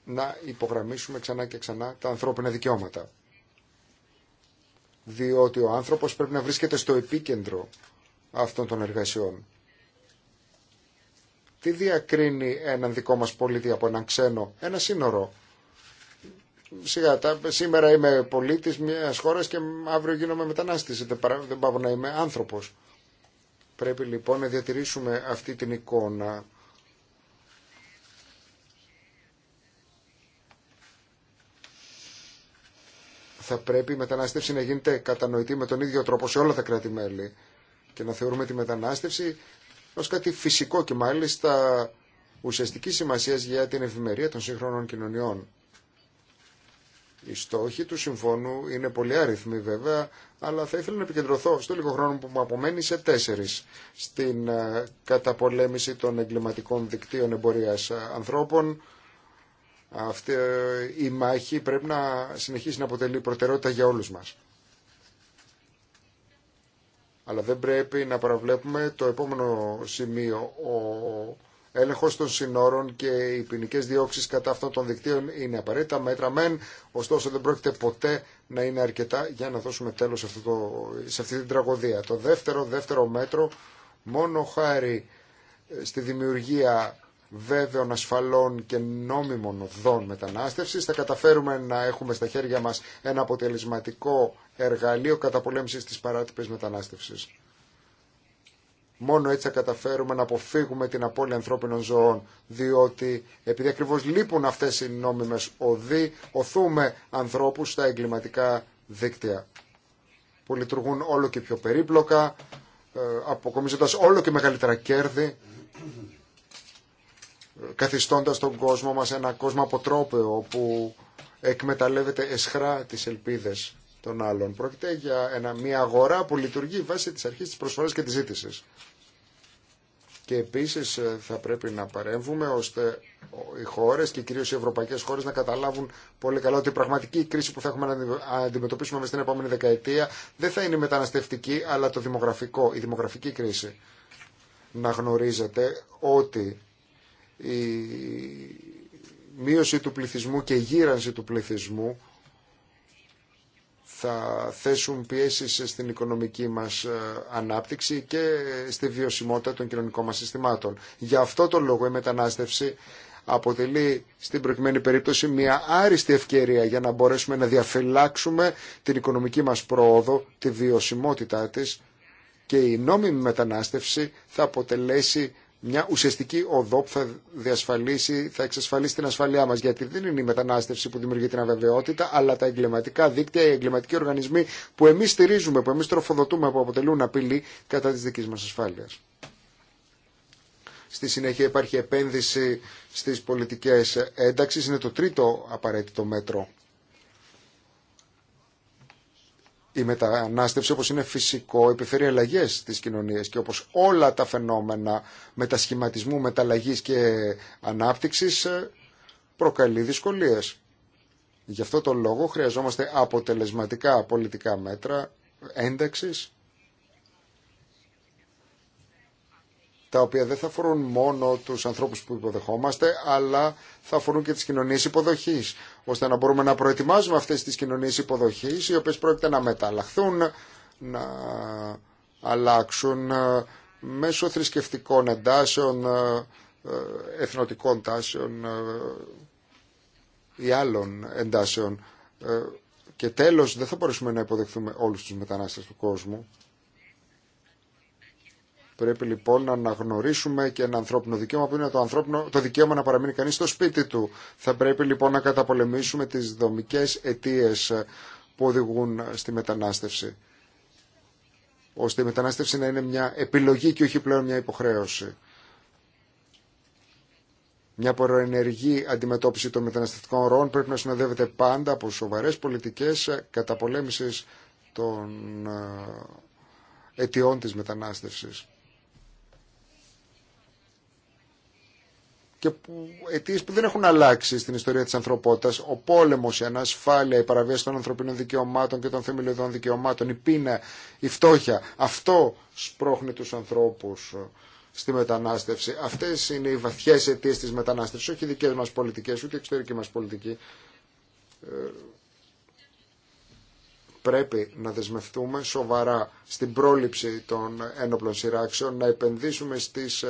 να υπογραμμίσουμε ξανά και ξανά τα ανθρώπινα δικαιώματα. Διότι ο άνθρωπος πρέπει να βρίσκεται στο επίκεντρο αυτών των εργασιών. Τι διακρίνει έναν δικό μας πολίτη από έναν ξένο, ένα σύνορο. Σιγά, σήμερα είμαι πολίτης μιας χώρας και αύριο γίνομαι μετανάστης, δεν πάω να είμαι άνθρωπος. Πρέπει λοιπόν να διατηρήσουμε αυτή την εικόνα θα πρέπει η μετανάστευση να γίνεται κατανοητή με τον ίδιο τρόπο σε όλα τα κράτη-μέλη και να θεωρούμε τη μετανάστευση ως κάτι φυσικό και μάλιστα ουσιαστική σημασία για την ευημερία των σύγχρονων κοινωνιών. Οι στόχοι του συμφώνου είναι πολύ αριθμοί βέβαια, αλλά θα ήθελα να επικεντρωθώ στο λίγο χρόνο που μου απομένει σε τέσσερις. Στην ε, καταπολέμηση των εγκληματικών δικτύων εμπορίας ε, ανθρώπων, αυτή ε, η μάχη πρέπει να συνεχίσει να αποτελεί προτεραιότητα για όλους μας. Αλλά δεν πρέπει να παραβλέπουμε το επόμενο σημείο. Ο έλεγχος των συνόρων και οι ποινικέ διώξεις κατά αυτών των δικτύων είναι απαραίτητα μέτρα μεν, ωστόσο δεν πρόκειται ποτέ να είναι αρκετά για να δώσουμε τέλος σε, αυτή την τραγωδία. Το δεύτερο, δεύτερο μέτρο, μόνο χάρη στη δημιουργία βέβαιων, ασφαλών και νόμιμων οδών μετανάστευσης. Θα καταφέρουμε να έχουμε στα χέρια μας ένα αποτελεσματικό εργαλείο καταπολέμησης της παράτυπης μετανάστευσης. Μόνο έτσι θα καταφέρουμε να αποφύγουμε την απώλεια ανθρώπινων ζωών, διότι επειδή ακριβώ λείπουν αυτές οι νόμιμες οδοί, οθούμε ανθρώπους στα εγκληματικά δίκτυα που λειτουργούν όλο και πιο περίπλοκα, ε, αποκομίζοντας όλο και μεγαλύτερα κέρδη καθιστώντας τον κόσμο μας ένα κόσμο αποτρόπαιο που εκμεταλλεύεται εσχρά τις ελπίδες των άλλων. Πρόκειται για μια αγορά που λειτουργεί βάσει της αρχής της προσφοράς και της ζήτησης. Και επίσης ε, θα πρέπει να παρέμβουμε ώστε οι χώρες και κυρίως οι ευρωπαϊκές χώρες να καταλάβουν πολύ καλά ότι η πραγματική κρίση που θα έχουμε να αντιμετωπίσουμε μες στην επόμενη δεκαετία δεν θα είναι μεταναστευτική αλλά το δημογραφικό, η δημογραφική κρίση. Να γνωρίζετε ότι η μείωση του πληθυσμού και η γύρανση του πληθυσμού θα θέσουν πιέσεις στην οικονομική μας ε, ανάπτυξη και στη βιωσιμότητα των κοινωνικών μας συστημάτων. Γι' αυτό το λόγο η μετανάστευση αποτελεί στην προκειμένη περίπτωση μια άριστη ευκαιρία για να μπορέσουμε να διαφυλάξουμε την οικονομική μας πρόοδο, τη βιωσιμότητά της και η νόμιμη μετανάστευση θα αποτελέσει μια ουσιαστική οδό που θα διασφαλίσει, θα εξασφαλίσει την ασφαλειά μας. Γιατί δεν είναι η μετανάστευση που δημιουργεί την αβεβαιότητα, αλλά τα εγκληματικά δίκτυα, οι εγκληματικοί οργανισμοί που εμείς στηρίζουμε, που εμείς τροφοδοτούμε, που αποτελούν απειλή κατά της δικής μας ασφάλειας. Στη συνέχεια υπάρχει επένδυση στις πολιτικές ένταξεις, είναι το τρίτο απαραίτητο μέτρο. Η μετανάστευση, όπως είναι φυσικό, επιφέρει αλλαγέ στις κοινωνίες και όπως όλα τα φαινόμενα μετασχηματισμού, μεταλλαγής και ανάπτυξης ε, προκαλεί δυσκολίες. Γι' αυτό το λόγο χρειαζόμαστε αποτελεσματικά πολιτικά μέτρα ένταξης τα οποία δεν θα αφορούν μόνο τους ανθρώπους που υποδεχόμαστε, αλλά θα αφορούν και τις κοινωνίες υποδοχής, ώστε να μπορούμε να προετοιμάζουμε αυτές τις κοινωνίες υποδοχής, οι οποίες πρόκειται να μεταλλαχθούν, να αλλάξουν ε, μέσω θρησκευτικών εντάσεων, ε, ε, εθνοτικών τάσεων ή άλλων εντάσεων. Και τέλος, δεν θα μπορέσουμε να υποδεχθούμε όλους τους μετανάστες του κόσμου. Πρέπει λοιπόν να αναγνωρίσουμε και ένα ανθρώπινο δικαίωμα που είναι το, ανθρώπινο, το δικαίωμα να παραμείνει κανείς στο σπίτι του. Θα πρέπει λοιπόν να καταπολεμήσουμε τις δομικές αιτίες που οδηγούν στη μετανάστευση. Ώστε η μετανάστευση να είναι μια επιλογή και όχι πλέον μια υποχρέωση. Μια προενεργή αντιμετώπιση των μεταναστευτικών ροών πρέπει να συνοδεύεται πάντα από σοβαρές πολιτικές καταπολέμησης των ε, αιτιών της μετανάστευσης. και που, αιτίες που δεν έχουν αλλάξει στην ιστορία της ανθρωπότητας. Ο πόλεμος, η ανασφάλεια, η παραβίαση των ανθρωπίνων δικαιωμάτων και των θεμελιωδών δικαιωμάτων, η πείνα, η φτώχεια. Αυτό σπρώχνει τους ανθρώπους ε, στη μετανάστευση. Αυτές είναι οι βαθιές αιτίες της μετανάστευσης, όχι οι δικές μας πολιτικές, ούτε η εξωτερική μας πολιτική. Ε, πρέπει να δεσμευτούμε σοβαρά στην πρόληψη των ένοπλων σειράξεων, να επενδύσουμε στις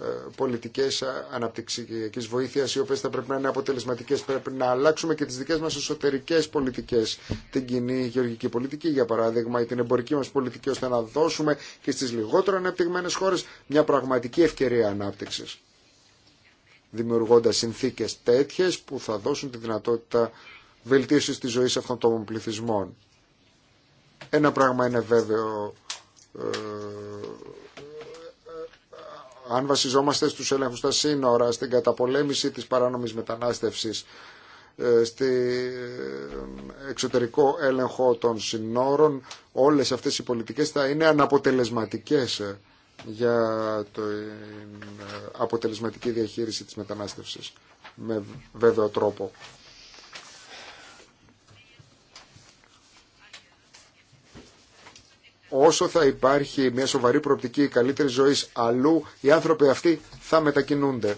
ε, πολιτικές αναπτυξιακής βοήθειας οι οποίες θα πρέπει να είναι αποτελεσματικές πρέπει να αλλάξουμε και τις δικές μας εσωτερικές πολιτικές την κοινή γεωργική πολιτική για παράδειγμα ή την εμπορική μας πολιτική ώστε να δώσουμε και στις λιγότερο ανεπτυγμένες χώρες μια πραγματική ευκαιρία ανάπτυξης δημιουργώντας συνθήκες τέτοιες που θα δώσουν τη δυνατότητα βελτίωσης της ζωής αυτών των πληθυσμών. Ένα πράγμα είναι βέβαιο ε, αν βασιζόμαστε στους έλεγχους στα σύνορα, στην καταπολέμηση της παράνομης μετανάστευσης, ε, στη ε, εξωτερικό έλεγχο των συνόρων, όλες αυτές οι πολιτικές θα είναι αναποτελεσματικές ε, για την αποτελεσματική διαχείριση της μετανάστευσης με βέβαιο τρόπο. όσο θα υπάρχει μια σοβαρή προοπτική καλύτερη ζωής αλλού, οι άνθρωποι αυτοί θα μετακινούνται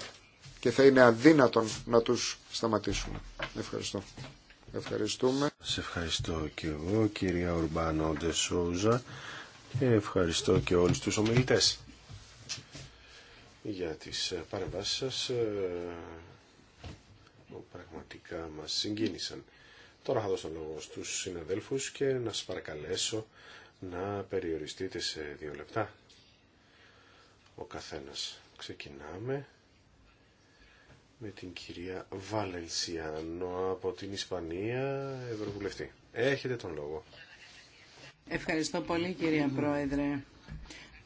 και θα είναι αδύνατον να τους σταματήσουμε. Ευχαριστώ. Ευχαριστούμε. Σε ευχαριστώ και εγώ κυρία Ουρμπάνο Ντεσόουζα και ευχαριστώ και όλους τους ομιλητές για τις ε, παρεμβάσεις σας ε, που πραγματικά μας συγκίνησαν. Τώρα θα δώσω λόγο στους συναδέλφους και να σας παρακαλέσω να περιοριστείτε σε δύο λεπτά ο καθένας. Ξεκινάμε με την κυρία Βαλενσιάνο από την Ισπανία, Ευρωβουλευτή. Έχετε τον λόγο. Ευχαριστώ πολύ κυρία Πρόεδρε.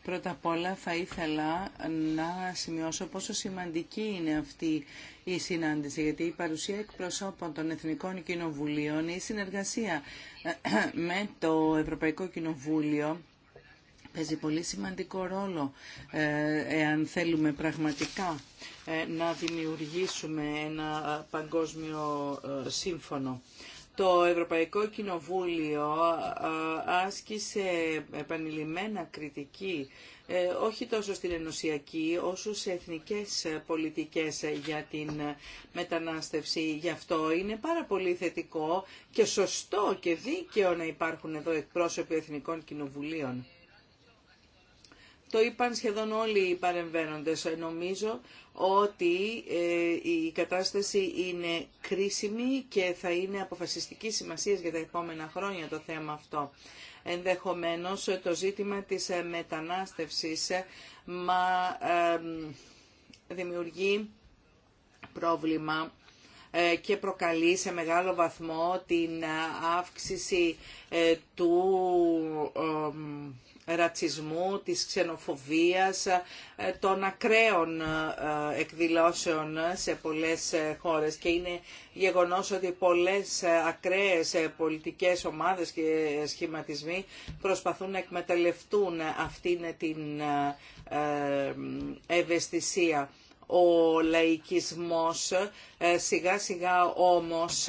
Πρώτα απ' όλα θα ήθελα να σημειώσω πόσο σημαντική είναι αυτή η συνάντηση, γιατί η παρουσία εκπροσώπων των Εθνικών Κοινοβουλίων, η συνεργασία με το Ευρωπαϊκό Κοινοβούλιο, παίζει πολύ σημαντικό ρόλο ε, εάν θέλουμε πραγματικά ε, να δημιουργήσουμε ένα παγκόσμιο ε, σύμφωνο. Το Ευρωπαϊκό Κοινοβούλιο ε, άσκησε επανειλημμένα κριτική ε, όχι τόσο στην ενωσιακή όσο σε εθνικές πολιτικές για την μετανάστευση. Γι' αυτό είναι πάρα πολύ θετικό και σωστό και δίκαιο να υπάρχουν εδώ εκπρόσωποι εθνικών κοινοβουλίων. Το είπαν σχεδόν όλοι οι παρεμβαίνοντες. Νομίζω ότι ε, η κατάσταση είναι κρίσιμη και θα είναι αποφασιστική σημασία για τα επόμενα χρόνια το θέμα αυτό. Ενδεχομένως το ζήτημα της ε, μετανάστευσης ε, μα, δημιουργεί πρόβλημα και προκαλεί σε μεγάλο βαθμό την αύξηση του ρατσισμού, της ξενοφοβίας, ε, των ακραίων ε, εκδηλώσεων σε πολλές ε, χώρες και είναι γεγονός ότι πολλές ακραίες πολιτικές ομάδες και σχηματισμοί προσπαθούν να εκμεταλλευτούν αυτήν την ευαισθησία. Ο λαϊκισμός σιγά σιγά όμως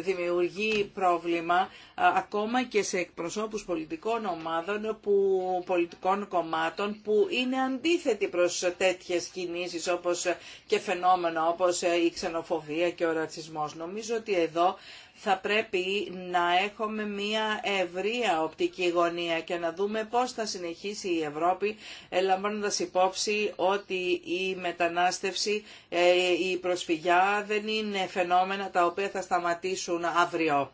δημιουργεί πρόβλημα ακόμα και σε εκπροσώπους πολιτικών ομάδων, που, πολιτικών κομμάτων που είναι αντίθετοι προς τέτοιες κινήσεις όπως και φαινόμενα όπως ε, η ξενοφοβία και ο ρατσισμός. Νομίζω ότι εδώ θα πρέπει να έχουμε μια ευρεία οπτική γωνία και να δούμε πώς θα συνεχίσει η Ευρώπη ε, λαμβάνοντας υπόψη ότι η μετανάστευση, ε, η προσφυγιά δεν είναι φαινόμενα τα οποία θα σταματήσουν αύριο.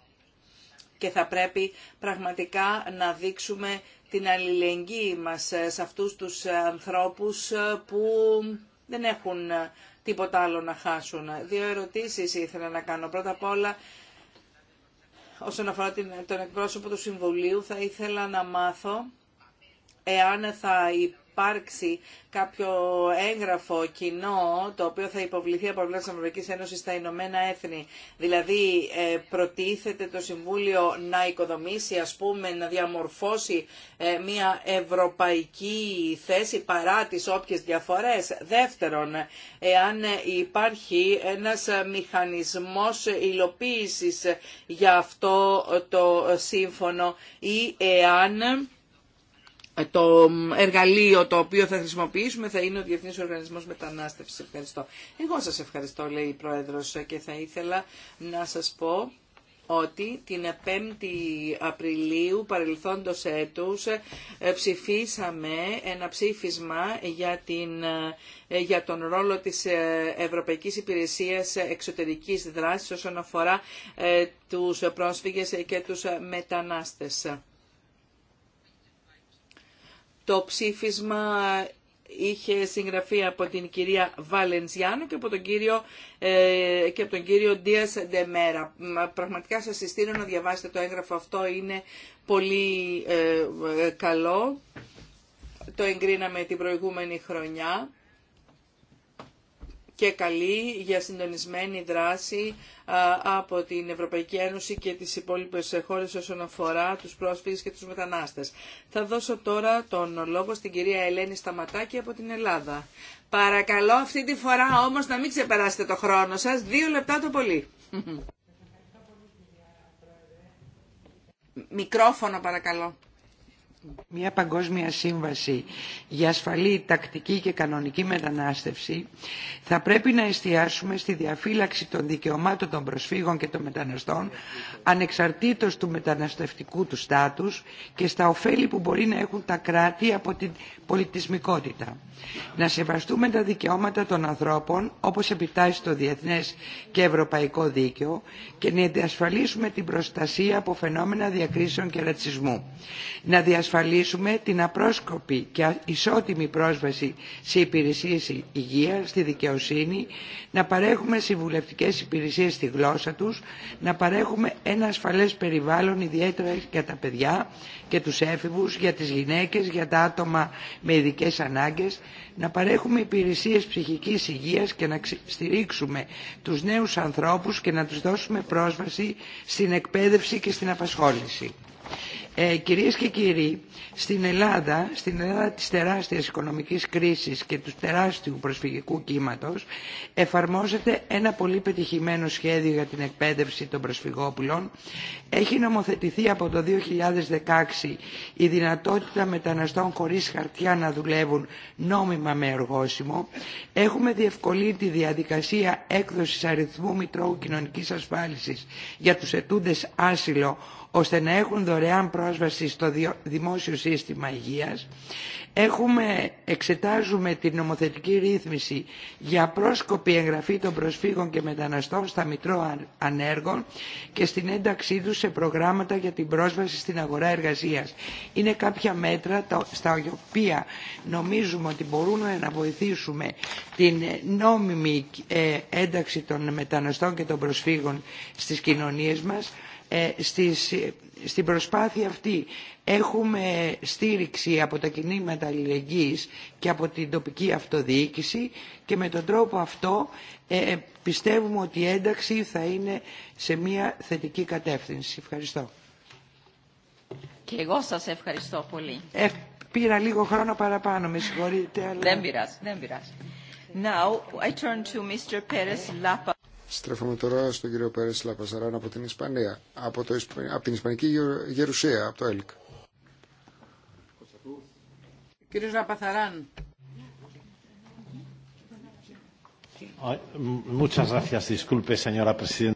Και θα πρέπει πραγματικά να δείξουμε την αλληλεγγύη μας ε, σε αυτούς τους ανθρώπους που δεν έχουν τίποτα άλλο να χάσουν. Δύο ερωτήσεις ήθελα να κάνω. Πρώτα απ' όλα, όσον αφορά τον εκπρόσωπο του Συμβουλίου, θα ήθελα να μάθω εάν θα υπάρξει κάποιο έγγραφο κοινό το οποίο θα υποβληθεί από πλευρά τη Ευρωπαϊκή Ένωση στα Ηνωμένα Έθνη. Δηλαδή, ε, προτίθεται το Συμβούλιο να οικοδομήσει, ας πούμε, να διαμορφώσει ε, μια ευρωπαϊκή θέση παρά τις όποιε διαφορές. Δεύτερον, εάν υπάρχει ένας μηχανισμός υλοποίησης για αυτό το σύμφωνο ή εάν το εργαλείο το οποίο θα χρησιμοποιήσουμε θα είναι ο Διεθνής Οργανισμός Μετανάστευσης. Ευχαριστώ. Εγώ σας ευχαριστώ, λέει η Πρόεδρος, και θα ήθελα να σας πω ότι την 5η Απριλίου παρελθόντος έτους ε, ψηφίσαμε ένα ψήφισμα για, την, ε, για τον ρόλο της ε, Ευρωπαϊκής Υπηρεσίας Εξωτερικής Δράσης όσον αφορά τους πρόσφυγες και τους μετανάστες. Το ψήφισμα είχε συγγραφεί από την κυρία Βαλενζιάνο και από τον κύριο, ε, και από τον κύριο Ντίας Ντεμέρα. Πραγματικά σας συστήνω να διαβάσετε το έγγραφο αυτό, είναι πολύ ε, ε, καλό. Το εγκρίναμε την προηγούμενη χρονιά και καλή για συντονισμένη δράση από την Ευρωπαϊκή Ένωση και τις υπόλοιπες χώρες όσον αφορά τους πρόσφυγες και τους μετανάστες. Θα δώσω τώρα τον λόγο στην κυρία Ελένη Σταματάκη από την Ελλάδα. Παρακαλώ αυτή τη φορά όμως να μην ξεπεράσετε το χρόνο σας, δύο λεπτά το πολύ. Μικρόφωνο παρακαλώ. Μια παγκόσμια σύμβαση για ασφαλή τακτική και κανονική μετανάστευση θα πρέπει να εστιάσουμε στη διαφύλαξη των δικαιωμάτων των προσφύγων και των μεταναστών ανεξαρτήτως του μεταναστευτικού του στάτους και στα ωφέλη που μπορεί να έχουν τα κράτη από την πολιτισμικότητα. Να σεβαστούμε τα δικαιώματα των ανθρώπων όπως επιτάσσει το διεθνές και ευρωπαϊκό δίκαιο και να διασφαλίσουμε την προστασία από φαινόμενα διακρίσεων και ρατσισμού. Να εξασφαλίσουμε την απρόσκοπη και ισότιμη πρόσβαση σε υπηρεσίες υγείας, στη δικαιοσύνη, να παρέχουμε συμβουλευτικές υπηρεσίες στη γλώσσα τους, να παρέχουμε ένα ασφαλές περιβάλλον ιδιαίτερα για τα παιδιά και τους έφηβους, για τις γυναίκες, για τα άτομα με ειδικές ανάγκες, να παρέχουμε υπηρεσίες ψυχικής υγείας και να στηρίξουμε τους νέους ανθρώπους και να τους δώσουμε πρόσβαση στην εκπαίδευση και στην απασχόληση. Ε, κυρίες και κύριοι, στην Ελλάδα, στην Ελλάδα της τεράστιας οικονομικής κρίσης και του τεράστιου προσφυγικού κύματος, εφαρμόζεται ένα πολύ πετυχημένο σχέδιο για την εκπαίδευση των προσφυγόπουλων. Έχει νομοθετηθεί από το 2016 η δυνατότητα μεταναστών χωρίς χαρτιά να δουλεύουν νόμιμα με εργόσιμο. Έχουμε διευκολύνει τη διαδικασία έκδοσης αριθμού Μητρώου Κοινωνικής Ασφάλισης για τους ετούντες άσυλο ώστε να έχουν δωρεάν πρόσβαση στο δημόσιο σύστημα υγείας. Έχουμε, εξετάζουμε την νομοθετική ρύθμιση για πρόσκοπη εγγραφή των προσφύγων και μεταναστών στα Μητρώα Ανέργων και στην ένταξή τους σε προγράμματα για την πρόσβαση στην αγορά εργασίας. Είναι κάποια μέτρα στα οποία νομίζουμε ότι μπορούμε να βοηθήσουμε την νόμιμη ε, ένταξη των μεταναστών και των προσφύγων στις κοινωνίες μας ε, στην προσπάθεια αυτή έχουμε στήριξη από τα κινήματα αλληλεγγύης και από την τοπική αυτοδιοίκηση και με τον τρόπο αυτό ε, ε, πιστεύουμε ότι η ένταξη θα είναι σε μια θετική κατεύθυνση. Ευχαριστώ. Και εγώ σας ευχαριστώ πολύ. Ε, πήρα λίγο χρόνο παραπάνω, με συγχωρείτε. Αλλά... Δεν πειράζει, δεν πειράζει. Now I turn to Mr. Perez Lapa. Στρέφομαι τώρα στον κύριο Πέρες Λαπασαράν από την Ισπανία, από, από την Ισπανική Γερουσία, από το ΕΛΚ. Κύριος Λαπαθαράν.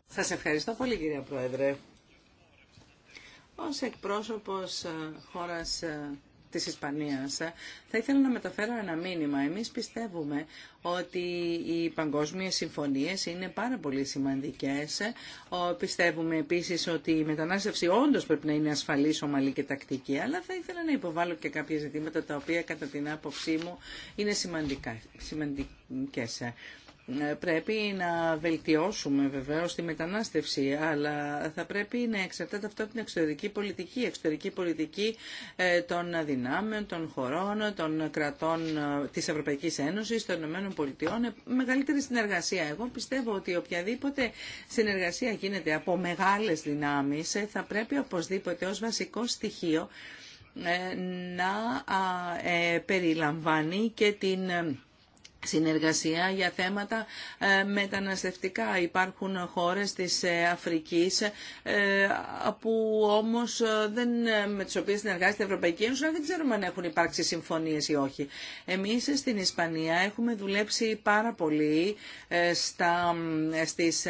Σας ευχαριστώ πολύ κύριε Πρόεδρε. Ως εκπρόσωπος ε, χώρας ε, της Ισπανίας, θα ήθελα να μεταφέρω ένα μήνυμα. Εμείς πιστεύουμε ότι οι παγκόσμιες συμφωνίες είναι πάρα πολύ σημαντικές. Πιστεύουμε επίσης ότι η μετανάστευση όντως πρέπει να είναι ασφαλής, ομαλή και τακτική, αλλά θα ήθελα να υποβάλω και κάποια ζητήματα τα οποία κατά την άποψή μου είναι σημαντικά, σημαντικές. Ναι, πρέπει να βελτιώσουμε βεβαίω τη μετανάστευση, αλλά θα πρέπει να εξαρτάται αυτό από την εξωτερική πολιτική. εξωτερική πολιτική ε, των δυνάμεων, των χωρών, των κρατών ε, της Ευρωπαϊκής Ένωσης, των Ηνωμένων Πολιτειών. Ε, μεγαλύτερη συνεργασία. Εγώ πιστεύω ότι οποιαδήποτε συνεργασία γίνεται από μεγάλες δυνάμεις θα πρέπει οπωσδήποτε ως βασικό στοιχείο να περιλαμβάνει και την συνεργασία για θέματα ε, μεταναστευτικά. Υπάρχουν χώρες της ε, Αφρικής ε, που όμως δεν, με τις οποίες συνεργάζεται η Ευρωπαϊκή Ένωση, δεν ξέρουμε αν έχουν υπάρξει συμφωνίες ή όχι. Εμείς στην Ισπανία έχουμε δουλέψει πάρα πολύ στα, στις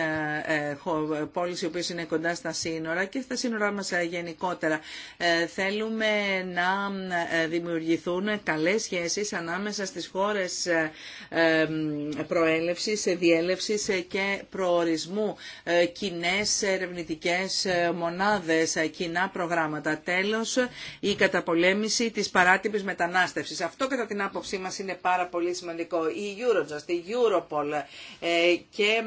πόλεις οι οποίες είναι κοντά στα σύνορα και στα σύνορά μας γενικότερα. Θέλουμε να δημιουργηθούν καλές σχέσεις ανάμεσα στις χώρες προέλευσης, διέλευσης και προορισμού, ε, κοινέ ερευνητικές ε, μονάδες, ε, κοινά προγράμματα. Τέλος, η καταπολέμηση της παράτυπης μετανάστευσης. Αυτό κατά την άποψή μας είναι πάρα πολύ σημαντικό. Η Eurojust, η Europol και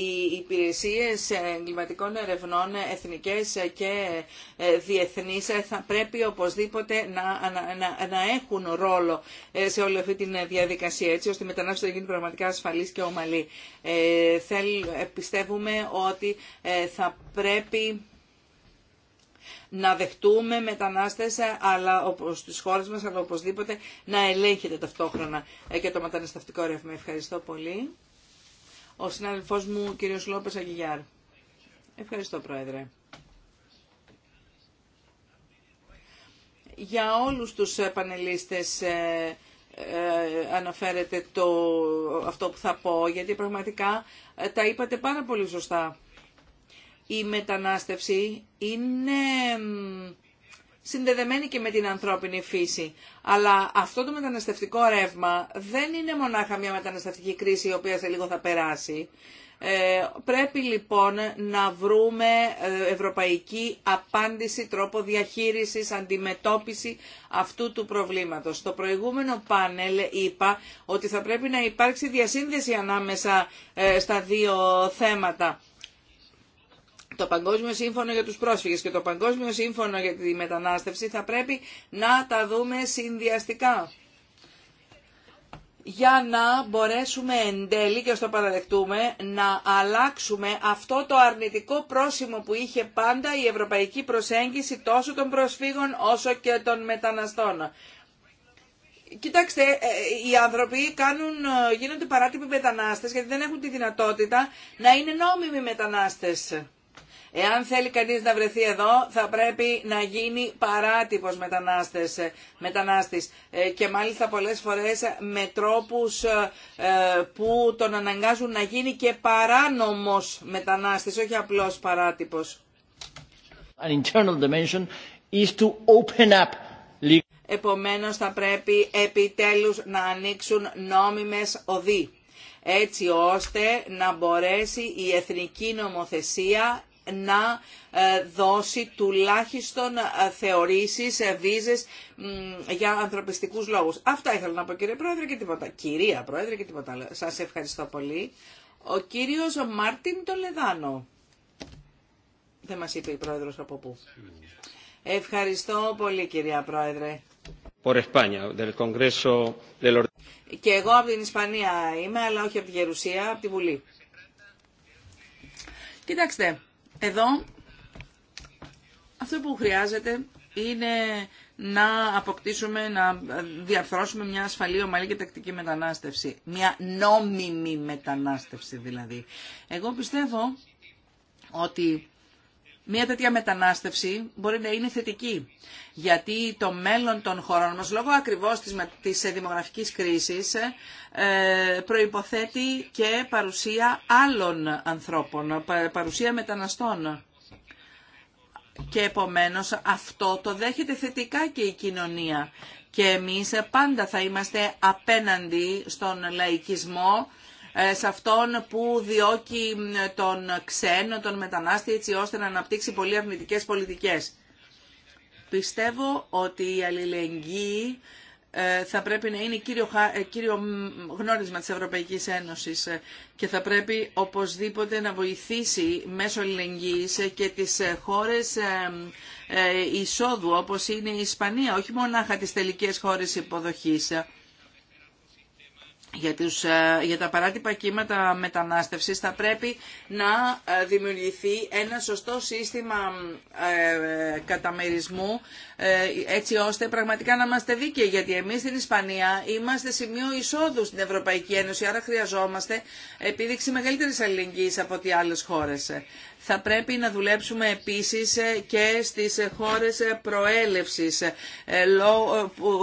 οι υπηρεσίες εγκληματικών ερευνών εθνικές και διεθνείς θα πρέπει οπωσδήποτε να, να, έχουν ρόλο σε όλη αυτή τη διαδικασία έτσι ώστε μετανάστευση θα γίνει πραγματικά ασφαλής και ομαλή. Ε, θέλ, ε, πιστεύουμε ότι ε, θα πρέπει να δεχτούμε μετανάστες αλλά στις χώρες μας, αλλά οπωσδήποτε να ελέγχεται ταυτόχρονα ε, και το μεταναστευτικό ρεύμα. Ευχαριστώ πολύ. Ο συνάδελφός μου, κύριος Λόπες Αγγιγιάρ. Ευχαριστώ, Πρόεδρε. Για όλους τους πανελίστες ε, αναφέρετε το, αυτό που θα πω, γιατί πραγματικά ε, τα είπατε πάρα πολύ σωστά. Η μετανάστευση είναι συνδεδεμένη και με την ανθρώπινη φύση. Αλλά αυτό το μεταναστευτικό ρεύμα δεν είναι μονάχα μια μεταναστευτική κρίση η οποία σε λίγο θα περάσει. Ε, πρέπει λοιπόν να βρούμε ε, ευρωπαϊκή απάντηση, τρόπο διαχείρισης, αντιμετώπιση αυτού του προβλήματος. Στο προηγούμενο πάνελ είπα ότι θα πρέπει να υπάρξει διασύνδεση ανάμεσα ε, στα δύο θέματα το Παγκόσμιο Σύμφωνο για τους πρόσφυγες και το Παγκόσμιο Σύμφωνο για τη μετανάστευση θα πρέπει να τα δούμε συνδυαστικά για να μπορέσουμε εν τέλει και στο παραδεχτούμε να αλλάξουμε αυτό το αρνητικό πρόσημο που είχε πάντα η ευρωπαϊκή προσέγγιση τόσο των προσφύγων όσο και των μεταναστών. Κοιτάξτε, ε, οι άνθρωποι κάνουν, ε, γίνονται παράτυποι μετανάστες γιατί δεν έχουν τη δυνατότητα να είναι νόμιμοι μετανάστες. Εάν θέλει κανείς να βρεθεί εδώ, θα πρέπει να γίνει παράτυπος μετανάστες, ε, μετανάστης ε, και μάλιστα πολλές φορές με τρόπους ε, που τον αναγκάζουν να γίνει και παράνομος μετανάστης, όχι απλώς παράτυπος. Επομένως θα πρέπει επιτέλους να ανοίξουν νόμιμες οδοί έτσι ώστε να μπορέσει η εθνική νομοθεσία να ε, δώσει τουλάχιστον ε, θεωρήσεις, ε, βίζες για ανθρωπιστικούς λόγους. Αυτά ήθελα να πω κύριε Πρόεδρε και τίποτα. Κυρία Πρόεδρε και τίποτα άλλο. Σας ευχαριστώ πολύ. Ο κύριος Μάρτιν Τολεδάνο. Δεν μας είπε η Πρόεδρος από πού. Ευχαριστώ πολύ κυρία Πρόεδρε. Por España, del Congreso Και εγώ από την Ισπανία είμαι, αλλά όχι από τη Γερουσία, από τη Βουλή. Κοιτάξτε, εδώ αυτό που χρειάζεται είναι να αποκτήσουμε, να διαρθρώσουμε μια ασφαλή, ομαλή και τακτική μετανάστευση. Μια νόμιμη μετανάστευση δηλαδή. Εγώ πιστεύω ότι Μία τέτοια μετανάστευση μπορεί να είναι θετική, γιατί το μέλλον των χωρών μας, λόγω ακριβώς της, της δημογραφικής κρίσης, ε, προϋποθέτει και παρουσία άλλων ανθρώπων, παρουσία μεταναστών. Και επομένως αυτό το δέχεται θετικά και η κοινωνία. Και εμείς πάντα θα είμαστε απέναντι στον λαϊκισμό ε, σε αυτόν που διώκει τον ξένο, τον μετανάστη, έτσι ώστε να αναπτύξει πολύ αρνητικές πολιτικές. Πιστεύω ότι η αλληλεγγύη ε, θα πρέπει να είναι κύριο, ε, κύριο γνώρισμα της Ευρωπαϊκής Ένωσης και θα πρέπει οπωσδήποτε να βοηθήσει μέσω αλληλεγγύης και τις χώρες εισόδου όπως είναι η Ισπανία, όχι μονάχα τις τελικές χώρες υποδοχής για, τους, ε, για τα παράτυπα κύματα μετανάστευσης θα πρέπει να ε, δημιουργηθεί ένα σωστό σύστημα ε, καταμερισμού έτσι ώστε πραγματικά να είμαστε δίκαιοι γιατί εμείς στην Ισπανία είμαστε σημείο εισόδου στην Ευρωπαϊκή Ένωση άρα χρειαζόμαστε επίδειξη μεγαλύτερης αλληλεγγύης από ό,τι άλλες χώρες. Θα πρέπει να δουλέψουμε επίσης ε, και στις ε, χώρες ε, προέλευσης,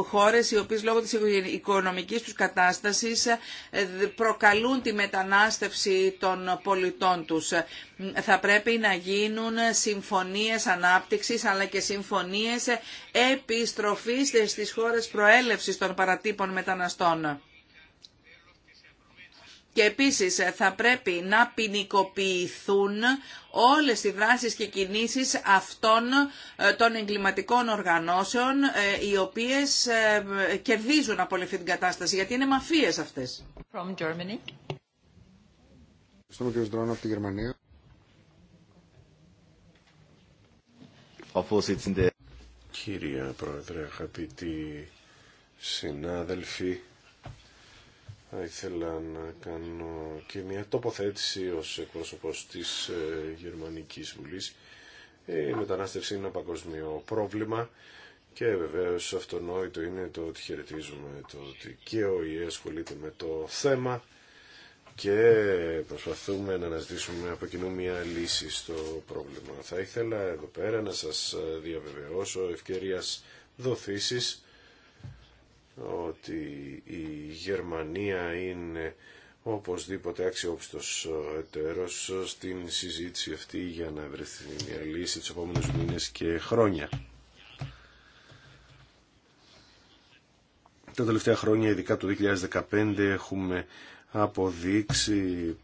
χώρες οι οποίες λόγω της οικονομικής τους κατάστασης προκαλούν τη μετανάστευση των πολιτών τους. Θα πρέπει να γίνουν συμφωνίες ανάπτυξης αλλά και συμφωνίες επιστροφής στις χώρες προέλευσης των παρατύπων μεταναστών. Και επίσης ε, θα πρέπει να ποινικοποιηθούν όλες οι δράσεις και κινήσεις αυτών ε, των εγκληματικών οργανώσεων ε, οι οποίες κερδίζουν από όλη αυτή την κατάσταση, γιατί είναι μαφίες αυτές. Κύριε Πρόεδρε, αγαπητοί συνάδελφοι, θα ήθελα να κάνω και μια τοποθέτηση ως εκπρόσωπος της ε, Γερμανικής Βουλής. Η μετανάστευση είναι ένα παγκοσμίο πρόβλημα και βεβαίως αυτονόητο είναι το ότι χαιρετίζουμε το ότι και ο ΙΕ ασχολείται με το θέμα και προσπαθούμε να αναζητήσουμε από κοινού μια λύση στο πρόβλημα. Θα ήθελα εδώ πέρα να σας διαβεβαιώσω ευκαιρίας δοθήσεις ότι η Γερμανία είναι οπωσδήποτε αξιόπιστος ε, εταίρος στην συζήτηση αυτή για να βρεθεί μια λύση τους επόμενους μήνες και χρόνια. Τα τελευταία χρόνια, ειδικά το 2015, έχουμε αποδείξει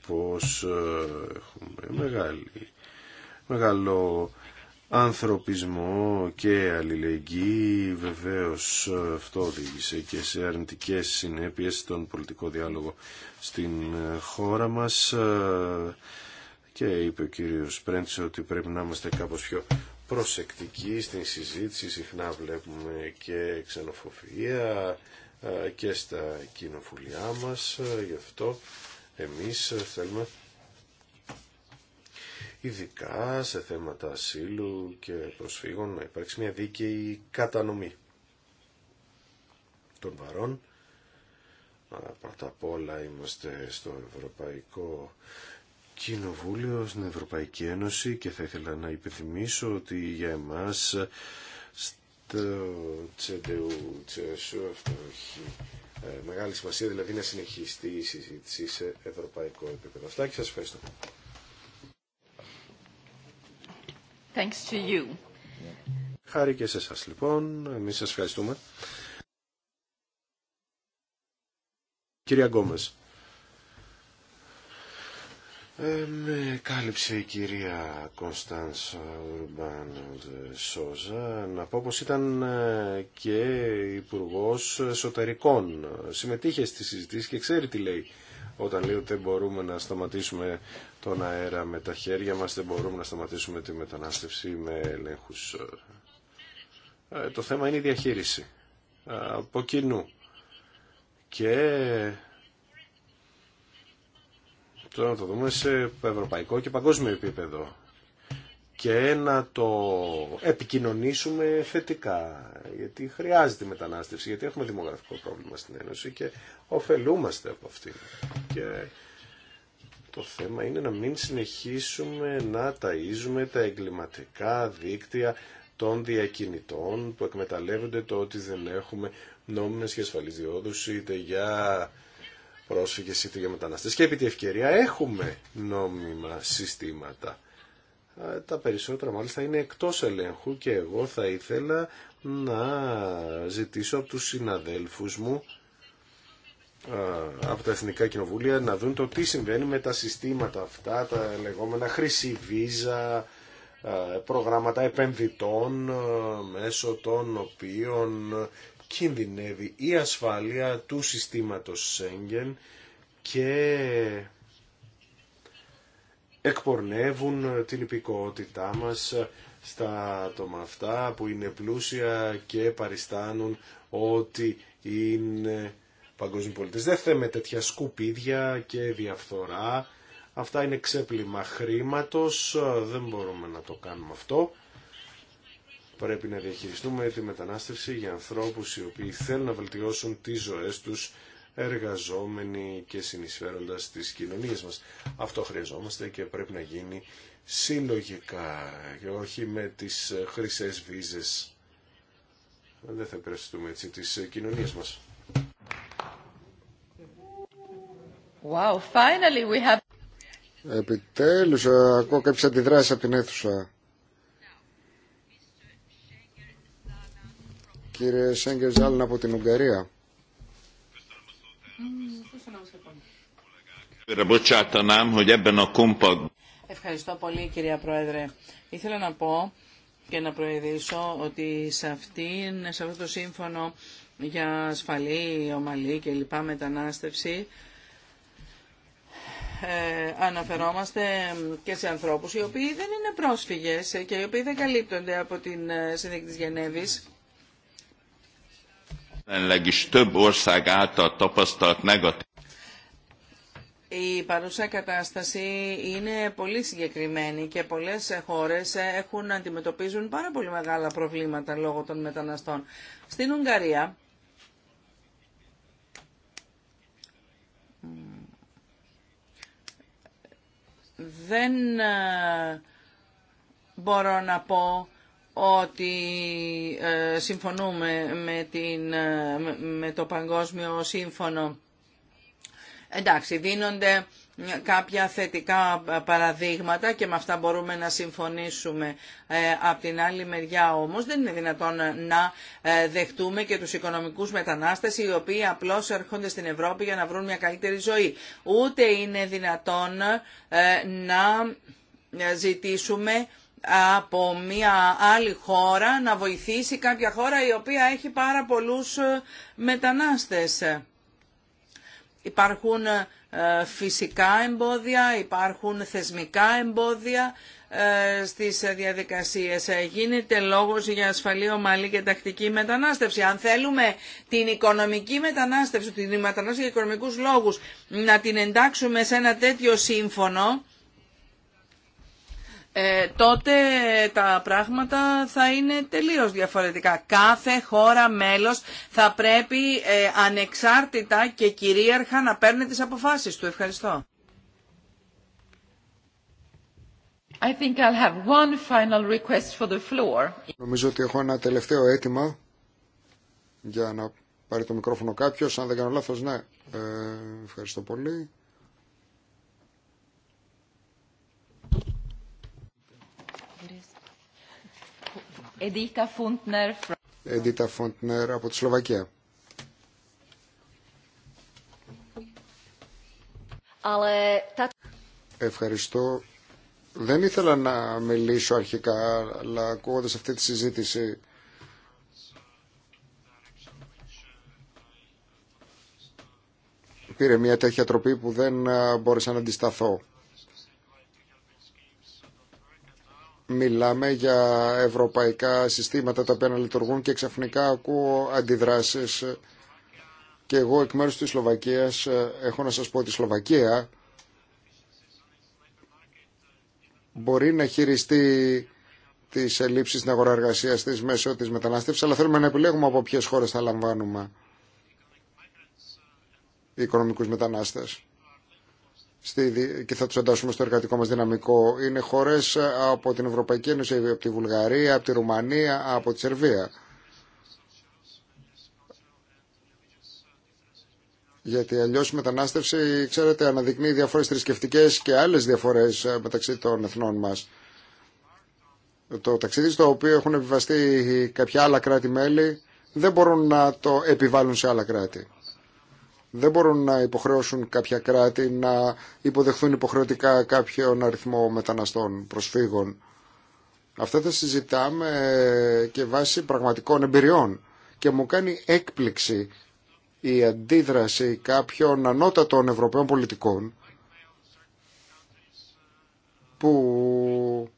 πως ε, έχουμε μεγάλη, μεγάλο ανθρωπισμό και αλληλεγγύη. Βεβαίως αυτό οδήγησε και σε αρνητικές συνέπειες στον πολιτικό διάλογο στην χώρα μας και είπε ο κύριος Πρέντς ότι πρέπει να είμαστε κάπως πιο προσεκτικοί στην συζήτηση. Συχνά βλέπουμε και ξενοφοβία ε, και στα κοινοβουλιά μας. Γι' αυτό εμείς θέλουμε ειδικά σε θέματα ασύλου και προσφύγων, να υπάρξει μια δίκαιη κατανομή των βαρών. Πρώτα απ' όλα είμαστε στο Ευρωπαϊκό Κοινοβούλιο, στην Ευρωπαϊκή Ένωση και θα ήθελα να υπενθυμίσω ότι για εμάς στο Τσεντεού Τσεσού αυτό έχει ε, μεγάλη σημασία, δηλαδή να συνεχιστεί η συζήτηση σε ευρωπαϊκό επίπεδο. Αυτά και σας ευχαριστώ. Thanks to you. Χάρη και σε εσά λοιπόν. Εμείς σας ευχαριστούμε. Κυρία Γκόμες. Ε, με κάλυψε η κυρία Κωνσταντ Ουρμπάν Σόζα να πω πως ήταν ε, και υπουργό εσωτερικών. Συμμετείχε στη συζήτηση και ξέρει τι λέει όταν λέει ότι δεν μπορούμε να σταματήσουμε τον αέρα με τα χέρια μας, δεν μπορούμε να σταματήσουμε τη μετανάστευση με ελέγχους. Ε, το θέμα είναι η διαχείριση ε, από κοινού. Και τώρα να το δούμε σε ευρωπαϊκό και παγκόσμιο επίπεδο και να το επικοινωνήσουμε θετικά, γιατί χρειάζεται η μετανάστευση, γιατί έχουμε δημογραφικό πρόβλημα στην Ένωση και ωφελούμαστε από αυτήν. Και το θέμα είναι να μην συνεχίσουμε να ταΐζουμε τα εγκληματικά δίκτυα των διακινητών που εκμεταλλεύονται το ότι δεν έχουμε νόμιμες και ασφαλείς διόδους είτε για πρόσφυγες είτε για μεταναστές και επί τη ευκαιρία έχουμε νόμιμα συστήματα. Τα περισσότερα μάλιστα είναι εκτός ελέγχου και εγώ θα ήθελα να ζητήσω από τους συναδέλφους μου από τα Εθνικά Κοινοβούλια να δουν το τι συμβαίνει με τα συστήματα αυτά, τα λεγόμενα χρυσή βίζα, προγράμματα επενδυτών μέσω των οποίων κινδυνεύει η ασφάλεια του συστήματος Σέγγεν και εκπορνεύουν την υπηκότητά μας στα άτομα αυτά που είναι πλούσια και παριστάνουν ότι είναι παγκόσμιοι πολίτες. Δεν θέμε τέτοια σκουπίδια και διαφθορά. Αυτά είναι ξέπλυμα χρήματος, δεν μπορούμε να το κάνουμε αυτό. Πρέπει να διαχειριστούμε τη μετανάστευση για ανθρώπους οι οποίοι θέλουν να βελτιώσουν τις ζωές τους εργαζόμενοι και συνεισφέροντας στις κοινωνίες μας. Αυτό χρειαζόμαστε και πρέπει να γίνει συλλογικά και όχι με τις χρυσές βίζες. Δεν θα υπηρεστούμε έτσι τις κοινωνίες μας. Wow, finally we have... Επιτέλους, ε, ακούω κάποιες αντιδράσεις από την αίθουσα. Κύριε Σέγγερ Ζάλν από την Ουγγαρία. Ευχαριστώ πολύ κυρία Πρόεδρε. Ήθελα να πω και να προειδήσω ότι σε, αυτήν, σε αυτό το σύμφωνο για ασφαλή, ομαλή και λοιπά μετανάστευση ε, αναφερόμαστε και σε ανθρώπους οι οποίοι δεν είναι πρόσφυγες και οι οποίοι δεν καλύπτονται από την ε, Συνθήκη της Γενέβης. Η παρούσα κατάσταση είναι πολύ συγκεκριμένη και πολλές χώρες έχουν, αντιμετωπίζουν πάρα πολύ μεγάλα προβλήματα λόγω των μεταναστών. Στην Ουγγαρία δεν ε, μπορώ να πω ότι ε, συμφωνούμε ε, με, το Παγκόσμιο Σύμφωνο. Εντάξει, δίνονται κάποια θετικά παραδείγματα και με αυτά μπορούμε να συμφωνήσουμε. Ε, απ' την άλλη μεριά όμως δεν είναι δυνατόν να ε, δεχτούμε και τους οικονομικούς μετανάστες οι οποίοι απλώς έρχονται στην Ευρώπη για να βρουν μια καλύτερη ζωή. Ούτε είναι δυνατόν ε, να ζητήσουμε από μια άλλη χώρα να βοηθήσει κάποια χώρα η οποία έχει πάρα πολλούς μετανάστες. Υπάρχουν ε, φυσικά εμπόδια, υπάρχουν θεσμικά εμπόδια ε, στις διαδικασίες. Ε, γίνεται λόγος για ασφαλή, ομαλή και τακτική μετανάστευση. Αν θέλουμε την οικονομική μετανάστευση, την μετανάστευση για οικονομικούς λόγους, να την εντάξουμε σε ένα τέτοιο σύμφωνο, ε, τότε τα πράγματα θα είναι τελείως διαφορετικά. Κάθε χώρα μέλος θα πρέπει ε, ανεξάρτητα και κυρίαρχα να παίρνει τις αποφάσεις του. Ευχαριστώ. one final request for the floor. Νομίζω ότι έχω ένα τελευταίο αίτημα για να πάρει το μικρόφωνο κάποιος. Αν δεν κάνω λάθος, ναι. Ε, ευχαριστώ πολύ. Εντίτα Φούντνερ από τη Σλοβακία. Ευχαριστώ. Δεν ήθελα να μιλήσω αρχικά, αλλά ακούγοντας αυτή τη συζήτηση πήρε μια τέτοια τροπή που δεν μπόρεσα να αντισταθώ. μιλάμε για ευρωπαϊκά συστήματα τα οποία να λειτουργούν και ξαφνικά ακούω αντιδράσεις και εγώ εκ μέρους της Σλοβακίας ε, έχω να σας πω ότι η Σλοβακία μπορεί να χειριστεί τις ελλείψεις στην αγορά εργασία της μέσω της μετανάστευσης αλλά θέλουμε να επιλέγουμε από ποιες χώρες θα λαμβάνουμε οικονομικού οικονομικούς μετανάστες στη, και θα του εντάσσουμε στο εργατικό μας δυναμικό είναι χώρε ε, από την Ευρωπαϊκή Ένωση, από τη Βουλγαρία, από τη Ρουμανία, από τη Σερβία. Γιατί αλλιώ η μετανάστευση, ξέρετε, αναδεικνύει διαφορέ θρησκευτικέ και άλλε διαφορέ ε, μεταξύ των εθνών μα. Το ταξίδι στο οποίο έχουν επιβαστεί κάποια άλλα κράτη-μέλη δεν μπορούν να το επιβάλλουν σε άλλα κράτη δεν μπορούν να υποχρεώσουν κάποια κράτη να υποδεχθούν υποχρεωτικά κάποιον αριθμό μεταναστών προσφύγων. Αυτά τα συζητάμε και βάσει πραγματικών εμπειριών και μου κάνει έκπληξη η αντίδραση κάποιων ανώτατων Ευρωπαίων πολιτικών που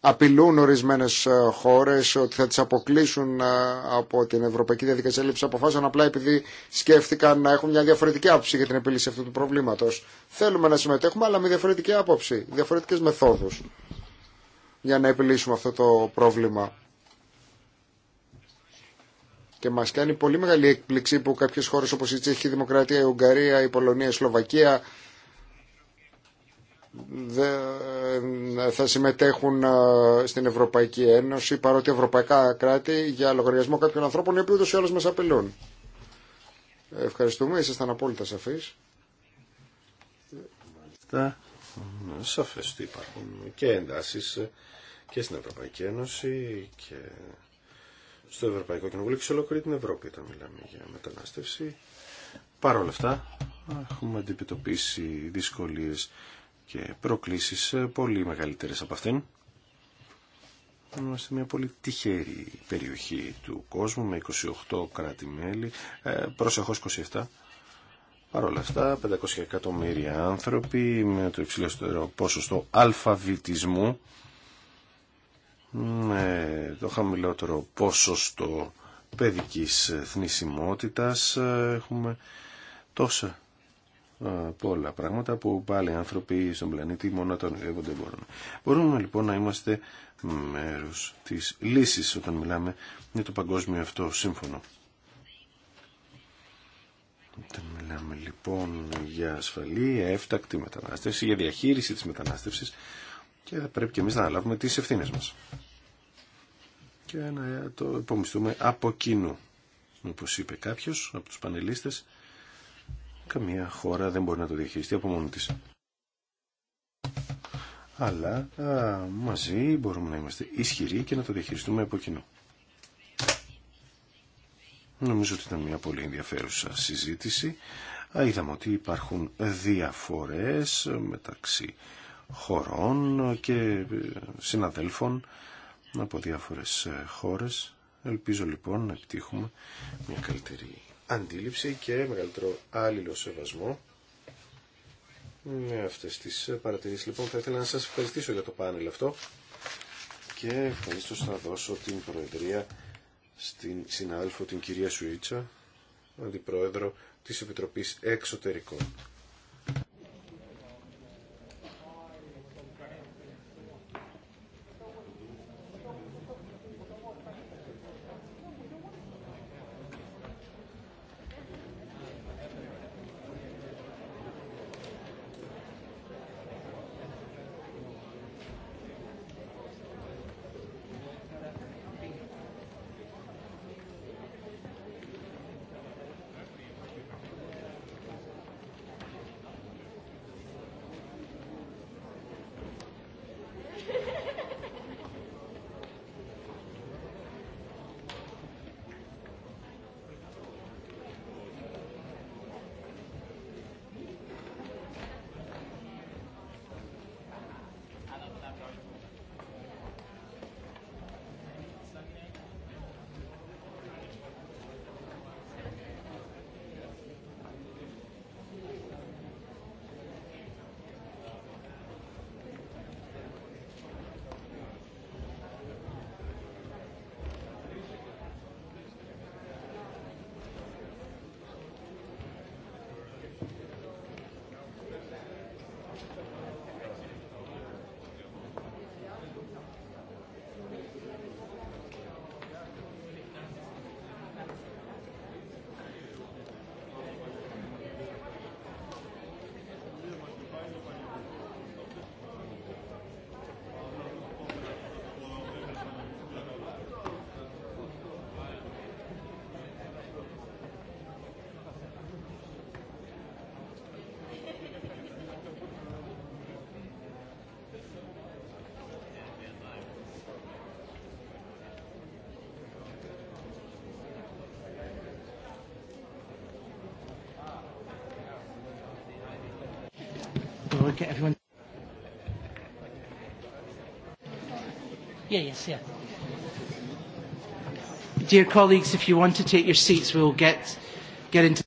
απειλούν ορισμένε ε, χώρε ότι θα τι αποκλείσουν ε, από την Ευρωπαϊκή Διαδικασία Λήψη Αποφάσεων απλά επειδή σκέφτηκαν να έχουν μια διαφορετική άποψη για την επίλυση αυτού του προβλήματο. Θέλουμε να συμμετέχουμε, αλλά με διαφορετική άποψη, διαφορετικέ μεθόδου για να επιλύσουμε αυτό το πρόβλημα. Και μα κάνει πολύ μεγάλη έκπληξη που κάποιε χώρε όπω η Τσεχική Δημοκρατία, η Ουγγαρία, η Πολωνία, η Σλοβακία ε, θα συμμετέχουν ε, στην Ευρωπαϊκή Ένωση παρότι ευρωπαϊκά κράτη για λογαριασμό κάποιων ανθρώπων οι οποίοι ούτως ή άλλως μας απειλούν. Ευχαριστούμε, ήσασταν απόλυτα σαφείς. Μάλιστα, σαφές ότι υπάρχουν και εντάσεις ε, και στην Ευρωπαϊκή Ένωση και στο Ευρωπαϊκό Κοινοβούλιο και σε ολόκληρη την Ευρώπη όταν μιλάμε για μετανάστευση. Παρ' όλα αυτά έχουμε αντιμετωπίσει δυσκολίες και προκλήσεις ε, πολύ μεγαλύτερες από αυτήν. Είμαστε μια πολύ τυχερή περιοχή του κόσμου με 28 κράτη-μέλη, ε, προσεχώς 27. Παρ' όλα αυτά, 500 εκατομμύρια άνθρωποι με το υψηλότερο στο αλφαβητισμού, με το χαμηλότερο στο παιδικής θνησιμότητας, ε, έχουμε τόσα πολλά πράγματα που πάλι άνθρωποι στον πλανήτη μόνο όταν ονειρεύονται μπορούν. Μπορούμε λοιπόν να είμαστε μέρος της λύσης όταν μιλάμε για το παγκόσμιο αυτό σύμφωνο. Όταν μιλάμε λοιπόν για ασφαλή, έφτακτη μετανάστευση, για διαχείριση της μετανάστευσης και θα πρέπει και εμείς να αναλάβουμε τις ευθύνες μας. Και να το υπομισθούμε από κοινού. Όπως είπε κάποιος από τους πανελίστες, καμία χώρα δεν μπορεί να το διαχειριστεί από μόνη της. Αλλά μαζί μπορούμε να είμαστε ισχυροί και να το διαχειριστούμε από κοινό. Νομίζω ότι ήταν μια πολύ ενδιαφέρουσα συζήτηση. Είδαμε ότι υπάρχουν διαφορές μεταξύ χωρών και ε, συναδέλφων από διάφορες ε, χώρες. Ελπίζω λοιπόν να επιτύχουμε μια καλύτερη αντίληψη και μεγαλύτερο σεβασμό Με αυτές τις παρατηρήσεις λοιπόν θα ήθελα να σας ευχαριστήσω για το πάνελ αυτό και ευχαριστώ θα δώσω την Προεδρία στην συνάδελφο την κυρία Σουίτσα, αντιπρόεδρο της Επιτροπής Εξωτερικών.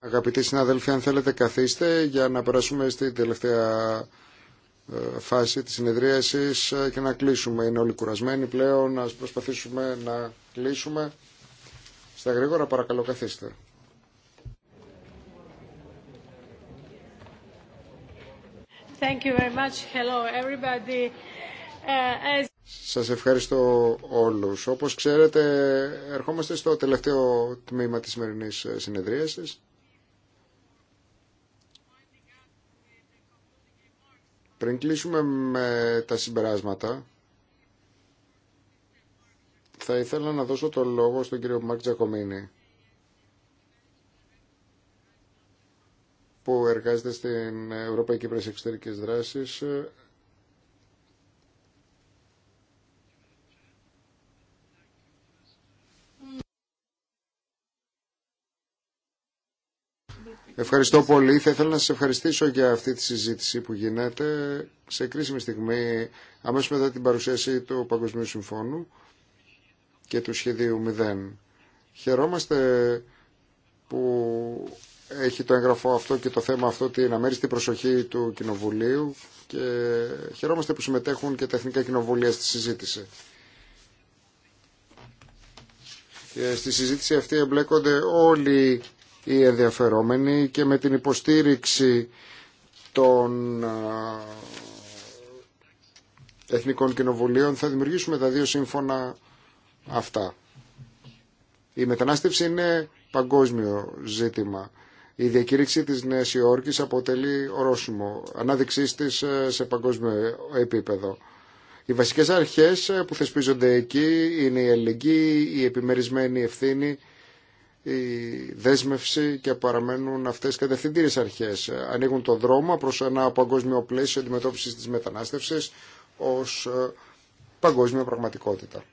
Αγαπητοί συνάδελφοι, αν θέλετε καθίστε για να περάσουμε στη τελευταία ε, φάση της συνεδρίασης ε, και να κλείσουμε. Είναι όλοι κουρασμένοι πλέον, ας προσπαθήσουμε να κλείσουμε. Στα γρήγορα παρακαλώ καθίστε. Thank uh, Σας ευχαριστώ όλους. Όπως ξέρετε, ερχόμαστε στο τελευταίο τμήμα της σημερινής ε, συνεδρίασης. Πριν κλείσουμε με τα συμπεράσματα, θα ήθελα να δώσω το λόγο στον κύριο Μάρκ Τζακομίνη. που εργάζεται στην Ευρωπαϊκή Πρέση Εξωτερικής Δράσης Ευχαριστώ πολύ. Θα ήθελα να σας ευχαριστήσω για αυτή τη συζήτηση που γίνεται σε κρίσιμη στιγμή αμέσως μετά την παρουσίαση του Παγκοσμίου Συμφώνου και του Σχεδίου 0. Χαιρόμαστε που έχει το έγγραφο αυτό και το θέμα αυτό να την προσοχή του Κοινοβουλίου και χαιρόμαστε που συμμετέχουν και τα Εθνικά Κοινοβουλία στη συζήτηση. Και στη συζήτηση αυτή εμπλέκονται όλοι οι ενδιαφερόμενοι και με την υποστήριξη των Εθνικών Κοινοβουλίων θα δημιουργήσουμε τα δύο σύμφωνα αυτά. Η μετανάστευση είναι παγκόσμιο ζήτημα. Η διακήρυξη της Νέας Υόρκης αποτελεί ορόσημο ανάδειξής της ε, σε παγκόσμιο επίπεδο. Οι βασικές αρχές ε, που θεσπίζονται εκεί είναι η αλληλεγγύη, η επιμερισμένη ευθύνη, η δέσμευση και παραμένουν αυτές κατευθυντήρες αρχές. Ε, ανοίγουν το δρόμο προς ένα παγκόσμιο πλαίσιο αντιμετώπισης της μετανάστευσης ως παγκόσμια πραγματικότητα.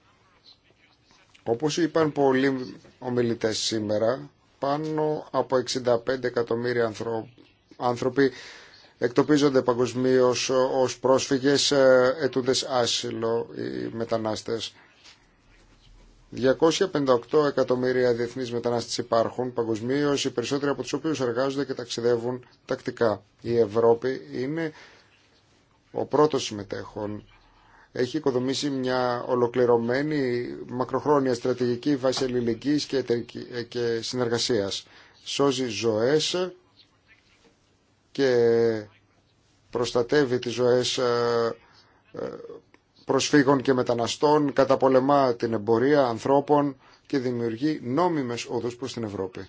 Όπως είπαν πολλοί ομιλητές σήμερα, πάνω από 65 εκατομμύρια άνθρωποι εκτοπίζονται παγκοσμίω ως πρόσφυγες, ε, ετούντες άσυλο οι μετανάστες. 258 εκατομμύρια διεθνεί μετανάστες υπάρχουν παγκοσμίω, οι περισσότεροι από του οποίου εργάζονται και ταξιδεύουν τακτικά. Η Ευρώπη είναι ο πρώτος συμμετέχων έχει οικοδομήσει μια ολοκληρωμένη μακροχρόνια στρατηγική βάση ελληνικής και, ε, και συνεργασίας. Σώζει ζωές και προστατεύει τις ζωές ε, ε, προσφύγων και μεταναστών, καταπολεμά την εμπορία ανθρώπων και δημιουργεί νόμιμες οδούς προς την Ευρώπη.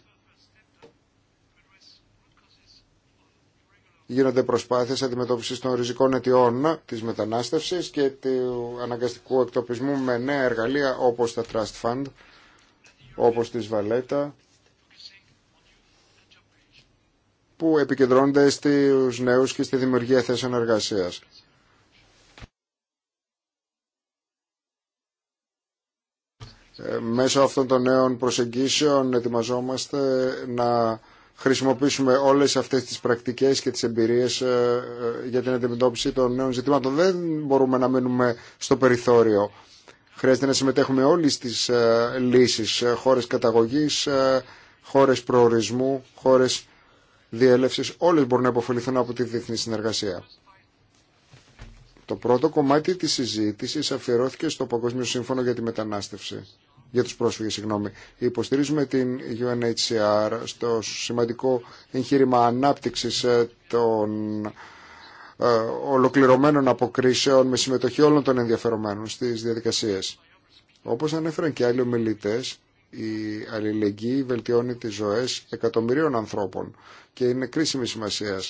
γίνονται προσπάθειες αντιμετώπισης των ριζικών αιτιών της μετανάστευσης και του αναγκαστικού εκτοπισμού με νέα εργαλεία όπως τα Trust Fund, όπως τη Βαλέτα, που επικεντρώνονται στους νέους και στη δημιουργία θέσεων εργασίας. Ε, μέσω αυτών των νέων προσεγγίσεων ετοιμαζόμαστε να χρησιμοποιήσουμε όλες αυτές τις πρακτικές και τις εμπειρίες ε, ε, για την αντιμετώπιση των νέων ζητημάτων. Δεν μπορούμε να μείνουμε στο περιθώριο. Χρειάζεται να συμμετέχουμε όλοι στις ε, λύσεις, χώρες καταγωγής, χώρες προορισμού, χώρες διέλευσης. Όλες μπορούν να υποφεληθούν από τη διεθνή συνεργασία. Το πρώτο κομμάτι της συζήτησης αφιερώθηκε στο Παγκόσμιο Σύμφωνο για τη Μετανάστευση για τους πρόσφυγες, συγγνώμη. Υποστηρίζουμε την UNHCR στο σημαντικό εγχείρημα ανάπτυξης ε, των ε, ολοκληρωμένων αποκρίσεων με συμμετοχή όλων των ενδιαφερομένων στις διαδικασίες. Όπως ανέφεραν και άλλοι ομιλητές, η αλληλεγγύη βελτιώνει τις ζωές εκατομμυρίων ανθρώπων και είναι κρίσιμη σημασία.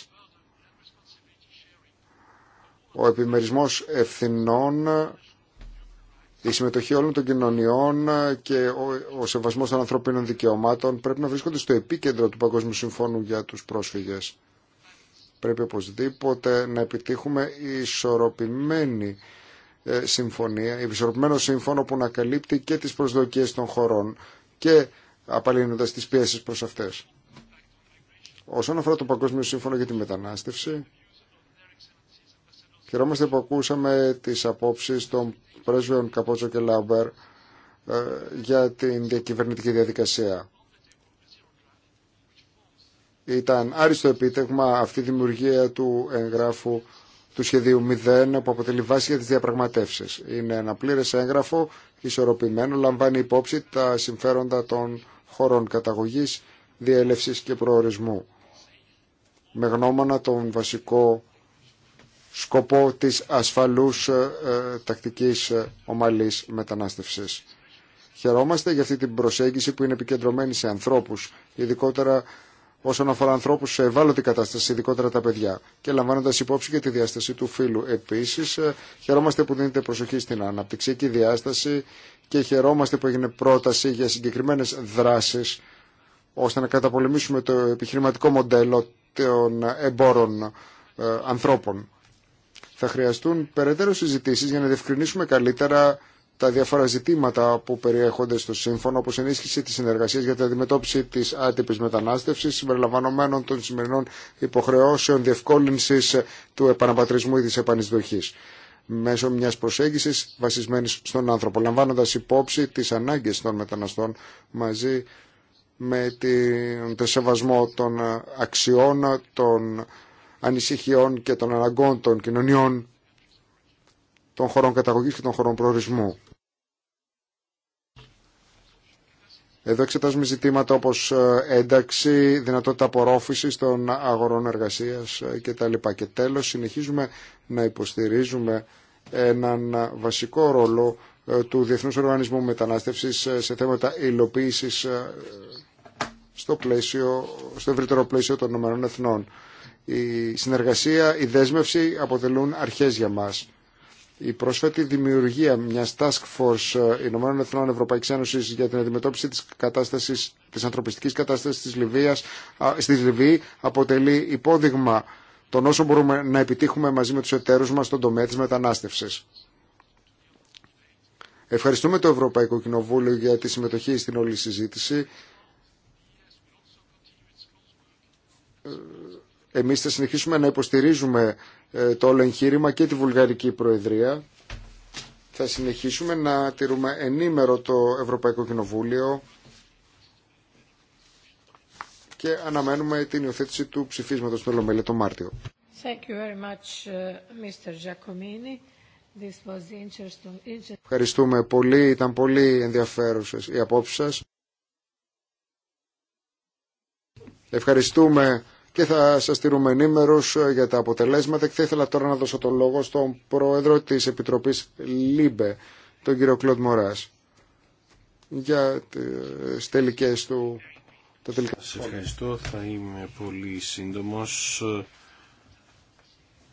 Ο επιμερισμός ευθυνών η συμμετοχή όλων των κοινωνιών και ο, ο σεβασμός των ανθρωπίνων δικαιωμάτων πρέπει να βρίσκονται στο επίκεντρο του Παγκόσμιου Συμφώνου για τους πρόσφυγες. Πρέπει οπωσδήποτε να επιτύχουμε ισορροπημένη ε, συμφωνία, ισορροπημένο σύμφωνο που να καλύπτει και τις προσδοκίες των χωρών και απαλύνοντας τις πιέσεις προς αυτές. Όσον αφορά το Παγκόσμιο Σύμφωνο για τη Μετανάστευση, Χαιρόμαστε που ακούσαμε τις απόψεις των πρέσβεων Καπότσο και Λάμπερ ε, για την διακυβερνητική διαδικασία. Ήταν άριστο επίτευγμα αυτή η δημιουργία του εγγράφου του σχεδίου 0 που αποτελεί βάση για τις διαπραγματεύσεις. Είναι ένα πλήρες έγγραφο, ισορροπημένο, λαμβάνει υπόψη τα συμφέροντα των χωρών καταγωγής, διέλευσης και προορισμού. Με γνώμονα τον βασικό σκοπό της ασφαλούς ε, ε, τακτικής ε, ομαλής μετανάστευσης. Χαιρόμαστε για αυτή την προσέγγιση που είναι επικεντρωμένη σε ανθρώπους, ειδικότερα όσον αφορά ανθρώπους σε ευάλωτη κατάσταση, ειδικότερα τα παιδιά. Και λαμβάνοντας υπόψη και τη διάσταση του φύλου. Επίση, χαιρόμαστε που δίνετε προσοχή στην αναπτυξιακή διάσταση και χαιρόμαστε που έγινε πρόταση για συγκεκριμένες δράσεις ώστε να καταπολεμήσουμε το επιχειρηματικό μοντέλο των εμπόρων ανθρώπων. Θα χρειαστούν περαιτέρω συζητήσει για να διευκρινίσουμε καλύτερα τα διάφορα ζητήματα που περιέχονται στο σύμφωνο, όπω ενίσχυση τη συνεργασία για την αντιμετώπιση τη άτυπη μετανάστευση, συμπεριλαμβανομένων των σημερινών υποχρεώσεων διευκόλυνση του επαναπατρισμού ή τη επανεισδοχής μέσω μια προσέγγιση, βασισμένη στον άνθρωπο, λαμβάνοντα υπόψη τι ανάγκε των μεταναστών μαζί με τον σεβασμό των αξιών, των ανησυχιών και των αναγκών των κοινωνιών, των χωρών καταγωγής και των χωρών προορισμού. Εδώ εξετάζουμε ζητήματα όπως ε, ένταξη, δυνατότητα απορρόφησης των αγορών εργασίας ε, κτλ. Και τέλος συνεχίζουμε να υποστηρίζουμε έναν βασικό ρόλο ε, του Διεθνούς Οργανισμού Μετανάστευσης σε θέματα υλοποίησης στο, πλαίσιο, στο ευρύτερο πλαίσιο των Ηνωμένων η συνεργασία, η δέσμευση αποτελούν αρχές για μας. Η πρόσφατη δημιουργία μιας Task Force ε, Ηνωμένων Εθνών Ευρωπαϊκής Ένωσης για την αντιμετώπιση της, κατάστασης, της ανθρωπιστικής κατάστασης της Λιβύης, στη Λιβύη αποτελεί υπόδειγμα των όσων μπορούμε να επιτύχουμε μαζί με τους εταίρους μας στον τομέα της μετανάστευσης. Ευχαριστούμε το Ευρωπαϊκό Κοινοβούλιο για τη συμμετοχή στην όλη συζήτηση. Ε, εμείς θα συνεχίσουμε να υποστηρίζουμε ε, το όλο εγχείρημα και τη Βουλγαρική Προεδρία. Θα συνεχίσουμε να τηρούμε ενήμερο το Ευρωπαϊκό Κοινοβούλιο και αναμένουμε την υιοθέτηση του ψηφίσματος του Ολομέλεια το Μάρτιο. Uh, Ευχαριστούμε πολύ. Ήταν πολύ ενδιαφέρουσες οι απόψεις σας. Ευχαριστούμε και θα σας στείλουμε ενήμερους ε, για τα αποτελέσματα και θα ήθελα τώρα να δώσω τον λόγο στον πρόεδρο της Επιτροπής ΛΥΜΠΕ, τον κύριο Κλοντ Μωράς, για τις τελικές του... Τα τελικά... Σας ευχαριστώ, θα είμαι πολύ σύντομος.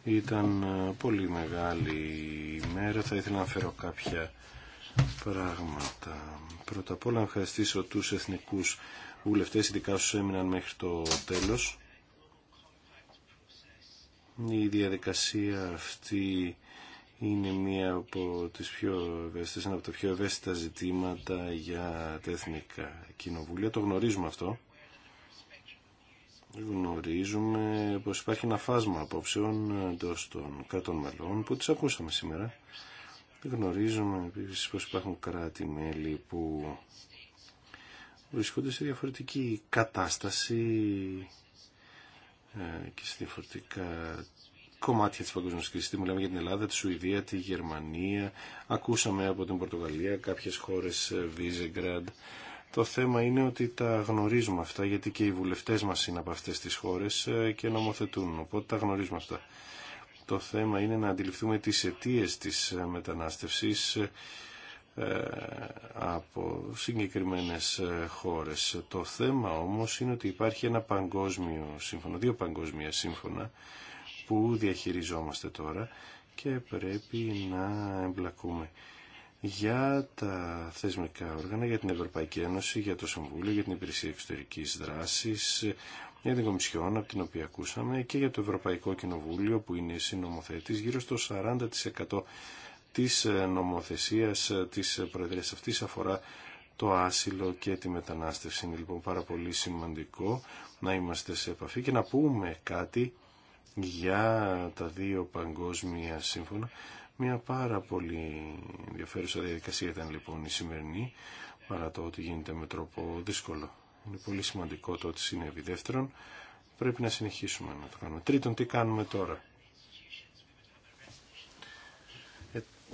Ήταν ε, πολύ μεγάλη ημέρα, θα ήθελα να φέρω κάποια πράγματα. Πρώτα απ' όλα να ευχαριστήσω τους εθνικούς βουλευτές, ειδικά όσους έμειναν μέχρι το τέλος. Η διαδικασία αυτή είναι μία από τις πιο ευαίσθητες, ένα από τα πιο ευαίσθητα ζητήματα για τα εθνικά κοινοβούλια. Το γνωρίζουμε αυτό. Γνωρίζουμε πως υπάρχει ένα φάσμα απόψεων εντό των κρατών μελών που τις ακούσαμε σήμερα. Γνωρίζουμε επίση πως υπάρχουν κράτη-μέλη που βρισκόνται σε διαφορετική κατάσταση ε, και στην φορτικά κομμάτια της παγκόσμιας κρίσης. Μιλάμε για την Ελλάδα, τη Σουηδία, τη Γερμανία. Ακούσαμε από την Πορτογαλία κάποιες χώρες ε, Βίζεγκραντ. Το θέμα είναι ότι τα γνωρίζουμε αυτά γιατί και οι βουλευτές μας είναι από αυτές τις χώρες ε, και νομοθετούν. Οπότε τα γνωρίζουμε αυτά. Το θέμα είναι να αντιληφθούμε τις αιτίες της μετανάστευσης ε, από συγκεκριμένες ε, χώρες. Το θέμα όμως είναι ότι υπάρχει ένα παγκόσμιο σύμφωνο, δύο παγκόσμια σύμφωνα που διαχειριζόμαστε τώρα και πρέπει να εμπλακούμε για τα θεσμικά όργανα, για την Ευρωπαϊκή Ένωση, για το Συμβούλιο, για την Υπηρεσία Εξωτερικής Δράσης, για την Κομισιόν, από την οποία ακούσαμε, και για το Ευρωπαϊκό Κοινοβούλιο, που είναι συνομοθέτης, γύρω στο 40% της ε, νομοθεσίας ε, της ε, Προεδρίας αυτής αφορά το άσυλο και τη μετανάστευση. Είναι λοιπόν πάρα πολύ σημαντικό να είμαστε σε επαφή και να πούμε κάτι για τα δύο παγκόσμια σύμφωνα. Μια πάρα πολύ ενδιαφέρουσα διαδικασία ήταν λοιπόν η σημερινή, παρά το ότι γίνεται με τρόπο δύσκολο. Είναι πολύ σημαντικό το ότι συνέβη. Δεύτερον, πρέπει να συνεχίσουμε να το κάνουμε. Τρίτον, τι κάνουμε τώρα.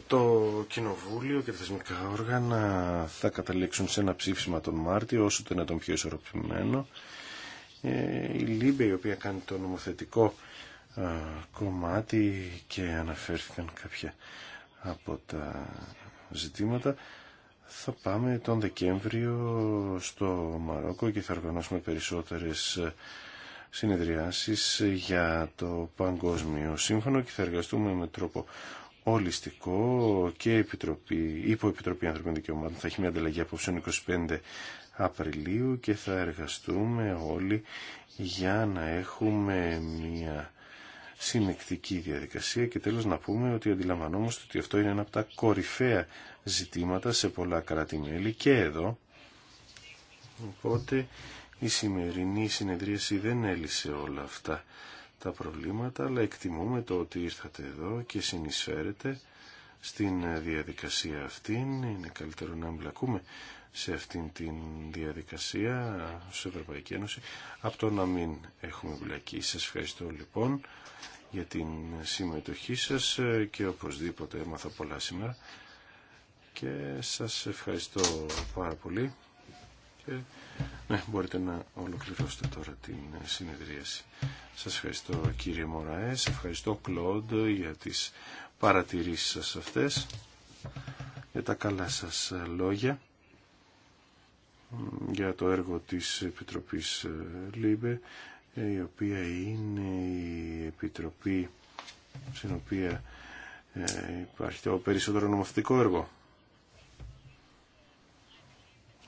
Το Κοινοβούλιο και τα θεσμικά όργανα θα καταλήξουν σε ένα ψήφισμα τον Μάρτιο, όσο το είναι τον πιο ισορροπημένο. Ε, η Λίμπε, η οποία κάνει το νομοθετικό κομμάτι και αναφέρθηκαν κάποια από τα ζητήματα, θα πάμε τον Δεκέμβριο στο Μαρόκο και θα οργανώσουμε περισσότερες ε, συνεδριάσεις για το Παγκόσμιο Σύμφωνο και θα εργαστούμε με τρόπο ολιστικό και Επιτροπή, Υποεπιτροπή Ανθρωπίνων Δικαιωμάτων θα έχει μια ανταλλαγή απόψε, 25 Απριλίου και θα εργαστούμε όλοι για να έχουμε μια συνεκτική διαδικασία και τέλος να πούμε ότι αντιλαμβανόμαστε ότι αυτό είναι ένα από τα κορυφαία ζητήματα σε πολλά κράτη-μέλη και εδώ. Οπότε η σημερινή συνεδρίαση δεν έλυσε όλα αυτά τα προβλήματα, αλλά εκτιμούμε το ότι ήρθατε εδώ και συνεισφέρετε στην διαδικασία αυτήν. Είναι καλύτερο να μπλακούμε σε αυτήν την διαδικασία στην Ευρωπαϊκή Ένωση από το να μην έχουμε εμπλακεί. Σας ευχαριστώ λοιπόν για την συμμετοχή σας και οπωσδήποτε έμαθα πολλά σήμερα και σας ευχαριστώ πάρα πολύ. Και ναι, μπορείτε να ολοκληρώσετε τώρα την ε, συνεδρίαση. Σας ευχαριστώ κύριε Μωραές, ευχαριστώ Κλοντ για τις παρατηρήσεις σας αυτές, για τα καλά σας ε, λόγια, για το έργο της Επιτροπής ε, Λίμπε, η οποία είναι η Επιτροπή στην οποία υπάρχει το περισσότερο νομοθετικό έργο.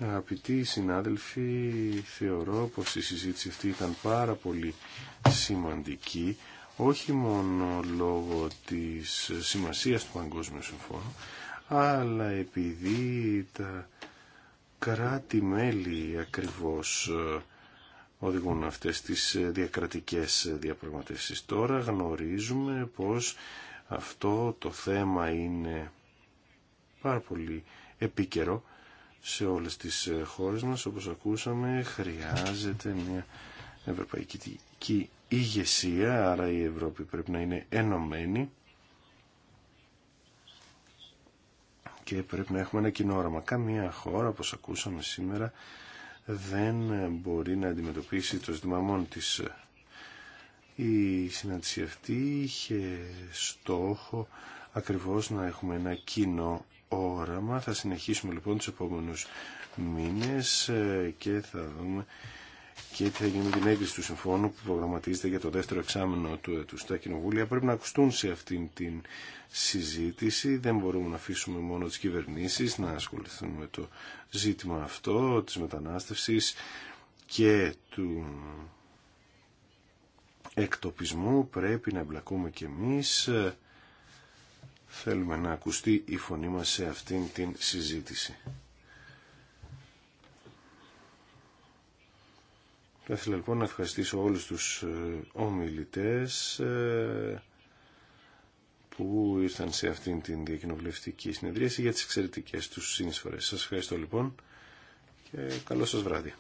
Αγαπητοί συνάδελφοι, θεωρώ πως η συζήτηση αυτή ήταν πάρα πολύ σημαντική, όχι μόνο λόγω της σημασίας του Παγκόσμιου Συμφώνου, αλλά επειδή τα κράτη-μέλη ακριβώς ε, οδηγούν αυτές τις ε, διακρατικές διαπραγματεύσεις. Τώρα γνωρίζουμε πως αυτό το θέμα είναι πάρα πολύ επίκαιρο σε όλες τις ε, χώρες μας. Όπως ακούσαμε, χρειάζεται μια ευρωπαϊκή ηγεσία, άρα η Ευρώπη πρέπει να είναι ενωμένη και πρέπει να έχουμε ένα κοινό όραμα. Καμία χώρα, όπως ακούσαμε σήμερα, δεν μπορεί να αντιμετωπίσει το ζήτημα μόνη της. Η συνάντηση αυτή είχε στόχο ακριβώς να έχουμε ένα κοινό όραμα. Θα συνεχίσουμε λοιπόν τους επόμενους μήνες ε, και θα δούμε και τι θα γίνει με την έγκριση του συμφώνου που προγραμματίζεται για το δεύτερο εξάμεινο του έτους. Τα κοινοβούλια πρέπει να ακουστούν σε αυτήν την συζήτηση. Δεν μπορούμε να αφήσουμε μόνο τις κυβερνήσεις να ασχοληθούν με το ζήτημα αυτό της μετανάστευση και του εκτοπισμού. Πρέπει να εμπλακούμε κι εμείς ε, θέλουμε να ακουστεί η φωνή μας σε αυτήν την συζήτηση. Θα ήθελα λοιπόν να ευχαριστήσω όλους τους ε, ομιλητές ε, που ήρθαν σε αυτήν την διακοινοβουλευτική συνεδρίαση για τις εξαιρετικές τους συνεισφορές. Σας ευχαριστώ λοιπόν και καλό σας βράδυ.